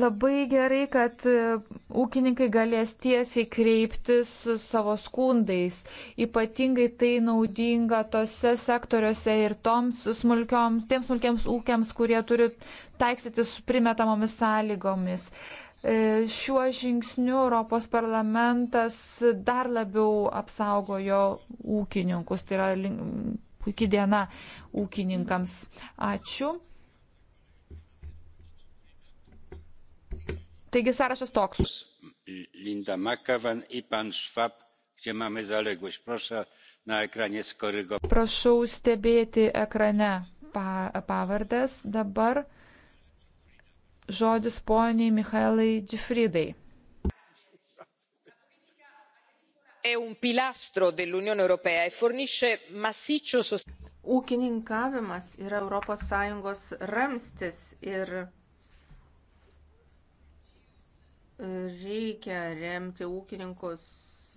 Labai gerai, kad e, ūkininkai galės tiesiai kreiptis savo skundais. Ypatingai tai naudinga tose sektoriuose ir toms smulkioms, tiems smulkiams ūkiams, kurie turi taiksyti su primetamomis sąlygomis. E, šiuo žingsniu Europos parlamentas dar labiau apsaugojo ūkininkus. Tai yra puikia diena ūkininkams. Ačiū. Taigi sąrašas toks. Linda Makavan, Ipan Švab, gdzie mamy zaległość. Proszę na ekranie skorygować. Prašau stebėti ekrane pa pavardės. Dabar žodis poniai Michaelai Džifridai. È un pilastro dell'Unione Europea e fornisce massiccio sostegno. Ūkininkavimas yra ES ramstis ir Reikia remti ūkininkus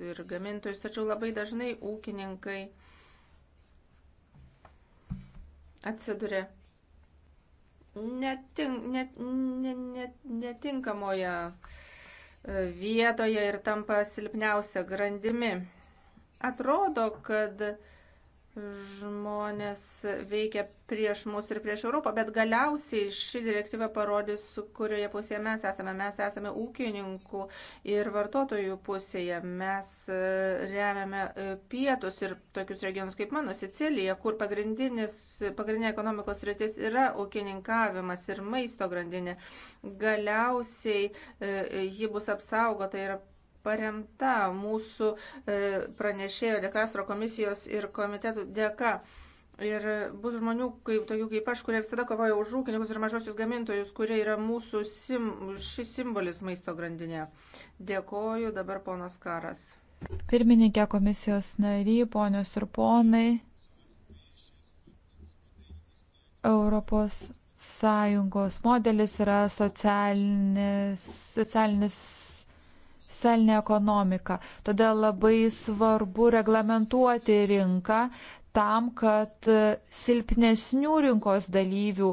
ir gamintojus, tačiau labai dažnai ūkininkai atsiduria netink, net, net, net, netinkamoje e, vietoje ir tampa silpniausia grandimi. Atrodo, kad žmonės veikia prieš mus ir prieš Europą, bet galiausiai ši direktyva parodys, kurioje pusėje mes esame. Mes esame ūkininkų ir vartotojų pusėje. Mes e, remiame e, pietus ir tokius regionus kaip mano Sicilija, kur pagrindinė ekonomikos rytis yra ūkininkavimas ir maisto grandinė. Galiausiai e, ji bus apsaugota ir paremta mūsų e, pranešėjo dekastro komisijos ir komitetų dėka. Ir bus žmonių, kaip, tokių kaip aš, kurie visada kovoja už ūkininkus ir mažosius gamintojus, kurie yra mūsų sim, šis simbolis maisto grandinė. Dėkoju dabar ponas Karas. Pirmininkė komisijos nary, ponios ir ponai, Europos Sąjungos modelis yra socialinis, socialinis socialinę ekonomiką. Todėl labai svarbu reglamentuoti rinką tam, kad silpnesnių rinkos dalyvių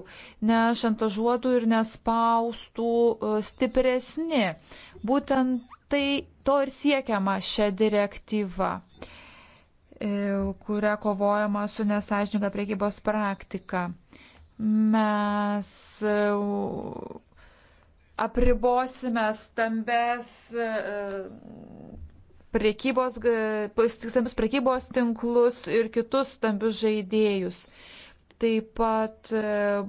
nešantažuotų ir nespaustų e, stipresni. Būtent tai to ir siekiama šią direktyvą e, kuria kovojama su nesažininga priekybos praktika. Mes e, apribosime stambes e, prekybos, e, stambius prekybos tinklus ir kitus stambius žaidėjus. Taip pat e,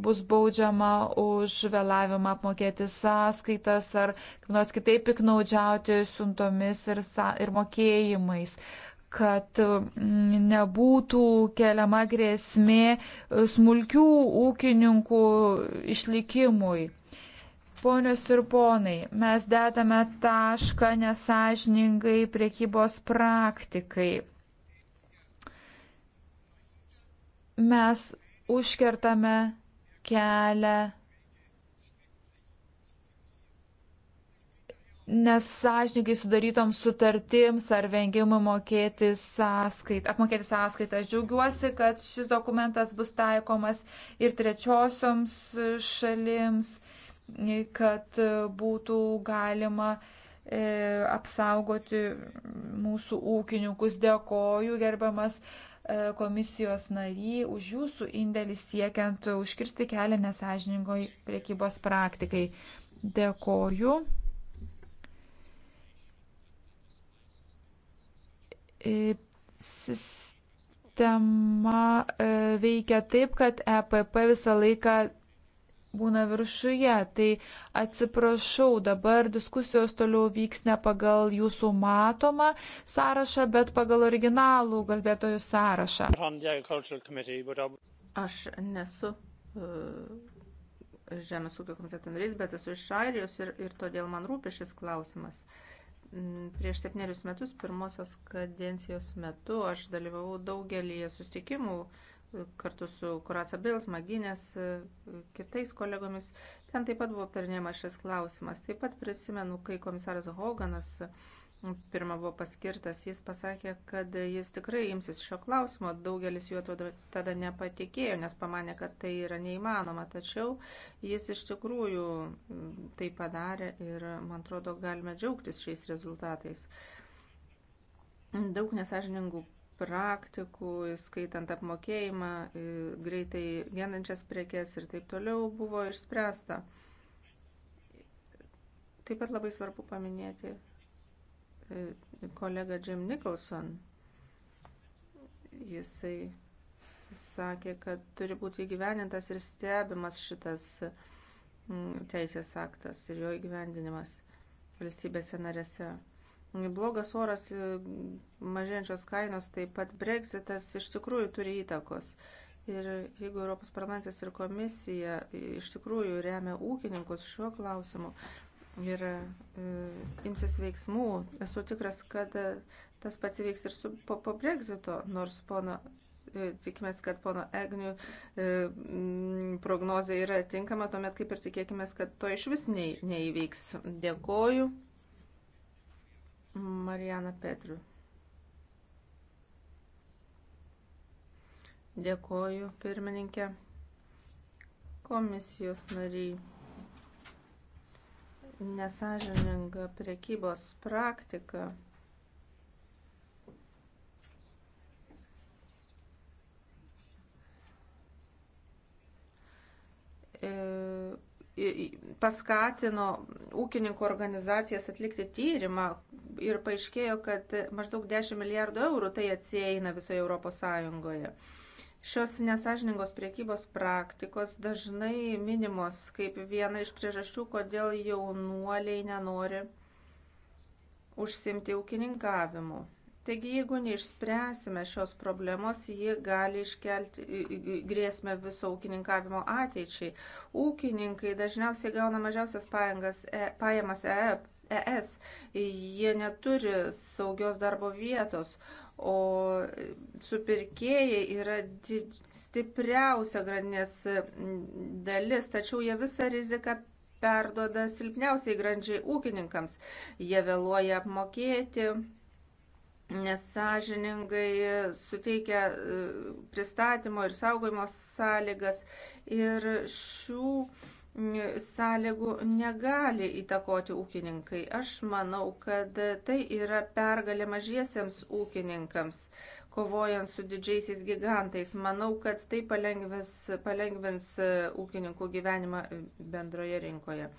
bus baudžiama už vėlavimą apmokėti sąskaitas ar nors kitaip piknaudžiauti siuntomis ir, sa, ir mokėjimais kad mm, nebūtų keliama grėsmė smulkių ūkininkų išlikimui. Ponios ir ponai, mes dedame tašką nesažiningai priekybos praktikai. Mes užkertame kelią nesažininkai sudarytoms sutartims ar vengimui mokėti sąskaitą, apmokėti sąskaitą. Aš džiaugiuosi, kad šis dokumentas bus taikomas ir trečiosioms šalims, kad e, būtų galima e, apsaugoti mūsų ūkininkus. Dėkoju, gerbiamas e, komisijos nary, už jūsų indėlį siekiant užkirsti kelią nesažiningoj priekybos praktikai. Dėkoju. Sistema veikia taip, kad EPP visą laiką būna viršuje. Tai atsiprašau, dabar diskusijos toliau vyks ne pagal jūsų matomą sąrašą, bet pagal originalų kalbėtojų sąrašą. Aš nesu e, Žemės ūkio komiteto narys, bet esu iš Airijos ir, ir todėl man rūpi šis klausimas. Mm, prieš septynerius metus, pirmosios kadencijos metu, aš dalyvavau daugelį susitikimų kartu su Kuraca Bild, Maginės, e, kitais kolegomis. Ten taip pat buvo aptarinėjamas šis klausimas. Taip pat prisimenu, kai komisaras Hoganas e, pirmą buvo paskirtas, jis pasakė, kad jis tikrai imsis šio klausimo. Daugelis juo tada nepatikėjo, nes pamanė, kad tai yra neįmanoma. Tačiau jis iš tikrųjų tai padarė ir, man atrodo, galime džiaugtis šiais rezultatais. Daug nesažiningų praktikų, skaitant apmokėjimą, greitai genančias prekes ir taip toliau buvo išspręsta. Taip pat labai svarbu paminėti e, kolegą Jim Nicholson. Jisai sakė, kad turi būti įgyvenintas ir stebimas šitas teisės aktas ir jo įgyvendinimas valstybėse narėse. Blogas oras, e, mažėjančios kainos, taip pat breksitas iš tikrųjų turi įtakos. Ir jeigu Europos parlamentas ir komisija iš tikrųjų remia ūkininkus šiuo klausimu ir e, imsis veiksmų, esu tikras, kad e, tas pats veiks ir su, po, po breksito, nors pono e, tikimės, kad pono Egnių prognozija yra tinkama, tuomet kaip ir tikėkime, kad to iš vis neįvyks. Dėkoju. Marijana Petriu. Dėkoju pirmininkė komisijos nariai. Nesažininga prekybos praktika e, paskatino ūkininkų organizacijas atlikti tyrimą, ir paaiškėjo, kad maždaug 10 milijardų eurų tai atsieina visoje Europos Sąjungoje. Šios nesažiningos priekybos praktikos dažnai minimos kaip viena iš priežasčių, kodėl jaunuoliai nenori užsimti ūkininkavimu. Taigi, jeigu neišspręsime šios problemos, ji gali iškelti grėsmę viso ūkininkavimo ateičiai. Ūkininkai dažniausiai gauna mažiausias pajangas, e, pajamas EEP ES. Jie neturi saugios darbo vietos, o supirkėjai yra stipriausia grandinės dalis, tačiau jie visą riziką perdoda silpniausiai grandžiai ūkininkams. Jie vėluoja apmokėti, nesažiningai suteikia e, pristatymo ir saugojimo sąlygas. Ir šių sąlygų negali įtakoti ūkininkai. Aš manau, kad tai yra pergalė mažiesiems ūkininkams, kovojant su didžiaisiais gigantais. Manau, kad tai palengvins, palengvins ūkininkų gyvenimą bendroje rinkoje.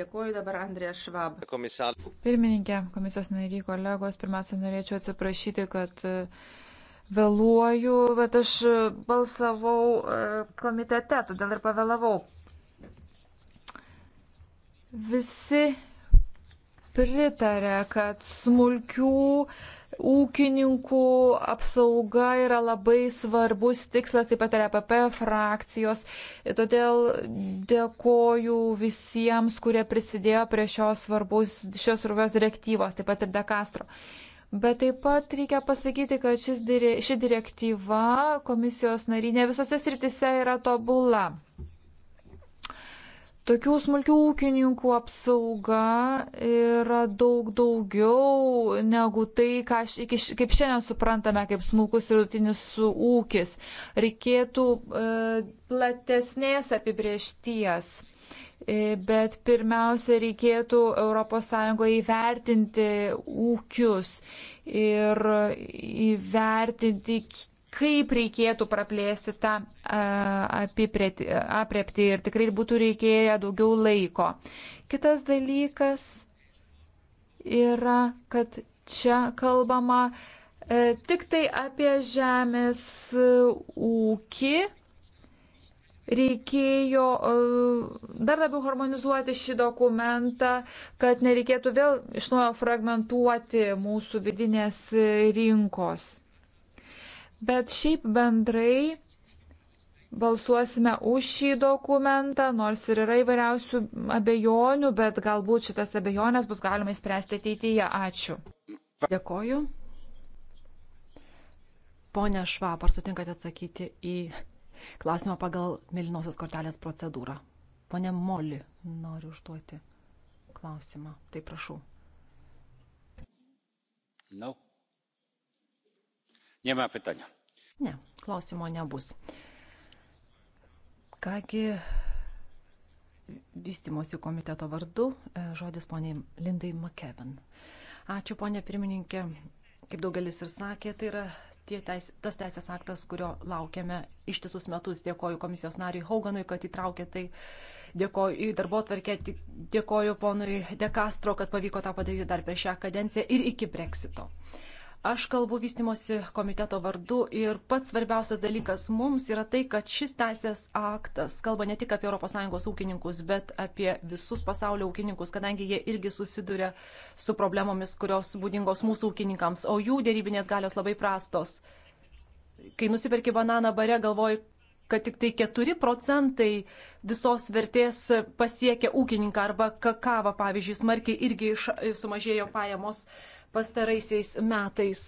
Dėkuoju dabar Andrija Švab. Komisar. Pirmininkė, komisijos nariai, kolegos, pirmiausia, norėčiau atsiprašyti, kad e, vėluoju, bet aš balsavau e, komitete, todėl ir pavėlavau. Visi pritarė, kad smulkių ūkininkų apsauga yra labai svarbus tikslas, taip pat ir APP e frakcijos. Ir todėl dėkoju visiems, kurie prisidėjo prie šios svarbus, šios svarbios direktyvos, taip pat ir Dekastro. Bet taip pat reikia pasakyti, kad šis, ši direktyva komisijos narinė visose sritise yra tobula. Tokių smulkių ūkininkų apsauga yra daug daugiau negu tai, ką iki, kaip šiandien suprantame, kaip smulkus ir rutinis ūkis. Reikėtų e, platesnės apibriešties. E, bet pirmiausia, reikėtų ES įvertinti ūkius ir įvertinti, kaip reikėtų praplėsti tą apriepti ir tikrai būtų reikėję daugiau laiko. Kitas dalykas yra, kad čia kalbama e, tik tai apie žemės e, ūkį. Reikėjo e, dar labiau harmonizuoti šį dokumentą, kad nereikėtų vėl iš nuojo fragmentuoti mūsų vidinės e, rinkos. Bet šiaip bendrai balsuosime už šį dokumentą, nors ir yra įvairiausių abejonių, bet galbūt šitas abejonės bus galima įspręsti ateityje. Ačiū. Dėkoju. Pone Švab, ar sutinkate atsakyti į klausimą pagal Melinosios kortelės procedūrą? Pone Moli, noriu užduoti klausimą. Tai prašau. No. Nie ma pytania. Ne, klausimo nebus. Kągi, vystimosi komiteto vardu, e, žodis poniai Lindai McKevin. Ačiū, ponė pirmininkė. Kaip daugelis ir sakė, tai yra teis, tas teisės aktas, kurio laukiame ištisus metus. Dėkoju komisijos nariui Hauganui, kad įtraukė tai. Dėkoju į darbo atvarkę, dėkoju ponui De Castro, kad pavyko tą padaryti dar per šią kadenciją ir iki breksito. Uh, Aš kalbu vystimosi komiteto vardu ir pats svarbiausias dalykas mums yra tai, kad šis teisės aktas kalba ne tik apie ES ūkininkus, bet apie visus pasaulio ūkininkus, kadangi jie irgi susiduria su problemomis, kurios būdingos mūsų ūkininkams, o jų dėrybinės galios labai prastos. Kai nusiperki bananą bare, galvoji, kad tik tai 4 procentai visos vertės pasiekia ūkininką arba kakavą, pavyzdžiui, smarkiai irgi iš, sumažėjo pajamos pastaraisiais metais.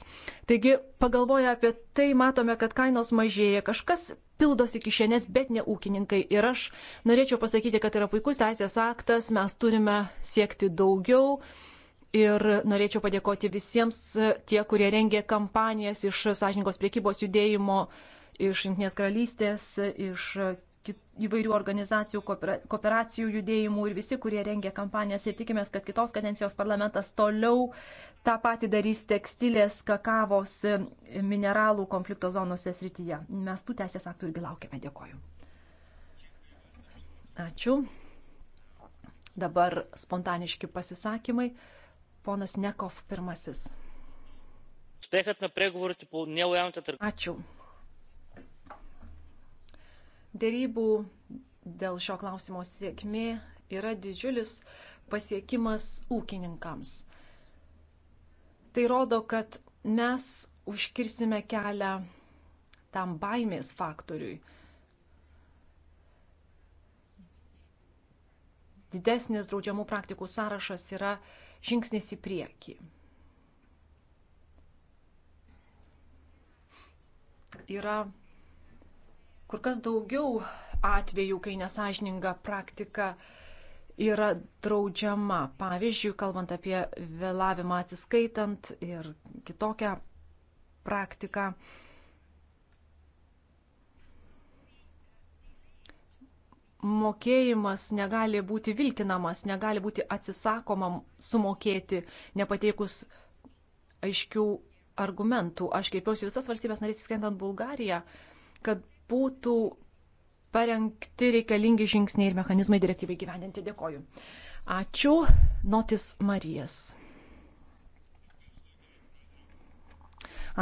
Taigi, pagalvoję apie tai, matome, kad kainos mažėja, kažkas pildosi kišenės, bet ne ūkininkai. Ir aš norėčiau pasakyti, kad yra puikus teisės aktas, mes turime siekti daugiau. Ir norėčiau padėkoti visiems tie, kurie rengė kampanijas iš sąžininkos priekybos judėjimo uh, iš Junktinės karalystės, iš įvairių organizacijų, kooperacijų judėjimų ir visi, kurie rengia kampanijas ir tikimės, kad kitos kadencijos parlamentas toliau tą patį darys tekstilės, kakavos, mineralų konflikto zonose srityje. Mes tų teisės aktų irgi laukiame. Dėkoju. Ačiū. Dabar spontaniški pasisakymai. Ponas Nekov pirmasis. Ačiū. Dėrybų dėl šio klausimo sėkmė yra didžiulis pasiekimas ūkininkams. Tai rodo, kad mes užkirsime kelią tam baimės faktoriui. Didesnis draudžiamų praktikų sąrašas yra žingsnis į priekį. Yra kur kas daugiau atvejų, kai nesažininga praktika yra draudžiama. Pavyzdžiui, kalbant apie vėlavimą atsiskaitant ir kitokią praktiką. Mokėjimas negali būti vilkinamas, negali būti atsisakoma sumokėti, nepateikus aiškių argumentų. Aš kreipiausi visas valstybės narys, skaitant Bulgariją, kad būtų parengti reikalingi žingsniai ir mechanizmai direktyvai gyvendinti. Dėkoju. Ačiū. Notis Marijas.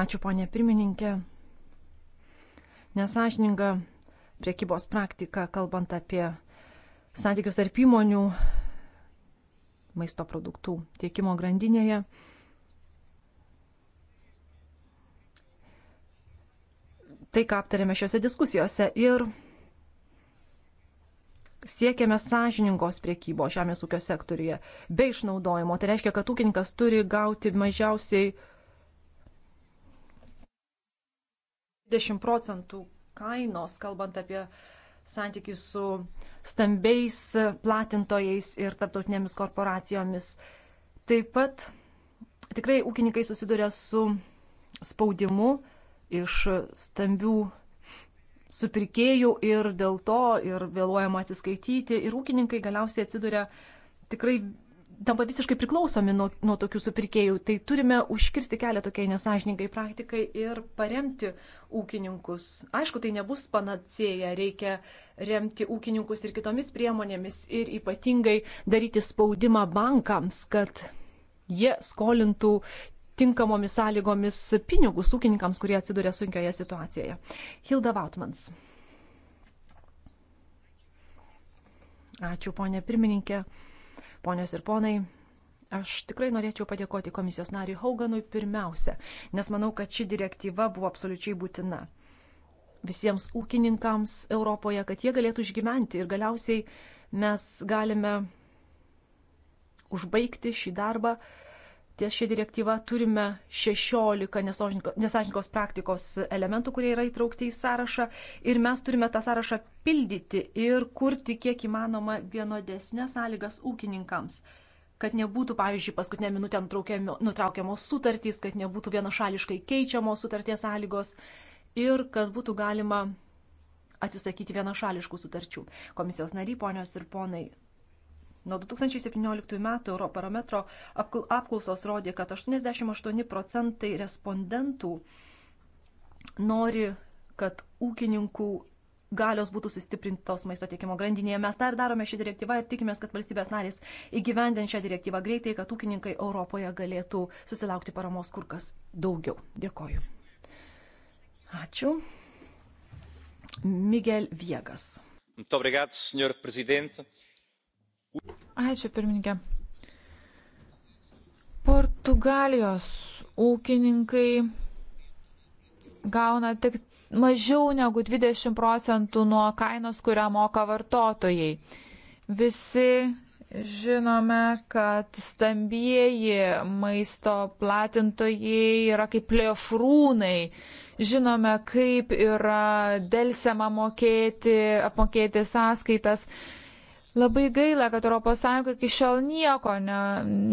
Ačiū, ponė pirmininkė. Nesažininga priekybos praktika, kalbant apie santykius tarp įmonių maisto produktų tiekimo grandinėje tai, ką aptarėme šiuose diskusijose ir siekiame sąžiningos priekybos žemės ūkio sektoriuje be išnaudojimo. Tai reiškia, kad ūkininkas turi gauti mažiausiai 20 procentų kainos, kalbant apie santykių su stambiais platintojais ir tarptautinėmis korporacijomis. Taip pat tikrai ūkininkai susiduria su spaudimu iš stambių supirkėjų ir dėl to ir vėluojama atsiskaityti ir ūkininkai galiausiai atsiduria tikrai tampa visiškai priklausomi nuo, nuo tokių supirkėjų. Tai turime užkirsti kelią tokiai nesažininkai praktikai ir paremti ūkininkus. Aišku, tai nebus panacėja, reikia remti ūkininkus ir kitomis priemonėmis ir ypatingai daryti spaudimą bankams, kad jie skolintų tinkamomis sąlygomis pinigus ūkininkams, kurie atsiduria sunkioje situacijoje. Hilda Vautmans. Ačiū, ponė pirmininkė, ponios ir ponai. Aš tikrai norėčiau padėkoti komisijos nariui Hauganui pirmiausia, nes manau, kad ši direktyva buvo absoliučiai būtina visiems ūkininkams Europoje, kad jie galėtų išgyventi ir galiausiai mes galime užbaigti šį darbą ties šią direktyvą turime 16 nesažininkos praktikos elementų, kurie yra įtraukti į sąrašą ir mes turime tą sąrašą pildyti ir kurti kiek įmanoma vienodesnės sąlygas ūkininkams kad nebūtų, pavyzdžiui, paskutinę minutę nutraukiamos sutartys, kad nebūtų vienašališkai keičiamos sutarties sąlygos ir kad būtų galima atsisakyti vienašališkų sutarčių. Komisijos nariai, ponios ir ponai, Nuo 2017 metų Europarometro apklausos rodė, kad 88 procentai respondentų nori, kad ūkininkų galios būtų sustiprintos maisto tiekimo grandinėje. Mes tą ir darome šią direktyvą ir tikimės, kad valstybės narės įgyvendint šią direktyvą greitai, kad ūkininkai Europoje galėtų susilaukti paramos kur kas daugiau. Dėkoju. Ačiū. Miguel Viegas. Muito obrigado, senhor presidente. Ačiū pirmininkė. Portugalijos ūkininkai gauna tik mažiau negu 20 procentų nuo kainos, kurią moka vartotojai. Visi žinome, kad stambieji maisto platintojai yra kaip plėšrūnai. Žinome, kaip yra dėlsiama mokėti, apmokėti sąskaitas. Labai gaila, kad ES iki šiol nieko, ne,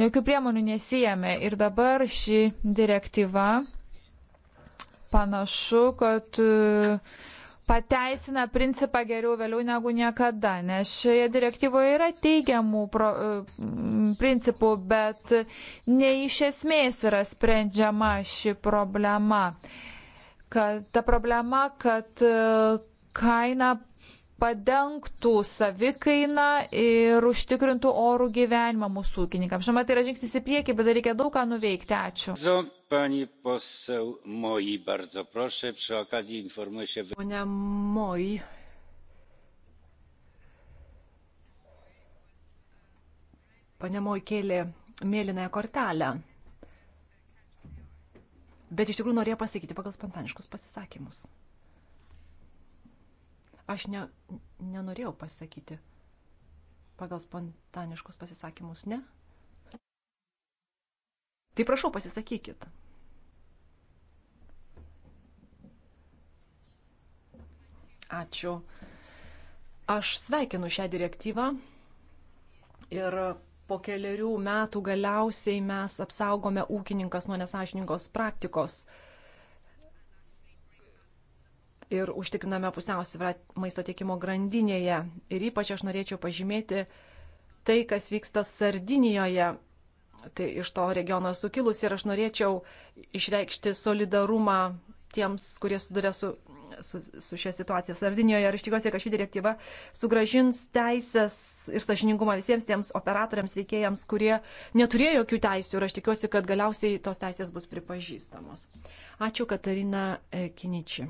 jokių priemonių nesijėmė ir dabar ši direktyva panašu, kad e, pateisina principą geriau vėliau negu niekada, nes šioje direktyvoje yra teigiamų pro, e, principų, bet ne iš esmės yra sprendžiama ši problema. Kad, ta problema, kad e, kaina padengtų savikainą ir užtikrintų orų gyvenimą mūsų ūkininkams. Žinoma, tai yra žingsnis į priekį, bet dar reikia daug ką nuveikti. Ačiū. Pani poseł Moi, bardzo proszę, przy okazji informuję się... Ponia Moi. Ponia Moi kėlė mėlynąją kortelę. Bet iš tikrųjų norėjo pasakyti pagal spontaniškus pasisakymus. Aš ne, nenorėjau pasakyti pagal spontaniškus pasisakymus, ne? Tai prašau, pasisakykit. Ačiū. Aš sveikinu šią direktyvą ir po keliarių metų galiausiai mes apsaugome ūkininkas nuo nesažiningos praktikos. Uh, ir užtikriname pusiausvyrą maisto tiekimo grandinėje. Ir ypač aš norėčiau pažymėti tai, kas vyksta Sardinijoje. Tai iš to regiono esu kilusi ir aš norėčiau išreikšti solidarumą tiems, kurie suduria su, su, su šia situacija Sardinijoje. Ir aš tikiuosi, kad ši direktyva sugražins teisės ir sažiningumą visiems tiems operatoriams, veikėjams, kurie neturėjo jokių teisių. Ir aš tikiuosi, kad galiausiai tos teisės bus pripažįstamos. Ačiū, Katarina e, Kiničiai.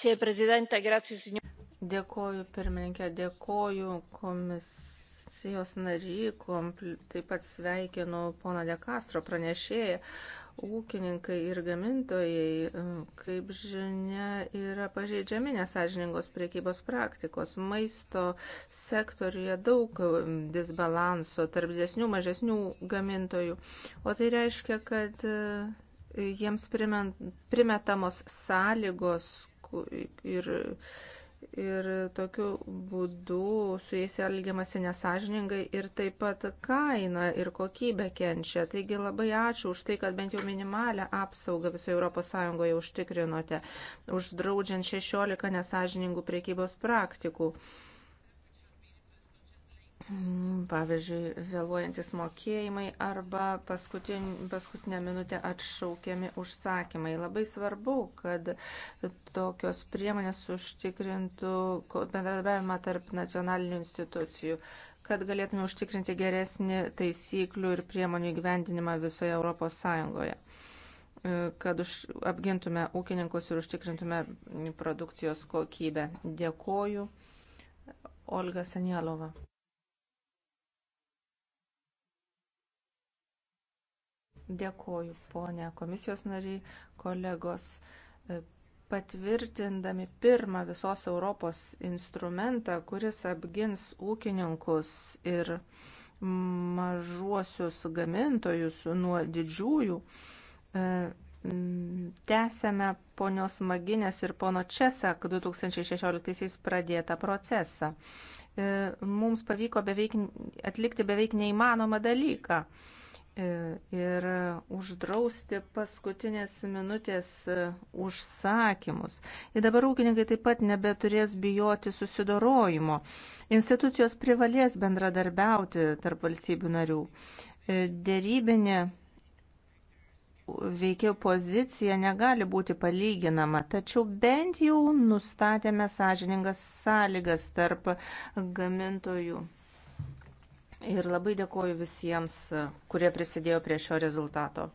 Grazie, prezidente, grazie, signor. Dėkoju, pirmininkė, dėkoju komisijos nary, kompl... taip pat sveikinu poną Dekastro pranešėją ūkininkai ir gamintojai, e, kaip žinia, yra pažeidžiami nesažiningos priekybos praktikos. Maisto sektoriuje daug e, disbalanso tarp didesnių, mažesnių gamintojų. O tai reiškia, kad e, jiems primetamos sąlygos, ir, ir tokiu būdu su jais elgiamasi nesažiningai ir taip pat kaina ir kokybė kenčia. Taigi labai ačiū už tai, kad bent jau minimalę apsaugą visoje ES užtikrinote, uždraudžiant 16 nesažiningų priekybos praktikų. Mm, pavyzdžiui, vėluojantis mokėjimai arba paskutin, paskutinę minutę atšaukiami užsakymai. Labai svarbu, kad tokios priemonės užtikrintų bendradarbiavimą tarp nacionalinių institucijų kad galėtume užtikrinti geresnį taisyklių ir priemonių įgyvendinimą visoje Europos Sąjungoje, e, kad už, apgintume ūkininkus ir užtikrintume produkcijos kokybę. Dėkoju. Olga Senialova. Dėkoju, ponė komisijos nariai, kolegos. E, patvirtindami pirmą visos Europos instrumentą, kuris apgins ūkininkus ir mažuosius gamintojus nuo didžiųjų, e, tęsėme ponios Maginės ir pono Česak 2016 pradėtą procesą. E, mums pavyko beveik, atlikti beveik neįmanomą dalyką ir uždrausti paskutinės minutės e, užsakymus. Ir dabar ūkininkai taip pat nebeturės bijoti susidorojimo. Institucijos privalės bendradarbiauti tarp valstybių narių. E, dėrybinė veikėjo pozicija negali būti palyginama, tačiau bent jau nustatėme sąžiningas sąlygas tarp gamintojų Ir labai dėkoju visiems, kurie prisidėjo prie šio rezultato.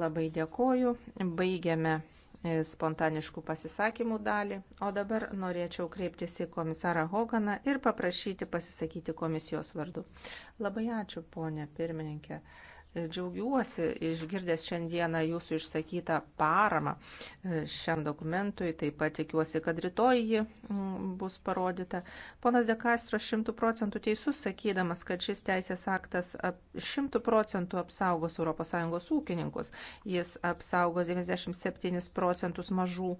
Labai dėkoju. Baigiame e, spontaniškų pasisakymų dalį, o dabar norėčiau kreiptis į komisarą Hoganą ir paprašyti pasisakyti komisijos vardu. Labai ačiū, ponė pirmininkė. Džiaugiuosi išgirdęs šiandieną jūsų išsakytą paramą e, šiam dokumentui, taip pat tikiuosi, kad rytoj ji bus parodyta. Ponas Dekastro šimtų procentų teisus sakydamas, kad šis teisės aktas šimtų procentų apsaugos ES ūkininkus. Jis apsaugos 97 procentus mažų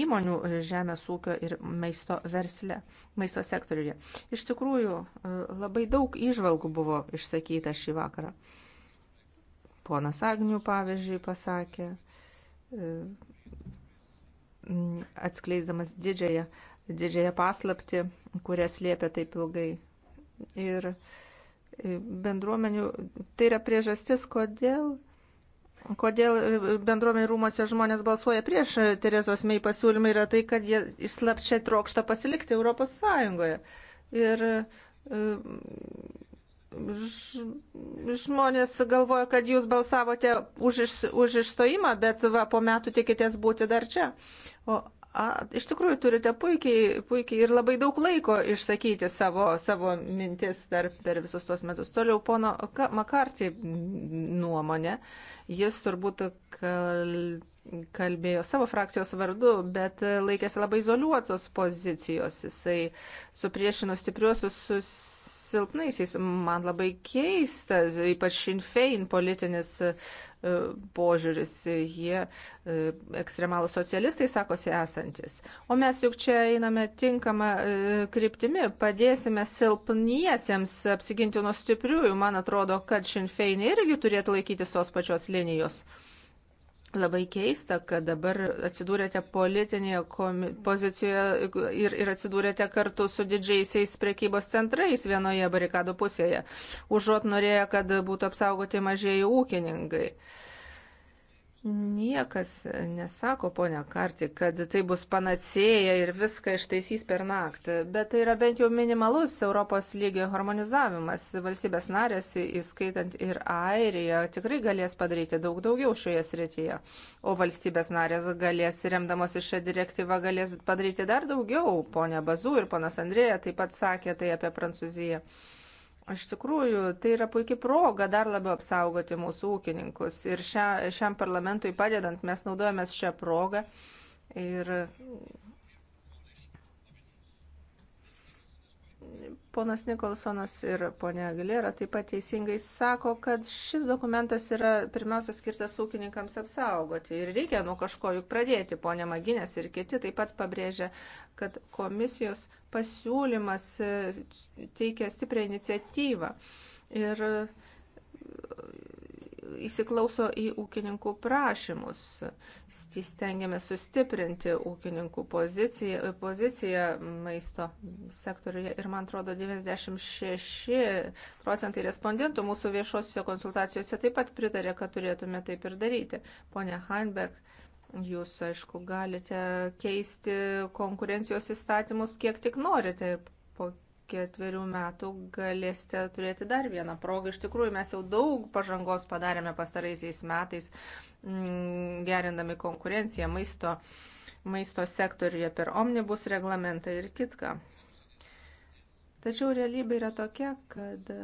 įmonių e, žemės ūkio ir maisto versle, maisto sektoriuje. Iš tikrųjų, e, labai daug išvalgų buvo išsakyta šį vakarą. Ponas Agnių, pavyzdžiui, pasakė, e, atskleisdamas didžiąją, didžiąją paslapti, kurią slėpė taip ilgai. Ir e, bendruomenių, tai yra priežastis, kodėl Kodėl e, bendruomenių rūmose žmonės balsuoja prieš Terezos mei pasiūlymą yra tai, kad jie išslapčia trokšta pasilikti Europos Sąjungoje. Ir žmonės galvoja, kad jūs balsavote už, iš, už išstojimą, bet va, po metų tikitės būti dar čia. O a, iš tikrųjų turite puikiai, puikiai ir labai daug laiko išsakyti savo, savo mintis dar per visus tuos metus. Toliau pono Makartį nuomonė, jis turbūt kal, kalbėjo savo frakcijos vardu, bet laikėsi labai izoliuotos pozicijos. Jisai supriešino stipriuosius sus silpnaisiais. Man labai keista, ypač Šinfein politinis e, požiūris, jie e, ekstremalų socialistai sakosi esantis. O mes juk čia einame tinkamą e, kryptimi, padėsime silpniesiems apsiginti nuo stipriųjų. Man atrodo, kad Šinfein irgi turėtų laikytis tos pačios linijos. Labai keista, kad dabar atsidūrėte politinėje pozicijoje ir, ir atsidūrėte kartu su didžiaisiais prekybos centrais vienoje barikado pusėje, užuot norėję, kad būtų apsaugoti mažieji ūkininkai. Uh, Niekas nesako, ponia Karti, kad tai bus panacėja ir viską ištaisys per naktį, bet tai yra bent jau minimalus Europos lygio harmonizavimas. Valstybės narės, įskaitant ir Airiją, tikrai galės padaryti daug daugiau šioje srityje, o valstybės narės galės, remdamosi šią direktyvą, galės padaryti dar daugiau. Ponia Bazu ir ponas Andrėja taip pat sakė tai apie Prancūziją. Iš tikrųjų, tai yra puikia proga dar labiau apsaugoti mūsų ūkininkus. Ir šia, šiam parlamentui padedant mes naudojame šią progą ir ponas Nikolsonas ir ponia Aguilera taip pat teisingai sako, kad šis dokumentas yra pirmiausia skirtas ūkininkams apsaugoti ir reikia nuo kažko juk pradėti. Ponia Maginės ir kiti taip pat pabrėžia, kad komisijos pasiūlymas e, teikia stiprią iniciatyvą. Ir įsiklauso į ūkininkų prašymus. Stengiamės sustiprinti ūkininkų poziciją, poziciją maisto sektoriuje ir, man atrodo, 96 procentai respondentų mūsų viešosiuose konsultacijose taip pat pritarė, kad turėtume taip ir daryti. Pone Heinbeck, Jūs, aišku, galite keisti konkurencijos įstatymus kiek tik norite ir po ketverių metų galėsite turėti dar vieną progą. Iš tikrųjų, mes jau daug pažangos padarėme pastaraisiais metais, mm, gerindami konkurenciją maisto, maisto sektoriuje per omnibus reglamentą ir kitką. Tačiau realybė yra tokia, kad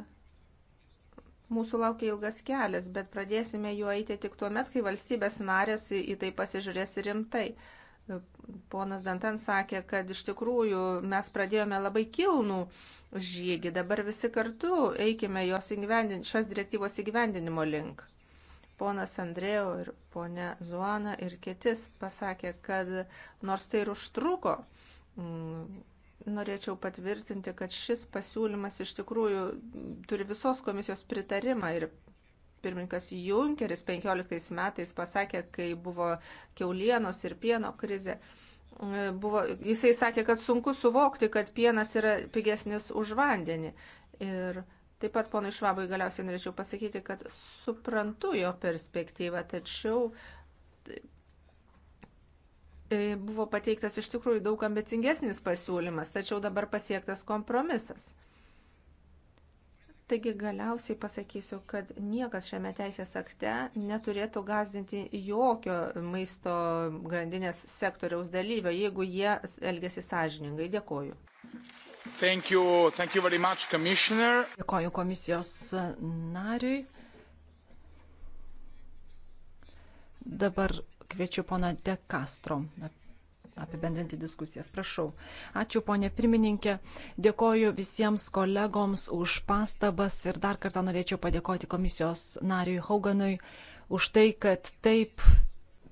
Mūsų laukia ilgas kelias, bet pradėsime juo eiti tik tuo met, kai valstybės narės į tai pasižiūrės rimtai. Ponas Dantan sakė, kad iš tikrųjų mes pradėjome labai kilnų žygį, dabar visi kartu eikime šios direktyvos įgyvendinimo link. Ponas Andrėjo ir ponė Zuana ir kitis pasakė, kad nors tai ir užtruko, mm, norėčiau patvirtinti, kad šis pasiūlymas iš tikrųjų turi visos komisijos pritarimą ir pirmininkas Junkeris 15 metais pasakė, kai buvo keulienos ir pieno krizė. E, buvo, jisai sakė, kad sunku suvokti, kad pienas yra pigesnis už vandenį. Ir taip pat ponui Švabui galiausiai norėčiau pasakyti, kad suprantu jo perspektyvą, tačiau e, buvo pateiktas iš tikrųjų daug ambicingesnis pasiūlymas, tačiau dabar pasiektas kompromisas. Taigi galiausiai pasakysiu, kad niekas šiame teisės akte neturėtų gazdinti jokio maisto grandinės sektoriaus dalyvio, jeigu jie elgesi sąžiningai. Dėkoju. Thank you. Thank you very much, Dėkoju komisijos nariui. Dabar kviečiu pana De Castro apibendrinti diskusijas. Prašau. Ačiū, ponė pirmininkė. Dėkoju visiems kolegoms už pastabas ir dar kartą norėčiau padėkoti komisijos nariui Hauganui už tai, kad taip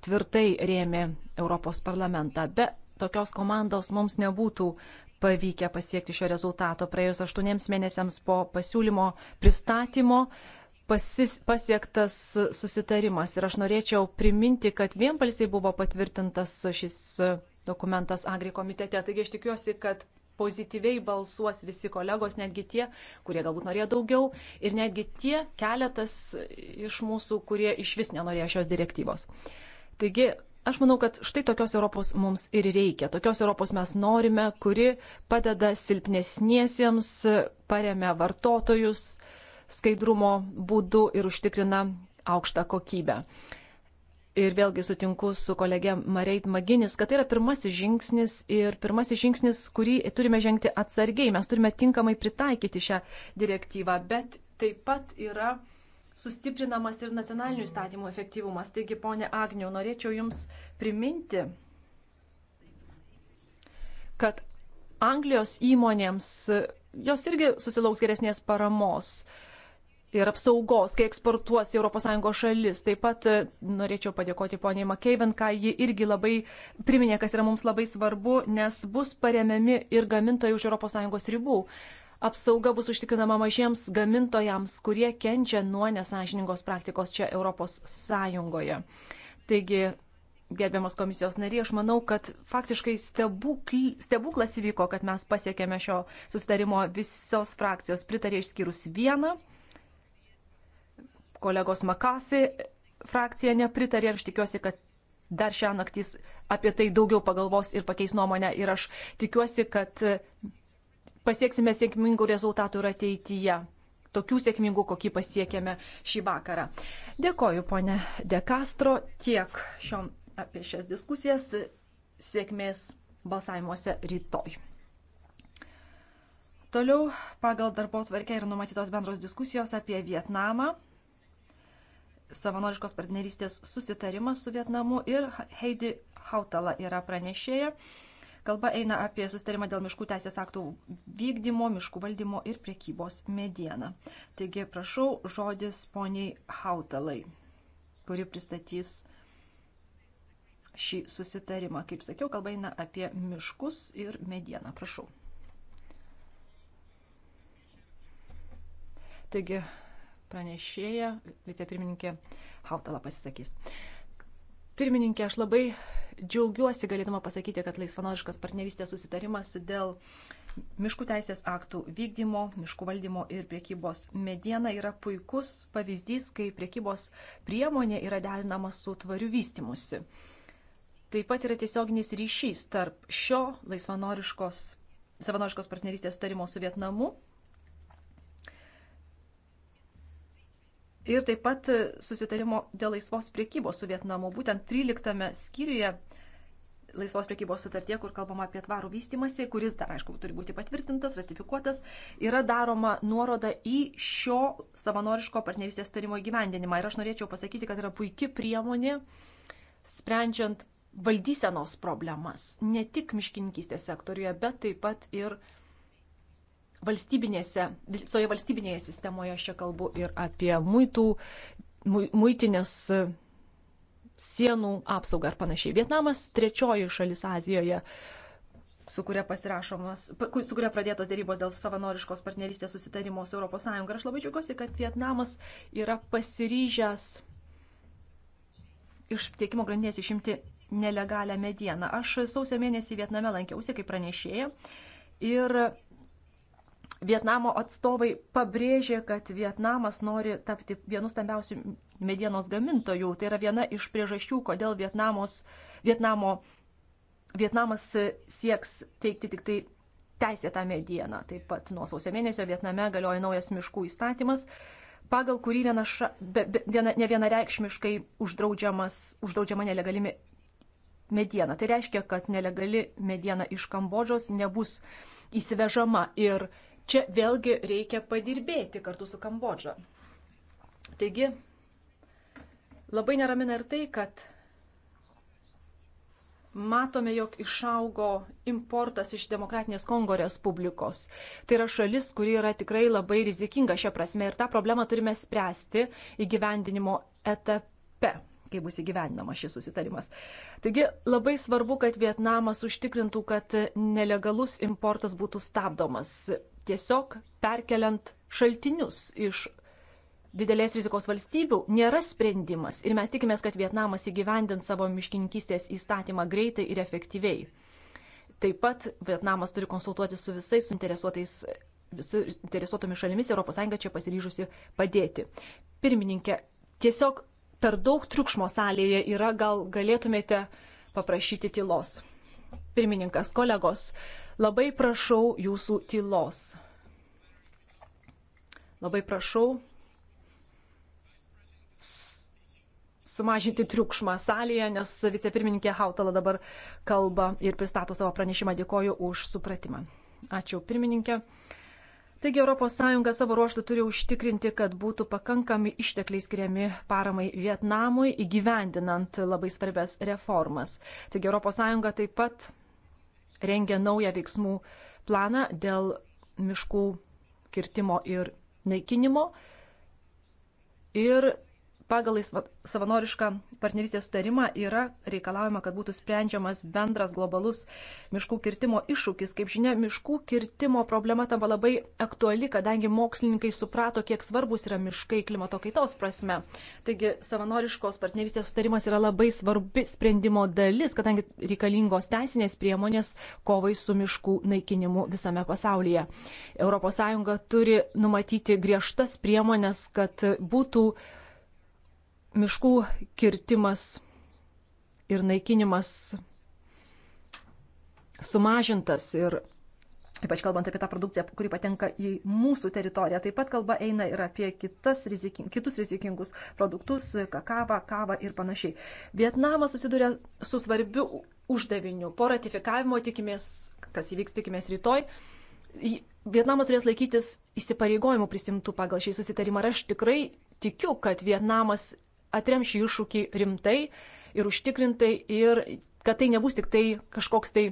tvirtai rėmė Europos parlamentą. Be tokios komandos mums nebūtų pavykę pasiekti šio rezultato. Praėjus aštuoniems mėnesiams po pasiūlymo pristatymo pasis, pasiektas susitarimas. Ir aš norėčiau priminti, kad vienbalsiai buvo patvirtintas šis dokumentas Agri komitete. Taigi aš tikiuosi, kad pozityviai balsuos visi kolegos, netgi tie, kurie galbūt norėjo daugiau ir netgi tie keletas iš mūsų, kurie iš vis nenorėjo šios direktyvos. Taigi aš manau, kad štai tokios Europos mums ir reikia. Tokios Europos mes norime, kuri padeda silpnesniesiems, paremia vartotojus skaidrumo būdu ir užtikrina aukštą kokybę. Ir vėlgi sutinku su kolegė Mareit Maginis, kad tai yra pirmasis žingsnis ir pirmasis žingsnis, kurį turime žengti atsargiai. Mes turime tinkamai pritaikyti šią direktyvą, bet taip pat yra sustiprinamas ir nacionalinių įstatymų efektyvumas. Taigi, ponė Agniau, norėčiau Jums priminti, kad Anglijos įmonėms jos irgi susilauks geresnės paramos ir apsaugos, kai eksportuos į ES šalis. Taip pat e, norėčiau padėkoti poniai McKeven, ką ji irgi labai priminė, kas yra mums labai svarbu, nes bus paremiami ir gamintojai už ES ribų. Apsauga bus užtikrinama mažiems gamintojams, kurie kenčia nuo nesažiningos praktikos čia ES. Taigi, gerbiamas komisijos nariai, aš manau, kad faktiškai stebukl, stebuklas įvyko, kad mes pasiekėme šio susitarimo visos frakcijos pritarė išskyrus vieną kolegos Makasi frakcija nepritarė ir aš tikiuosi, kad dar šią naktį apie tai daugiau pagalvos ir pakeis nuomonę ir aš tikiuosi, kad pasieksime sėkmingų rezultatų ir ateityje. Tokių sėkmingų, kokį pasiekėme šį vakarą. Dėkoju, ponė De Castro, tiek šiom apie šias diskusijas. Sėkmės balsavimuose rytoj. Toliau pagal darbo tvarkę yra numatytos bendros diskusijos apie Vietnamą savanoriškos partnerystės susitarimas su Vietnamu ir Heidi Hautala yra pranešėja. Kalba eina apie susitarimą dėl miškų teisės aktų vykdymo, miškų valdymo ir priekybos medieną. Taigi prašau žodis poniai Hautalai, kuri pristatys šį susitarimą. Kaip sakiau, kalba eina apie miškus ir medieną. Prašau. Taigi, pranešėja, vicepirmininkė Hautala pasisakys. Pirmininkė, aš labai džiaugiuosi galėdama pasakyti, kad laisvanoriškas partnerystės susitarimas dėl miškų teisės aktų vykdymo, miškų valdymo ir priekybos mediena yra puikus pavyzdys, kai priekybos priemonė yra derinama su tvariu vystimusi. Taip pat yra tiesioginis ryšys tarp šio laisvanoriškos savanoriškos partnerystės sutarimo su Vietnamu ir taip pat susitarimo dėl laisvos priekybos su Vietnamu. Būtent 13 skyriuje laisvos priekybos sutartie, kur kalbama apie tvarų vystimąsi, kuris dar, aišku, turi būti patvirtintas, ratifikuotas, yra daroma nuoroda į šio savanoriško partnerystės sutarimo įgyvendinimą. Ir aš norėčiau pasakyti, kad yra puikia priemonė sprendžiant valdysenos problemas ne tik miškininkystės sektoriuje, bet taip pat ir valstybinėse, visoje valstybinėje sistemoje, aš čia kalbu ir apie muitų, muitinės sienų apsaugą ir panašiai. Vietnamas trečioji šalis Azijoje, su kuria pasirašomas, su kuria pradėtos dėrybos dėl savanoriškos partnerystės susitarimo su ES. Ir aš labai džiaugiuosi, kad Vietnamas yra pasiryžęs iš tiekimo grandinės išimti nelegalią medieną. Aš sausio mėnesį Vietname lankiausi kaip pranešėja ir Vietnamo atstovai pabrėžė, kad Vietnamas nori tapti vienu stambiausių medienos gamintojų. Tai yra viena iš priežasčių, kodėl Vietnamos, Vietnamo, Vietnamas sieks teikti tik tai teisėtą medieną. Taip pat nuo sausio mėnesio Vietname galioja naujas miškų įstatymas, pagal kurį viena ša, be, be, viena, ne vienareikšmiškai uždraudžiama nelegali mediena. Tai reiškia, kad nelegali mediena iš Kambodžos nebus įsivežama ir Čia vėlgi reikia padirbėti kartu su Kambodža. Taigi, labai neramina ir tai, kad matome, jog išaugo importas iš Demokratinės Kongo Respublikos. Tai yra šalis, kuri yra tikrai labai rizikinga šią prasme ir tą problemą turime spręsti įgyvendinimo etape kai bus įgyvendinamas šis susitarimas. Taigi labai svarbu, kad Vietnamas užtikrintų, kad nelegalus importas būtų stabdomas tiesiog perkeliant šaltinius iš didelės rizikos valstybių nėra sprendimas ir mes tikimės, kad Vietnamas įgyvendins savo miškininkystės įstatymą greitai ir efektyviai. Taip pat Vietnamas turi konsultuoti su visais suinteresuotais su interesuotomis šalimis ES čia pasiryžusi padėti. Pirmininkė, tiesiog per daug triukšmo salėje yra, gal galėtumėte paprašyti tylos. Pirmininkas, kolegos, uh, Labai prašau jūsų tylos. Labai prašau sumažinti triukšmą salėje, nes vicepirmininkė Hautala dabar kalba ir pristato savo pranešimą. Dėkoju už supratimą. Ačiū pirmininkė. Taigi ES savo ruoštų turi užtikrinti, kad būtų pakankami ištekliai skiriami paramai Vietnamui įgyvendinant labai svarbias reformas. Taigi ES taip pat rengia naują veiksmų planą dėl miškų kirtimo ir naikinimo. Ir pagal savanorišką partnerystės sutarimą yra reikalaujama, kad būtų sprendžiamas bendras globalus miškų kirtimo iššūkis. Kaip žinia, miškų kirtimo problema tampa labai aktuali, kadangi mokslininkai suprato, kiek svarbus yra miškai klimato kaitos prasme. Taigi savanoriškos partnerystės sutarimas yra labai svarbi sprendimo dalis, kadangi reikalingos teisinės priemonės kovai su miškų naikinimu visame pasaulyje. ES turi numatyti griežtas priemonės, kad būtų miškų kirtimas ir naikinimas sumažintas ir ypač kalbant apie tą produkciją, kuri patenka į mūsų teritoriją. Taip pat kalba eina ir apie rizikin, kitus rizikingus produktus, kakavą, kavą ir panašiai. Vietnamas susiduria su svarbiu uždaviniu. Po ratifikavimo tikimės, kas įvyks, tikimės rytoj. Vietnamas turės laikytis įsipareigojimų prisimtų pagal šį susitarimą. Ir aš tikrai tikiu, kad Vietnamas atrem šį iššūkį rimtai ir užtikrintai ir kad tai nebus tik tai kažkoks tai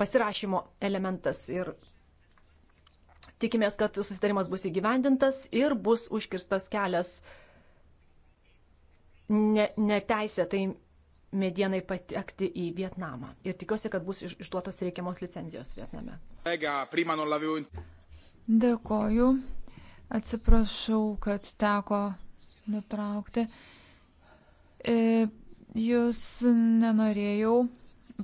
pasirašymo elementas. Ir tikimės, kad susitarimas bus įgyvendintas ir bus užkirstas kelias ne, neteisėtai medienai patekti į Vietnamą. Ir tikiuosi, kad bus išduotos reikiamos licenzijos Vietname. Dėkoju. Atsiprašau, kad teko nutraukti. E, jūs nenorėjau,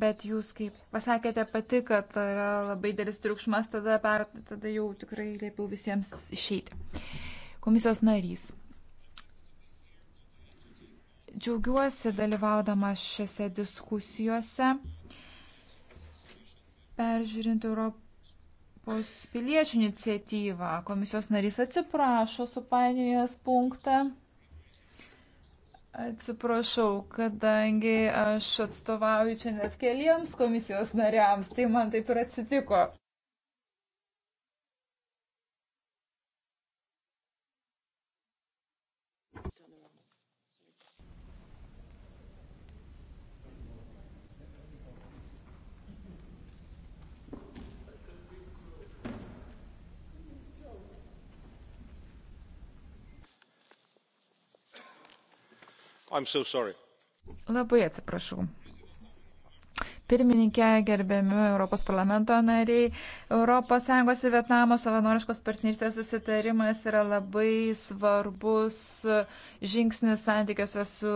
bet jūs kaip pasakėte pati, kad yra labai dėlis triukšmas, tada, per, tada jau tikrai liepiau visiems išeiti. Komisijos narys. Džiaugiuosi dalyvaudama šiose diskusijose, peržiūrint Europą. Europos piliečių iniciatyvą. Komisijos narys atsiprašo supainiojęs punktą. Atsiprašau, kadangi aš atstovauju čia net keliems komisijos nariams, tai man taip ir atsitiko. So sorry. Labai atsiprašau. Pirmininkė, gerbiami Europos parlamento nariai, ES ir Vietnamo savanoriškos partnerystės susitarimas yra labai svarbus žingsnis santykiuose su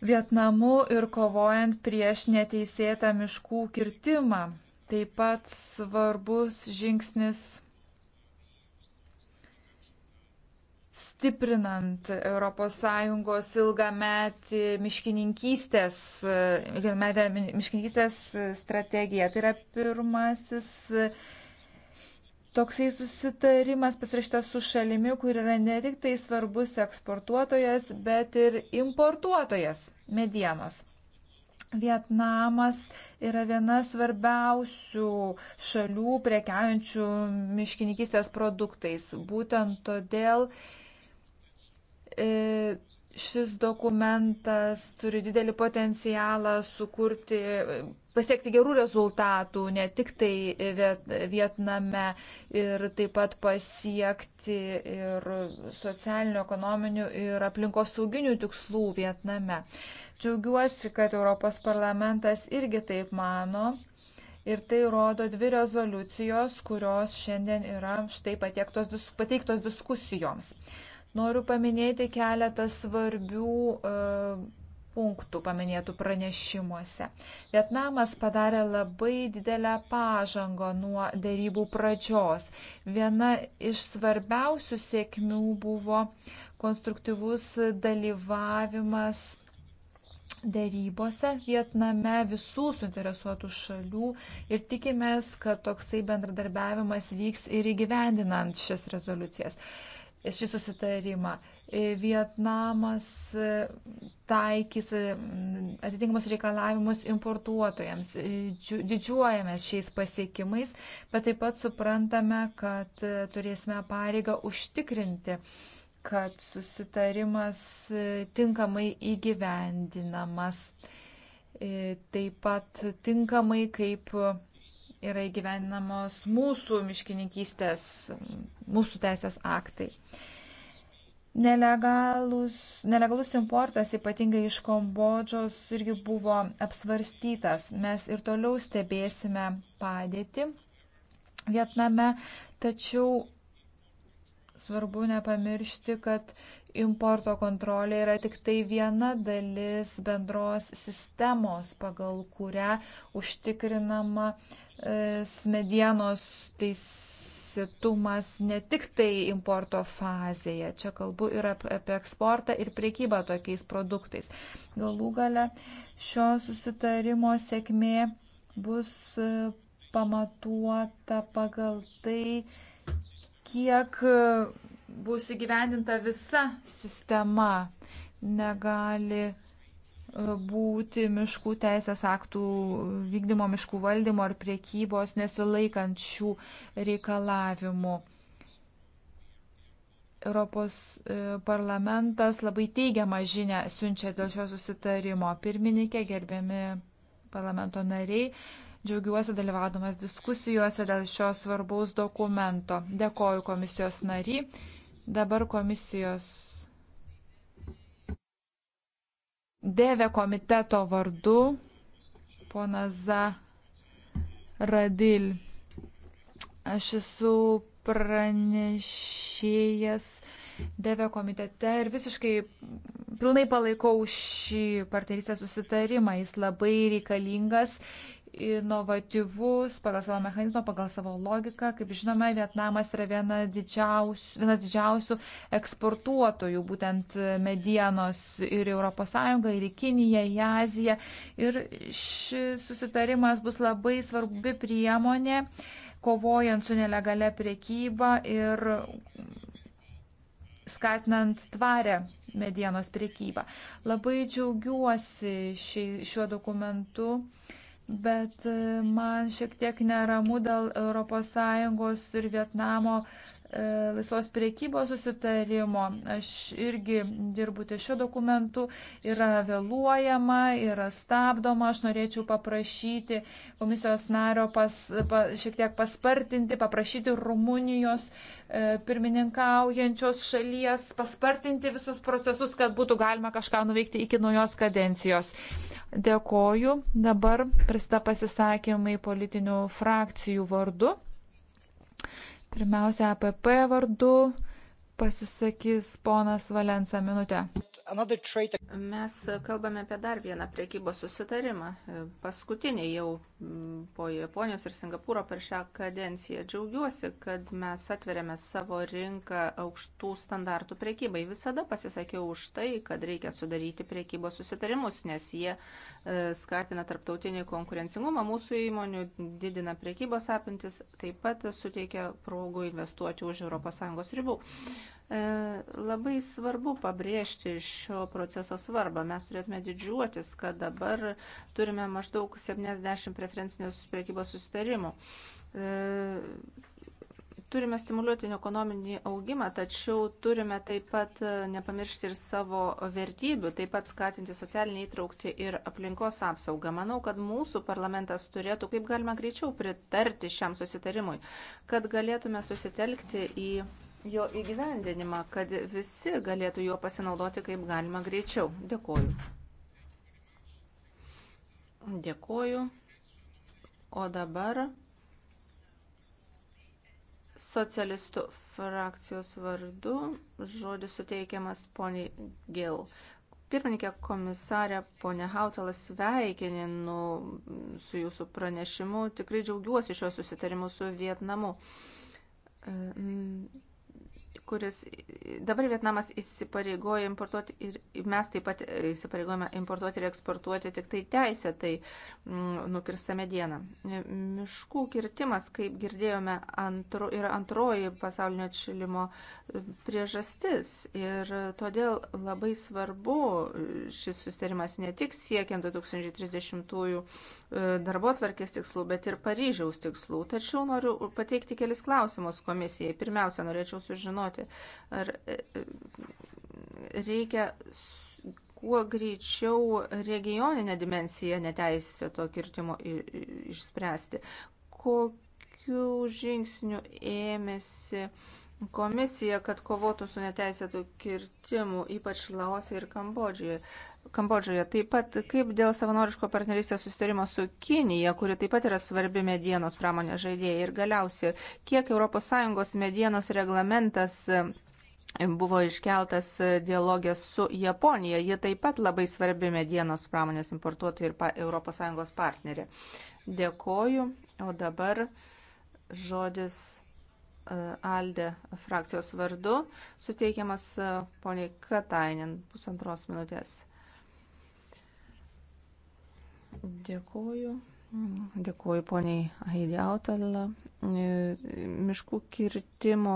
Vietnamu ir kovojant prieš neteisėtą miškų kirtimą. Taip pat svarbus žingsnis stiprinant ES ilgametį miškininkystės, ilgametę miškininkystės strategiją. Tai yra pirmasis toksai susitarimas pasirašytas su šalimi, kur yra ne tik tai svarbus eksportuotojas, bet ir importuotojas medienos. Vietnamas yra viena svarbiausių šalių prekiaujančių miškininkystės produktais. Būtent todėl uh, E, šis dokumentas turi didelį potencialą sukurti, pasiekti gerų rezultatų ne tik tai Vietname ir taip pat pasiekti ir socialinių, ekonominių ir aplinkos sauginių tikslų Vietname. Džiaugiuosi, kad Europos parlamentas irgi taip mano. Ir tai rodo dvi rezoliucijos, kurios šiandien yra štai pateiktos, pateiktos diskusijoms. Noriu paminėti keletą svarbių e, punktų paminėtų pranešimuose. Vietnamas padarė labai didelę pažangą nuo dėrybų pradžios. Viena iš svarbiausių sėkmių buvo konstruktyvus dalyvavimas dėrybose Vietname visų suinteresuotų šalių ir tikimės, kad toksai bendradarbiavimas vyks ir įgyvendinant šias rezoliucijas šį susitarimą. E, Vietnamas e, taikys e, atitinkamus reikalavimus importuotojams. Didžiuojamės šiais pasiekimais, bet taip pat suprantame, kad turėsime pareigą užtikrinti, kad susitarimas tinkamai įgyvendinamas. Taip pat tinkamai kaip yra įgyveninamos mūsų miškininkystės, mūsų teisės aktai. Nelegalus, nelegalus importas, ypatingai iš Kambodžos, irgi buvo apsvarstytas. Mes ir toliau stebėsime padėtį Vietname, tačiau svarbu nepamiršti, kad Importo kontrolė yra tik tai viena dalis bendros sistemos, pagal kurią užtikrinama smedienos e, teisėtumas ne tik tai importo fazėje. Čia kalbu ir apie eksportą ir priekybą tokiais produktais. Galų gale šio susitarimo sėkmė bus e, pamatuota pagal tai, kiek bus įgyvendinta visa sistema. Negali e, būti miškų teisės aktų vykdymo, miškų valdymo ar priekybos nesilaikant šių reikalavimų. Europos e, parlamentas labai teigiamą žinę siunčia dėl šio susitarimo. Pirmininkė, gerbiami parlamento nariai, džiaugiuosi dalyvaudamas diskusijose dėl šio svarbaus dokumento. Dėkoju komisijos nariai. Dabar komisijos dėvė komiteto vardu ponaza Radil. Aš esu pranešėjas Deve komitete ir visiškai pilnai palaikau šį partnerystės susitarimą. Jis labai reikalingas inovatyvus pagal savo mechanizmą, pagal savo logiką. Kaip žinome, Vietnamas yra viena didžiausių, vienas didžiausių eksportuotojų, būtent medienos ir ES, ir į Kiniją, į Aziją. Ir šis susitarimas bus labai svarbi priemonė, kovojant su nelegale priekyba ir skatinant tvarę medienos priekybą. Labai džiaugiuosi ši, šiuo dokumentu. Uh, bet e, man šiek tiek neramu dėl ES ir Vietnamo e, laisvos priekybos susitarimo. Aš irgi dirbu ties šiuo dokumentu, yra vėluojama, yra stabdoma. Aš norėčiau paprašyti komisijos nario pas, pa, šiek tiek paspartinti, paprašyti Rumunijos e, pirmininkaujančios šalies paspartinti visus procesus, kad būtų galima kažką nuveikti iki naujos kadencijos. Dėkoju. Dabar prasta pasisakymai politinių frakcijų vardu. Pirmiausia, APP e vardu pasisakys ponas Valensa minutę. Mes kalbame apie dar vieną priekybos susitarimą. Paskutinį jau mm, po Japonijos ir Singapūro per šią kadenciją. Džiaugiuosi, kad mes atveriame savo rinką aukštų standartų priekybai. Visada pasisakiau už tai, kad reikia sudaryti priekybos susitarimus, nes jie e, skatina tarptautinį konkurencingumą mūsų įmonių, didina priekybos apimtis, taip pat suteikia progų investuoti už ES ribų. E, labai svarbu pabrėžti šio proceso svarbą. Mes turėtume didžiuotis, kad dabar turime maždaug 70 preferencinės priekybos susitarimų. E, turime stimuliuoti ekonominį augimą, tačiau turime taip pat e, nepamiršti ir savo vertybių, taip pat skatinti socialinį įtraukti ir aplinkos apsaugą. Manau, kad mūsų parlamentas turėtų kaip galima greičiau pritarti šiam susitarimui, kad galėtume susitelkti į jo įgyvendinimą, kad visi galėtų juo pasinaudoti kaip galima greičiau. Dėkoju. Dėkoju. O dabar socialistų frakcijos vardu žodis suteikiamas poniai Gil. Pirmininkė komisarė ponė Hautalas sveikininu su jūsų pranešimu. Tikrai džiaugiuosi šio susitarimu su Vietnamu kuris dabar Vietnamas įsipareigoja importuoti ir mes taip pat įsipareigojame importuoti ir eksportuoti tik tai teisę, tai mm, nukirsta mediena. Miškų kirtimas, kaip girdėjome, antro, yra antroji pasaulinio atšilimo priežastis ir todėl labai svarbu šis susitarimas ne tik siekiant 2030 darbo atvarkės tikslų, bet ir Paryžiaus tikslų. Tačiau noriu pateikti kelis klausimus komisijai. Pirmiausia, norėčiau sužinoti, ar e, reikia kuo greičiau regioninę dimensiją neteisėto kirtimo išspręsti. Kokių žingsnių ėmėsi komisija, kad kovotų su neteisėtų kirtimu, ypač Laose ir Kambodžijoje? Kambodžoje. Taip pat kaip dėl savanoriško partnerystės susitarimo su Kinija, kuri taip pat yra svarbi medienos pramonės žaidėja. Ir galiausiai, kiek ES medienos reglamentas e, buvo iškeltas e, dialogė su Japonija. Ji taip pat labai svarbi medienos pramonės importuotojai ir ES partnerė. Dėkoju. O dabar žodis e, Alde frakcijos vardu suteikiamas poniai Katainin pusantros minutės. Dėkuoju. Dėkuoju poniai Aidė Autalą. E, miškų kirtimo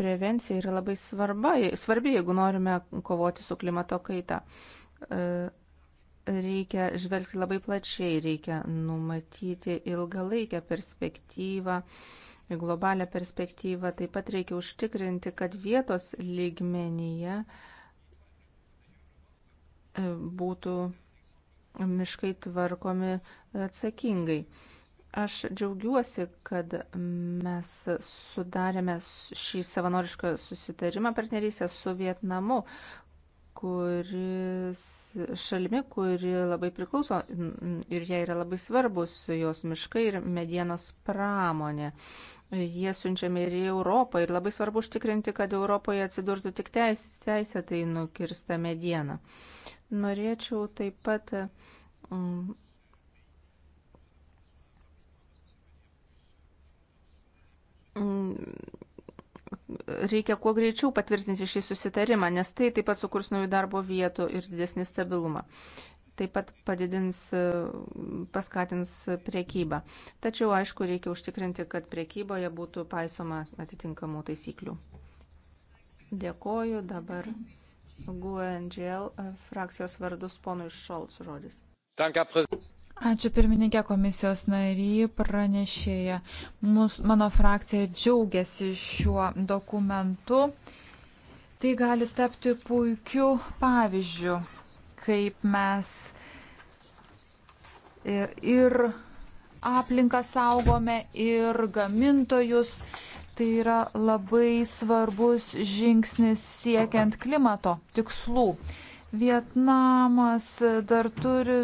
prevencija yra labai svarba, svarbi, jeigu norime kovoti su klimato kaita. E, reikia žvelgti labai plačiai, reikia numatyti ilgalaikę perspektyvą, globalią perspektyvą. Taip pat reikia užtikrinti, kad vietos lygmenyje e, būtų miškai tvarkomi atsakingai. Aš džiaugiuosi, kad mes sudarėme šį savanorišką susitarimą partnerystę su Vietnamu, kuris šalimi, kuri labai priklauso ir jai yra labai svarbus jos miškai ir medienos pramonė. Jie siunčiami ir į Europą ir labai svarbu užtikrinti, kad Europoje atsidurtų tik teisė, teisė tai nukirsta mediena. Norėčiau taip pat um, reikia kuo greičiau patvirtinti šį susitarimą, nes tai taip pat sukurs naujų darbo vietų ir didesnį stabilumą. Taip pat padidins, paskatins priekybą. Tačiau, aišku, reikia užtikrinti, kad priekyboje būtų paisoma atitinkamų taisyklių. Dėkoju dabar. GUNGL e, frakcijos vardus ponui Šolts žodis. Ačiū pirmininkė komisijos nary pranešėja. Mūs, mano frakcija džiaugiasi šiuo dokumentu. Tai gali tapti puikiu pavyzdžiu, kaip mes e, ir aplinką saugome, ir gamintojus, tai yra labai svarbus žingsnis siekiant klimato tikslų. Vietnamas dar turi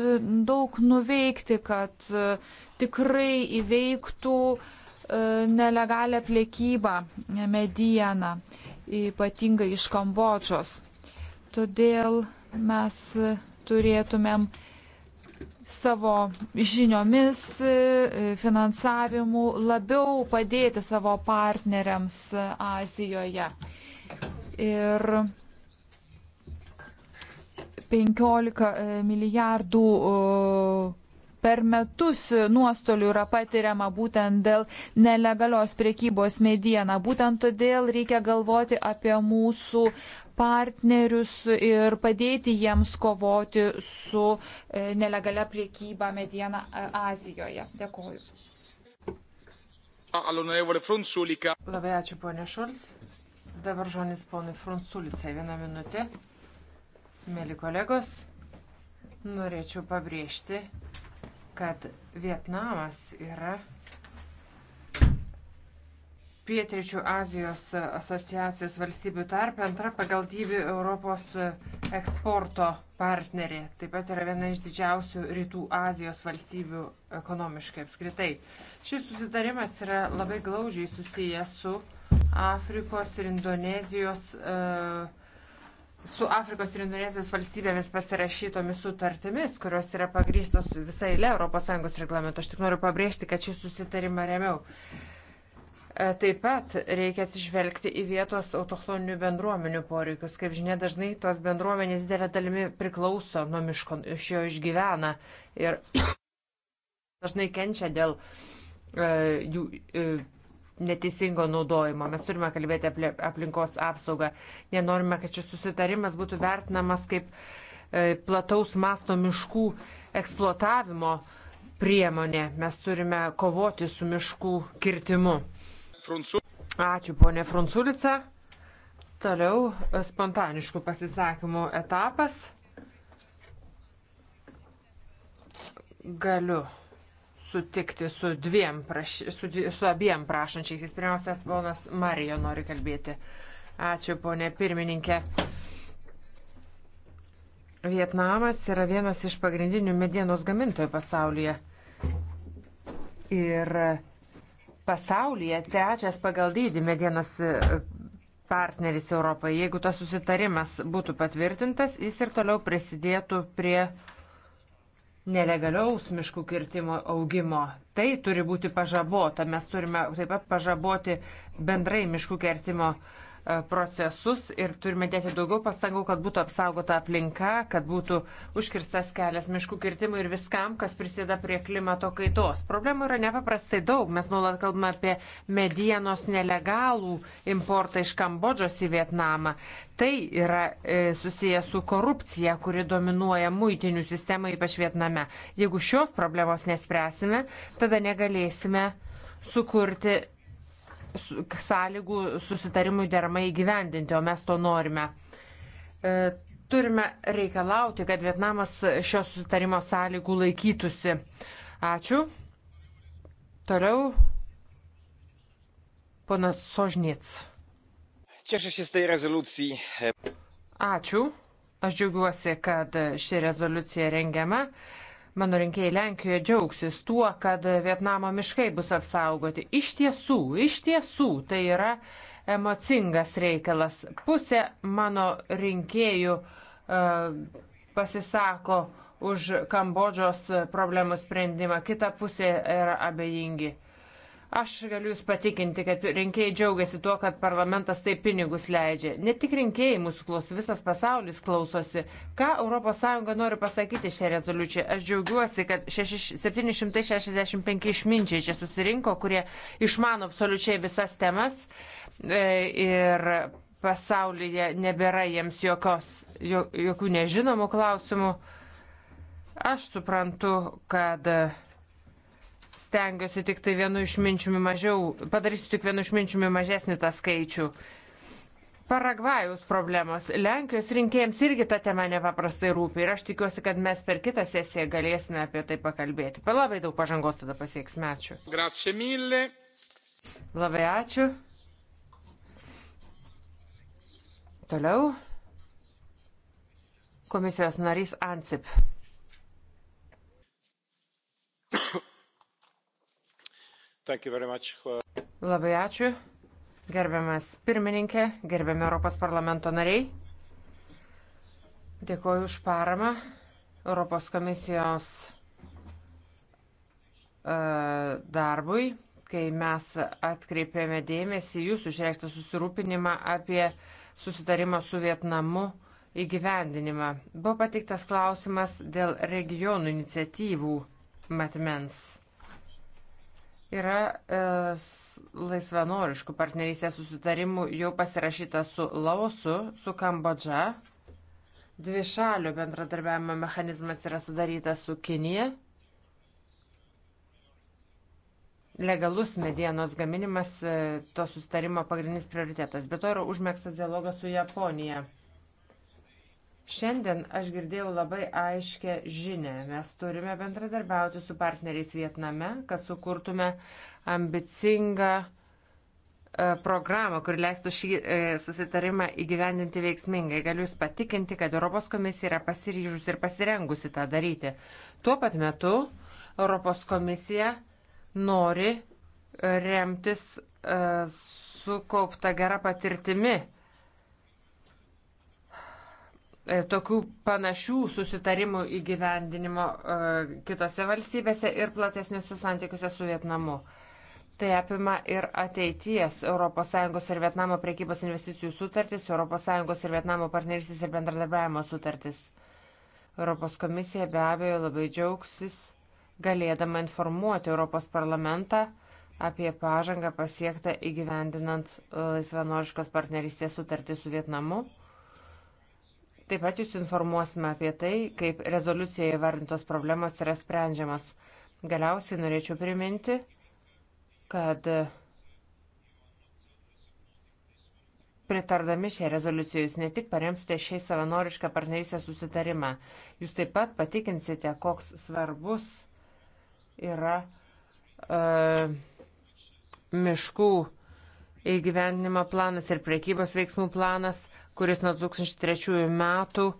daug nuveikti, kad e, tikrai įveiktų e, nelegalę plėkybą e, medieną, ypatingai iš Kambodžos. Todėl mes turėtumėm savo žiniomis, e, finansavimu labiau padėti savo partneriams e, Azijoje. Ir 15 e, milijardų per metus nuostolių yra patiriama būtent dėl nelegalios priekybos mediena. Būtent todėl reikia galvoti apie mūsų partnerius ir padėti jiems kovoti su e, nelegalia priekyba mediena e, Azijoje. Dėkoju. Labai ačiū, ponė Šulis. Dabar žodis ponui Frunsulicai vieną minutę. Mėly kolegos, norėčiau pabrėžti, kad Vietnamas yra Pietričių Azijos asociacijos valstybių tarp, antra pagal dydį Europos eksporto partnerė. Taip pat yra viena iš didžiausių Rytų Azijos valstybių ekonomiškai apskritai. Šis susitarimas yra labai glaužiai susijęs su Afrikos ir Indonezijos. E, su Afrikos ir Indonezijos valstybėmis pasirašytomis sutartimis, kurios yra pagrįstos visai le ES reglamento. Aš tik noriu pabrėžti, kad šį susitarimą remiau. E, taip pat reikia atsižvelgti į vietos autochtoninių bendruomenių poreikius. Kaip žinia, dažnai tos bendruomenės didelė dalimi priklauso nuo miško, iš jo išgyvena ir dažnai kenčia dėl e, jų e, neteisingo naudojimo. Mes turime kalbėti apie aplinkos apsaugą. Nenorime, kad šis susitarimas būtų vertinamas kaip e, plataus masto miškų eksploatavimo priemonė. Mes turime kovoti su miškų kirtimu. Frunzu. Ačiū, ponė Frunzulica. Toliau e, spontaniškų pasisakymų etapas. Galiu sutikti su, dviem praš, su, su abiem prašančiais. Jis pirmiausia, ponas Marijo nori kalbėti. Ačiū, ponė pirmininkė. Vietnamas yra vienas iš pagrindinių medienos gamintojų pasaulyje. Ir pasaulyje trečias pagal dydį medienos e, partneris Europai. Jeigu tas susitarimas būtų patvirtintas, jis ir toliau prisidėtų prie nelegaliaus miškų kirtimo augimo. Tai turi būti pažabota. Mes turime taip pat pažaboti bendrai miškų kirtimo augimą E, procesus ir turime dėti daugiau pastangų, kad būtų apsaugota aplinka, kad būtų užkirstas kelias miškų kirtimui ir viskam, kas prisėda prie klimato kaitos. Problemų yra nepaprastai daug. Mes nuolat kalbame apie medienos nelegalų importą iš Kambodžos į Vietnamą. Tai yra e, susijęs su korupcija, kuri dominuoja muitinių sistemą, ypač Vietname. Jeigu šios problemos nespręsime, tada negalėsime sukurti sąlygų susitarimui deramai įgyvendinti, o mes to norime. E, turime reikalauti, kad Vietnamas šio susitarimo sąlygų laikytųsi. Ačiū. Toliau ponas Sožniec. Cieszę się z tej rezoliucji. Ačiū. Aš džiaugiuosi, kad ši rezoliucija rengiama mano rinkėjai Lenkijoje džiaugsis tuo, kad Vietnamo miškai bus apsaugoti. Iš tiesų, iš tiesų tai yra emocingas reikalas. Pusė mano rinkėjų uh, pasisako už Kambodžos problemų sprendimą, kita pusė yra abejingi. Aš galiu Jūs patikinti, kad rinkėjai džiaugiasi tuo, kad parlamentas taip pinigus leidžia. Ne tik rinkėjai mūsų klausosi, visas pasaulis klausosi. Ką ES nori pasakyti šią rezoliuciją? Aš džiaugiuosi, kad 6, 765 išminčiai čia susirinko, kurie išmano absoliučiai visas temas e, ir pasaulyje nebėra jiems jokios, jo, jokių nežinomų klausimų. Aš suprantu, kad. E, stengiuosi tik tai vienu išminčiumi mažiau, padarysiu tik vienu išminčiumi mažesnį tą skaičių. Paragvajaus problemos. Lenkijos rinkėjams irgi ta tema nepaprastai rūpi ir aš tikiuosi, kad mes per kitą sesiją galėsime apie tai pakalbėti. Pa labai daug pažangos tada pasieksime. Ačiū. Grazie mille. Labai ačiū. Toliau. Komisijos narys Ansip. Labai ačiū. Gerbiamas pirmininkė, gerbiami Europos parlamento nariai. Dėkoju už paramą Europos komisijos e, darbui, kai mes atkreipėme dėmesį jūsų išreikštą susirūpinimą apie susitarimą su Vietnamu įgyvendinimą. Buvo pateiktas klausimas dėl regionų iniciatyvų matmens. Yra e, laisvanoriškų partnerystės susitarimų jau pasirašyta su Lausu, su Kambodža. Dvi šalių bendradarbiavimo mechanizmas yra sudarytas su Kinija. Legalus medienos gaminimas e, to susitarimo pagrindinis prioritetas. Be to yra užmėgstas dialogas su Japonija. Šiandien aš girdėjau labai aiškę žinę. Mes turime bendradarbiauti su partneriais Vietname, kad sukurtume ambicingą e, programą, kuri leistų šį e, susitarimą įgyvendinti veiksmingai. Galiu Jūs patikinti, kad Europos komisija yra pasiryžusi ir pasirengusi tą daryti. Tuo pat metu Europos komisija nori remtis e, sukaupta gera patirtimi E, tokių panašių susitarimų įgyvendinimo e, kitose valstybėse ir platesniuose santykiuose su Vietnamu. Tai apima ir ateities ES ir Vietnamo priekybos investicijų sutartis, ES ir Vietnamo partnerystės ir bendradarbiavimo sutartis. Europos komisija be abejo labai džiaugsis galėdama informuoti Europos parlamentą apie pažangą pasiektą įgyvendinant laisvanoriškos partnerystės sutartį su Vietnamu Taip pat jūs informuosime apie tai, kaip rezoliucijoje įvardintos problemos yra sprendžiamas. Galiausiai norėčiau priminti, kad pritardami šią rezoliuciją jūs ne tik paremsite šiai savanorišką partnerystę susitarimą, jūs taip pat patikinsite, koks svarbus yra e, miškų įgyvendinimo planas ir priekybos veiksmų planas kuris nuo 2003 metų e,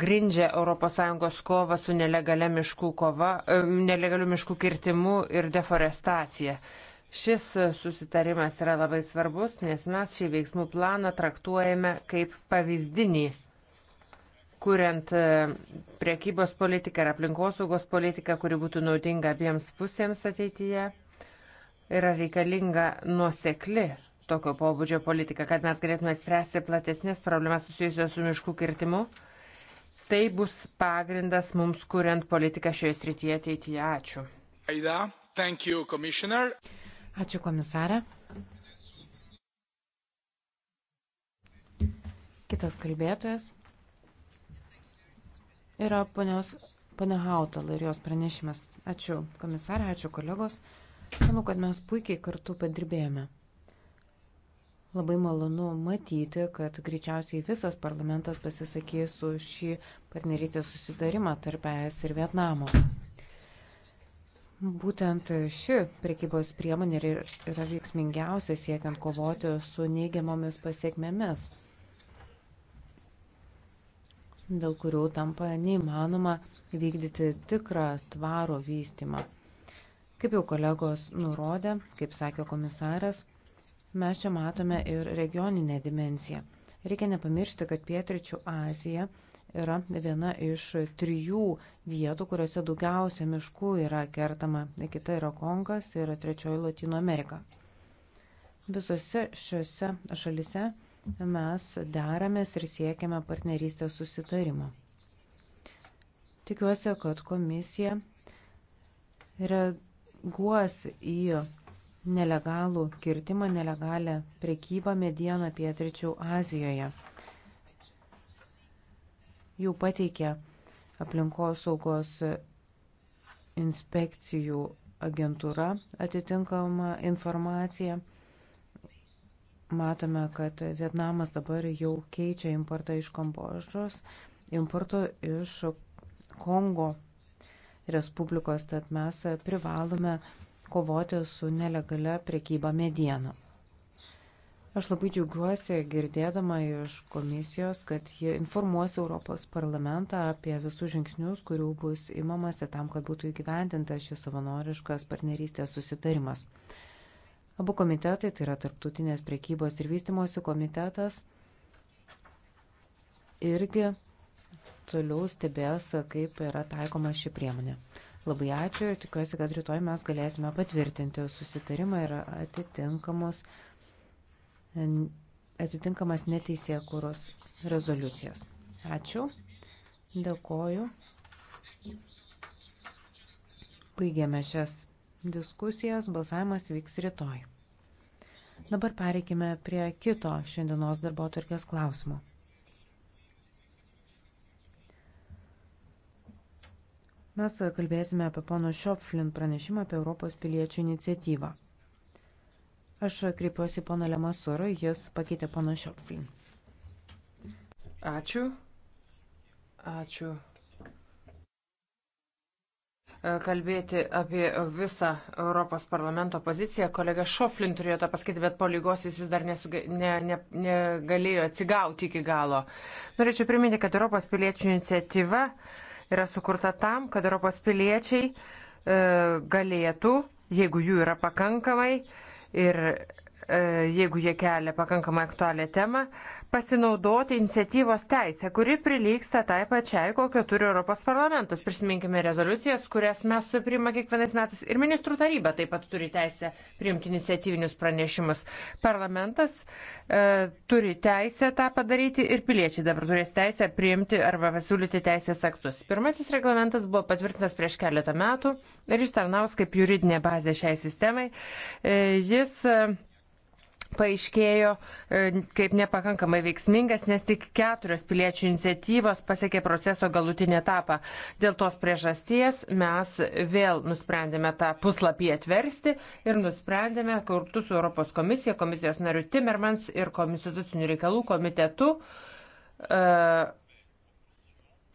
grindžia ES kovą su nelegalia miškų kova, e, nelegaliu miškų kirtimu ir deforestacija. Šis susitarimas yra labai svarbus, nes mes šį veiksmų planą traktuojame kaip pavyzdinį, kuriant e, priekybos politiką ir aplinkosaugos politiką, kuri būtų naudinga abiems pusėms ateityje. Yra reikalinga nuosekli tokio pobūdžio politiką, kad mes galėtume spręsti platesnės problemas susijusios su miškų kirtimu. Tai bus pagrindas mums kuriant politiką šioje srityje ateityje. Ačiū. Aida, thank you, commissioner. Ačiū komisarė. Kitas kalbėtojas yra ponios, ponia Hautala ir jos pranešimas. Ačiū komisarė, ačiū kolegos. Manau, kad mes puikiai kartu padirbėjome. Labai malonu matyti, kad greičiausiai visas parlamentas pasisakys už šį partnerystės susitarimą tarp ES ir Vietnamo. Būtent ši prekybos priemonė yra veiksmingiausia siekiant kovoti su neigiamomis pasiekmėmis, dėl kurių tampa neįmanoma vykdyti tikrą tvarų vystymą. Kaip jau kolegos nurodė, kaip sakė komisaras, Mes čia matome ir regioninę dimenciją. Reikia nepamiršti, kad Pietričių Azija yra viena iš trijų vietų, kuriuose daugiausia miškų yra kertama. Kita yra Kongas ir trečioji Latino Amerika. Visose šiuose šalise mes deramės ir siekiame partnerystės susitarimo. Tikiuosi, kad komisija reaguos į nelegalų kirtimą, nelegalę prekybą medieną pietričių Azijoje. Jau pateikė aplinkosaugos inspekcijų agentūra atitinkama informacija. Matome, kad Vietnamas dabar jau keičia importą iš Kambodžos, importo iš Kongo Respublikos, tad mes privalome kovoti su nelegale priekyba mediena. Aš labai džiaugiuosi girdėdama iš komisijos, kad jie informuos Europos parlamentą apie visus žingsnius, kurių bus imamasi tam, kad būtų įgyvendinta šis savanoriškas partnerystės susitarimas. Abu komitetai, tai yra Tarptautinės priekybos ir vystimosi komitetas, irgi toliau stebės, kaip yra taikoma ši priemonė. Labai ačiū ir tikiuosi, kad rytoj mes galėsime patvirtinti susitarimą ir atitinkamos, atitinkamas neteisėkūros rezoliucijas. Ačiū. Dėkoju. Baigėme šias diskusijas, balsavimas vyks rytoj. Dabar pereikime prie kito šiandienos darbo tvarkės klausimo. Mes kalbėsime apie pono Šiopflin pranešimą apie Europos piliečių iniciatyvą. Aš kreipiuosi pono Lemasurą, jis pakeitė pono Šiopflin. Ačiū. Ačiū kalbėti apie visą Europos parlamento poziciją. Kolega Šoflin turėjo tą pasakyti, bet po lygos jis vis dar nesuge, ne, ne, negalėjo atsigauti iki galo. Norėčiau priminti, kad Europos piliečių iniciatyva uh, yra sukurta tam, kad Europos piliečiai e, galėtų, jeigu jų yra pakankamai, ir E, jeigu jie kelia pakankamai aktualią temą, pasinaudoti iniciatyvos teisę, kuri prilyksta tai pačiai, kokio turi Europos parlamentas. Prisiminkime rezoliucijas, kurias mes suprima kiekvienais metais. Ir ministrų taryba taip pat turi teisę priimti iniciatyvinius pranešimus. Parlamentas e, turi teisę tą padaryti ir piliečiai dabar turės teisę priimti arba pasiūlyti teisės aktus. Pirmasis reglamentas buvo patvirtintas prieš keletą metų ir jis tarnaus kaip juridinė bazė šiai sistemai. E, jis e, paaiškėjo e, kaip nepakankamai veiksmingas, nes tik keturios piliečių iniciatyvos pasiekė proceso galutinį etapą. Dėl tos priežasties mes vėl nusprendėme tą puslapį atversti ir nusprendėme kartu su Europos komisija, komisijos nariu Timmermans ir konstitucinių reikalų komitetu uh,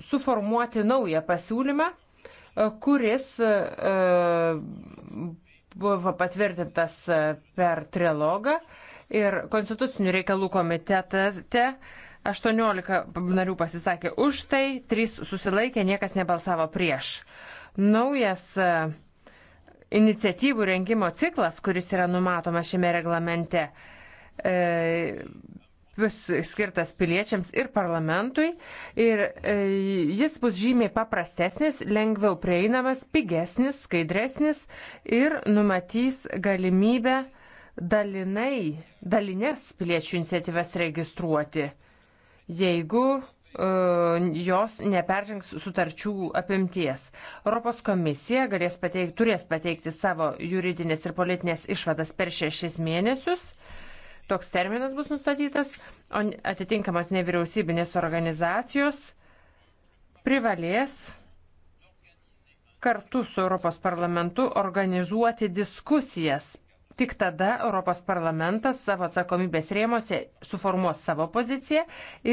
suformuoti naują pasiūlymą, e, kuris uh, buvo patvirtintas per trilogą ir konstitucinių reikalų komitetete 18 narių pasisakė už tai, 3 susilaikė, niekas nebalsavo prieš. Naujas e, iniciatyvų rengimo ciklas, kuris yra numatomas šiame reglamente, e, bus skirtas piliečiams ir parlamentui ir e, jis bus žymiai paprastesnis, lengviau prieinamas, pigesnis, skaidresnis ir numatys galimybę dalinai, dalinės piliečių iniciatyvas registruoti, jeigu e, jos neperžengs sutarčių apimties. Europos komisija galės pateik, turės pateikti savo juridinės ir politinės išvadas per šešis mėnesius. Toks terminas bus nustatytas, o atitinkamos nevyriausybinės organizacijos privalės kartu su Europos parlamentu organizuoti diskusijas Tik tada Europos parlamentas savo atsakomybės rėmose suformuos savo poziciją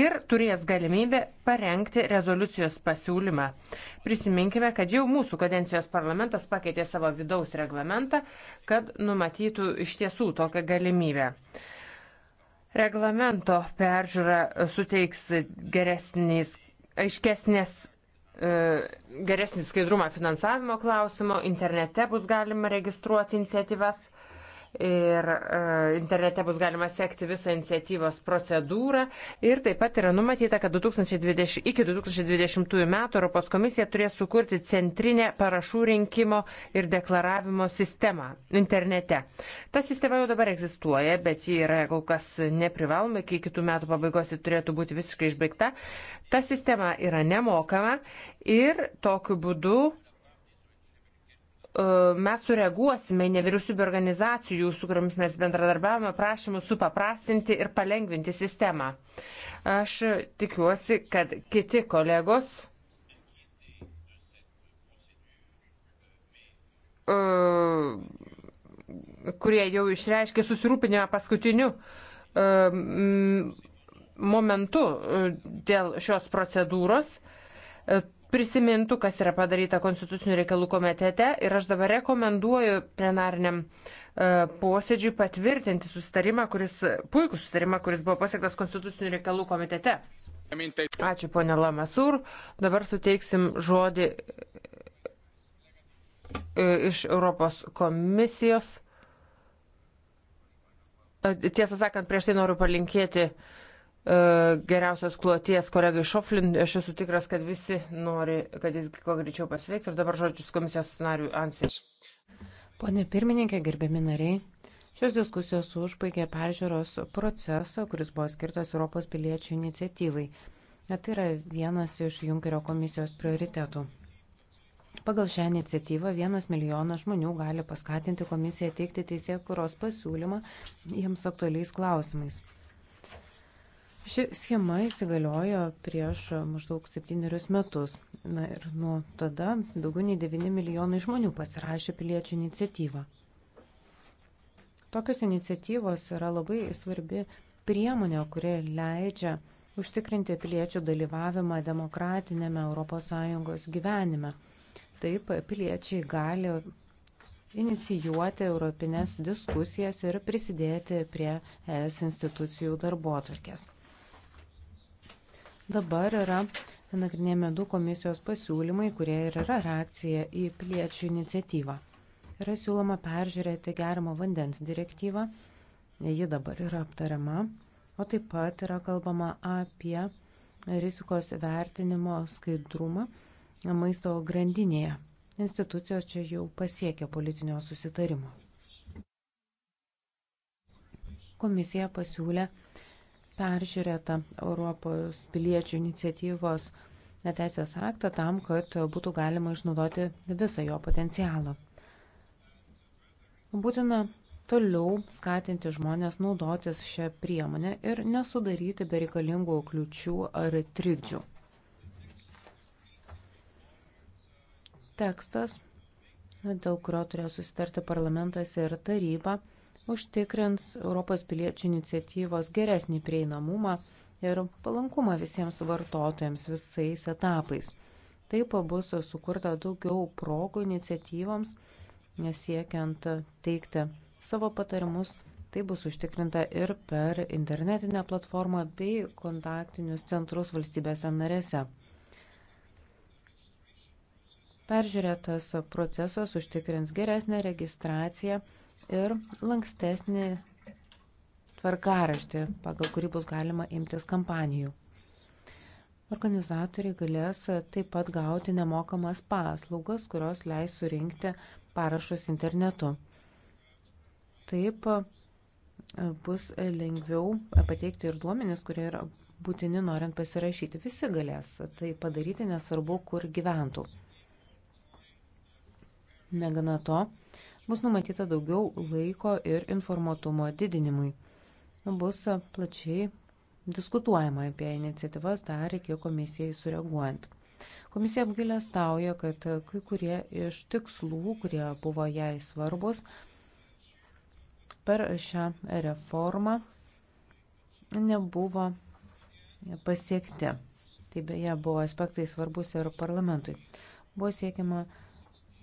ir turės galimybę parengti rezoliucijos pasiūlymą. Prisiminkime, kad jau mūsų kadencijos parlamentas pakeitė savo vidaus reglamentą, kad numatytų iš tiesų tokią galimybę. Reglamento peržiūra suteiks geresnės, aiškesnės e, geresnį skaidrumą finansavimo klausimo, internete bus galima registruoti iniciatyvas ir e, internete bus galima sekti visą iniciatyvos procedūrą. Ir taip pat yra numatyta, kad 2020, iki 2020 metų Europos komisija turės sukurti centrinę parašų rinkimo ir deklaravimo sistemą internete. Ta sistema jau dabar egzistuoja, bet ji yra kol kas neprivaloma, iki kitų metų pabaigos ji turėtų būti visiškai išbaigta. Ta sistema yra nemokama ir tokiu būdu E, mes sureaguosime nevyriausybių organizacijų, su kuriamis mes bendradarbiavome, prašymus supaprastinti ir palengvinti sistemą. Aš tikiuosi, kad kiti kolegos e, kurie jau išreiškė susirūpinimą paskutiniu e, momentu dėl šios procedūros, prisimintų, kas yra padaryta Konstitucinių reikalų komitete ir aš dabar rekomenduoju plenariniam e, posėdžiui patvirtinti susitarimą, kuris, puikų susitarimą, kuris buvo pasiektas Konstitucinių reikalų komitete. Ačiū, ponė Lamasur. Dabar suteiksim žodį e, iš Europos komisijos. E, tiesą sakant, prieš tai noriu palinkėti uh, E, geriausios kloties kolegai Šoflin. Aš esu tikras, kad visi nori, kad jis kuo greičiau pasveiktų. Ir dabar žodžius komisijos scenarių Ansės. Pone pirmininkė, gerbiami nariai. Šios diskusijos užbaigė peržiūros procesą, kuris buvo skirtas Europos piliečių iniciatyvai. Tai yra vienas iš Junkerio komisijos prioritetų. Pagal šią iniciatyvą vienas milijonas žmonių gali paskatinti komisiją teikti teisėkuros pasiūlymą jiems aktualiais klausimais. Ši schema įsigaliojo prieš maždaug septynerius metus. Na ir nuo tada daugiau nei 9 milijonai žmonių pasirašė piliečių iniciatyvą. Tokios iniciatyvos yra labai svarbi priemonė, kuri leidžia užtikrinti piliečių dalyvavimą demokratinėme ES gyvenime. Taip piliečiai gali inicijuoti europinės diskusijas ir prisidėti prie ES institucijų darbo atvarkės. Dabar yra nagrinėjami du komisijos pasiūlymai, kurie ir yra reakcija į piliečių iniciatyvą. Yra siūloma peržiūrėti gerimo vandens direktyvą, ji dabar yra aptariama, o taip pat yra kalbama apie rizikos vertinimo skaidrumą maisto grandinėje. Institucijos čia jau pasiekė politinio susitarimo. Komisija pasiūlė peržiūrėtą Europos piliečių iniciatyvos neteisės aktą tam, kad būtų galima išnaudoti visą jo potencialą. Būtina toliau skatinti žmonės naudotis šią priemonę ir nesudaryti bereikalingų kliučių ar trikdžių. Tekstas, dėl kurio turėjo susitarti parlamentas ir taryba, užtikrins Europos piliečių iniciatyvos geresnį prieinamumą ir palankumą visiems vartotojams visais etapais. Taip bus sukurta daugiau progų iniciatyvoms, siekiant teikti savo patarimus. Tai bus užtikrinta ir per internetinę platformą bei kontaktinius centrus valstybėse narėse. Peržiūrėtas procesas užtikrins geresnę registraciją ir lankstesnį tvarkaraštį, pagal kurį bus galima imtis kampanijų. Organizatoriai galės taip pat gauti nemokamas paslaugas, kurios leis surinkti parašus internetu. Taip e, bus lengviau pateikti ir duomenis, kurie yra būtini norint pasirašyti. Visi galės tai padaryti, nesvarbu, kur gyventų. Negana to, bus numatyta daugiau laiko ir informatumo didinimui. Bus plačiai diskutuojama apie iniciatyvas dar iki komisijai sureaguojant. Komisija apgailę stauja, kad kai kurie iš tikslų, kurie buvo jai svarbus, per šią reformą nebuvo pasiekti. Tai beje buvo aspektai svarbus ir parlamentui. Buvo siekiama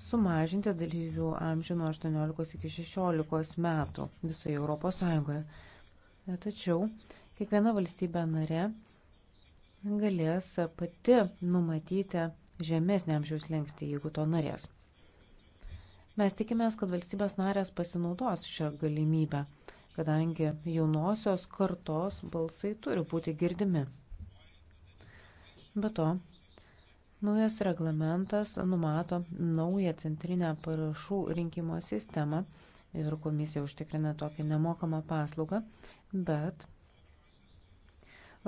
sumažinti dalyvių amžių nuo 18 iki 16 metų visoje Europos Sąjungoje. Tačiau kiekviena valstybė narė galės pati numatyti žemesnį amžiaus lengstį, jeigu to norės. Mes tikimės, kad valstybės narės pasinaudos šią galimybę, kadangi jaunosios kartos balsai turi būti girdimi. Be to, Naujas reglamentas numato naują centrinę parašų rinkimo sistemą ir komisija užtikrina tokią nemokamą paslaugą, bet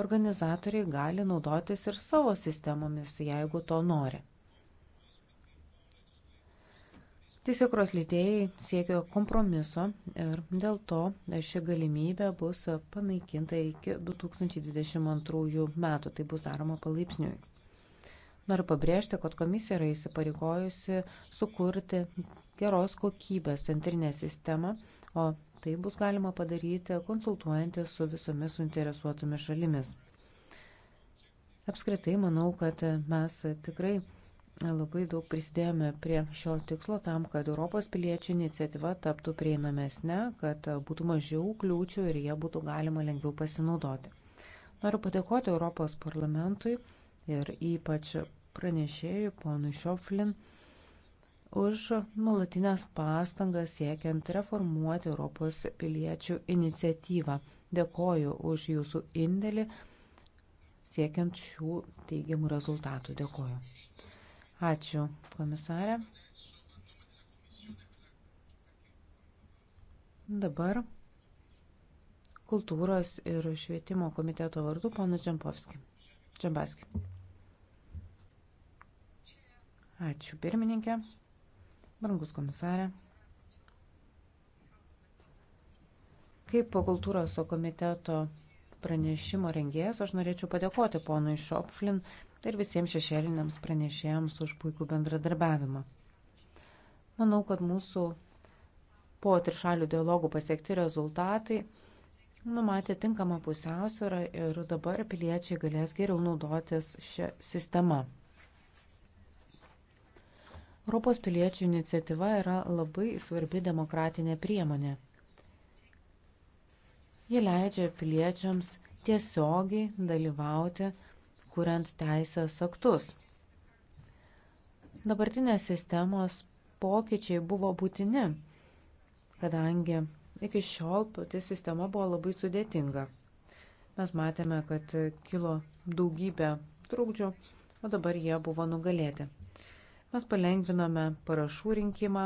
organizatoriai gali naudotis ir savo sistemomis, jeigu to nori. Teisėkros lydėjai siekia kompromiso ir dėl to ši galimybė bus panaikinta iki 2022 metų. Tai bus daroma palaipsniui. Noriu pabrėžti, kad komisija yra įsipareigojusi sukurti geros kokybės centrinę sistemą, o tai bus galima padaryti konsultuojantis su visomis suinteresuotomis šalimis. Apskritai, manau, kad mes tikrai labai daug prisidėjome prie šio tikslo tam, kad Europos piliečių iniciatyva taptų prieinamesnė, kad būtų mažiau kliūčių ir jie būtų galima lengviau pasinaudoti. Noriu padėkoti Europos parlamentui ir ypač pranešėjui ponui Šoflin už nuolatinės pastangas siekiant reformuoti Europos piliečių iniciatyvą. Dėkoju už jūsų indėlį siekiant šių teigiamų rezultatų. Dėkoju. Ačiū, komisarė. Dabar kultūros ir švietimo komiteto vardu ponas Džambaski. Ačiū pirmininkė, brangus komisarė. Kaip po kultūros komiteto pranešimo rengėjas, aš norėčiau padėkoti ponui Šopflin ir visiems šešėliniams pranešėjams už puikų bendradarbiavimą. Manau, kad mūsų po trišalių dialogų pasiekti rezultatai numatė tinkamą pusiausvyrą ir dabar piliečiai galės geriau naudotis šią sistemą. Europos piliečių iniciatyva yra labai svarbi demokratinė priemonė. Ji leidžia piliečiams tiesiogiai dalyvauti, kuriant teisės aktus. Dabartinės sistemos pokyčiai buvo būtini, kadangi iki šiol pati sistema buvo labai sudėtinga. Mes matėme, kad kilo daugybė trukdžių, o dabar jie buvo nugalėti. Mes palengvinome parašų rinkimą,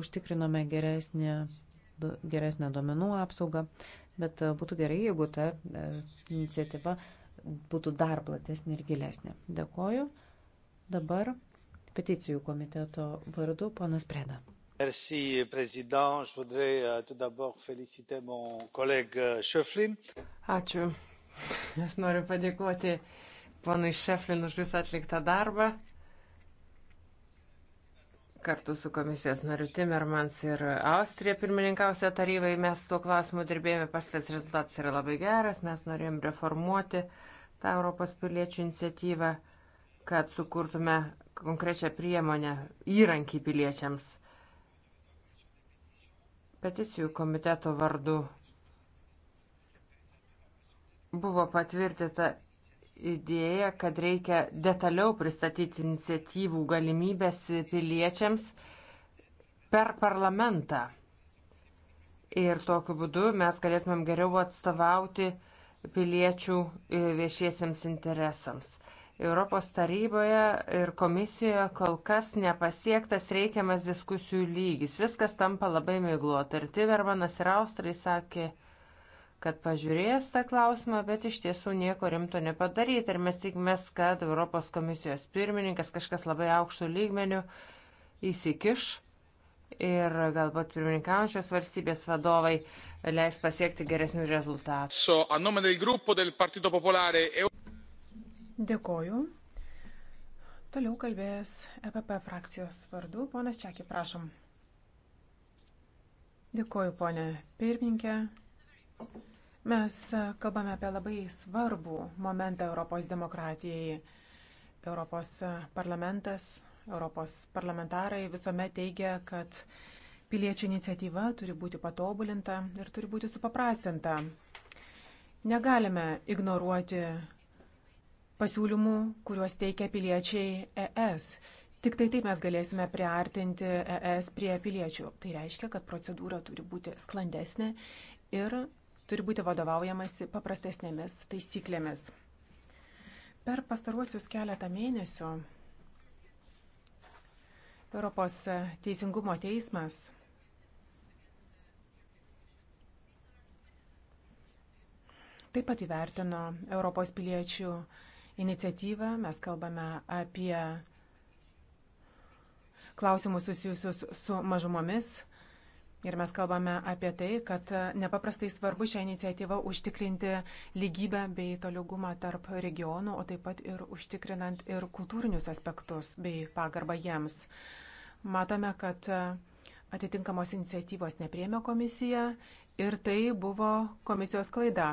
užtikrinome geresnį, geresnę duomenų apsaugą, bet e, būtų gerai, jeigu ta e, iniciatyva būtų dar platesnė ir gilesnė. Dėkoju. Dabar peticijų komiteto vardu ponas Preda. Merci, Président. Je voudrais euh, tout d'abord féliciter mon collègue euh, Schöflin. Ačiū. Aš noriu padėkoti ponui Šeflin už visą atliktą darbą. Kartu su komisijos nariu Timmermans ir Austrija pirmininkausia tarybai mes tuo klausimu dirbėjome, pastas rezultatas yra labai geras, mes norėjom reformuoti tą Europos piliečių iniciatyvą, kad sukurtume konkrečią priemonę įrankį piliečiams. Peticijų komiteto vardu buvo patvirtinta idėja, kad reikia detaliau pristatyti iniciatyvų galimybės piliečiams per parlamentą. Ir tokiu būdu mes galėtumėm geriau atstovauti piliečių viešiesiems interesams. Europos taryboje ir komisijoje kol kas nepasiektas reikiamas diskusijų lygis. Viskas tampa labai mygluota. Ir Tivermanas ir Austrai sakė, kad pažiūrės tą klausimą, bet iš tiesų nieko rimto nepadaryti. Ir mes tikimės, kad Europos komisijos pirmininkas kažkas labai aukštų lygmenių įsikiš ir galbūt pirmininkaujančios valstybės vadovai leis pasiekti geresnių rezultatų. E- Dėkoju. Toliau kalbės EPP frakcijos vardu. Ponas Čekį, prašom. Dėkoju, ponė pirmininkė. Mes e, kalbame apie labai svarbų momentą Europos demokratijai. Europos e, parlamentas, Europos parlamentarai visuomet teigia, kad piliečių iniciatyva turi būti patobulinta ir turi būti supaprastinta. Negalime ignoruoti pasiūlymų, kuriuos teikia piliečiai ES. Tik tai taip mes galėsime priartinti ES prie piliečių. Tai reiškia, kad procedūra turi būti sklandesnė ir turi būti vadovaujamasi paprastesnėmis taisyklėmis. Per pastaruosius keletą mėnesių Europos teisingumo teismas taip pat įvertino Europos piliečių iniciatyvą. Mes kalbame apie klausimus susijusius su mažumomis, Ir mes kalbame apie tai, kad nepaprastai svarbu šią iniciatyvą užtikrinti lygybę bei tolygumą tarp regionų, o taip pat ir užtikrinant ir kultūrinius aspektus bei pagarbą jiems. Matome, kad atitinkamos iniciatyvos nepriemė komisija ir tai buvo komisijos klaida.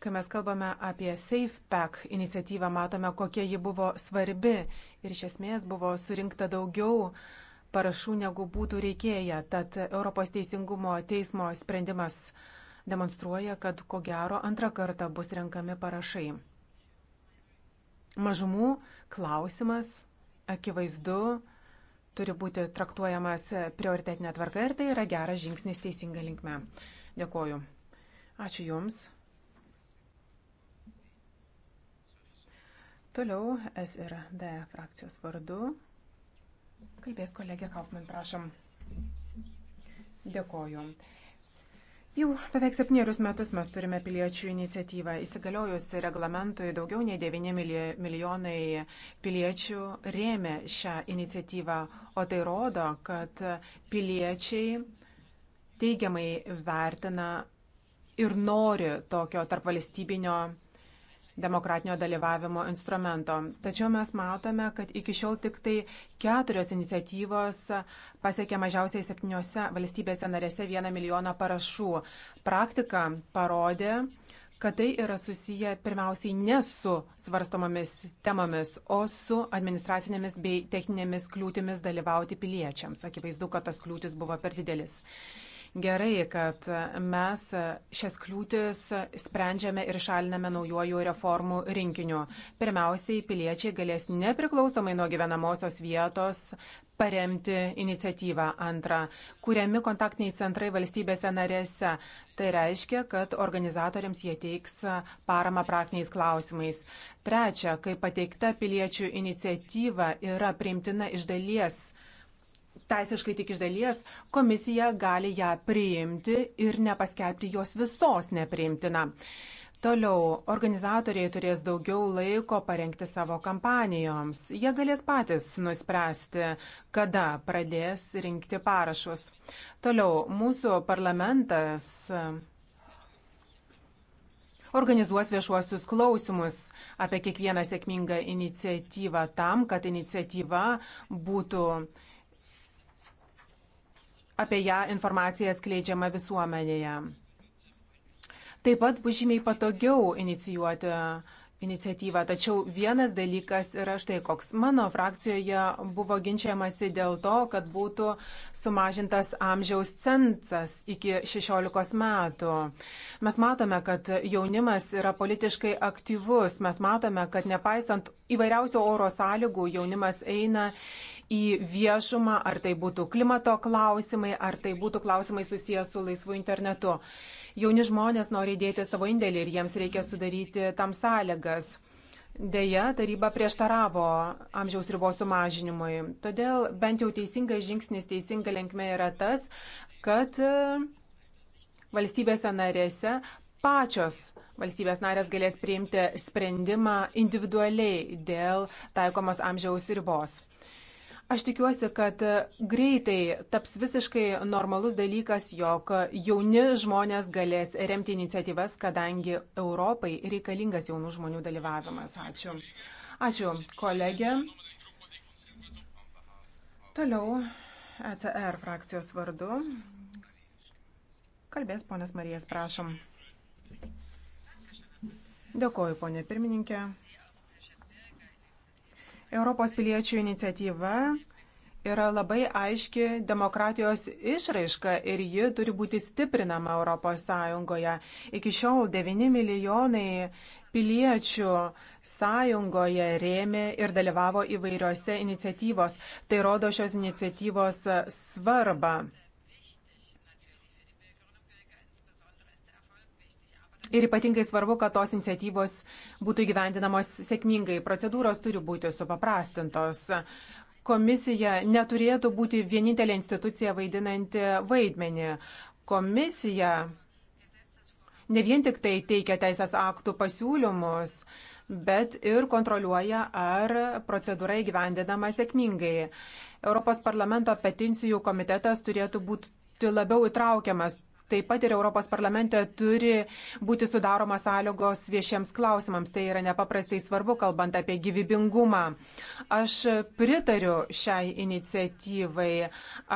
Kai mes kalbame apie SafePack iniciatyvą, matome, kokia ji buvo svarbi ir iš esmės buvo surinkta daugiau uh, parašų, negu būtų reikėję. Tad Europos teisingumo teismo sprendimas demonstruoja, kad ko gero antrą kartą bus renkami parašai. Mažumų klausimas akivaizdu turi būti traktuojamas prioritetinė tvarka ir tai yra geras žingsnis teisinga linkme. Dėkoju. Ačiū Jums. Toliau S ir D frakcijos vardu Kalbės kolegė Kaufman, prašom. Dėkoju. Jau beveik septynerius metus mes turime piliečių iniciatyvą. Įsigaliojus reglamentui daugiau nei 9 milijonai piliečių rėmė šią iniciatyvą, o tai rodo, kad piliečiai teigiamai vertina ir nori tokio tarpvalstybinio demokratinio dalyvavimo instrumento. Tačiau mes matome, kad iki šiol tik tai keturios iniciatyvos pasiekė mažiausiai septyniose valstybėse narėse vieną milijoną parašų. Praktika parodė, kad tai yra susiję pirmiausiai ne su svarstomomis temomis, o su administracinėmis bei techninėmis kliūtimis dalyvauti piliečiams. Akivaizdu, kad tas kliūtis buvo per didelis gerai, kad mes šias kliūtis sprendžiame ir šaliname naujojų reformų rinkiniu. Pirmiausiai, piliečiai galės nepriklausomai nuo gyvenamosios vietos paremti iniciatyvą. Antra, kuriami kontaktiniai centrai valstybėse narėse. Tai reiškia, kad organizatoriams jie teiks paramą praktiniais klausimais. Trečia, kai pateikta piliečių iniciatyva yra priimtina iš dalies teisiškai tik iš dalies, komisija gali ją priimti ir nepaskelbti jos visos nepriimtina. Toliau, organizatoriai turės daugiau laiko parengti savo kampanijoms. Jie galės patys nuspręsti, kada pradės rinkti parašus. Toliau, mūsų parlamentas organizuos viešuosius klausimus apie kiekvieną sėkmingą iniciatyvą tam, kad iniciatyva būtų apie ją informacija skleidžiama visuomenėje. Taip pat bus žymiai patogiau inicijuoti iniciatyvą, tačiau vienas dalykas yra štai koks. Mano frakcijoje buvo ginčiamasi dėl to, kad būtų sumažintas amžiaus cenzas iki 16 metų. Mes matome, kad jaunimas yra politiškai aktyvus, mes matome, kad nepaisant įvairiausio oro sąlygų jaunimas eina į viešumą, ar tai būtų klimato klausimai, ar tai būtų klausimai susijęs su laisvu internetu. Jauni žmonės nori dėti savo indėlį ir jiems reikia sudaryti tam sąlygas. Deja, taryba prieštaravo amžiaus ribos sumažinimui. Todėl bent jau teisingas žingsnis teisinga linkme yra tas, kad e, valstybėse narėse pačios valstybės narės galės priimti sprendimą individualiai dėl taikomos amžiaus ribos. Aš tikiuosi, kad greitai taps visiškai normalus dalykas, jog jauni žmonės galės remti iniciatyvas, kadangi Europai reikalingas jaunų žmonių dalyvavimas. Ačiū. Ačiū, kolegė. Toliau ECR frakcijos vardu. Kalbės ponas Marijas, prašom. Dėkoju, ponė pirmininkė. Europos piliečių iniciatyva yra labai aiški demokratijos išraiška ir ji turi būti stiprinama ES. Iki šiol 9 milijonai piliečių sąjungoje rėmė ir dalyvavo įvairiose iniciatyvos. Tai rodo šios iniciatyvos svarbą. Ir ypatingai svarbu, kad tos iniciatyvos būtų gyvendinamos sėkmingai. Procedūros turi būti supaprastintos. Komisija neturėtų būti vienintelė institucija vaidinanti vaidmenį. Komisija ne vien tik tai teikia teisės aktų pasiūlymus, bet ir kontroliuoja, ar procedūra įgyvendinama sėkmingai. Europos parlamento peticijų komitetas turėtų būti labiau įtraukiamas, taip pat ir Europos parlamente turi būti sudaromas sąlygos viešiems klausimams. Tai yra nepaprastai svarbu, kalbant apie gyvybingumą. Aš pritariu šiai iniciatyvai.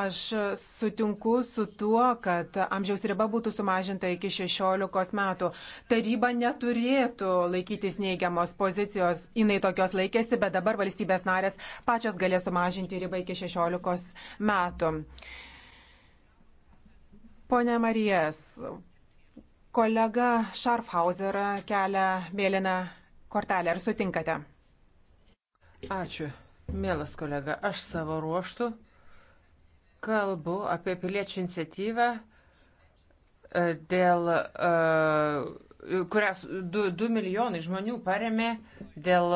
Aš sutinku su tuo, kad amžiaus riba būtų sumažinta iki 16 metų. Taryba neturėtų laikytis neigiamos pozicijos. Jinai tokios laikėsi, bet dabar valstybės narės pačios galės sumažinti ribą iki 16 metų. Pone Marijas, kolega Šarfhauser kelia mėlyną kortelę. Ar sutinkate? Ačiū, mielas kolega. Aš savo ruoštų kalbu apie piliečių iniciatyvą e, dėl e, kurias 2, 2 milijonai žmonių paremė dėl,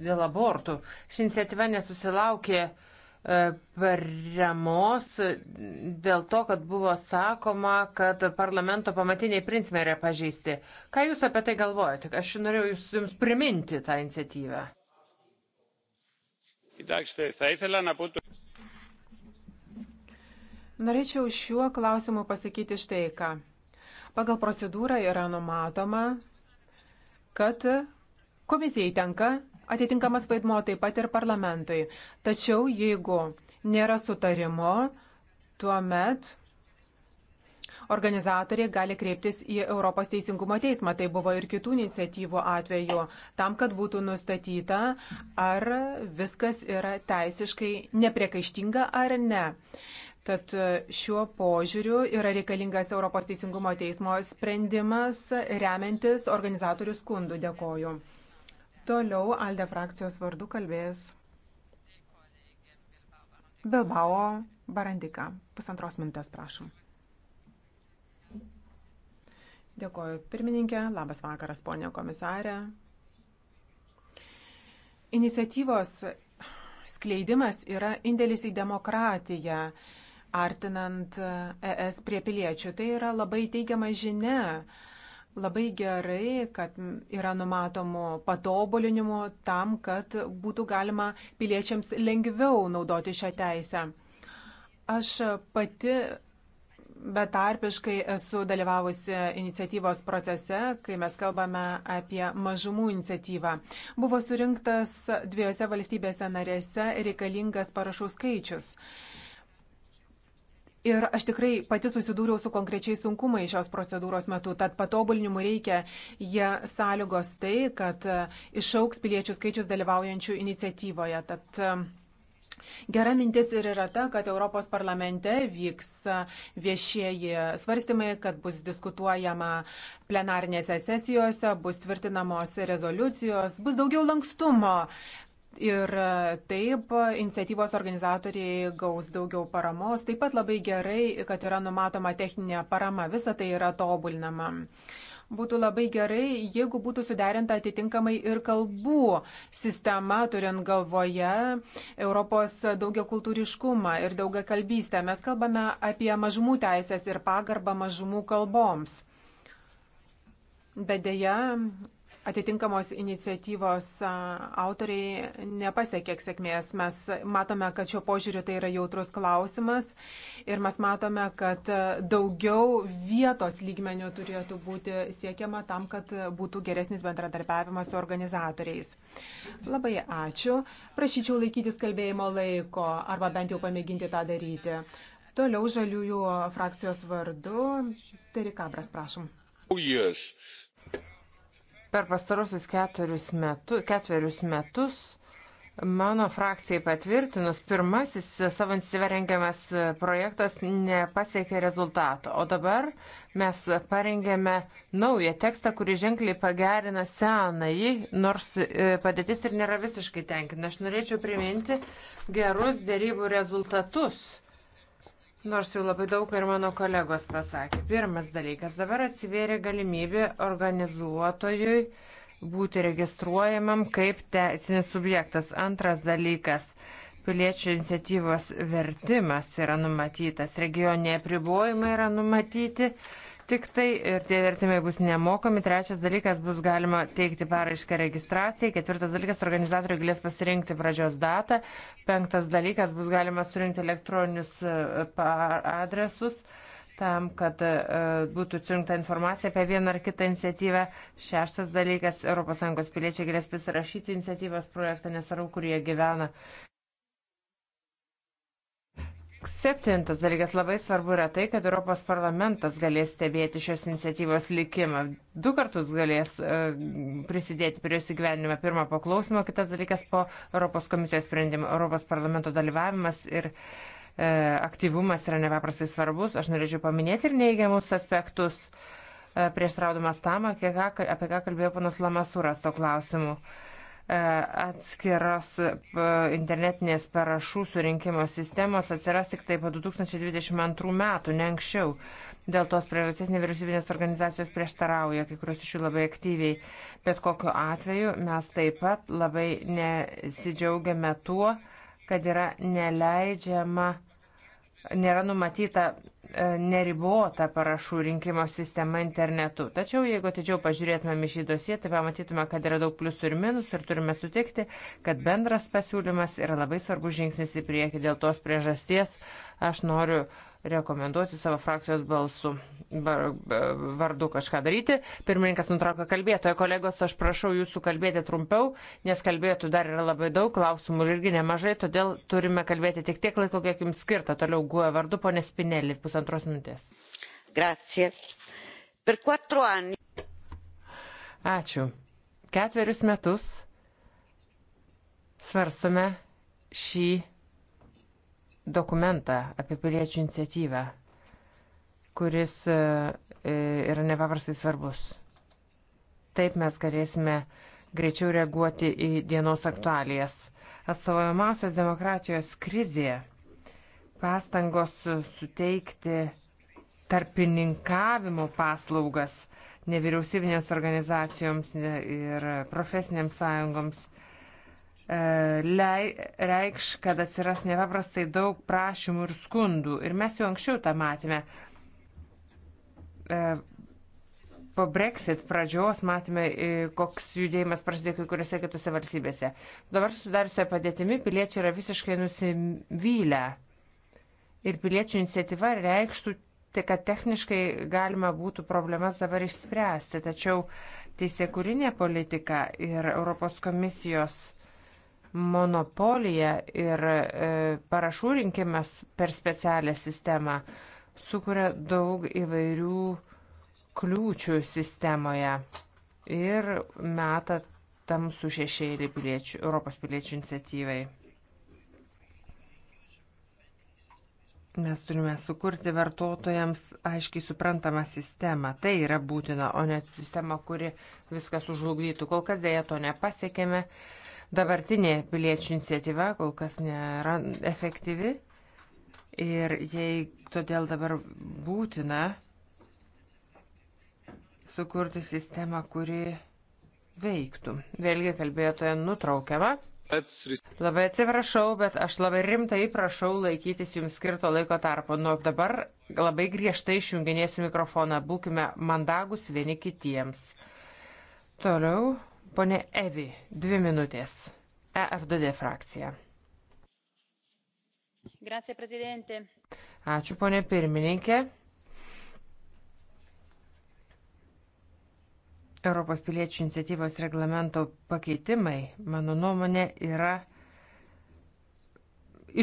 dėl abortų. Ši iniciatyva nesusilaukė uh, E, paramos dėl to, kad buvo sakoma, kad parlamento pamatiniai principai yra pažeisti. Ką Jūs apie tai galvojate? Aš norėjau jūs, Jums priminti tą iniciatyvą. Norėčiau šiuo klausimu pasakyti štai ką. Pagal procedūrą yra numatoma, kad komisijai tenka atitinkamas vaidmo taip pat ir parlamentui. Tačiau jeigu nėra sutarimo, tuomet organizatoriai gali kreiptis į Europos teisingumo teismą. Tai buvo ir kitų iniciatyvų atveju, tam, kad būtų nustatyta, ar viskas yra teisiškai nepriekaištinga ar ne. Tad e, šiuo požiūriu yra reikalingas Europos teisingumo teismo sprendimas remiantis organizatorių skundų. Dėkoju. Toliau Alde frakcijos vardu kalbės Bilbao Barandika. Pusantros minutės, prašom. Dėkoju pirmininkė, labas vakaras, ponė komisarė. Iniciatyvos skleidimas yra indėlis į demokratiją, artinant ES prie piliečių. Tai yra labai teigiama žinia Labai gerai, kad yra numatomo patobulinimo tam, kad būtų galima piliečiams lengviau naudoti šią teisę. Aš pati betarpiškai esu dalyvavusi iniciatyvos procese, kai mes kalbame apie mažumų iniciatyvą. Buvo surinktas dviejose valstybėse narėse reikalingas parašų skaičius. Uh, Ir aš tikrai pati susidūriau su konkrečiai sunkumai šios procedūros metu, tad patobulinimų reikia. Jie sąlygos tai, kad e, išauks piliečių skaičius dalyvaujančių iniciatyvoje. Tad, e, Gera mintis ir yra ta, kad Europos parlamente vyks e, viešieji svarstymai, kad bus diskutuojama plenarnėse sesijose, bus tvirtinamos rezoliucijos, bus daugiau lankstumo, Ir e, taip iniciatyvos organizatoriai gaus daugiau paramos. Taip pat labai gerai, kad yra numatoma techninė parama. Visa tai yra tobulinama. Būtų labai gerai, jeigu būtų suderinta atitinkamai ir kalbų sistema, turint galvoje Europos daugia kultūriškumą ir daugia kalbystę. Mes kalbame apie mažumų teisės ir pagarbą mažumų kalboms. Bet dėja, atitinkamos iniciatyvos autoriai nepasiekė sėkmės. Mes matome, kad šio požiūriu tai yra jautrus klausimas ir mes matome, kad daugiau vietos lygmenių turėtų būti siekiama tam, kad būtų geresnis bendradarbiavimas su organizatoriais. Labai ačiū. Prašyčiau laikytis kalbėjimo laiko arba bent jau pamėginti tą daryti. Toliau žaliųjų frakcijos vardu. Terikabras, prašom. Oh, yes. Per pastarosius metu, ketverius metus mano frakcijai patvirtinus, pirmasis savo iniciatyvę rengiamas projektas nepasiekė rezultato. O dabar mes parengėme naują tekstą, kuris ženkliai pagerina senąjį, nors e, padėtis ir nėra visiškai tenkina. Aš norėčiau priminti gerus dėrybų rezultatus Nors jau labai daug ir mano kolegos pasakė. Pirmas dalykas, dabar atsivėrė galimybė organizuotojui būti registruojamam kaip teisinis subjektas. Antras dalykas, piliečių iniciatyvos vertimas yra numatytas, regioniniai apribojimai yra numatyti tik tai ir tie vertimai bus nemokami. Trečias dalykas bus galima teikti paraišką registracijai. Ketvirtas dalykas organizatoriai galės pasirinkti pradžios datą. Penktas dalykas bus galima surinkti elektroninius e, adresus tam, kad e, būtų surinkta informacija apie vieną ar kitą iniciatyvą. Šeštas dalykas - ES piliečiai galės pasirašyti iniciatyvos projektą, nesvarbu, kur jie gyvena. Septintas dalykas labai svarbu yra tai, kad Europos parlamentas galės stebėti šios iniciatyvos likimą. Du kartus galės uh, prisidėti prie jos įgyvenimą. Pirmą po klausimo, kitas dalykas po Europos komisijos sprendimo. Europos parlamento dalyvavimas ir uh, aktyvumas yra nepaprastai svarbus. Aš norėčiau paminėti ir neigiamus aspektus. Uh, prieštraudamas tam, apie ką, apie ką kalbėjo panas Lamasūras to klausimu. Uh, E, atskiros e, internetinės parašų surinkimo sistemos atsiras tik tai po 2022 metų, ne anksčiau. Dėl tos priežasties nevyriausybinės organizacijos prieštarauja, kai kurios iš jų labai aktyviai. Bet kokiu atveju mes taip pat labai nesidžiaugiame tuo, kad yra neleidžiama uh, nėra numatyta e, neribota parašų rinkimo sistema internetu. Tačiau jeigu atidžiau pažiūrėtumėm į šį dosiją, tai pamatytume, kad yra daug pliusų ir minusų ir turime sutikti, kad bendras pasiūlymas yra labai svarbus žingsnis į priekį. Dėl tos priežasties aš noriu uh, rekomenduoti savo frakcijos balsų bar, e, vardu kažką daryti. Pirmininkas nutraukė kalbėtoje. Kolegos, aš prašau jūsų kalbėti trumpiau, nes kalbėtų dar yra labai daug, klausimų irgi nemažai, todėl turime kalbėti tik tiek laiko, kiek jums skirta. Toliau guoja vardu ponė Spinelį, pusantros minutės. Grazie. Per quattro anni. Ačiū. Ketverius metus svarstome šį dokumentą apie piliečių iniciatyvą, kuris e, e, yra nepaprastai svarbus. Taip mes galėsime greičiau reaguoti į dienos aktualijas. Atstovaujamosios demokratijos krizė, pastangos suteikti tarpininkavimo paslaugas nevyriausybinėms organizacijoms ir profesinėms sąjungoms E, reikš, kad atsiras nepaprastai daug prašymų ir skundų. Ir mes jau anksčiau tą matėme. E, po Brexit pradžios matėme, e, koks judėjimas prasidėjo kai kuriuose kitose valstybėse. Dabar sudariusioje padėtimi piliečiai yra visiškai nusivylę. Ir piliečių iniciatyva reikštų, kad techniškai galima būtų problemas dabar išspręsti. Tačiau teisėkurinė politika ir Europos komisijos monopoliją ir e, parašų rinkimas per specialią sistemą sukuria daug įvairių kliūčių sistemoje ir meta tamsų šešėlį piliečių, Europos piliečių iniciatyvai. Mes turime sukurti vartotojams aiškiai suprantamą sistemą. Tai yra būtina, o ne sistema, kuri viskas užlugdytų. Kol kas dėja to nepasiekėme. Uh, Dabartinė piliečių iniciatyva kol kas nėra efektyvi ir jei todėl dabar būtina sukurti sistemą, kuri veiktų. Vėlgi kalbėtoje nutraukiama. Labai atsiprašau, bet aš labai rimtai prašau laikytis jums skirto laiko tarpo. Nuo dabar labai griežtai išjunginėsiu mikrofoną. Būkime mandagus vieni kitiems. Toliau Pone Evi, dvi minutės. EFDD frakcija. Grazie, prezidentė. Ačiū, ponė pirmininkė. Europos piliečių iniciatyvos reglamento pakeitimai, mano nuomonė, yra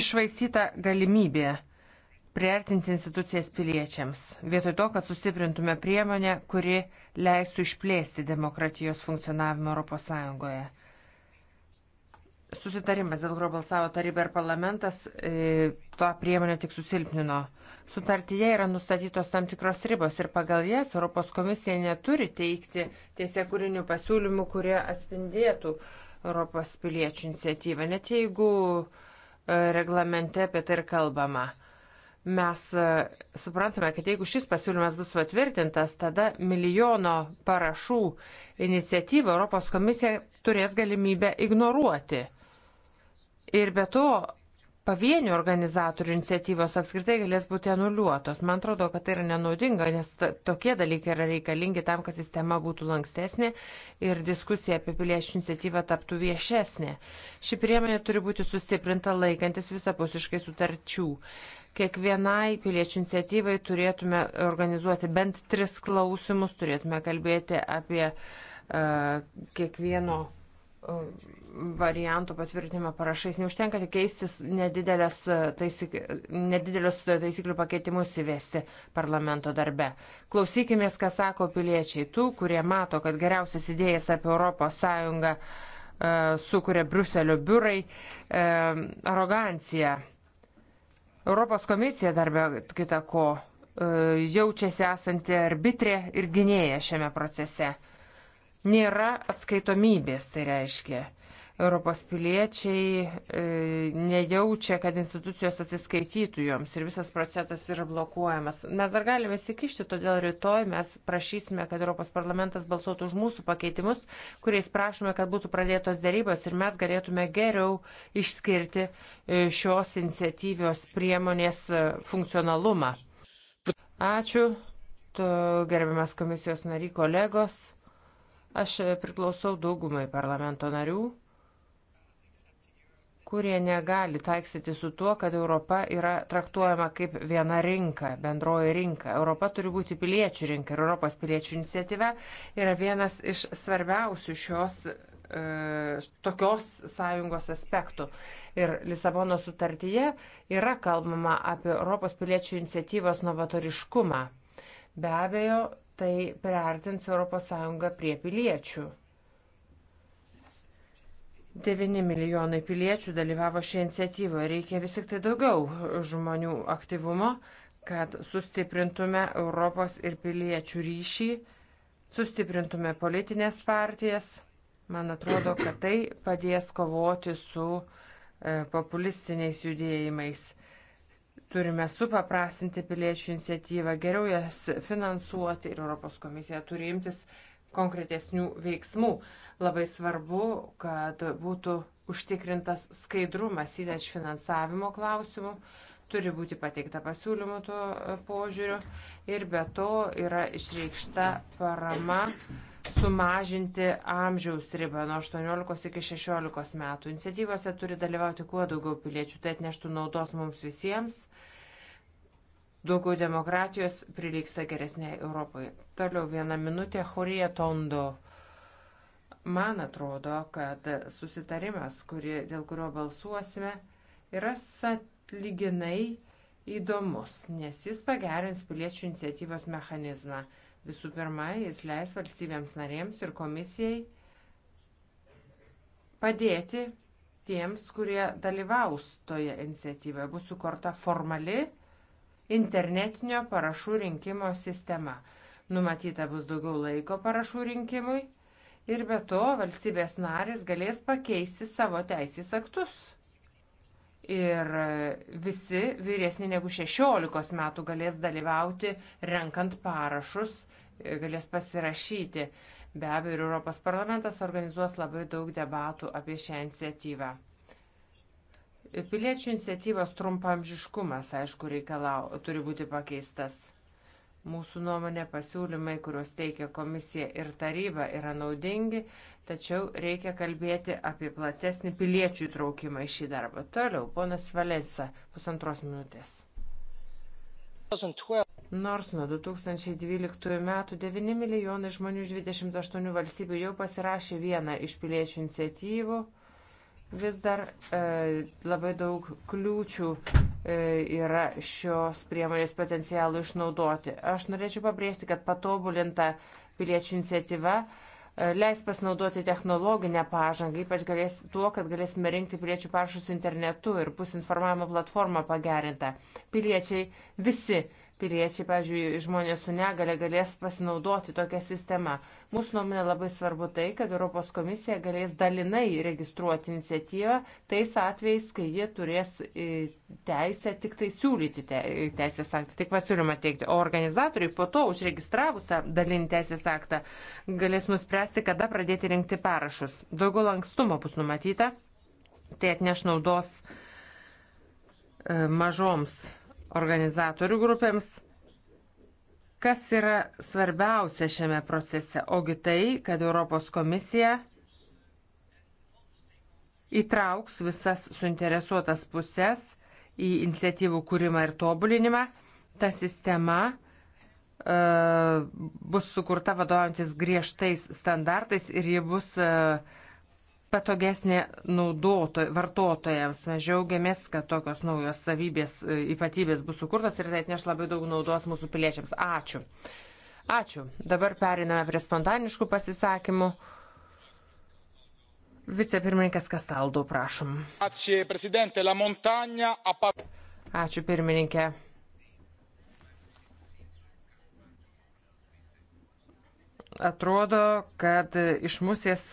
išvaistyta galimybė priartinti institucijas piliečiams, vietoj to, kad sustiprintume priemonę, kuri leistų išplėsti demokratijos funkcionavimą ES. Susitarimas, dėl kurio balsavo taryba ir parlamentas, e, tą priemonę tik susilpnino. Sutartyje yra nustatytos tam tikros ribos ir pagal jas Europos komisija neturi teikti tiesiekūrinių pasiūlymų, kurie atspindėtų Europos piliečių iniciatyvą, net jeigu e, reglamente apie tai ir kalbama. E, Mes e, suprantame, kad jeigu šis pasiūlymas bus patvirtintas, tada milijono parašų iniciatyvą Europos komisija turės galimybę ignoruoti. Ir be to pavienių organizatorių iniciatyvos apskritai galės būti anuliuotos. Man atrodo, kad tai yra nenaudinga, nes tokie dalykai yra reikalingi tam, kad sistema būtų lankstesnė ir diskusija apie piliečių iniciatyvą taptų viešesnė. Ši priemonė turi būti sustiprinta laikantis visapusiškai sutarčių. Kiekvienai piliečių iniciatyvai turėtume organizuoti bent tris klausimus, turėtume kalbėti apie uh, kiekvieno variantų patvirtinimo parašais. Neužtenka tik keistis nedidelės taisyk, nedidelius taisyklių pakeitimus įvesti parlamento darbe. Klausykime, ką sako piliečiai, tų, kurie mato, kad geriausias idėjas apie ES e, sukuria Bruselio biurai, e, arogancija. Europos komisija darbė kitą ko e, jaučiasi esanti arbitrė ir gynėja šiame procese. Nėra atskaitomybės, tai reiškia. Europos piliečiai e, nejaučia, kad institucijos atsiskaitytų joms ir visas procesas yra blokuojamas. Mes dar galime įsikišti, todėl rytoj mes prašysime, kad Europos parlamentas balsuotų už mūsų pakeitimus, kuriais prašome, kad būtų pradėtos dėrybos ir mes galėtume geriau išskirti e, šios iniciatyvios priemonės e, funkcionalumą. Ačiū, gerbiamas komisijos nary kolegos. Aš priklausau daugumai parlamento narių, kurie negali taiksyti su tuo, kad Europa yra traktuojama kaip viena rinka, bendroji rinka. Europa turi būti piliečių rinka ir Europos piliečių iniciatyva yra vienas iš svarbiausių šios e, tokios sąjungos aspektų. Ir Lisabono sutartyje yra kalbama apie Europos piliečių iniciatyvos novatoriškumą. Be abejo, tai priartins ES prie piliečių. 9 milijonai piliečių dalyvavo šią iniciatyvą. Reikia vis tik tai daugiau žmonių aktyvumo, kad sustiprintume Europos ir piliečių ryšį, sustiprintume politinės partijas. Man atrodo, kad tai padės kovoti su e, populistiniais judėjimais. Turime supaprastinti piliečių iniciatyvą, geriau jas finansuoti ir Europos komisija turi imtis konkretesnių veiksmų. Labai svarbu, kad būtų užtikrintas skaidrumas, ypač finansavimo klausimų, turi būti pateikta pasiūlymų tuo požiūriu ir be to yra išreikšta parama sumažinti amžiaus ribą nuo 18 iki 16 metų. Iniciatyvose turi dalyvauti kuo daugiau piliečių, tai atneštų naudos mums visiems. Daugiau demokratijos priliksta geresniai Europai. Toliau vieną minutę Horija Tondo. Man atrodo, kad susitarimas, kuri, dėl kurio balsuosime, yra satlyginai įdomus, nes jis pagerins piliečių iniciatyvos mechanizmą. Visų pirma, jis leis valstybėms narėms ir komisijai padėti tiems, kurie dalyvaus toje iniciatyvoje. Bus sukurta formali internetinio parašų rinkimo sistema. Numatyta bus daugiau laiko parašų rinkimui ir be to valstybės narės galės pakeisti savo teisės aktus ir visi vyresni negu 16 metų galės dalyvauti renkant parašus, galės pasirašyti. Be abejo, ir Europos parlamentas organizuos labai daug debatų apie šią iniciatyvą. Piliečių iniciatyvos trumpamžiškumas, aišku, reikalau, turi būti pakeistas. Mūsų nuomonė pasiūlymai, kuriuos teikia komisija ir taryba, yra naudingi, tačiau reikia kalbėti apie platesnį piliečių įtraukimą į šį darbą. Toliau, ponas Valensa, pusantros minutės. Nors nuo 2012 metų 9 milijonai žmonių iš 28 valstybių jau pasirašė vieną iš piliečių iniciatyvų, vis dar e, labai daug kliūčių E, yra šios priemonės potencialų išnaudoti. Aš norėčiau pabrėžti, kad patobulinta piliečių iniciatyva e, leis pasinaudoti technologinę pažangą, ypač galės, tuo, kad galėsime rinkti piliečių parašus internetu ir bus informavimo platforma pagerinta. Piliečiai visi piliečiai, pavyzdžiui, žmonės su negale galės pasinaudoti tokią sistemą. Mūsų nuomonė labai svarbu tai, kad Europos komisija galės dalinai registruoti iniciatyvą tais atvejais, kai jie turės e, teisę tik tai siūlyti te, teisės aktą, tik pasiūlymą teikti. O organizatoriai po to užregistravus tą dalinį teisės aktą galės nuspręsti, kada pradėti rinkti parašus. Daugiau lankstumo bus numatyta, tai atneš naudos e, mažoms organizatorių grupėms. Kas yra svarbiausia šiame procese? Ogi tai, kad Europos komisija įtrauks visas suinteresuotas pusės į iniciatyvų kūrimą ir tobulinimą. Ta sistema uh, bus sukurta vadovantis griežtais standartais ir ji bus uh, patogesnė naudoto, vartotojams. Mes džiaugiamės, kad tokios naujos savybės, e, ypatybės bus sukurtos ir tai atneš labai daug naudos mūsų piliečiams. Ačiū. Ačiū. Dabar periname prie spontaniškų pasisakymų. Vicepirmininkas Kastaldo, prašom. Ačiū, pirmininkė. Atrodo, kad iš musės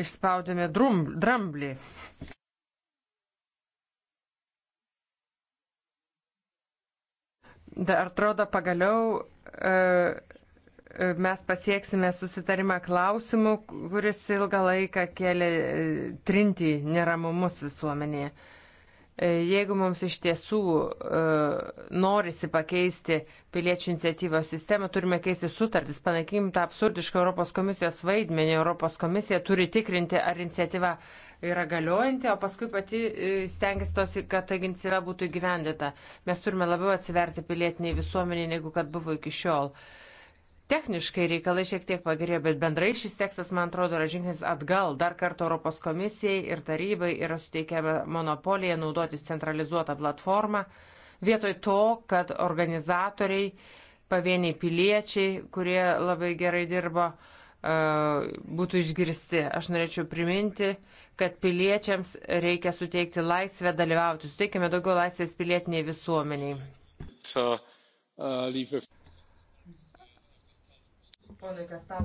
išspaudėme drum, dramblį. Dar atrodo pagaliau e, e, mes pasieksime susitarimą klausimų, kuris ilgą laiką kėlė e, trinti neramumus visuomenėje. E, jeigu mums iš tiesų uh, norisi pakeisti piliečių iniciatyvos sistemą, turime keisti sutartis, panaikim tą absurdišką Europos komisijos vaidmenį. Europos komisija turi tikrinti, ar iniciatyva yra galiojanti, o paskui pati e, stengiasi tos, kad ta iniciatyva būtų įgyvendita. Mes turime labiau atsiverti pilietiniai visuomeniai, negu kad buvo iki šiol. Uh, Techniškai reikalai šiek tiek pagerėjo, bet bendrai šis tekstas, man atrodo, yra žingsnis atgal. Dar kartą Europos komisijai ir tarybai yra suteikiama monopolija naudotis centralizuotą platformą, vietoj to, kad organizatoriai, pavieniai piliečiai, kurie labai gerai dirbo, e, būtų išgirsti. Aš norėčiau priminti, kad piliečiams reikia suteikti laisvę dalyvauti. Suteikime daugiau laisvės pilietiniai visuomeniai. Ta, uh, ponai Kastan.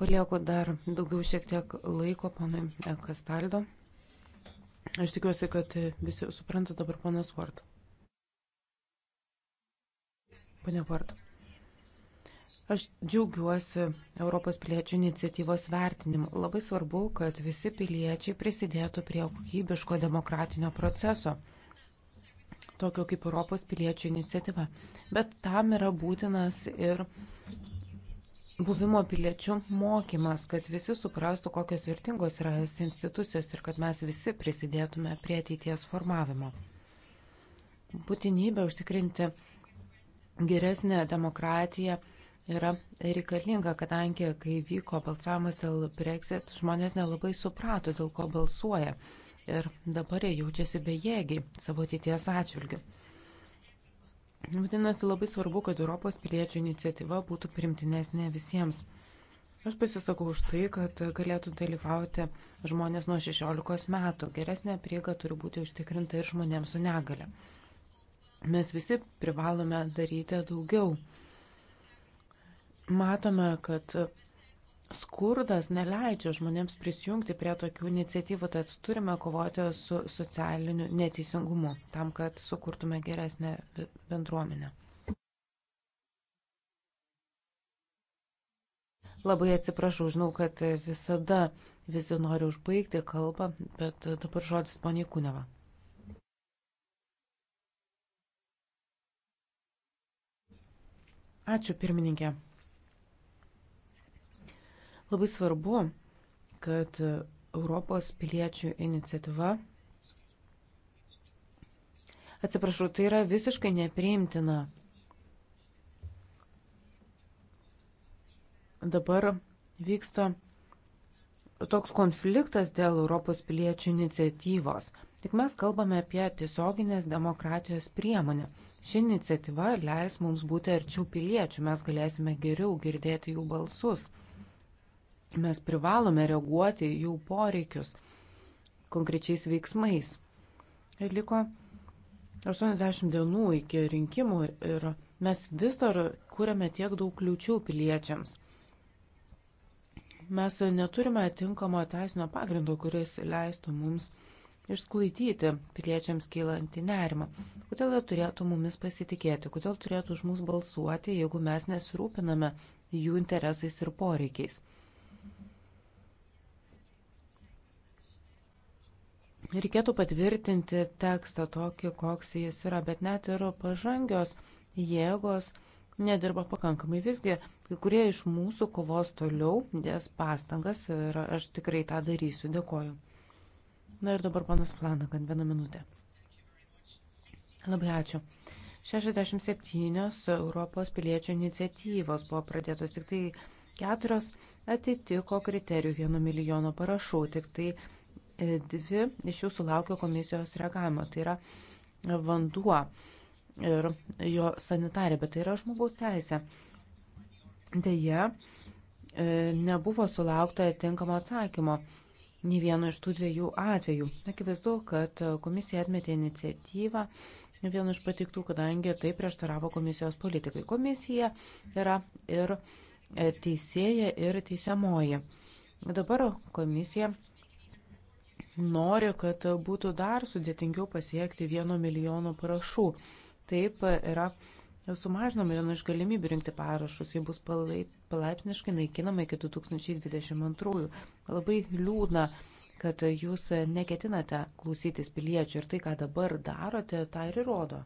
Palieku dar daugiau šiek tiek laiko ponui Kastaldo. Aš tikiuosi, kad visi supranta dabar ponas Vart. Pane Vart. Aš džiaugiuosi Europos piliečių iniciatyvos vertinimu. Labai svarbu, kad visi piliečiai prisidėtų prie kokybiško demokratinio proceso tokio kaip Europos piliečių iniciatyva. Bet tam yra būtinas ir buvimo piliečių mokymas, kad visi suprastų, kokios vertingos yra institucijos ir kad mes visi prisidėtume prie ateities formavimo. Būtinybė užtikrinti geresnę demokratiją yra reikalinga, kadangi kai vyko balsavimas dėl Brexit, žmonės nelabai suprato, dėl ko balsuoja ir dabar jie jaučiasi bejėgiai savo ateities atžvilgiu. Vadinasi, labai svarbu, kad Europos piliečių iniciatyva būtų primtinesnė visiems. Aš pasisakau už tai, kad galėtų dalyvauti žmonės nuo 16 metų. Geresnė prieiga turi būti užtikrinta ir žmonėms su negale. Mes visi privalome daryti daugiau. Matome, kad skurdas neleidžia žmonėms prisijungti prie tokių iniciatyvų, tad turime kovoti su socialiniu neteisingumu, tam, kad sukurtume geresnę bendruomenę. Labai atsiprašau, žinau, kad visada visi nori užbaigti kalbą, bet dabar žodis poniai Kuneva. Ačiū pirmininkė. Labai svarbu, kad Europos piliečių iniciatyva. Atsiprašau, tai yra visiškai nepriimtina. Dabar vyksta toks konfliktas dėl Europos piliečių iniciatyvos. Tik mes kalbame apie tiesioginės demokratijos priemonę. Ši iniciatyva leis mums būti arčiau piliečių, mes galėsime geriau girdėti jų balsus. Mes privalome reaguoti jų poreikius konkrečiais veiksmais. Ir liko 80 dienų iki rinkimų ir mes vis dar kūrėme tiek daug kliūčių piliečiams. Mes neturime tinkamo teisinio pagrindo, kuris leistų mums išsklaidyti piliečiams kylantį nerimą. Kodėl jie turėtų mumis pasitikėti, kodėl turėtų už mus balsuoti, jeigu mes nesirūpiname jų interesais ir poreikiais. reikėtų patvirtinti tekstą tokį, koks jis yra, bet net ir pažangios jėgos nedirba pakankamai. Visgi, kai kurie iš mūsų kovos toliau, dės pastangas ir aš tikrai tą darysiu. Dėkoju. Na ir dabar panas Flanagan, vieną minutę. Labai ačiū. 67 Europos piliečių iniciatyvos buvo pradėtos, tik tai keturios atitiko kriterijų vieno milijono parašų, tik tai Dvi iš jų sulaukė komisijos reagavimo, tai yra vanduo ir jo sanitarė, bet tai yra žmogaus teisė. Deja, e, nebuvo sulaukta tinkamo atsakymo. Nį vieno iš tų dviejų atvejų. Akivaizdu, kad komisija atmetė iniciatyvą vienu iš patiktų, kadangi tai prieštaravo komisijos politikai. Komisija yra ir teisėja, ir teisiamoji. Dabar komisija nori, kad būtų dar sudėtingiau pasiekti vieno milijono parašų. Taip yra sumažinama viena iš galimybių rinkti parašus, jie bus palaipsniškai naikinama iki 2022. Labai liūdna, kad jūs neketinate klausytis piliečių ir tai, ką dabar darote, tą ir įrodo.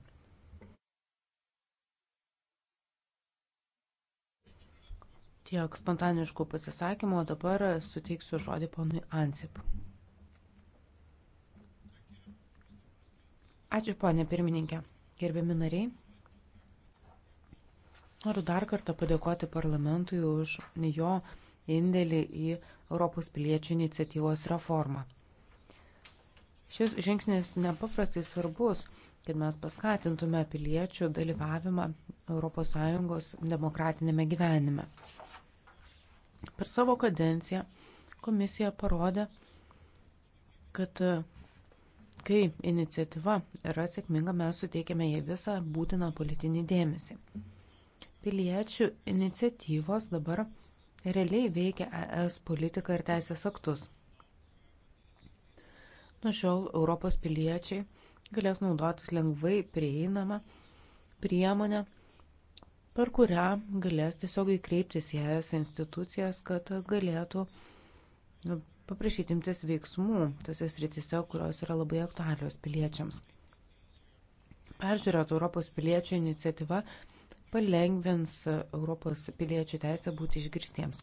Tiek spontaniškų pasisakymų, o dabar suteiksiu žodį ponui Ansip. Ačiū, ponė pirmininkė. Gerbiami nariai. Noriu dar kartą padėkoti parlamentui už jo indėlį į Europos piliečių iniciatyvos reformą. Šis žingsnis nepaprastai svarbus, kad mes paskatintume piliečių dalyvavimą ES demokratinėme gyvenime. Per savo kadenciją komisija parodė, kad Kai iniciatyva yra sėkminga, mes suteikiame jai visą būtiną politinį dėmesį. Piliečių iniciatyvos dabar realiai veikia ES politiką ir teisės aktus. Nuo šiol Europos piliečiai galės naudotis lengvai prieinamą priemonę, per kurią galės tiesiog įkreiptis į ES institucijas, kad galėtų paprašyti imtis veiksmų tose sritise, kurios yra labai aktualios piliečiams. Peržiūrėta Europos piliečių iniciatyva palengvins Europos piliečių teisę būti išgirstiems.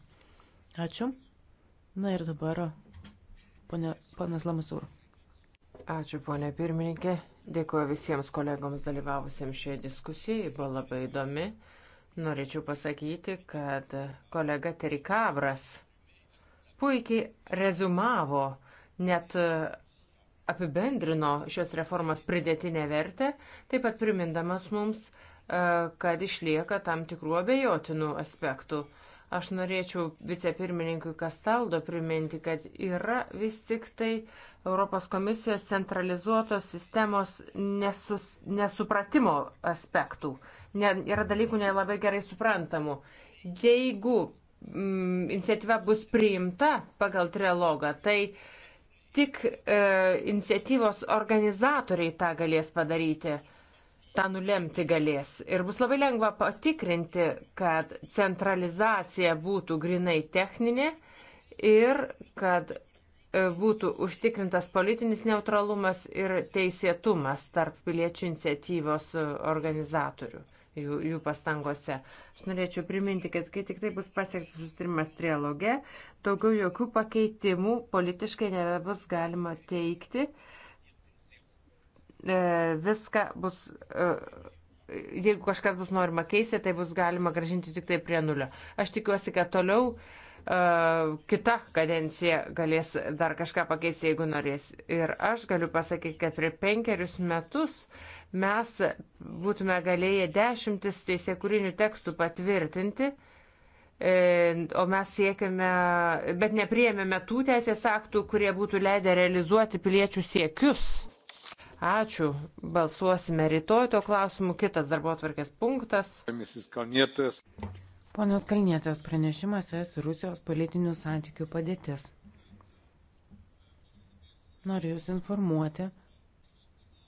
Ačiū. Na ir dabar ponė, ponas Lamasūr. Ačiū, ponė pirmininkė. Dėkuoju visiems kolegoms dalyvavusiems šioje diskusijoje. Buvo labai įdomi. Norėčiau pasakyti, kad kolega Terikavras puikiai rezumavo, net e, apibendrino šios reformos pridėtinę vertę, taip pat primindamas mums, e, kad išlieka tam tikrų abejotinų aspektų. Aš norėčiau vicepirmininkui Kastaldo priminti, kad yra vis tik tai Europos komisijos centralizuotos sistemos nesus, nesupratimo aspektų. Ne, yra dalykų nelabai gerai suprantamų. Jeigu mm, iniciatyva bus priimta pagal trilogą, tai tik e, iniciatyvos organizatoriai tą galės padaryti, tą nulemti galės. Ir bus labai lengva patikrinti, kad centralizacija būtų grinai techninė ir kad e, būtų užtikrintas politinis neutralumas ir teisėtumas tarp piliečių iniciatyvos e, organizatorių jų, jų pastangose. Aš norėčiau priminti, kad kai tik tai bus pasiektas sustarimas trialoge, daugiau jokių pakeitimų politiškai nebebus galima teikti. E, viską bus. E, Jeigu kažkas bus norima keisti, tai bus galima gražinti tik tai prie nulio. Aš tikiuosi, kad toliau e, kita kadencija galės dar kažką pakeisti, jeigu norės. Ir aš galiu pasakyti, kad prie penkerius metus mes būtume galėję dešimtis teisėkurinių tekstų patvirtinti, e, o mes siekiame, bet nepriėmėme tų teisės aktų, kurie būtų leidę realizuoti piliečių siekius. Ačiū. Balsuosime rytoj to klausimu. Kitas darbo atvarkės punktas. Ponios Kalnietės pranešimas es Rusijos politinių santykių padėtis. Noriu Jūs informuoti,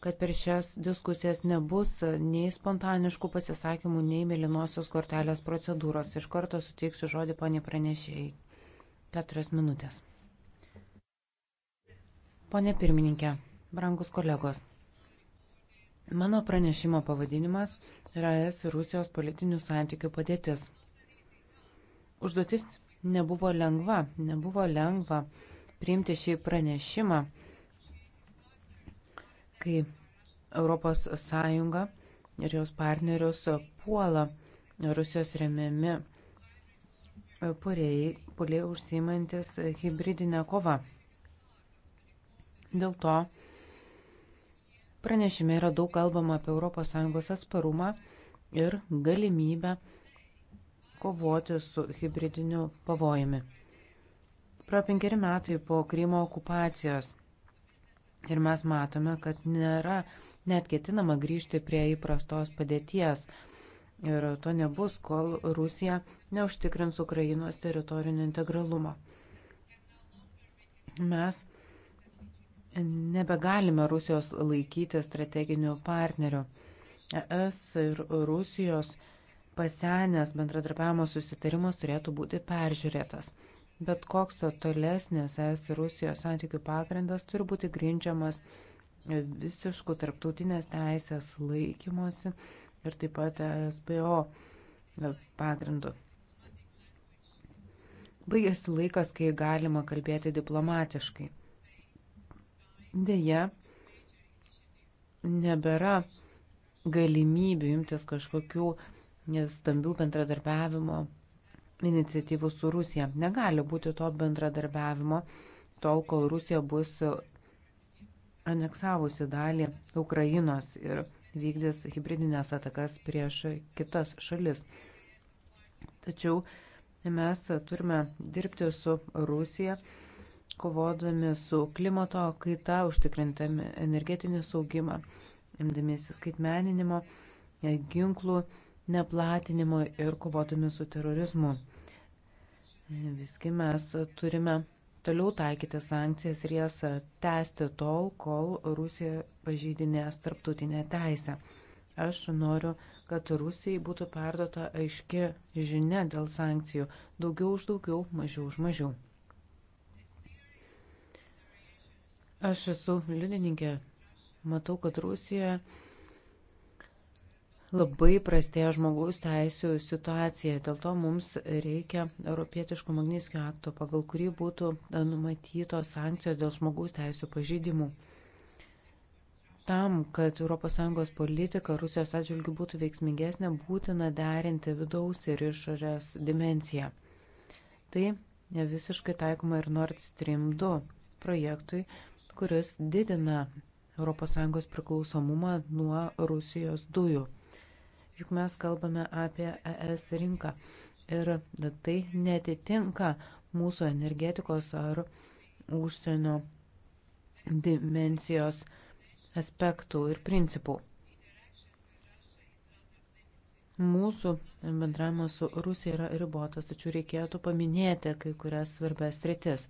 kad per šias diskusijas nebus nei spontaniškų pasisakymų, nei mėlynosios kortelės procedūros. Iš karto suteiksiu žodį poniai pranešėjai. Keturias minutės. Pone pirmininkė, brangus kolegos. Mano pranešimo pavadinimas yra ES ir Rusijos politinių santykių padėtis. Užduotis nebuvo lengva, nebuvo lengva priimti šį pranešimą kai ES ir jos partnerius puola Rusijos remiami puliai, puliai užsimantis hybridinę kovą. Dėl to pranešime yra daug kalbama apie ES atsparumą ir galimybę kovoti su hybridiniu pavojumi. Pro penkeri metai po Krymo okupacijos Ir mes matome, kad nėra net ketinama grįžti prie įprastos padėties. Ir to nebus, kol Rusija neužtikrins Ukrainos teritorinio integralumo. Mes nebegalime Rusijos laikyti strateginiu partneriu. ES ir Rusijos pasenęs bendradarbiavimo susitarimas turėtų būti peržiūrėtas. Bet koks to tolesnis es ir Rusijos santykių pagrindas turi būti grindžiamas visiškų tarptautinės teisės laikymosi ir taip pat SBO pagrindu. Baigėsi laikas, kai galima kalbėti diplomatiškai. Deja, nebėra galimybių imtis kažkokių stambių bendradarbiavimo iniciatyvų su Rusija. Negali būti to bendradarbiavimo tol, kol Rusija bus aneksavusi dalį Ukrainos ir vykdys hybridinės atakas prieš kitas šalis. Tačiau mes turime dirbti su Rusija, kovodami su klimato kaita, užtikrintami energetinį saugimą, imdamiesi skaitmeninimo, ginklų neplatinimo ir kovotume su terorizmu. Visgi mes turime toliau taikyti sankcijas ir jas tęsti tol, kol Rusija pažydinės tarptautinę teisę. Aš noriu, kad Rusijai būtų perdota aiški žinia dėl sankcijų - daugiau už daugiau, mažiau už mažiau. Aš esu liudininkė. Matau, kad Rusija labai prastėja žmogaus teisų situacija. Dėl to mums reikia Europietiško Magnitskio akto, pagal kurį būtų e, numatytos sankcijos dėl žmogaus teisų pažydimų. Tam, kad ES politika Rusijos atžvilgių būtų veiksmingesnė, būtina derinti vidaus ir išorės dimenciją. Tai visiškai taikoma ir Nord Stream 2 projektui, kuris didina ES priklausomumą nuo Rusijos dujų juk mes kalbame apie ES rinką ir tai netitinka mūsų energetikos ar užsienio dimensijos aspektų ir principų. Mūsų bendravimas su Rusija yra ribotas, tačiau reikėtų paminėti kai kurias svarbės rytis.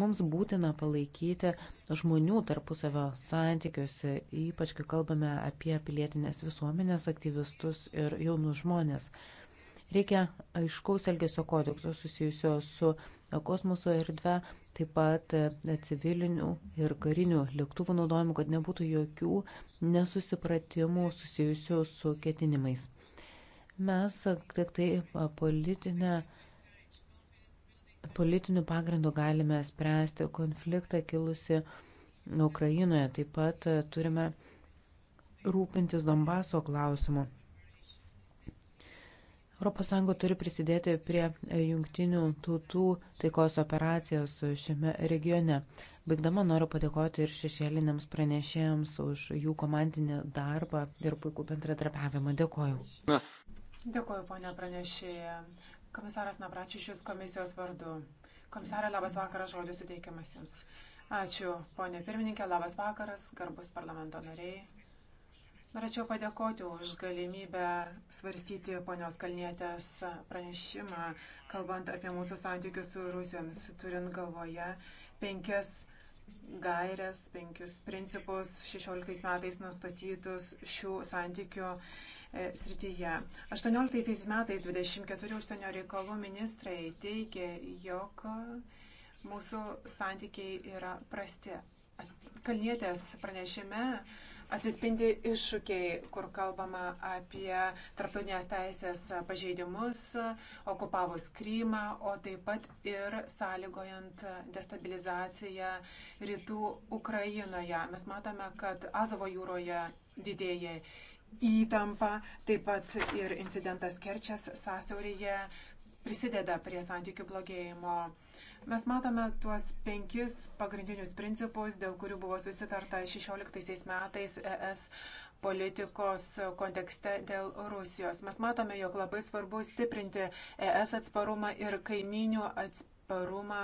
Mums būtina palaikyti žmonių tarpusavio santykiuose, ypač kai kalbame apie pilietinės visuomenės aktyvistus ir jaunus žmonės. Reikia aiškaus elgesio kodekso susijusio su kosmoso erdve, taip pat e, civilinių ir karinių lėktuvų naudojimu, kad nebūtų jokių nesusipratimų susijusių su ketinimais. Mes e, tik tai e, politinę politiniu pagrindu galime spręsti konfliktą kilusi Ukrainoje. Taip pat e, turime rūpintis Donbaso klausimu. ES turi prisidėti prie e, jungtinių tautų taikos operacijos šiame regione. Baigdama noriu padėkoti ir šešėliniams pranešėjams už jų komandinį darbą ir puikų bendradarbiavimą. Dėkoju. Na. Dėkoju, ponia pranešėja. Komisaras Navračišius komisijos vardu. Komisarė, labas vakaras, žodis suteikiamas Jums. Ačiū, ponė pirmininkė, labas vakaras, garbus parlamento nariai. Norėčiau padėkoti už galimybę svarstyti ponios Kalnietės pranešimą, kalbant apie mūsų santykius su Rusijomis, turint galvoje penkias gairias, penkius principus 16 metais nustatytus šių santykių E, srityje. 18 metais 24 užsienio reikalų ministrai teigė, jog mūsų santykiai yra prasti. Kalnietės pranešime atsispindi iššūkiai, kur kalbama apie tarptautinės teisės pažeidimus, okupavus Krymą, o taip pat ir sąlygojant destabilizaciją rytų Ukrainoje. Mes matome, kad Azovo jūroje didėja įtampa, taip pat ir incidentas Kerčias sąsiaurėje prisideda prie santykių blogėjimo. Mes matome tuos penkis pagrindinius principus, dėl kurių buvo susitarta 16 metais ES politikos kontekste dėl Rusijos. Mes matome, jog labai svarbu stiprinti ES atsparumą ir kaiminių atsparumą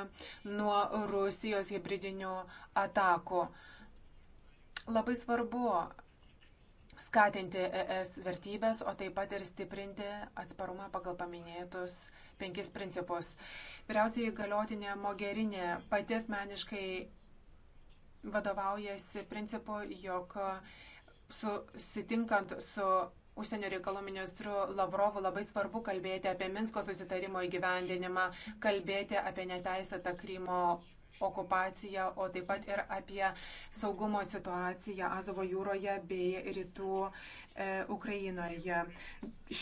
nuo Rusijos hybridinių atakų. Labai svarbu skatinti ES vertybės, o taip pat ir stiprinti atsparumą pagal paminėtus penkis principus. Vyriausiai galiotinė Mogerinė pati asmeniškai vadovaujasi principu, jog susitinkant su Užsienio reikalų ministru Lavrovu labai svarbu kalbėti apie Minsko susitarimo įgyvendinimą, kalbėti apie neteisėtą Krymo okupaciją, o taip pat ir apie saugumo situaciją Azovo jūroje bei rytų e, Ukrainoje.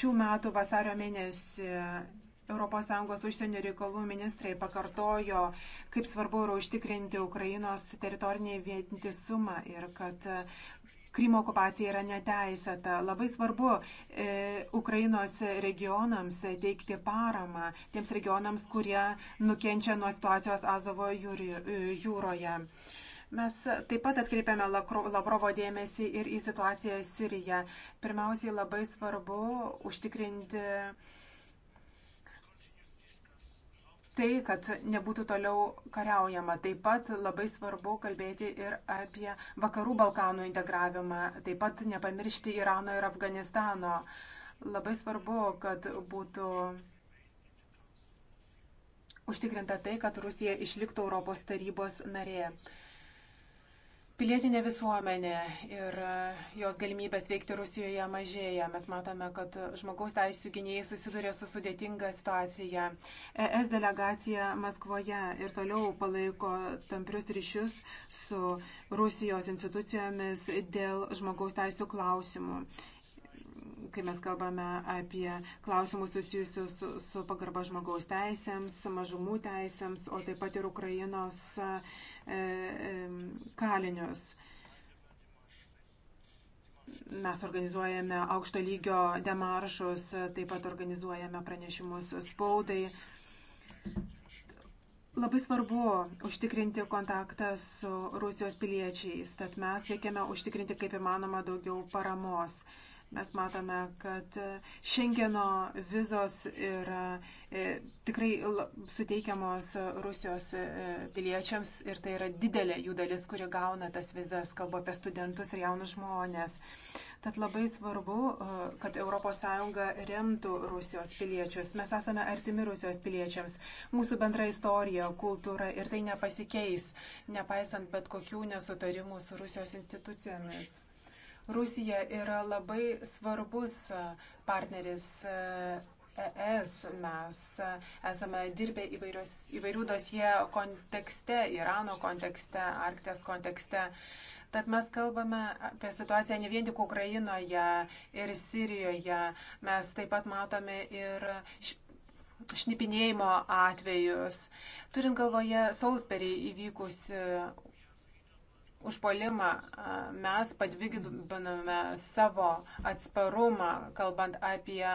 Šių metų vasario mėnesį ES užsienio reikalų ministrai pakartojo, kaip svarbu yra užtikrinti Ukrainos teritorinį vientisumą ir kad Krymo okupacija yra neteisėta. Labai svarbu e, Ukrainos regionams teikti paramą tiems regionams, kurie nukenčia nuo situacijos Azovo e, jūroje. Mes taip pat atkreipiame Lavrovo dėmesį ir į situaciją Siriją. Pirmiausiai labai svarbu užtikrinti tai, kad nebūtų toliau kariaujama. Taip pat labai svarbu kalbėti ir apie vakarų Balkanų integravimą, taip pat nepamiršti Irano ir Afganistano. Labai svarbu, kad būtų užtikrinta tai, kad Rusija išliktų Europos tarybos narė. Pilietinė visuomenė ir e, jos galimybės veikti Rusijoje mažėja. Mes matome, kad žmogaus teisų gynėjai susiduria su sudėtinga situacija. ES delegacija Maskvoje ir toliau palaiko tamprius ryšius su Rusijos institucijomis dėl žmogaus teisų klausimų kai mes kalbame apie klausimus susijusius su, su pagarba žmogaus teisėms, mažumų teisėms, o taip pat ir Ukrainos e, e, kalinius. Mes organizuojame aukšto lygio demaršus, taip pat organizuojame pranešimus spaudai. Labai svarbu užtikrinti kontaktą su Rusijos piliečiais, tad mes siekiame užtikrinti kaip įmanoma daugiau paramos. Mes matome, kad Šengeno vizos yra e, tikrai suteikiamos Rusijos e, piliečiams ir tai yra didelė jų dalis, kuri gauna tas vizas, kalbu apie studentus ir jaunus žmonės. Tad labai svarbu, e, kad ES remtų Rusijos piliečius. Mes esame artimi Rusijos piliečiams. Mūsų bendra istorija, kultūra ir tai nepasikeis, nepaisant bet kokių nesutarimų su Rusijos institucijomis. Rusija yra labai svarbus e, partneris ES. E mes e, esame dirbę įvairios, įvairių dosie kontekste, Irano kontekste, Arktės kontekste. Tad mes kalbame apie situaciją ne vien tik Ukrainoje ir Sirijoje. Mes taip pat matome ir šnipinėjimo atvejus. Turint galvoje Salisbury įvykusi užpolimą mes padvigubinome savo atsparumą, kalbant apie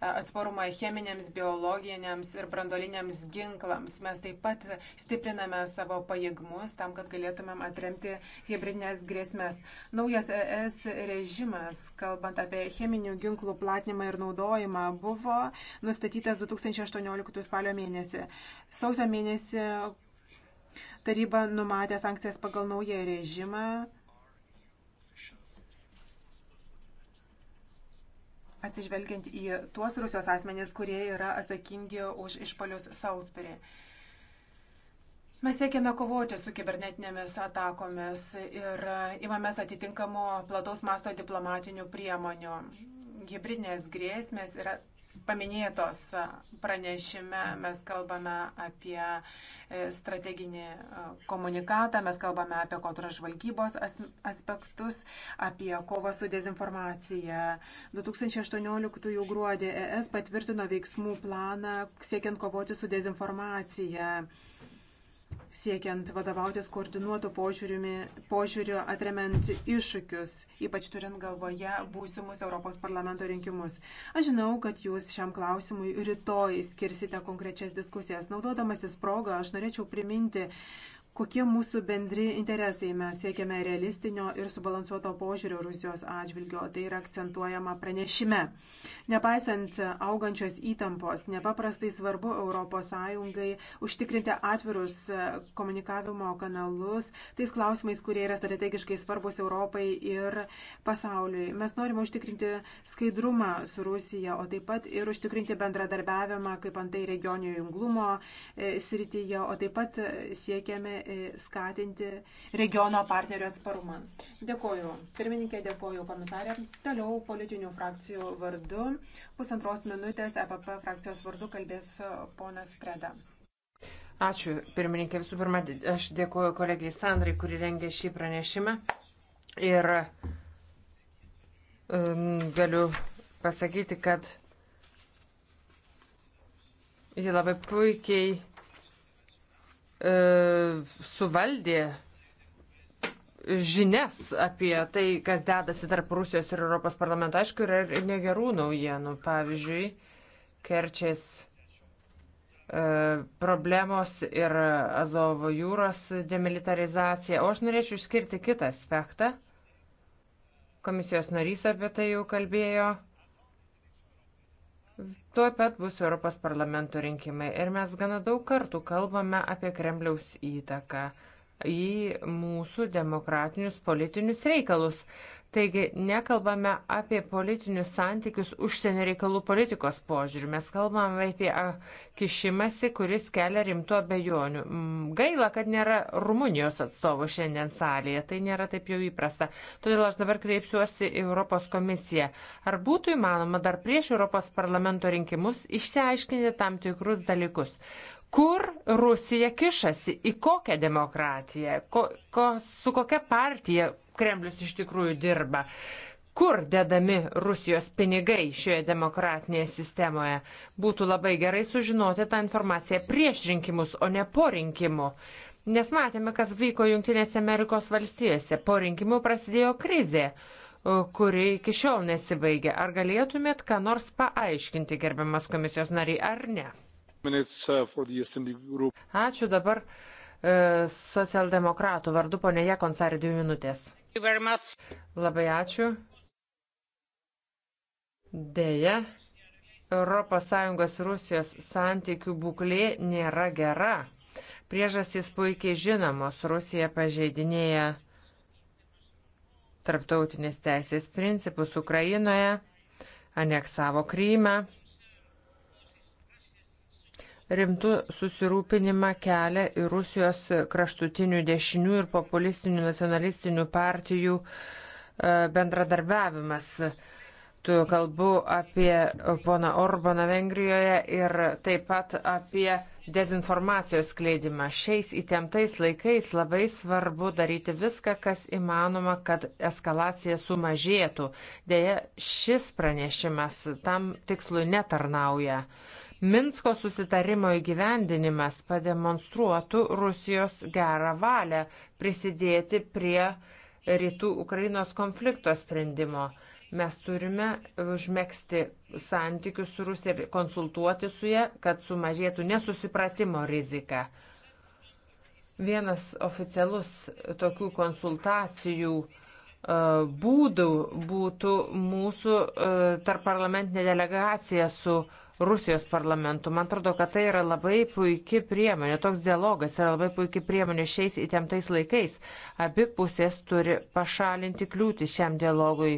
atsparumą cheminėms, biologinėms ir brandoliniams ginklams. Mes taip pat stipriname savo pajėgumus tam, kad galėtumėm atremti hybridinės grėsmės. Naujas ES režimas, kalbant apie cheminių ginklų platinimą ir naudojimą, buvo nustatytas 2018 spalio mėnesį. Sausio mėnesį Taryba numatė sankcijas pagal naują režimą. Atsižvelgiant į tuos Rusijos asmenys, kurie yra atsakingi už išpalius Salisbury. Mes siekiame kovoti su kibernetinėmis atakomis ir imamės atitinkamų plataus masto diplomatinių priemonių. Hybridinės grėsmės yra paminėtos pranešime. Mes kalbame apie e, strateginį e, komunikatą, mes kalbame apie kontražvalgybos aspektus, apie kovą su dezinformacija. 2018 gruodį ES patvirtino veiksmų planą siekiant kovoti su dezinformacija siekiant vadovautis koordinuotų požiūrių atremiant iššūkius, ypač turint galvoje būsimus Europos parlamento rinkimus. Aš žinau, kad jūs šiam klausimui rytoj skirsite konkrečias diskusijas. Naudodamasis progą, aš norėčiau priminti kokie mūsų bendri interesai. Mes siekiame realistinio ir subalansuoto požiūrio Rusijos atžvilgio, tai yra akcentuojama pranešime. Nepaisant augančios įtampos, nepaprastai svarbu ES užtikrinti atvirus komunikavimo kanalus tais klausimais, kurie yra strategiškai svarbus Europai ir pasauliui. Mes norime užtikrinti skaidrumą su Rusija, o taip pat ir užtikrinti bendradarbiavimą, kaip antai regioninio junglumo e, srityje, o taip pat siekiame E, skatinti regiono partnerio atsparumą. Dėkoju. Pirmininkė, dėkoju komisarė. Toliau politinių frakcijų vardu. Pusantros minutės EPP frakcijos vardu kalbės ponas Preda. Ačiū, pirmininkė. Visų pirma, aš dėkoju kolegijai Sandrai, kuri rengė šį pranešimą. Ir galiu pasakyti, kad ji labai puikiai E, suvaldė žinias apie tai, kas dedasi tarp Rusijos ir Europos parlamento. Aišku, yra ir negerų naujienų. Pavyzdžiui, Kerčės e, problemos ir Azovo jūros demilitarizacija. O aš norėčiau išskirti kitą aspektą. Komisijos narys apie tai jau kalbėjo. Tuo pat bus Europos parlamento rinkimai ir mes gana daug kartų kalbame apie Kremliaus įtaką į mūsų demokratinius politinius reikalus. Taigi nekalbame apie politinius santykius užsienio reikalų politikos požiūrių, mes kalbame apie kišimasi, kuris kelia rimtų abejonių. Mm, gaila, kad nėra Rumunijos atstovų šiandien salėje, tai nėra taip jau įprasta. Todėl aš dabar kreipsiuosi į Europos komisiją. Ar būtų įmanoma dar prieš Europos parlamento rinkimus išsiaiškinti tam tikrus dalykus? kur Rusija kišasi, į kokią demokratiją, ko, ko, su kokia partija Kremlius iš tikrųjų dirba. Kur dedami Rusijos pinigai šioje demokratinėje sistemoje? Būtų labai gerai sužinoti tą informaciją prieš rinkimus, o ne po rinkimų. Nes matėme, kas vyko Junktinėse Amerikos valstijose. Po rinkimų prasidėjo krizė, kuri iki šiol nesibaigė. Ar galėtumėt ką nors paaiškinti, gerbiamas komisijos nariai, ar ne? Uh, Ačiū dabar E, socialdemokratų vardu, ponė Jekonsarė, dvi minutės. Labai ačiū. Deja, ES Rusijos santykių būklė nėra gera. Priežastys puikiai žinomos. Rusija pažeidinėja tarptautinės teisės principus Ukrainoje, aneksavo Krymą rimtų susirūpinimą kelia ir Rusijos kraštutinių dešinių ir populistinių nacionalistinių partijų e, bendradarbiavimas. Tu kalbu apie poną Orbaną Vengrijoje ir taip pat apie dezinformacijos skleidimą. Šiais įtemptais laikais labai svarbu daryti viską, kas įmanoma, kad eskalacija sumažėtų. Deja, šis pranešimas tam tikslui netarnauja. Minsko susitarimo įgyvendinimas pademonstruotų Rusijos gerą valią prisidėti prie rytų Ukrainos konflikto sprendimo. Mes turime užmėgsti santykius su Rusija ir konsultuoti su ją, kad sumažėtų nesusipratimo rizika. Vienas oficialus tokių konsultacijų e, būdų būtų mūsų e, tarp parlamentinė delegacija su Rusija Rusijos parlamentu. Man atrodo, kad tai yra labai puikia priemonė. Toks dialogas yra labai puikia priemonė šiais įtemptais laikais. Abi pusės turi pašalinti kliūtį šiam dialogui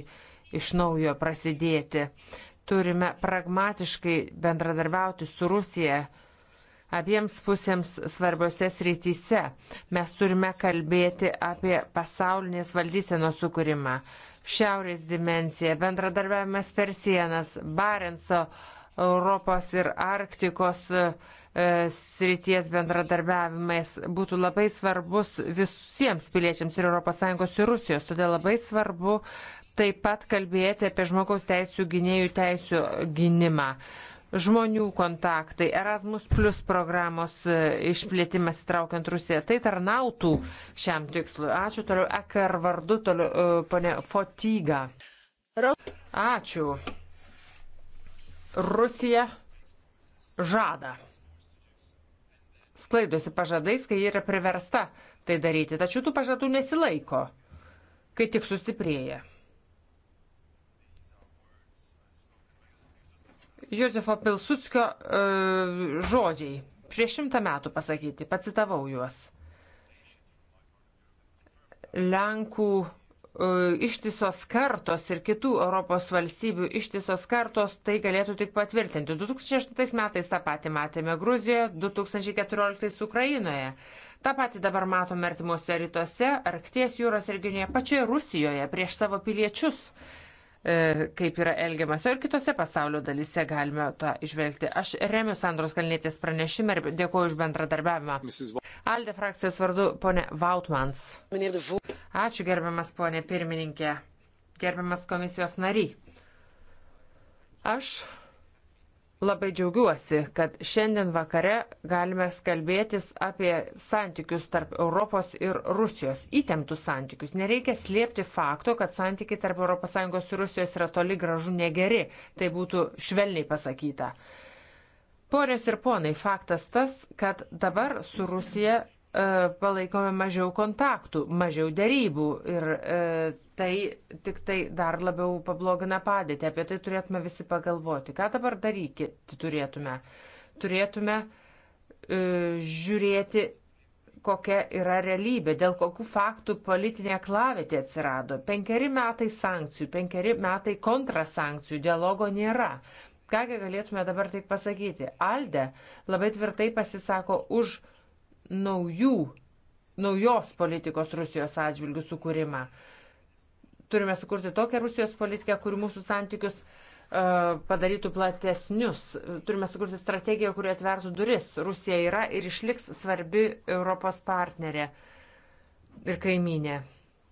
iš naujo prasidėti. Turime pragmatiškai bendradarbiauti su Rusija abiems pusėms svarbiose srityse. Mes turime kalbėti apie pasaulinės valdysenos sukūrimą, šiaurės dimenciją, bendradarbiavimas per sienas, Barenso uh, Europos ir Arktikos e, srities bendradarbiavimais būtų labai svarbus visiems piliečiams ir ES ir Rusijos. Todėl labai svarbu taip pat kalbėti apie žmogaus teisų gynėjų teisų gynimą. Žmonių kontaktai, Erasmus Plus programos e, išplėtimas įtraukiant Rusiją, tai tarnautų šiam tikslui. Ačiū toliau, EKR vardu, toliau, e, ponė Fotyga. Ačiū. Rusija žada. Sklaidosi pažadais, kai yra priversta tai daryti, tačiau tų pažadų nesilaiko, kai tik sustiprėja. Josefo Pilsutskio uh, e, žodžiai prieš šimtą metų pasakyti, pacitavau juos. Lenkų E, ištisos kartos ir kitų Europos valstybių ištisos kartos tai galėtų tik patvirtinti. 2008 metais tą patį matėme Gruzijoje, 2014 Ukrainoje. Ta pati dabar matome artimuose rytuose, Arkties jūros regione, pačioje Rusijoje prieš savo piliečius. Uh, E, kaip yra elgiamas. O ir kitose pasaulio dalyse galime tą išvelgti. Aš remiu Sandros Kalnėtės pranešimą ir dėkuoju už bendradarbiavimą. Alde frakcijos vardu ponė Vautmans. Ačiū gerbiamas ponė pirmininkė, gerbiamas komisijos nariai. Aš Labai džiaugiuosi, kad šiandien vakare galime kalbėtis apie santykius tarp Europos ir Rusijos, įtemptus santykius. Nereikia slėpti fakto, kad santykiai tarp ES ir Rusijos yra toli gražu negeri, tai būtų švelniai pasakyta. Ponios ir ponai, faktas tas, kad dabar su Rusija E, palaikome mažiau kontaktų, mažiau dėrybų ir e, tai tik tai dar labiau pablogina padėtį. Apie tai turėtume visi pagalvoti. Ką dabar daryti turėtume? Turėtume e, žiūrėti, kokia yra realybė, dėl kokių faktų politinė klavėtė atsirado. Penkeri metai sankcijų, penkeri metai kontrasankcijų, dialogo nėra. Kągi galėtume dabar taip pasakyti? Alde labai tvirtai pasisako už naujų, naujos politikos Rusijos atžvilgių sukūrimą. Turime sukurti tokią Rusijos politiką, kuri mūsų santykius uh, padarytų platesnius. Turime sukurti strategiją, kuri atvertų duris. Rusija yra ir išliks svarbi Europos partnerė ir kaiminė.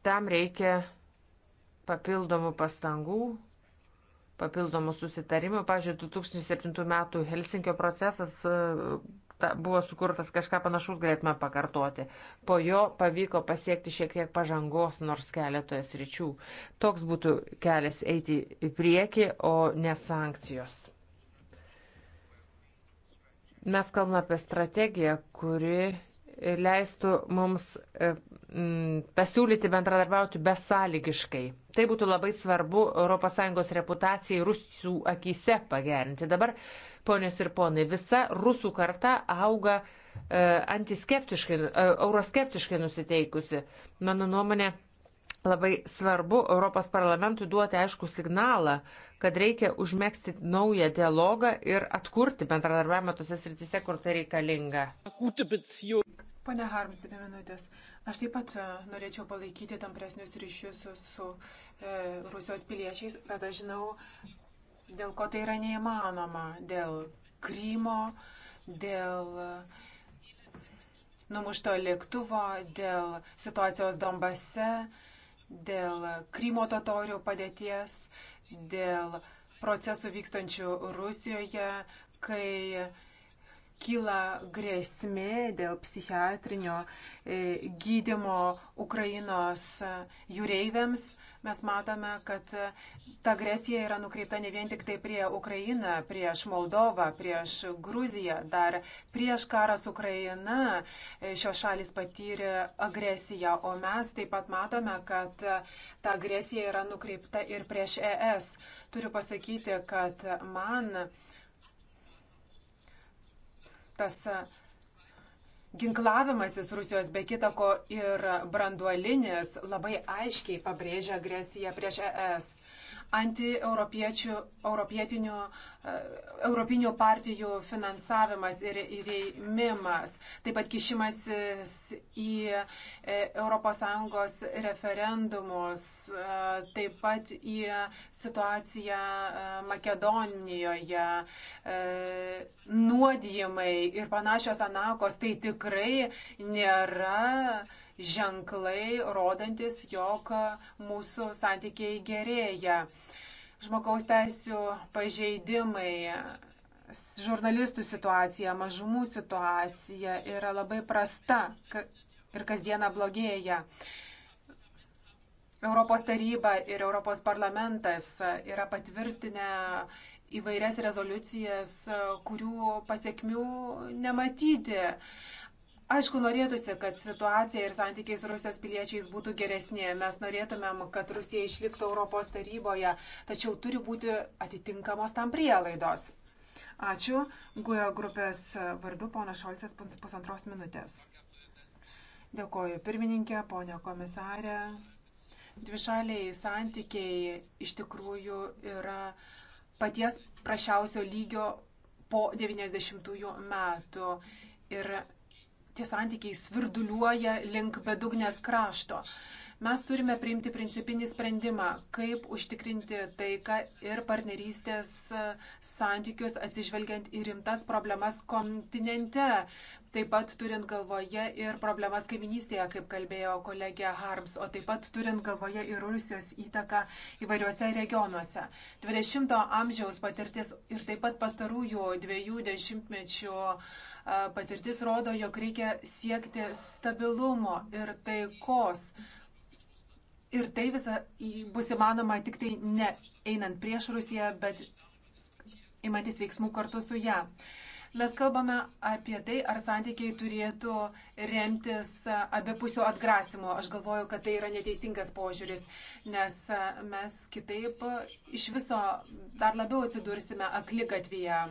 Tam reikia papildomų pastangų, papildomų susitarimų. Pavyzdžiui, 2007 metų Helsinkio procesas e, buvo sukurtas kažką panašaus, galėtume pakartoti. Po jo pavyko pasiekti šiek tiek pažangos, nors keletoje sričių. Toks būtų kelias eiti į priekį, o ne sankcijos. Mes kalbame apie strategiją, kuri leistų mums e, pasiūlyti bendradarbiauti besąlygiškai. Tai būtų labai svarbu ES reputacijai rusų akise pagerinti. Dabar Ponios ir ponai, visa rusų karta auga e, antiskeptiškai, e, euroskeptiškai nusiteikusi. Mano nuomonė, labai svarbu Europos parlamentui duoti aišku signalą, kad reikia užmėgsti naują dialogą ir atkurti bendradarbiavimą tose srityse, kur tai reikalinga. Pane Harms, dvi minutės. Aš taip pat e, norėčiau palaikyti tampresnius ryšius su, su e, Rusijos piliečiais, bet aš žinau, dėl ko tai yra neįmanoma, dėl Krymo, dėl numušto lėktuvo, dėl situacijos Dombase, dėl Krymo totorių padėties, dėl procesų vykstančių Rusijoje, kai kyla grėsmė dėl psichiatrinio e, gydimo Ukrainos e, jūreiviams. Mes matome, kad e, ta agresija yra nukreipta ne vien tik tai prie Ukrainą, prieš Moldovą, prieš Gruziją. Dar prieš karą su Ukraina šios šalis patyrė agresiją, o mes taip pat matome, kad ta agresija yra nukreipta ir prieš ES. Turiu pasakyti, kad man tas e, Ginklavimasis Rusijos be kitako ir branduolinis labai aiškiai pabrėžia agresiją prieš ES antieuropiečių, europietinių, e, europinių partijų finansavimas ir įreimimas, taip pat kišimasis į e, ES referendumus, e, taip pat į situaciją Makedonijoje, nuodijimai ir panašios anakos, tai tikrai nėra ženklai, rodantis, jog mūsų santykiai gerėja. Žmogaus teisų pažeidimai, žurnalistų situacija, mažumų situacija yra labai prasta ir kasdieną blogėja. Europos taryba ir Europos parlamentas yra patvirtinę įvairias rezoliucijas, kurių pasiekmių nematyti. Aišku, norėtųsi, kad situacija ir santykiai su Rusijos piliečiais būtų geresnė. Mes norėtumėm, kad Rusija išliktų Europos taryboje, tačiau turi būti atitinkamos tam prielaidos. Ačiū. Guja grupės vardu, pona Šolcės, pusantros minutės. Dėkoju pirmininkė, ponia komisarė. Dvišaliai santykiai iš tikrųjų yra paties prašiausio lygio po 90-ųjų metų. Ir tie santykiai svirduliuoja link bedugnės krašto. Mes turime priimti principinį sprendimą, kaip užtikrinti taiką ir partnerystės santykius atsižvelgiant į rimtas problemas kontinente, taip pat turint galvoje ir problemas kaiminystėje, kaip kalbėjo kolegė Harms, o taip pat turint galvoje ir Rusijos įtaką įvairiuose regionuose. 20-ojo amžiaus patirtis ir taip pat pastarųjų dviejų dešimtmečių uh, Patirtis rodo, jog reikia siekti stabilumo ir taikos. Ir tai visa bus įmanoma tik tai ne einant prieš Rusiją, bet imantis veiksmų kartu su ją. Mes kalbame apie tai, ar santykiai turėtų remtis abipusio atgrasimo. Aš galvoju, kad tai yra neteisingas požiūris, nes mes kitaip iš viso dar labiau atsidursime akligatvyje.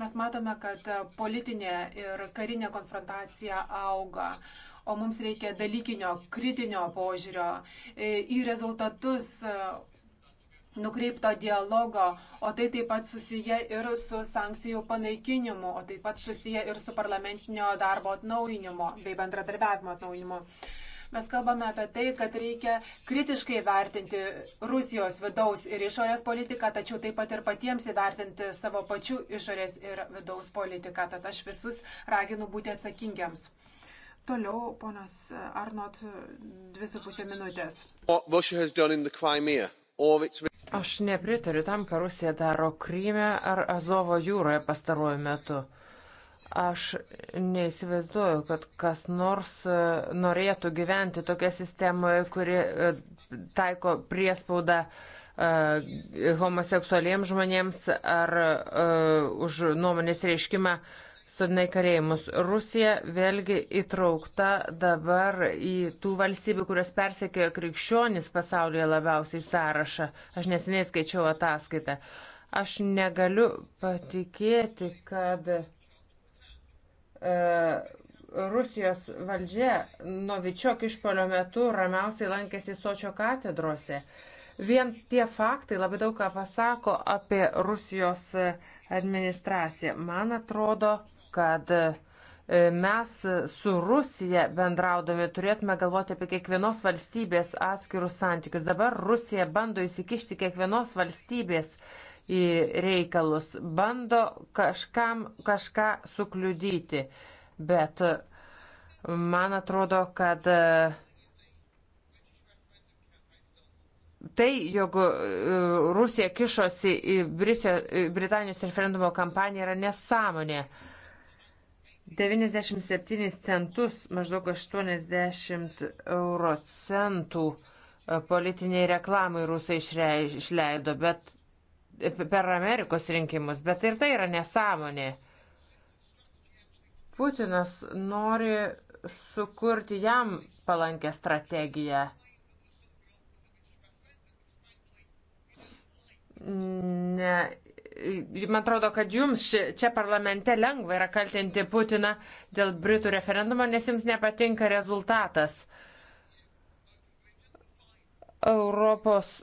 Mes matome, kad politinė ir karinė konfrontacija auga, o mums reikia dalykinio, kritinio požiūrio į rezultatus e, nukreipto dialogo, o tai taip pat susiję ir su sankcijų panaikinimu, o taip pat susiję ir su parlamentinio darbo atnaujinimo bei bendradarbiavimo atnaujinimo. Mes kalbame apie tai, kad reikia kritiškai vertinti Rusijos vidaus ir išorės politiką, tačiau taip pat ir patiems įvertinti savo pačių išorės ir vidaus politiką. Tad aš visus raginu būti atsakingiams. Toliau, ponas Arnot, dvi su pusė minutės. Aš nepritariu tam, ką Rusija daro Kryme ar Azovo jūroje pastaruoju metu. Aš neįsivaizduoju, kad kas nors e, norėtų gyventi tokia sistemoje, kuri e, taiko priespaudą e, homoseksualiems žmonėms ar už nuomonės reiškimą sodinai karėjimus. Rusija vėlgi įtraukta dabar į tų valstybių, kurios persekioja krikščionis pasaulyje labiausiai sąrašą. Aš neseniai skaičiau ataskaitą. Aš negaliu patikėti, kad E, Rusijos valdžia Novičiok išpolio metu ramiausiai lankėsi Sočio katedrose. Vien tie faktai labai daug ką pasako apie Rusijos administraciją. Man atrodo, kad e, mes su Rusija bendraudami turėtume galvoti apie kiekvienos valstybės atskirus santykius. Dabar Rusija bando įsikišti kiekvienos valstybės uh, į reikalus, bando kažkam kažką sukliudyti. Bet man atrodo, kad tai, jog Rusija kišosi į Britanijos referendumo kampaniją, yra nesąmonė. 97 centus, maždaug 80 euro centų politiniai reklamai rusai išleido, bet per Amerikos rinkimus, bet ir tai yra nesąmonė. Putinas nori sukurti jam palankę strategiją. Ne, man atrodo, kad jums ši, čia parlamente lengva yra kaltinti Putiną dėl Britų referendumo, nes jums nepatinka rezultatas. Europos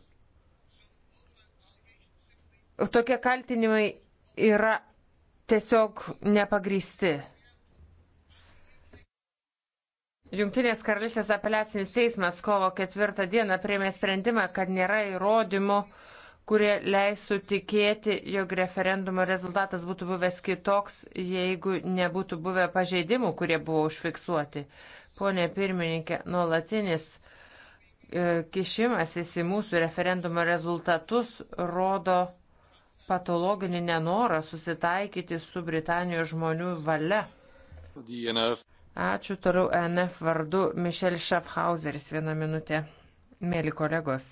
tokie kaltinimai yra tiesiog nepagrysti. Junktinės karalystės apeliacinis teismas kovo ketvirtą dieną priėmė sprendimą, kad nėra įrodymų, kurie leistų tikėti, jog referendumo rezultatas būtų buvęs kitoks, jeigu nebūtų buvę pažeidimų, kurie buvo užfiksuoti. Pone pirmininkė, nuolatinis e, kišimasis į mūsų referendumo rezultatus rodo patologinį nenorą susitaikyti su Britanijos žmonių valia. Ačiū toliau e NF vardu Mišel Schaffhauseris vieną minutę. Mėly kolegos,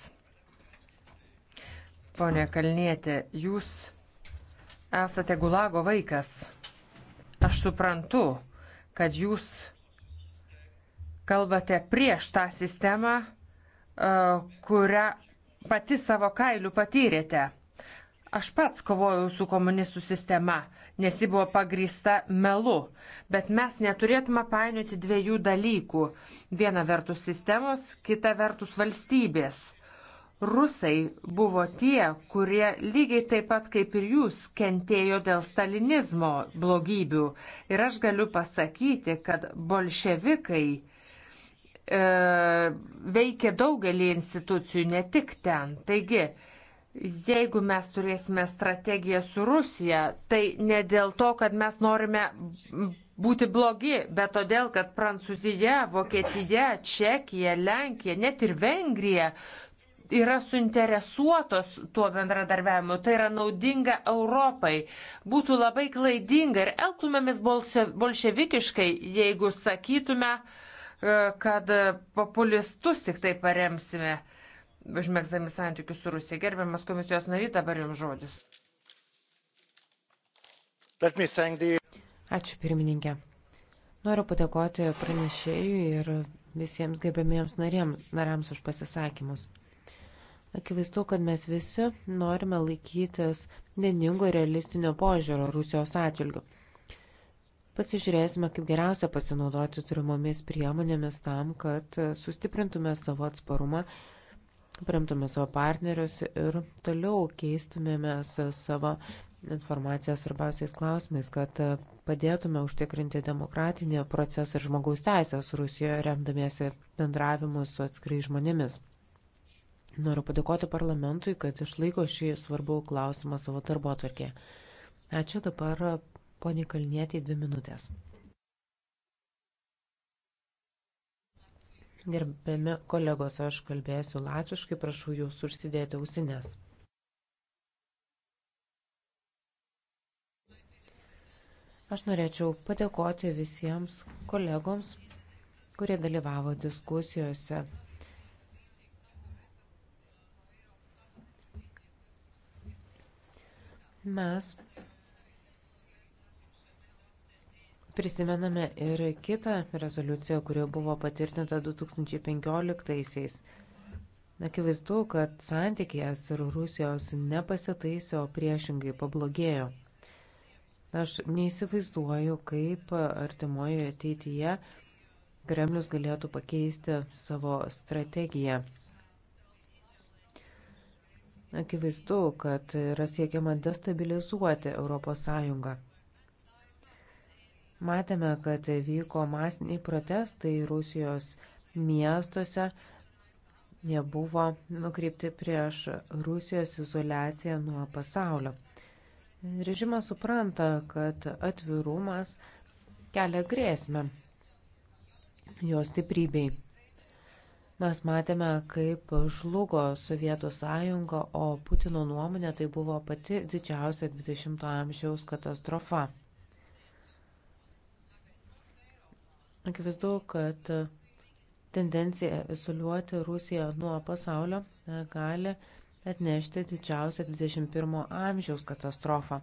ponė Kalnietė, jūs esate gulago vaikas. Aš suprantu, kad jūs kalbate prieš tą sistemą, e, kurią pati savo kailių patyrėte. Aš pats kovojau su komunistų sistema, nes ji buvo pagrįsta melu. Bet mes neturėtume painioti dviejų dalykų. Viena vertus sistemos, kita vertus valstybės. Rusai buvo tie, kurie lygiai taip pat kaip ir jūs kentėjo dėl stalinizmo blogybių. Ir aš galiu pasakyti, kad bolševikai e, veikė daugelį institucijų, ne tik ten. Taigi, Jeigu mes turėsime strategiją su Rusija, tai ne dėl to, kad mes norime būti blogi, bet todėl, kad Prancūzija, Vokietija, Čekija, Lenkija, net ir Vengrija yra suinteresuotos tuo bendradarbiavimu, tai yra naudinga Europai. Būtų labai klaidinga ir elgtumėmės bolševikiškai, jeigu sakytume, e, kad populistus tik tai paremsime užmėgsdami santykius su Rusija. Gerbiamas komisijos nariai, dabar jums žodis. Ačiū pirmininkė. Noriu padėkoti pranešėjui ir visiems gerbiamiems nariams už pasisakymus. Akivaizdu, kad mes visi norime laikytis vieningo realistinio požiūrio Rusijos atžvilgiu. Pasižiūrėsime, kaip geriausia pasinaudoti turimomis priemonėmis tam, kad sustiprintume savo atsparumą paremtume savo partnerius ir toliau keistumėmės savo informaciją svarbiausiais klausimais, kad padėtume užtikrinti demokratinį procesą ir žmogaus teisės Rusijoje, remdamiesi bendravimu su atskrai žmonėmis. Noriu padėkoti parlamentui, kad išlaiko šį svarbų klausimą savo darbo atvarkė. Ačiū dabar, poniai Kalnietė, dvi minutės. Gerbiami kolegos, aš kalbėsiu latviškai, prašau jūs užsidėti ausines. Aš norėčiau padėkoti visiems kolegoms, kurie dalyvavo diskusijose. Mes Prisimename ir kitą rezoliuciją, kuri buvo patvirtinta 2015-aisiais. Akivaizdu, kad santykės ir Rusijos nepasitaisio priešingai pablogėjo. Aš neįsivaizduoju, kaip artimoje ateityje Kremlius galėtų pakeisti savo strategiją. Akivaizdu, kad yra siekiama destabilizuoti ES. Matėme, kad vyko masiniai protestai Rusijos miestuose, jie buvo nukreipti prieš Rusijos izolaciją nuo pasaulio. Režimas supranta, kad atvirumas kelia grėsmę jo stiprybei. Mes matėme, kaip žlugo Sovietų sąjunga, o Putino nuomonė tai buvo pati didžiausia 20-ojo amžiaus katastrofa. Akivaizdu, kad tendencija izoliuoti Rusiją nuo pasaulio e, gali atnešti didžiausią 21 amžiaus katastrofą.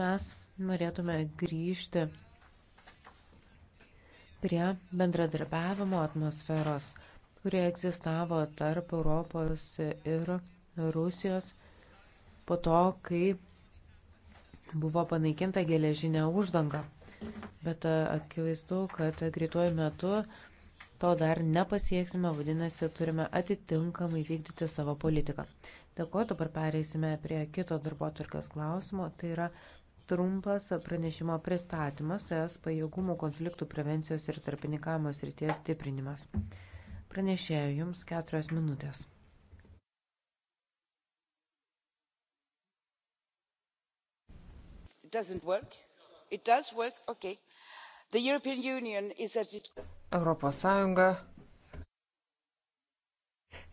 Mes norėtume grįžti prie bendradarbiavimo atmosferos, kurie egzistavo tarp Europos ir Rusijos po to, kai buvo panaikinta geležinė uždanga bet e, akivaizdu, kad greituoju metu to dar nepasieksime, vadinasi, turime atitinkamai vykdyti savo politiką. Dėkuoju, dabar pereisime prie kito darbo tvarkės klausimo, tai yra trumpas pranešimo pristatymas es pajėgumų konfliktų prevencijos ir tarpininkavimo srities stiprinimas. Pranešėjau jums keturios minutės. It doesn't work. Okay. It... Europos Sąjunga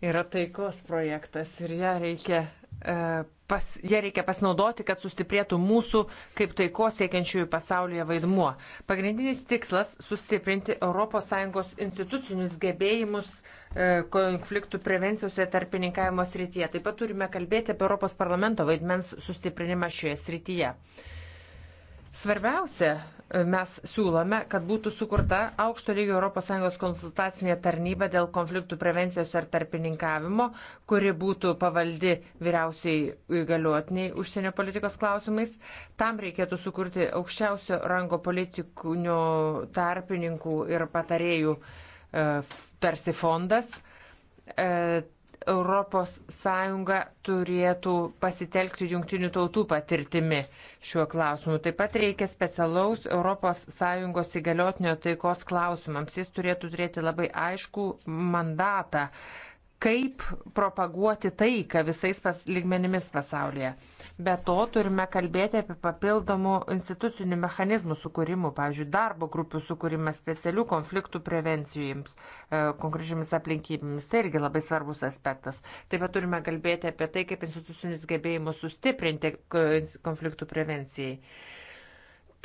yra taikos projektas ir ją reikia, e, pas, ją reikia pasinaudoti, kad sustiprėtų mūsų kaip taikos siekiančiųjų pasaulyje vaidmuo. Pagrindinis tikslas - sustiprinti ES institucinius gebėjimus e, konfliktų prevencijos ir tarpininkavimo srityje. Taip pat turime kalbėti apie Europos parlamento vaidmens sustiprinimą šioje srityje. Svarbiausia, e, mes siūlome, kad būtų sukurta aukšto lygio ES konsultacinė tarnyba dėl konfliktų prevencijos ir tarpininkavimo, kuri būtų pavaldi vyriausiai įgaliotiniai užsienio politikos klausimais. Tam reikėtų sukurti aukščiausio rango politikinių tarpininkų ir patarėjų e, tarsi fondas e, ES turėtų pasitelkti jungtinių tautų patirtimi šiuo klausimu. Taip pat reikia specialaus ES įgaliotinio taikos klausimams. Jis turėtų turėti labai aišku mandatą kaip propaguoti taiką visais pas, lygmenimis pasaulyje. Be to turime kalbėti apie papildomų institucinių mechanizmų sukūrimų, pavyzdžiui, darbo grupių sukūrimą specialių konfliktų prevencijoms, e, konkrečiamis aplinkybėmis. Tai irgi labai svarbus aspektas. Taip pat turime kalbėti apie tai, kaip institucinis gebėjimus sustiprinti konfliktų prevencijai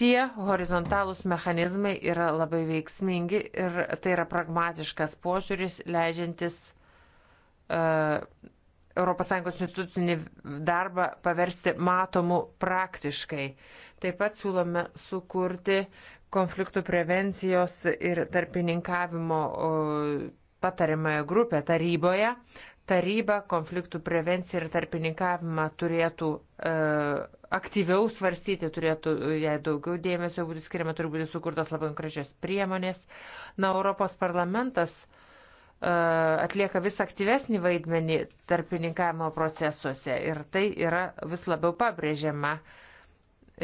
tie horizontalūs mechanizmai yra labai veiksmingi ir tai yra pragmatiškas požiūris, leidžiantis ES institucinį darbą paversti matomu praktiškai. Taip pat siūlome sukurti konfliktų prevencijos ir tarpininkavimo e, patariamąją grupę taryboje. Taryba konfliktų prevenciją ir tarpininkavimą turėtų e, aktyviau svarstyti, turėtų e, jai daugiau dėmesio būti skiriama, turi būti sukurtos labai konkrečios priemonės. Na, Europos parlamentas e, atlieka vis aktyvesnį vaidmenį tarpininkavimo procesuose ir tai yra vis labiau pabrėžiama.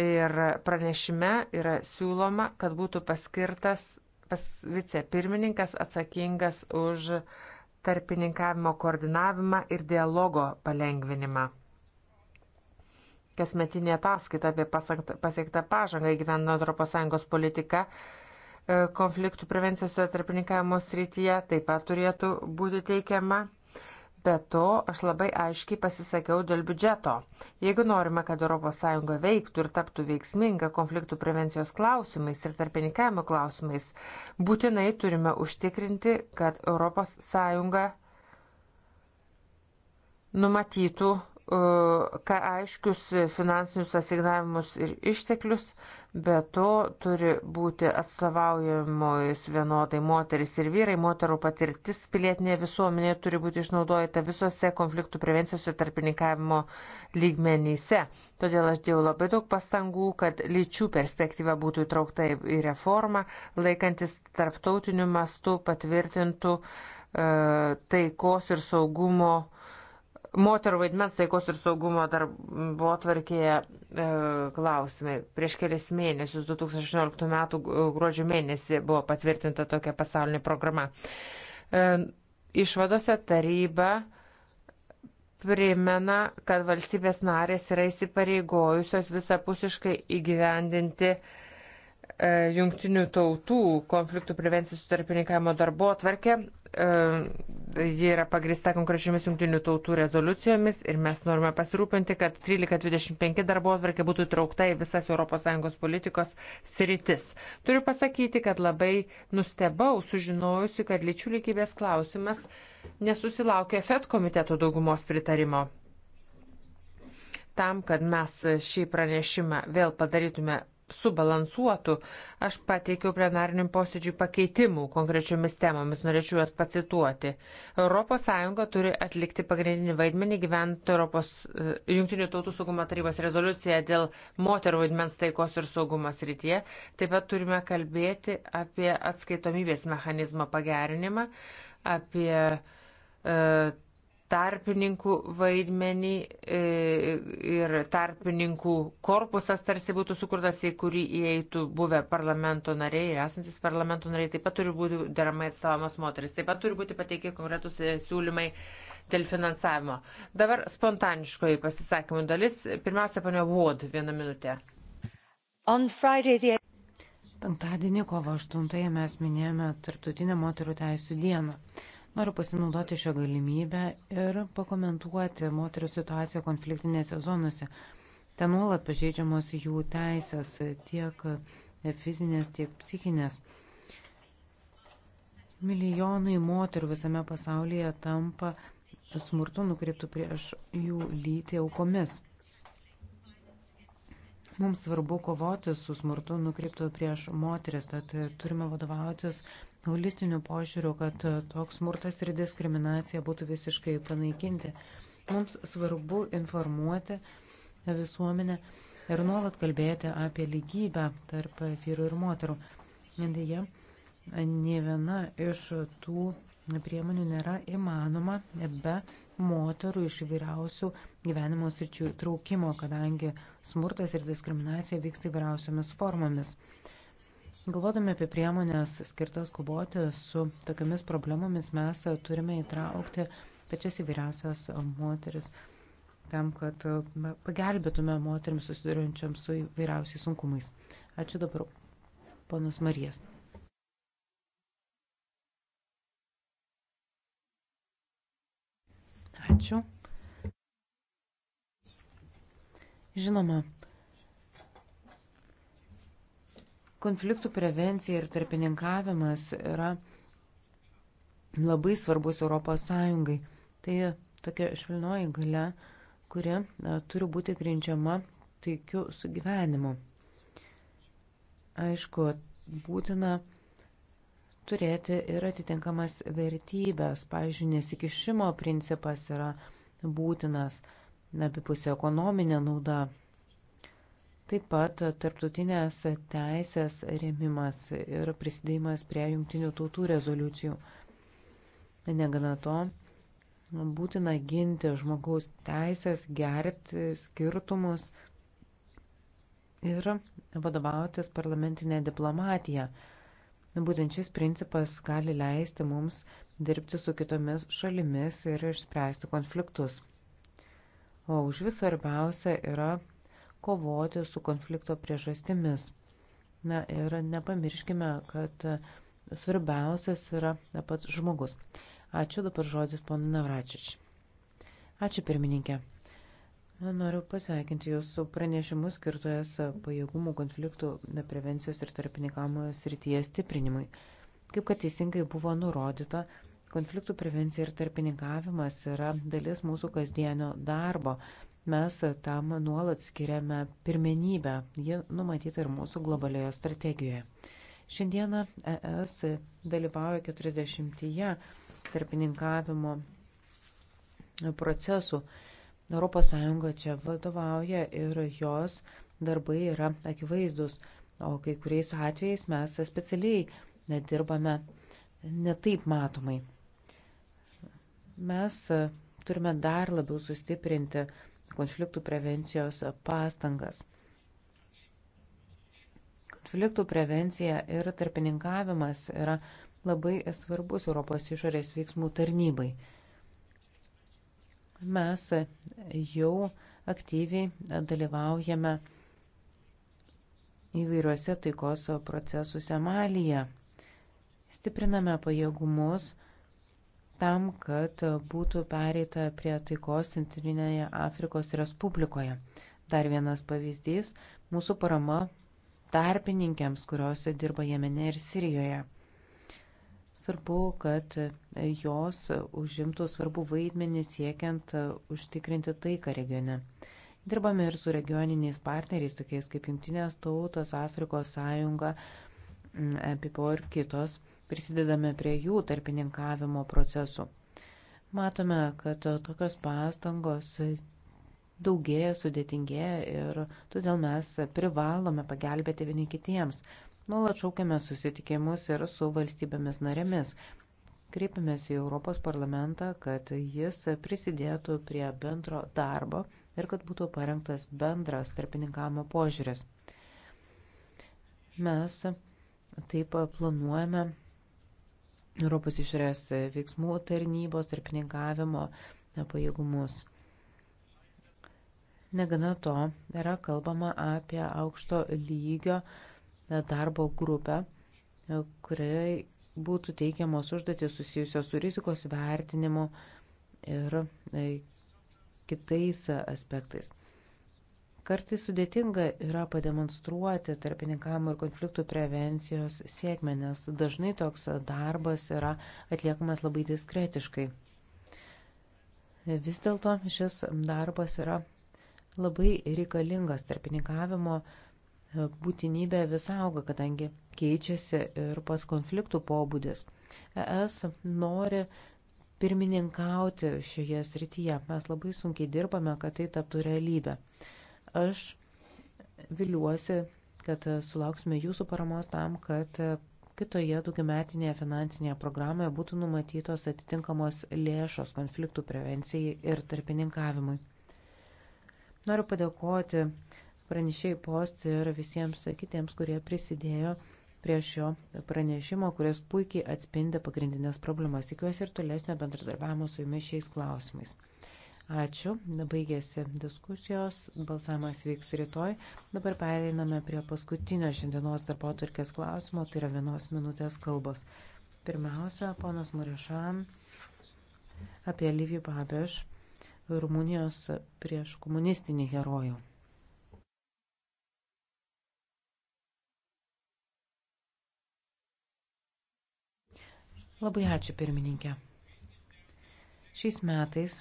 Ir pranešime yra siūloma, kad būtų paskirtas pas vicepirmininkas atsakingas už tarpininkavimo koordinavimą ir dialogo palengvinimą. Kasmetinė ataskaita apie pasiektą pažangą įgyvendinant ES politiką konfliktų prevencijos ir tarpininkavimo srityje taip pat turėtų būti teikiama. Be to, aš labai aiškiai pasisakiau dėl biudžeto. Jeigu norime, kad ES veiktų ir taptų veiksminga konfliktų prevencijos klausimais ir tarpininkavimo klausimais, būtinai turime užtikrinti, kad ES numatytų uh, aiškius finansinius asignavimus ir išteklius uh, Be to turi būti atstovaujamos vienodai moteris ir vyrai, moterų patirtis pilietinėje visuomenėje turi būti išnaudojata visose konfliktų prevencijos ir tarpininkavimo lygmenyse. Todėl aš dėjau labai daug pastangų, kad lyčių perspektyva būtų įtraukta į reformą, laikantis tarptautiniu mastu patvirtintų e, taikos ir saugumo moterų vaidmens taikos ir saugumo darbo atvarkėje e, klausimai. Prieš kelias mėnesius, 2018 m. gruodžio mėnesį, buvo patvirtinta tokia pasaulinė programa. E, išvadose taryba primena, kad valstybės narės yra įsipareigojusios visapusiškai įgyvendinti e, jungtinių tautų konfliktų prevencijos tarpininkavimo darbo atvarkę e, Ji yra pagrista konkrečiomis jungtinių tautų rezoliucijomis ir mes norime pasirūpinti, kad 1325 darbo atvarkė būtų traukta į visas ES politikos sritis. Turiu pasakyti, kad labai nustebau sužinojusi, kad lyčių lygybės klausimas nesusilaukė FED komiteto daugumos pritarimo. Tam, kad mes šį pranešimą vėl padarytume subalansuotų. Aš pateikiau plenariniam posėdžiui pakeitimų konkrečiomis temomis, norėčiau juos pacituoti. ES turi atlikti pagrindinį vaidmenį gyventi Europos e, Junktinių tautų saugumo tarybos rezoliuciją dėl moterų vaidmens taikos ir saugumas rytyje. Taip pat turime kalbėti apie atskaitomybės mechanizmo pagerinimą, apie e, tarpininkų vaidmenį e, ir tarpininkų korpusas tarsi būtų sukurtas, į kurį įeitų buvę parlamento nariai ir esantis parlamento nariai. Taip pat turi būti deramai atstovamas moteris. Taip pat turi būti pateikę konkretus e, siūlymai dėl finansavimo. Dabar spontaniškoji pasisakymų dalis. Pirmiausia, panė Vod, vieną minutę. The... Penktadienį kovo 8 mes minėjome Tarptautinę moterų teisų dieną. Noriu pasinaudoti šią galimybę ir pakomentuoti moterų situaciją konfliktinėse zonose. Ten nuolat pažeidžiamos jų teisės tiek fizinės, tiek psichinės. Milijonai moterų visame pasaulyje tampa smurtu nukreiptų prieš jų lytį aukomis. Mums svarbu kovoti su smurtu nukreiptų prieš moteris, tad turime vadovautis holistiniu požiūriu, kad e, toks smurtas ir diskriminacija būtų visiškai panaikinti. Mums svarbu informuoti visuomenę ir nuolat kalbėti apie lygybę tarp vyrų ir moterų. Deja, ne viena iš tų priemonių nėra įmanoma be moterų iš įvairiausių gyvenimo sričių traukimo, kadangi smurtas ir diskriminacija vyksta įvairiausiamis formomis. Galvodami apie priemonės skirtas kovoti su tokiamis problemomis, mes turime įtraukti pačias įvairiausias moteris tam, kad pagelbėtume moteriams susiduriančiams su įvairiausiais sunkumais. Ačiū dabar, ponas Marijas. Ačiū. Žinoma, Konfliktų prevencija ir tarpininkavimas yra labai svarbus Europos Sąjungai. Tai tokia švilnoji gale, kuri na, turi būti grindžiama taikiu sugyvenimu. Aišku, būtina turėti ir atitinkamas vertybės. Pavyzdžiui, nesikišimo principas yra būtinas, abipusė ekonominė nauda Taip pat tarptautinės teisės rėmimas ir prisidėjimas prie jungtinių tautų rezoliucijų. Negana to, būtina ginti žmogaus teisės, gerbti skirtumus ir vadovautis parlamentinė diplomatija. Būtent šis principas gali leisti mums dirbti su kitomis šalimis ir išspręsti konfliktus. O už vis svarbiausia yra kovoti su konflikto priežastimis. Na ir nepamirškime, kad svarbiausias yra pats žmogus. Ačiū dabar žodis ponui Navračič. Ačiū pirmininkė. Noriu pasveikinti jūsų pranešimus skirtojas pajėgumų konfliktų prevencijos ir tarpininkamo srityje stiprinimui. Kaip kad teisingai buvo nurodyta, konfliktų prevencija ir tarpininkavimas yra dalis mūsų kasdienio darbo Mes tam nuolat skiriame pirmenybę, ji numatyta ir mūsų globalioje strategijoje. Šiandieną ES dalyvauja 40 tarpininkavimo procesų. ES čia vadovauja ir jos darbai yra akivaizdus, o kai kuriais atvejais mes specialiai nedirbame netaip matomai. Mes turime dar labiau sustiprinti konfliktų prevencijos pastangas. Konfliktų prevencija ir tarpininkavimas yra labai svarbus Europos išorės veiksmų tarnybai. Mes jau aktyviai dalyvaujame įvairiuose taikos procesuose Malyje. Stipriname pajėgumus tam, kad būtų pereita prie taikos Centrinėje Afrikos Respublikoje. Dar vienas pavyzdys - mūsų parama tarpininkėms, kurios dirba Jemene ir Sirijoje. Svarbu, kad jos užimtų svarbu vaidmenį siekiant užtikrinti taiką regione. Dirbame ir su regioniniais partneriais, tokiais kaip Junktinės tautos, Afrikos sąjunga, EPIPO ir kitos prisidedame prie jų tarpininkavimo procesų. Matome, kad tokios pastangos daugėja, sudėtingėja ir todėl mes privalome pagelbėti vieni kitiems. Nuolat šaukiame susitikimus ir su valstybėmis narėmis. Kreipiamės į Europos parlamentą, kad jis prisidėtų prie bendro darbo ir kad būtų parengtas bendras tarpininkavimo požiūris. Mes taip planuojame Europos išorės veiksmų tarnybos ir pininkavimo pajėgumus. Negana to, yra kalbama apie aukšto lygio darbo grupę, kuriai būtų teikiamos užduotis susijusios su rizikos vertinimu ir kitais aspektais. Kartais sudėtinga yra pademonstruoti tarpininkavimo ir konfliktų prevencijos sėkmę, nes dažnai toks darbas yra atliekamas labai diskretiškai. Vis dėlto šis darbas yra labai reikalingas tarpininkavimo e, būtinybė vis auga, kadangi keičiasi ir pas konfliktų pobūdis. ES nori pirmininkauti šioje srityje. Mes labai sunkiai dirbame, kad tai taptų realybę. Aš viliuosi, kad sulauksime jūsų paramos tam, kad kitoje daugiametinėje finansinėje programoje būtų numatytos atitinkamos lėšos konfliktų prevencijai ir tarpininkavimui. Noriu padėkoti pranešėjai post ir visiems kitiems, kurie prisidėjo prie šio pranešimo, kuris puikiai atspindi pagrindinės problemas. Tikiuosi ir tolesnio bendradarbiavimo su jumis šiais klausimais. Ačiū. Baigėsi diskusijos. Balsavimas vyks rytoj. Dabar pereiname prie paskutinio šiandienos darbo turkės klausimo. Tai yra vienos minutės kalbos. Pirmiausia, ponas Murešan apie Livijų Babeš, Rumunijos prieš komunistinį herojų. Labai ačiū pirmininkė. Šiais metais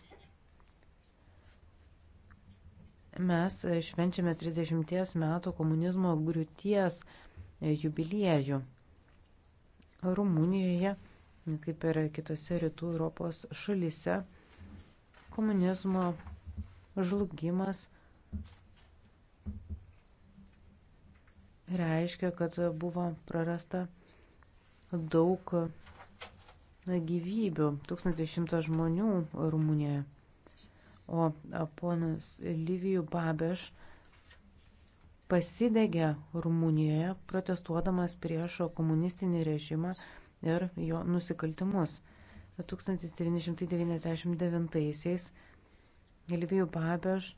Mes švenčiame 30 metų komunizmo griūties e, jubiliejų. Rumunijoje, kaip ir kitose rytų Europos šalyse, komunizmo žlugimas reiškia, kad buvo prarasta daug gyvybių, 1100 žmonių Rumunijoje. O ponas Livijų Babeš pasidegė Rumunijoje protestuodamas prieš komunistinį režimą ir jo nusikaltimus. 1999-aisiais Livijų Babeš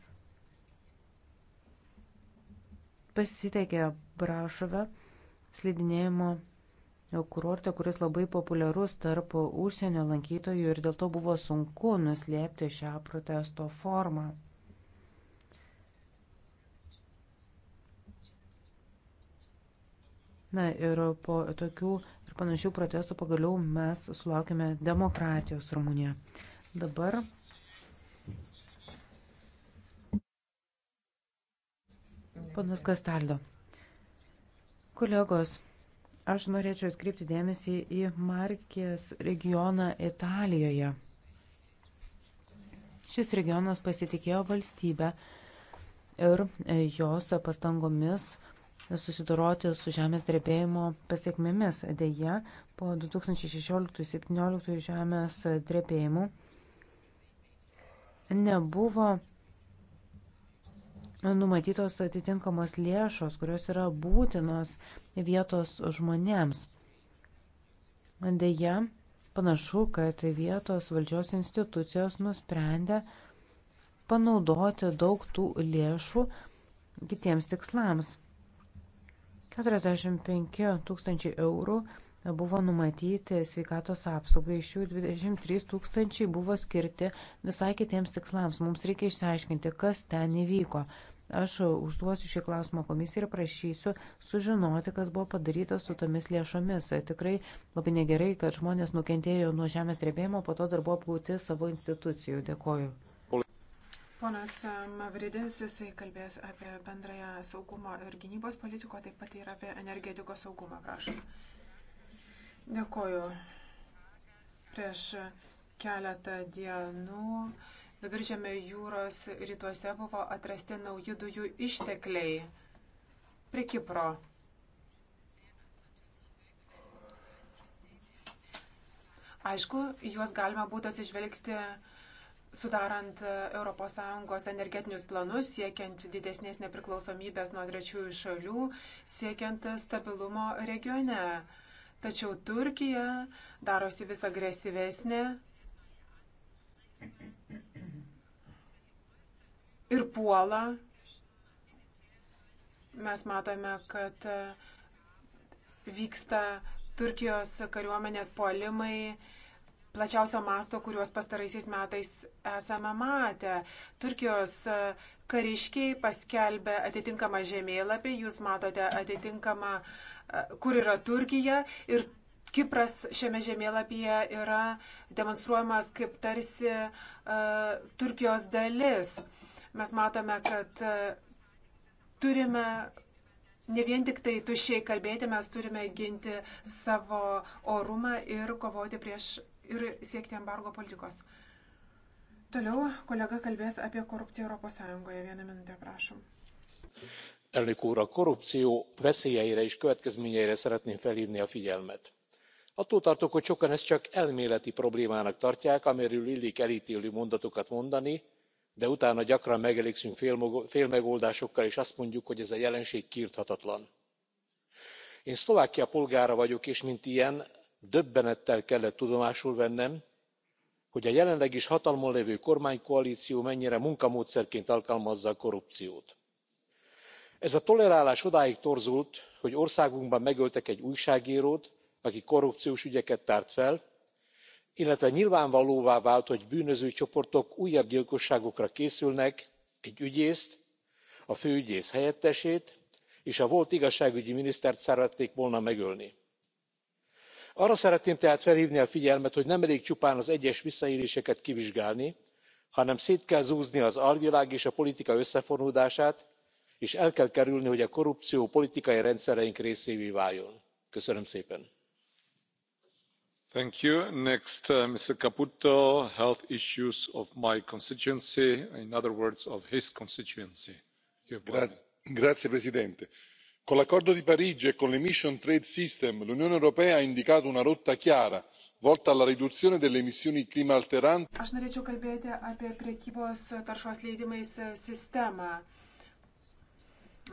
pasitekė Brašove slidinėjimo kurortą, kuris labai populiarus tarp užsienio lankytojų ir dėl to buvo sunku nuslėpti šią protesto formą. Na ir po tokių ir panašių protestų pagaliau mes sulaukime demokratijos Rumunijoje. Dabar Panas Kastaldo. Kolegos, Aš norėčiau atkreipti dėmesį į Markės regioną Italijoje. Šis regionas pasitikėjo valstybę ir e, jos pastangomis susidoroti su žemės drebėjimo pasiekmėmis. Deja, po 2016-2017 žemės drebėjimų nebuvo numatytos atitinkamos lėšos, kurios yra būtinos vietos žmonėms. Deja, panašu, kad vietos valdžios institucijos nusprendė panaudoti daug tų lėšų kitiems tikslams. 45 tūkstančiai eurų buvo numatyti sveikatos apsaugai, iš jų 23 tūkstančiai buvo skirti visai kitiems tikslams. Mums reikia išsiaiškinti, kas ten įvyko. Aš užduosiu šį klausimą komisiją ir prašysiu sužinoti, kas buvo padaryta su tomis lėšomis. Tikrai labai negerai, kad žmonės nukentėjo nuo žemės drebėjimo, po to dar buvo plūti savo institucijų. Dėkoju. Ponas Mavridis, jisai kalbės apie bendrąją saugumo ir gynybos politiko, taip pat ir apie energetikos saugumą, prašom. Dėkoju. Prieš keletą dienų Viduržėme jūros rytuose buvo atrasti nauji dujų ištekliai prie Kipro. Aišku, juos galima būtų atsižvelgti sudarant ES energetinius planus, siekiant didesnės nepriklausomybės nuo trečiųjų šalių, siekiant stabilumo regione. Tačiau Turkija darosi vis agresyvesnė ir puola. Mes matome, kad vyksta Turkijos kariuomenės puolimai plačiausio masto, kuriuos pastaraisiais metais esame matę. Turkijos kariškiai paskelbė atitinkamą žemėlapį, jūs matote atitinkamą uh, kur yra Turkija ir Kipras šiame žemėlapyje yra demonstruojamas kaip tarsi uh, Turkijos dalis. Mes matome, kad uh, turime ne vien tik tai tušiai kalbėti, mes turime ginti savo orumą ir kovoti prieš ir siekti embargo politikos. Toliau kolega kalbės apie korupciją Europos Sąjungoje. Vieną minutę, prašom elnök úr! a korrupció veszélyeire és következményeire szeretném felhvni a figyelmet. attól tartok hogy sokan ezt csak elméleti problémának tartják amiről illik eltélő mondatokat mondani de utána gyakran megelégszünk félmegoldásokkal és azt mondjuk hogy ez a jelenség kiirthatatlan. én szlovákia polgára vagyok és mint ilyen döbbenettel kellett tudomásul vennem hogy a jelenleg is hatalmon lévő kormánykoalció mennyire munkamódszerként alkalmazza a korrupciót ez a tolerálás odáig torzult hogy országunkban megöltek egy újságrót aki korrupciós ügyeket tárt fel illetve nyilvánvalóvá vált hogy bűnöző csoportok újabb gyilkosságokra készülnek egy ügyészt a főügyész helyettesét és a volt igazságügyi minisztert szerették volna megölni. arra szeretném tehát felhvni a figyelmet hogy nem elég csupán az egyes visszaéléseket kivizsgálni hanem szét kell zúzni az alvilág és a politika összefonódását és el kell kerülni hogy a korrupció politikai rendszereink részévé váljon. köszönöm szépen! next uh, mr caputo health issues of my constituency in other words of his constituency. signor presidente onorevoli colleghi con l'accordo di parigi e con l'emission trade system l'unione europea ha indicato una rotta chiara volta alla riduzione delle emissioni climalteranti. aš norėčiau kalbėti apie prekybos taršos leidimais sistemą.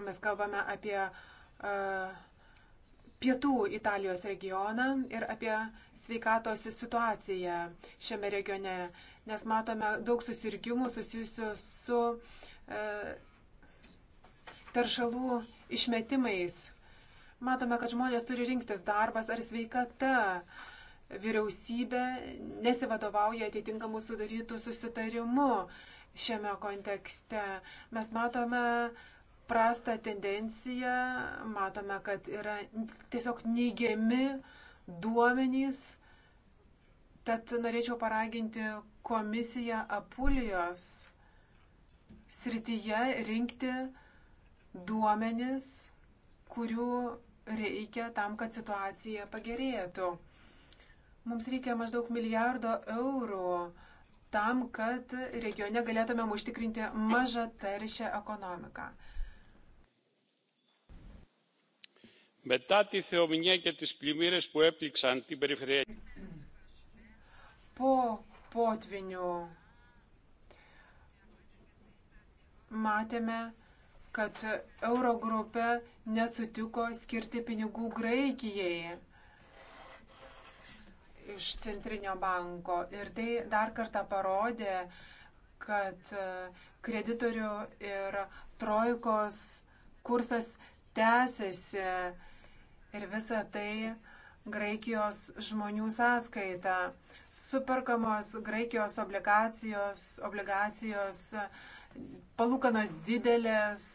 Mes kalbame apie uh, pietų Italijos regioną ir apie sveikatos situaciją šiame regione, nes matome daug susirgymų susijusių su e, taršalų išmetimais. Matome, kad žmonės turi rinktis darbas ar sveikata. Vyriausybė nesivadovauja atitinkamų sudarytų susitarimų šiame kontekste. Mes matome, e, prastą tendenciją, matome, kad yra tiesiog neigiami duomenys. Tad norėčiau paraginti komisiją Apulijos srityje rinkti duomenis, kurių reikia tam, kad situacija pagerėtų. Mums reikia maždaug milijardo eurų tam, kad regione galėtumėm užtikrinti mažą taršę ekonomiką. Μετά τη θεομηνία και τις πλημμύρες που έπληξαν την περιφερειακή... Po potvinių matėme, kad Eurogrupė nesutiko skirti pinigų Graikijai iš Centrinio banko. Ir tai dar kartą parodė, kad kreditorių ir trojkos kursas tęsiasi ir visa tai Graikijos žmonių sąskaita. Superkamos Graikijos obligacijos, obligacijos palūkanos didelės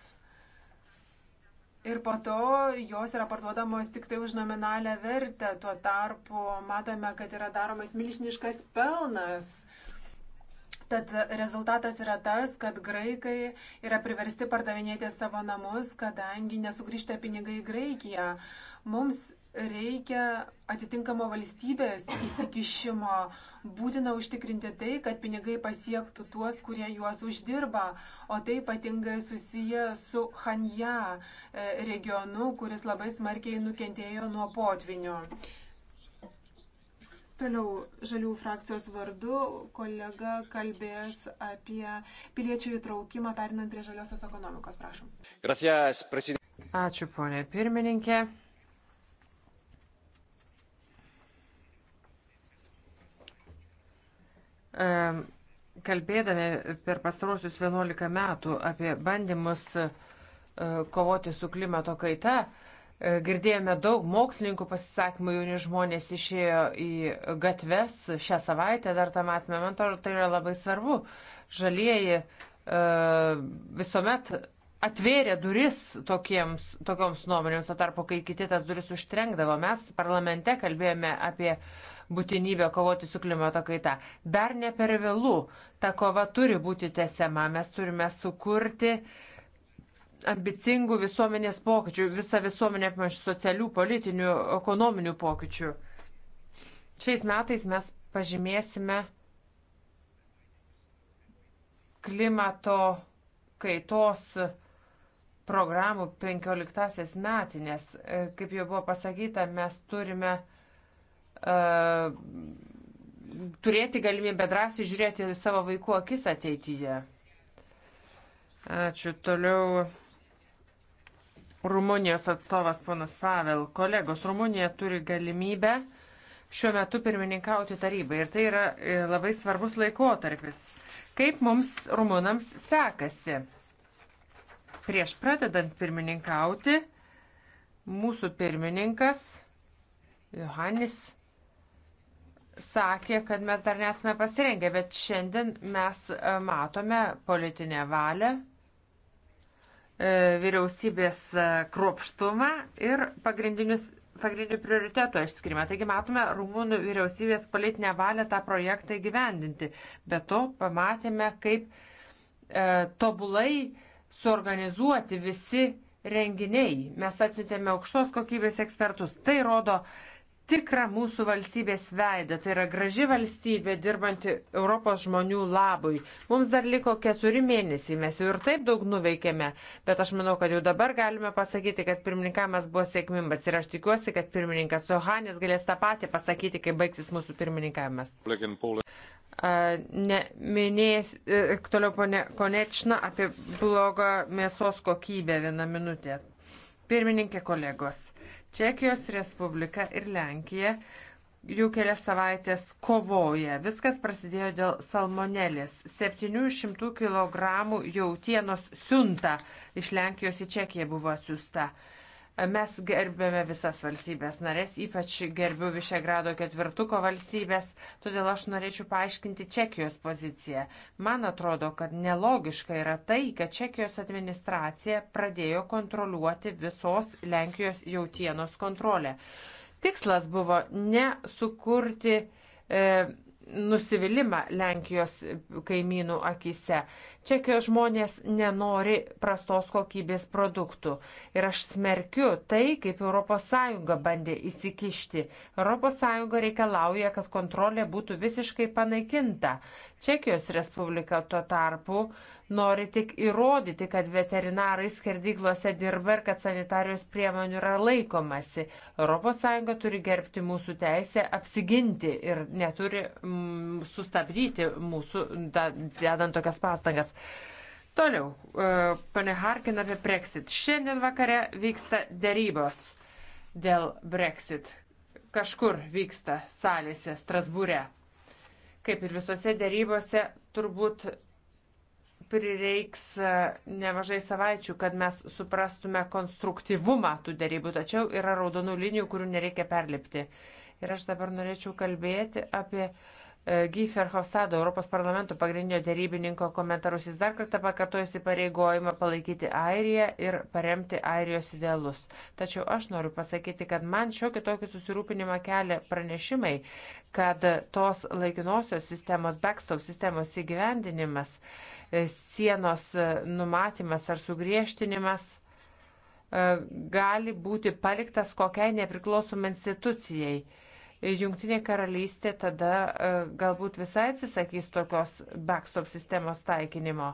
ir po to jos yra parduodamos tik tai už nominalią vertę. Tuo tarpu matome, kad yra daromas milžiniškas pelnas. Tad rezultatas yra tas, kad graikai yra priversti pardavinėti savo namus, kadangi nesugrįžta pinigai į Graikiją. Mums reikia atitinkamo valstybės įsikišimo, būtina užtikrinti tai, kad pinigai pasiektų tuos, kurie juos uždirba, o tai ypatingai susiję su Hanja e, regionu, kuris labai smarkiai nukentėjo nuo potvinio. Toliau žalių frakcijos vardu kolega kalbės apie piliečių įtraukimą perinant prie žaliosios ekonomikos. Prašom. Gracias, Ačiū, ponė pirmininkė. Kalbėdami per pastarosius 11 metų apie bandymus e, kovoti su klimato kaita, e, girdėjome daug mokslininkų pasisakymų, jauni žmonės išėjo į gatves šią savaitę, dar tą matome, man atrodo, tai yra labai svarbu. Žalieji e, visuomet atvėrė duris tokiems, tokioms nuomonėms, o tarpu, kai kiti tas duris užtrenkdavo, mes parlamente kalbėjome apie uh, būtinybę kovoti su klimato kaita. Dar ne per vėlų. Ta kova turi būti tesiama. Mes turime sukurti ambicingų visuomenės pokyčių, visą visuomenę apmaž socialių, politinių, ekonominių pokyčių. Šiais metais mes pažymėsime klimato kaitos programų 15 metinės. Kaip jau buvo pasakyta, mes turime uh, uh, turėti galimybę drąsiai žiūrėti savo vaikų akis ateityje. Ačiū. Toliau Rumunijos atstovas ponas Pavel. Kolegos, Rumunija turi galimybę šiuo metu pirmininkauti tarybai ir tai yra e, labai svarbus laikotarpis. Kaip mums rumunams sekasi? Prieš pradedant pirmininkauti, mūsų pirmininkas Johannis sakė, kad mes dar nesame pasirengę, bet šiandien mes e, matome politinę valią, e, vyriausybės e, kruopštumą ir pagrindinius pagrindinių prioritetų išskirimą. Taigi matome rumūnų vyriausybės politinę valią tą projektą įgyvendinti. Be to pamatėme, kaip e, tobulai suorganizuoti visi renginiai. Mes atsiuntėme aukštos kokybės ekspertus. Tai rodo, e, tikrą mūsų valstybės veidą. Tai yra graži valstybė, dirbanti Europos žmonių labui. Mums dar liko keturi mėnesiai, mes jau ir taip daug nuveikėme, bet aš manau, kad jau dabar galime pasakyti, kad pirmininkamas buvo sėkmingas ir aš tikiuosi, kad pirmininkas Johanis galės tą patį pasakyti, kai baigsis mūsų pirmininkavimas. Ne, minės, e, toliau ponė Konečna apie blogą mėsos kokybę vieną minutę. Pirmininkė kolegos Čekijos Respublika ir Lenkija jau kelias savaitės kovoja. Viskas prasidėjo dėl salmonelės. 700 kg jautienos siunta iš Lenkijos į Čekiją buvo atsiusta. Mes gerbėme visas valstybės narės, ypač gerbiu Višegrado ketvirtuko valstybės, todėl aš norėčiau paaiškinti Čekijos poziciją. Man atrodo, kad nelogiška yra tai, kad Čekijos administracija pradėjo kontroliuoti visos Lenkijos jautienos kontrolę. Tikslas buvo ne sukurti e, nusivylimą Lenkijos kaimynų akise. Čekijos žmonės nenori prastos kokybės produktų. Ir aš smerkiu tai, kaip ES bandė įsikišti. ES reikalauja, kad kontrolė būtų visiškai panaikinta. Čekijos Respublika tuo tarpu uh, nori tik įrodyti, kad veterinarai skerdyklose dirba ir kad sanitarijos priemonių yra laikomasi. ES turi gerbti mūsų teisę apsiginti ir neturi mm, sustabdyti mūsų, da, dedant tokias pastangas. Toliau, e, ponė Harkin apie Brexit. Šiandien vakare vyksta dėrybos dėl Brexit. Kažkur vyksta salėse, Strasbūre. Kaip ir visose dėrybose, turbūt prireiks e, nemažai savaičių, kad mes suprastume konstruktyvumą tų dėrybų, tačiau yra raudonų linijų, kurių nereikia perlipti. Ir aš dabar norėčiau kalbėti apie e, Guy Verhofstado, Europos parlamento pagrindinio dėrybininko komentarus. Jis dar kartą pakartojo įsipareigojimą palaikyti Airiją ir paremti Airijos idealus. Tačiau aš noriu pasakyti, kad man šiokį tokį susirūpinimą kelia pranešimai, kad tos laikinosios sistemos, backstop sistemos įgyvendinimas uh, E, sienos e, numatymas ar sugriežtinimas e, gali būti paliktas kokiai nepriklausomai institucijai. Junktinė karalystė tada galbūt visai atsisakys tokios backstop sistemos taikinimo.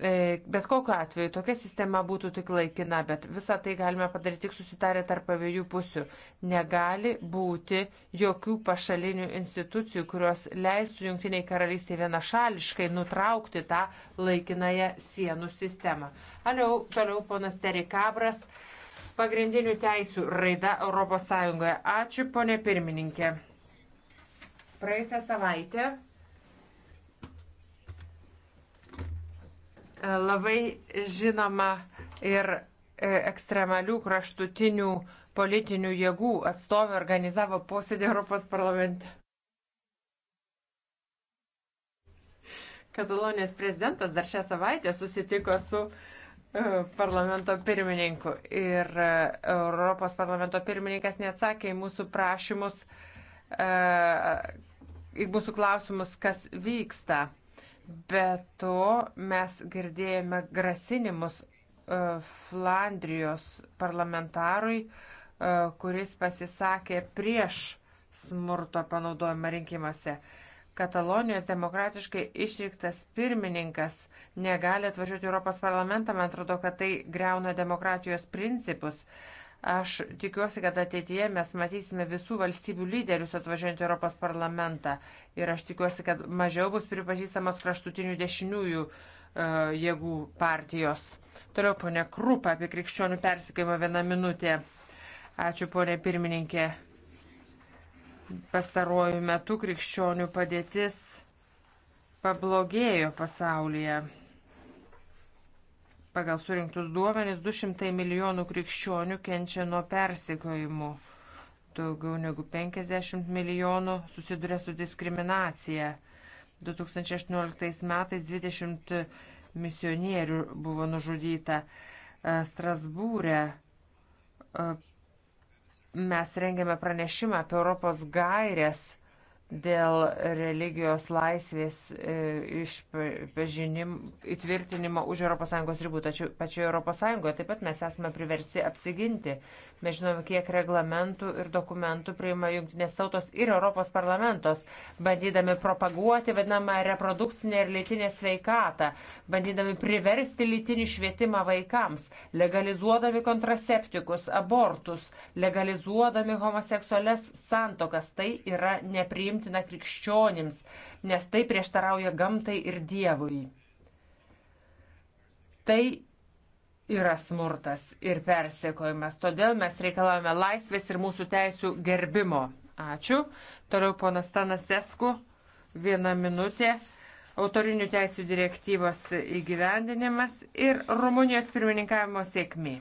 E, bet kokiu atveju tokia sistema būtų tik laikina, bet visą tai galime padaryti tik susitarę tarp abiejų pusių. Negali būti jokių pašalinių institucijų, kurios leistų Junktiniai karalystiai vienašališkai nutraukti tą laikinąją sienų sistemą. Aliau, toliau ponas Terikabras, pagrindinių teisių raida ES. Ačiū, ponė pirmininkė. Praėjusią savaitę E, labai žinoma ir e, ekstremalių kraštutinių politinių jėgų atstovė organizavo posėdį Europos parlamente. Katalonijos prezidentas dar šią savaitę susitiko su e, parlamento pirmininku ir Europos parlamento pirmininkas neatsakė į mūsų prašymus, į mūsų klausimus, kas vyksta. Be to mes girdėjome grasinimus e, Flandrijos parlamentarui, e, kuris pasisakė prieš smurto panaudojimą rinkimuose. Katalonijos demokratiškai išrinktas pirmininkas negali atvažiuoti Europos parlamentą, man atrodo, kad tai greuna demokratijos principus. Uh, Aš tikiuosi, kad ateityje mes matysime visų valstybių lyderius atvažiuojant Europos parlamentą. Ir aš tikiuosi, kad mažiau bus pripažįstamos kraštutinių dešiniųjų uh, jėgų partijos. Toliau ponė Krupa apie krikščionių persikėjimą vieną minutę. Ačiū ponė pirmininkė. Pastaruoju metu krikščionių padėtis pablogėjo pasaulyje. Pagal surinktus duomenis 200 milijonų krikščionių kenčia nuo persikojimų. Daugiau negu 50 milijonų susiduria su diskriminacija. 2018 metais 20 misionierių buvo nužudyta e, Strasbūrė. E, mes rengėme pranešimą apie Europos gairės dėl religijos laisvės e, išpažinim, įtvirtinimo už ES ribų. Tačiau pačioje ES taip pat mes esame priversi apsiginti. Mes žinome, kiek reglamentų ir dokumentų priima Junktinės tautos ir Europos parlamentos, bandydami propaguoti vadinamą reprodukcinę ir lytinę sveikatą, bandydami priversti lytinį švietimą vaikams, legalizuodami kontraceptikus, abortus, legalizuodami homoseksualias santokas. Tai yra nepriimtina neprimtina krikščionims, nes tai prieštarauja gamtai ir Dievui. Tai yra smurtas ir persekojimas, todėl mes reikalavome laisvės ir mūsų teisų gerbimo. Ačiū. Toliau ponas Tanasesku, viena minutė autorinių teisų direktyvos įgyvendinimas ir Rumunijos pirmininkavimo sėkmė.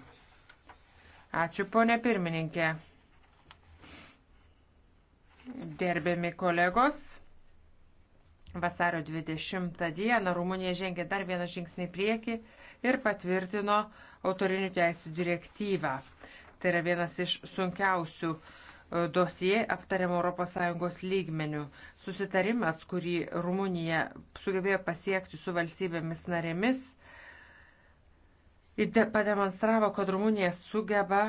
Ačiū, ponė pirmininkė. Gerbiami kolegos, vasario 20 dieną Rumunija žengė dar vieną žingsnį į priekį ir patvirtino autorinių teisų direktyvą. Tai yra vienas iš sunkiausių e, dosie aptariamo ES lygmenių. Susitarimas, kurį Rumunija sugebėjo pasiekti su valstybėmis narėmis, pademonstravo, kad Rumunija sugeba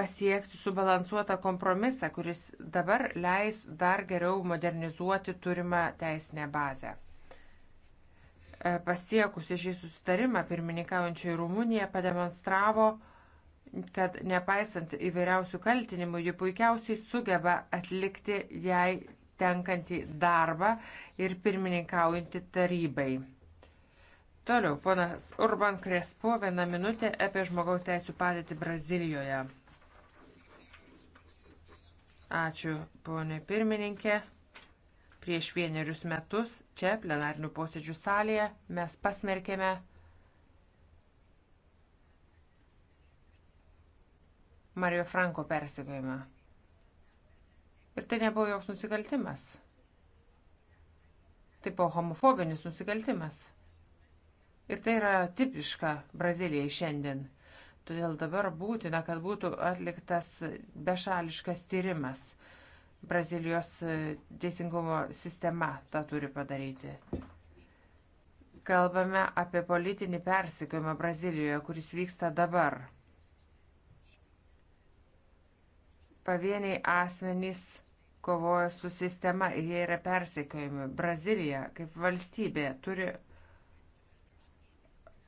pasiekti subalansuotą kompromisą, kuris dabar leis dar geriau modernizuoti turimą teisinę bazę. E, pasiekusi šį susitarimą, pirmininkaujančiai Rumunija pademonstravo, kad nepaisant įvairiausių kaltinimų, ji puikiausiai sugeba atlikti jai tenkantį darbą ir pirmininkaujantį tarybai. Toliau, ponas Urban Krespo, vieną minutę apie žmogaus teisų padėtį Brazilijoje. Ačiū, ponė pirmininkė. Prieš vienerius metus čia, plenarnių posėdžių salėje, mes pasmerkėme Mario Franko persigojimą. Ir tai nebuvo joks nusikaltimas. Tai buvo homofobinis nusikaltimas. Ir tai yra tipiška Brazilijai šiandien – Todėl dabar būtina, kad būtų atliktas bešališkas tyrimas. Brazilijos e, teisingumo sistema tą turi padaryti. Kalbame apie politinį persikiojimą Brazilijoje, kuris vyksta dabar. Pavieniai asmenys kovoja su sistema ir jie yra persekiojami. Brazilija kaip valstybė turi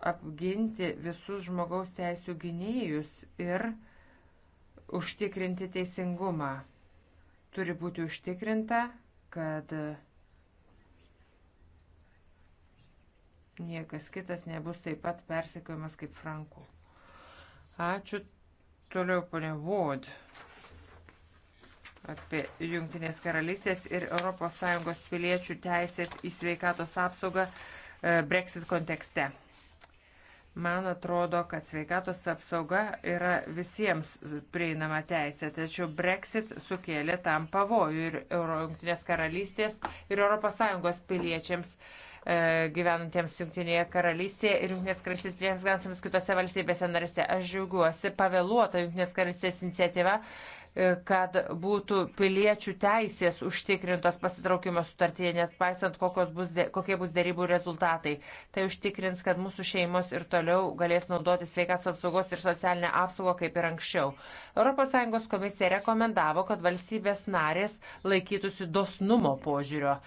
apginti visus žmogaus teisų gynėjus ir užtikrinti teisingumą. Turi būti užtikrinta, kad niekas kitas nebus taip pat persekiojamas kaip Franku. Ačiū toliau, ponė Vod, apie Junktinės karalystės ir ES piliečių teisės į sveikatos apsaugą e, Brexit kontekste. Man atrodo, kad sveikatos apsauga yra visiems prieinama teisė, tačiau Brexit sukėlė tam pavojų ir Junktinės karalystės ir ES piliečiams e, gyvenantiems Junktinėje karalystėje ir Junktinės karalystės piliečiams gyvenantiems kitose valstybėse narėse. Aš džiaugiuosi pavėluota Junktinės karalystės iniciatyva E, kad būtų piliečių teisės užtikrintos pasitraukimo sutartyje, nes paisant bus de, kokie bus dėrybų rezultatai. Tai užtikrins, kad mūsų šeimos ir toliau galės naudoti sveikas apsaugos ir socialinę apsaugą kaip ir anksčiau. ES komisija rekomendavo, kad valstybės narės laikytųsi dosnumo požiūrio.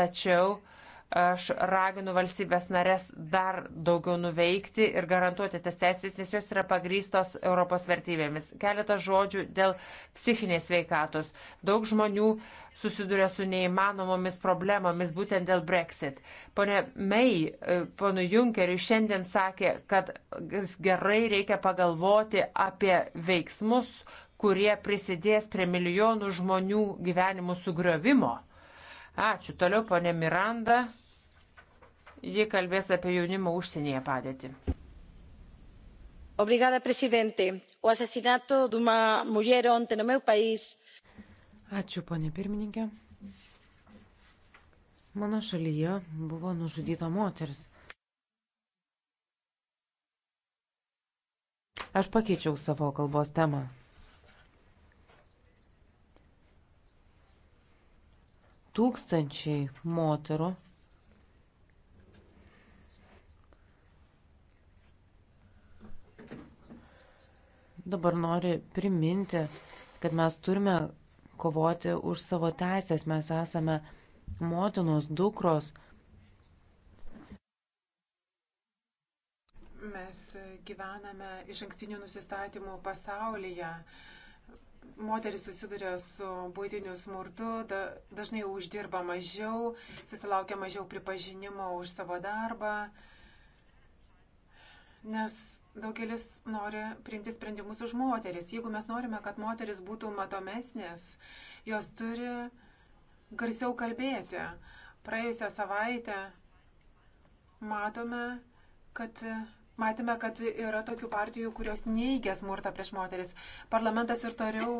Tačiau uh, Aš raginu valstybės narės dar daugiau nuveikti ir garantuoti tas teisės, nes jos yra pagrystos Europos vertybėmis. Keletas žodžių dėl psichinės veikatos. Daug žmonių susiduria su neįmanomomis problemomis būtent dėl Brexit. Pone May, e, ponu Junkeriui šiandien sakė, kad gerai reikia pagalvoti apie veiksmus, kurie prisidės prie milijonų žmonių gyvenimų sugriovimo. Ačiū. Toliau ponė Miranda. Ji kalbės apie jaunimo užsienyje padėtį. Obrigada, prezidentė. O asesinato duma mujerio ante no meu país. Ačiū, ponė pirmininkė. Mano šalyje buvo nužudyta moteris. Aš pakeičiau savo kalbos temą. Tūkstančiai moterų dabar nori priminti, kad mes turime kovoti už savo teisės, mes esame motinos, dukros. Mes gyvename iš ankstinių nusistatymų pasaulyje. Moteris susiduria su būtiniu smurtu, da, dažnai uždirba mažiau, susilaukia mažiau pripažinimo už savo darbą, nes daugelis nori priimti sprendimus už moteris. Jeigu mes norime, kad moteris būtų matomesnės, jos turi garsiau kalbėti. Praėjusią savaitę matome, kad Matėme, kad yra tokių partijų, kurios neigia smurtą prieš moteris. Parlamentas ir toliau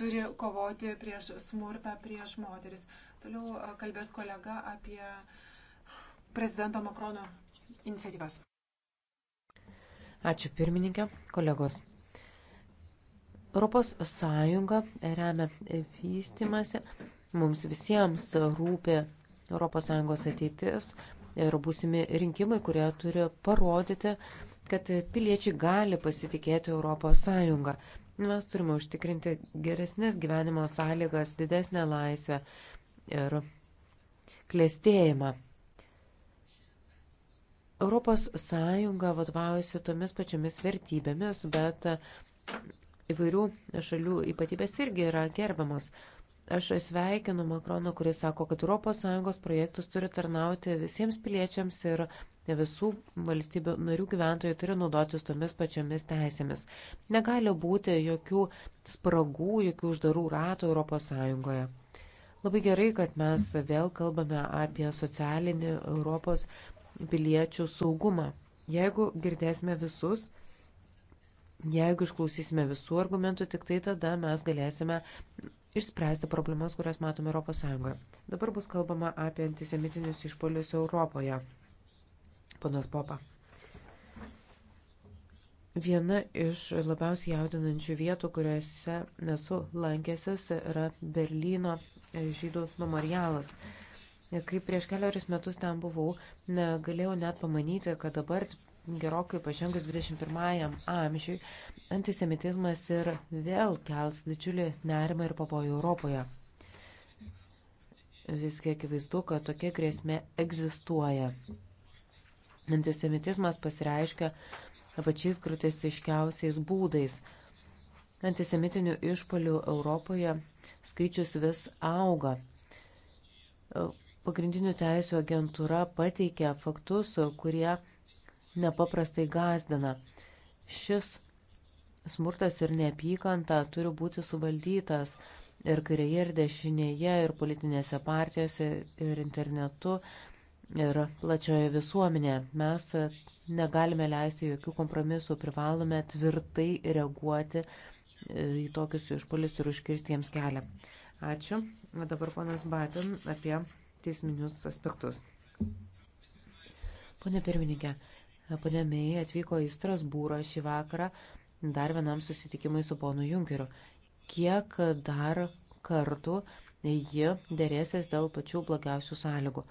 turi kovoti prieš smurtą prieš moteris. Toliau kalbės kolega apie prezidento Makrono iniciatyvas. Ačiū pirmininkė, kolegos. Europos Sąjunga remia vystimasi, mums visiems rūpi Europos Sąjungos ateitis ir būsimi rinkimai, kurie turi parodyti, kad piliečiai gali pasitikėti Europos Sąjungą. Mes turime užtikrinti geresnės gyvenimo sąlygas, didesnę laisvę ir klėstėjimą. Europos Sąjunga vadovaujasi tomis pačiomis vertybėmis, bet įvairių šalių ypatybės irgi yra gerbiamas. Aš sveikinu Makroną, kuris sako, kad ES projektus turi tarnauti visiems piliečiams ir visų valstybių narių gyventojai turi naudotis tomis pačiomis teisėmis. Negali būti jokių spragų, jokių uždarų ratų ES. Labai gerai, kad mes vėl kalbame apie socialinį Europos piliečių saugumą. Jeigu girdėsime visus, jeigu išklausysime visų argumentų, tik tai tada mes galėsime išspręsti problemas, kurias matome ES. Dabar bus kalbama apie antisemitinius išpolius Europoje. Ponas Popa. Viena iš labiausiai jaudinančių vietų, kuriuose nesu lankęsis, yra Berlyno žydų memorialas. Kai prieš keliarius metus ten buvau, galėjau net pamanyti, kad dabar gerokai pažengus 21 amžiui antisemitizmas ir vėl kels didžiulį nerimą ir pavojų Europoje. Viskai akivaizdu, kad tokia grėsmė egzistuoja. Antisemitizmas pasireiškia pačiais grūtistiškiausiais būdais. Antisemitinių išpolių Europoje skaičius vis auga. Pagrindinių teisų agentūra pateikė faktus, kurie nepaprastai gazdina. Šis smurtas ir neapykanta turi būti suvaldytas ir kairėje, ir dešinėje, ir politinėse partijose, ir internetu, ir plačioje visuomenėje. Mes negalime leisti jokių kompromisų, privalome tvirtai reaguoti e, į tokius išpolius ir užkirsti jiems kelią. Ačiū. O dabar ponas Batin apie teisminius aspektus. Pone pirmininkė, ponė Mei atvyko į Strasbūrą šį vakarą dar vienam susitikimui su ponu Junkeriu. Kiek dar kartų ji dėrėsės dėl pačių blogiausių sąlygų.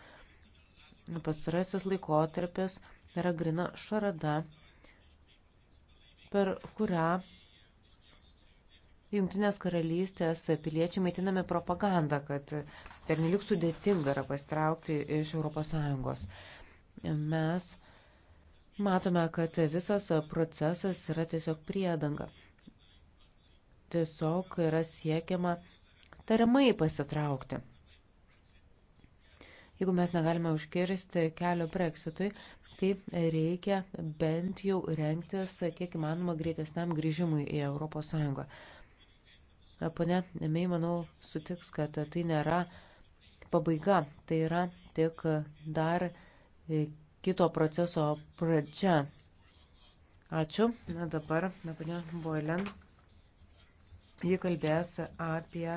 Pastarasis laikotarpis yra grina šarada, per kurią Junktinės karalystės piliečiai maitinami propagandą, kad pernelik sudėtinga yra pastraukti iš ES. Mes matome, kad visas procesas yra tiesiog priedanga. Tiesiog yra siekiama tariamai pasitraukti. Jeigu mes negalime užkirsti kelio breksitui, tai reikia bent jau renktis, kiek įmanoma, greitesniam grįžimui į ES. Pone Mei, manau, sutiks, kad tai nėra pabaiga, tai yra tik dar e, kito proceso pradžia. Ačiū. Na dabar, na, ponia Boilen, ji kalbės apie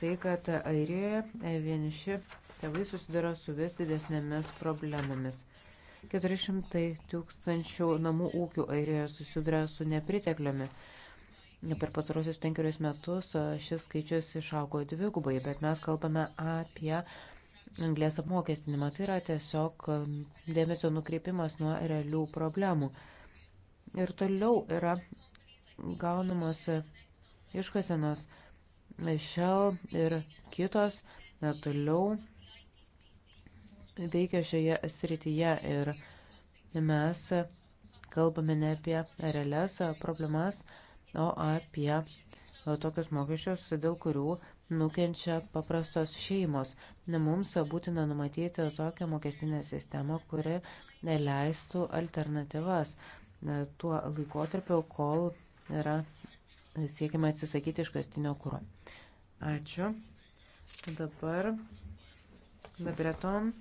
tai, kad Airijoje e, vieniši tėvai susiduria su vis didesnėmis problemomis. 400 tūkstančių namų ūkių Airijoje susiduria su nepritekliomis Per pasarosius penkerius metus šis skaičius išaugo dvigubai, bet mes kalbame apie anglės apmokestinimą. Tai yra tiesiog dėmesio nukreipimas nuo realių problemų. Ir toliau yra gaunamos iškasenos Shell ir kitos toliau veikia šioje srityje ir mes kalbame ne apie realias problemas, o apie tokius mokesčius, dėl kurių nukenčia paprastos šeimos. Mums būtina numatyti tokią mokestinę sistemą, kuri leistų alternatyvas tuo laikotarpiu, kol yra siekime atsisakyti iškastinio kūro. Ačiū. Dabar Dabreton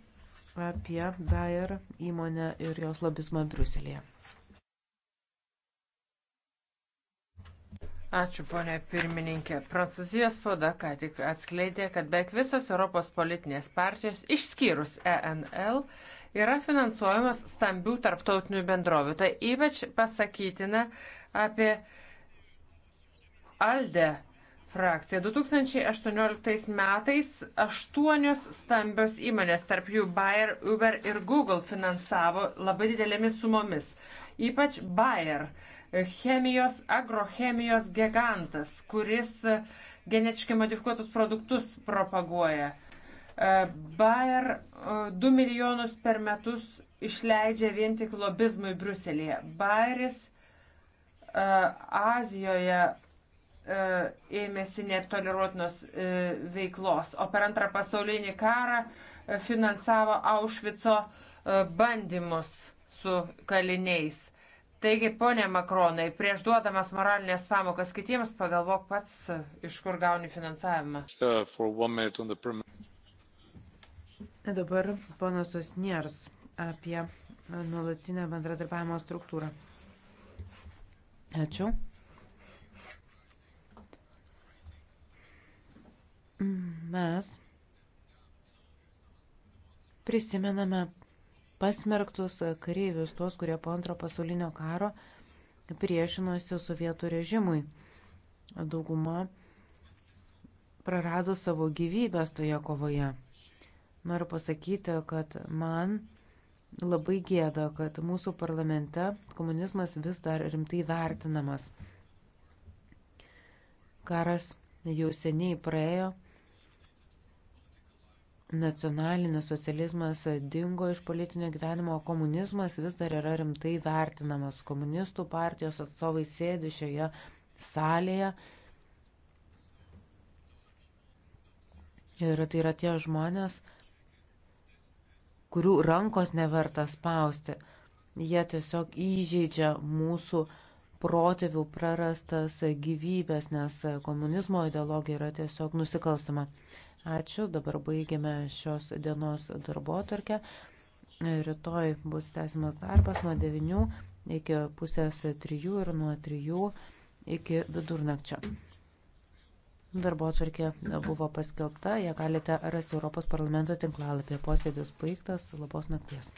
apie Bayer įmonę ir jos lobizmą Bruselėje. Ačiū, ponė pirmininkė. Prancūzijos spauda ką tik atskleidė, kad beveik visos Europos politinės partijos, išskyrus ENL, yra finansuojamas stambių tarptautinių bendrovių. Tai ypač pasakytina apie Alde frakcija. 2018 metais aštuonios stambios įmonės, tarp jų Bayer, Uber ir Google, finansavo labai didelėmis sumomis. Ypač Bayer chemijos, agrochemijos gigantas, kuris genetiškai modifikuotus produktus propaguoja. E, Bayer 2 e, milijonus per metus išleidžia vien tik lobizmui Bruselėje. Bayeris e, Azijoje ėmėsi netoleruotinos veiklos, o per antrą pasaulinį karą finansavo Aušvico bandymus su kaliniais. Taigi, ponė Makronai, prieš duodamas moralinės pamokas kitiems, pagalvok pats, iš kur gauni finansavimą. Uh, dabar ponas Osniers apie uh, nuolatinę bendradarbiavimo struktūrą. Ačiū. Mm, mes prisimename pasmerktus kareivius, tuos, kurie po antro pasaulinio karo priešinosi sovietų režimui. Dauguma prarado savo gyvybės toje kovoje. Noriu pasakyti, kad man labai gėda, kad mūsų parlamente komunizmas vis dar rimtai vertinamas. Karas jau seniai praėjo nacionalinis socializmas dingo iš politinio gyvenimo, o komunizmas vis dar yra rimtai vertinamas. Komunistų partijos atstovai sėdi šioje salėje. Ir tai yra tie žmonės, kurių rankos neverta spausti. Jie tiesiog įžeidžia mūsų protėvių prarastas gyvybės, nes komunizmo ideologija yra tiesiog nusikalstama. Ačiū, dabar baigiame šios dienos darbo tarkę. Rytoj bus tęsimas darbas nuo 9 iki pusės 3 ir nuo 3 iki vidurnakčio. Darbo atvarkė buvo paskelbta, ją galite rasti Europos parlamento tinklalapyje. Posėdis baigtas, labos nakties.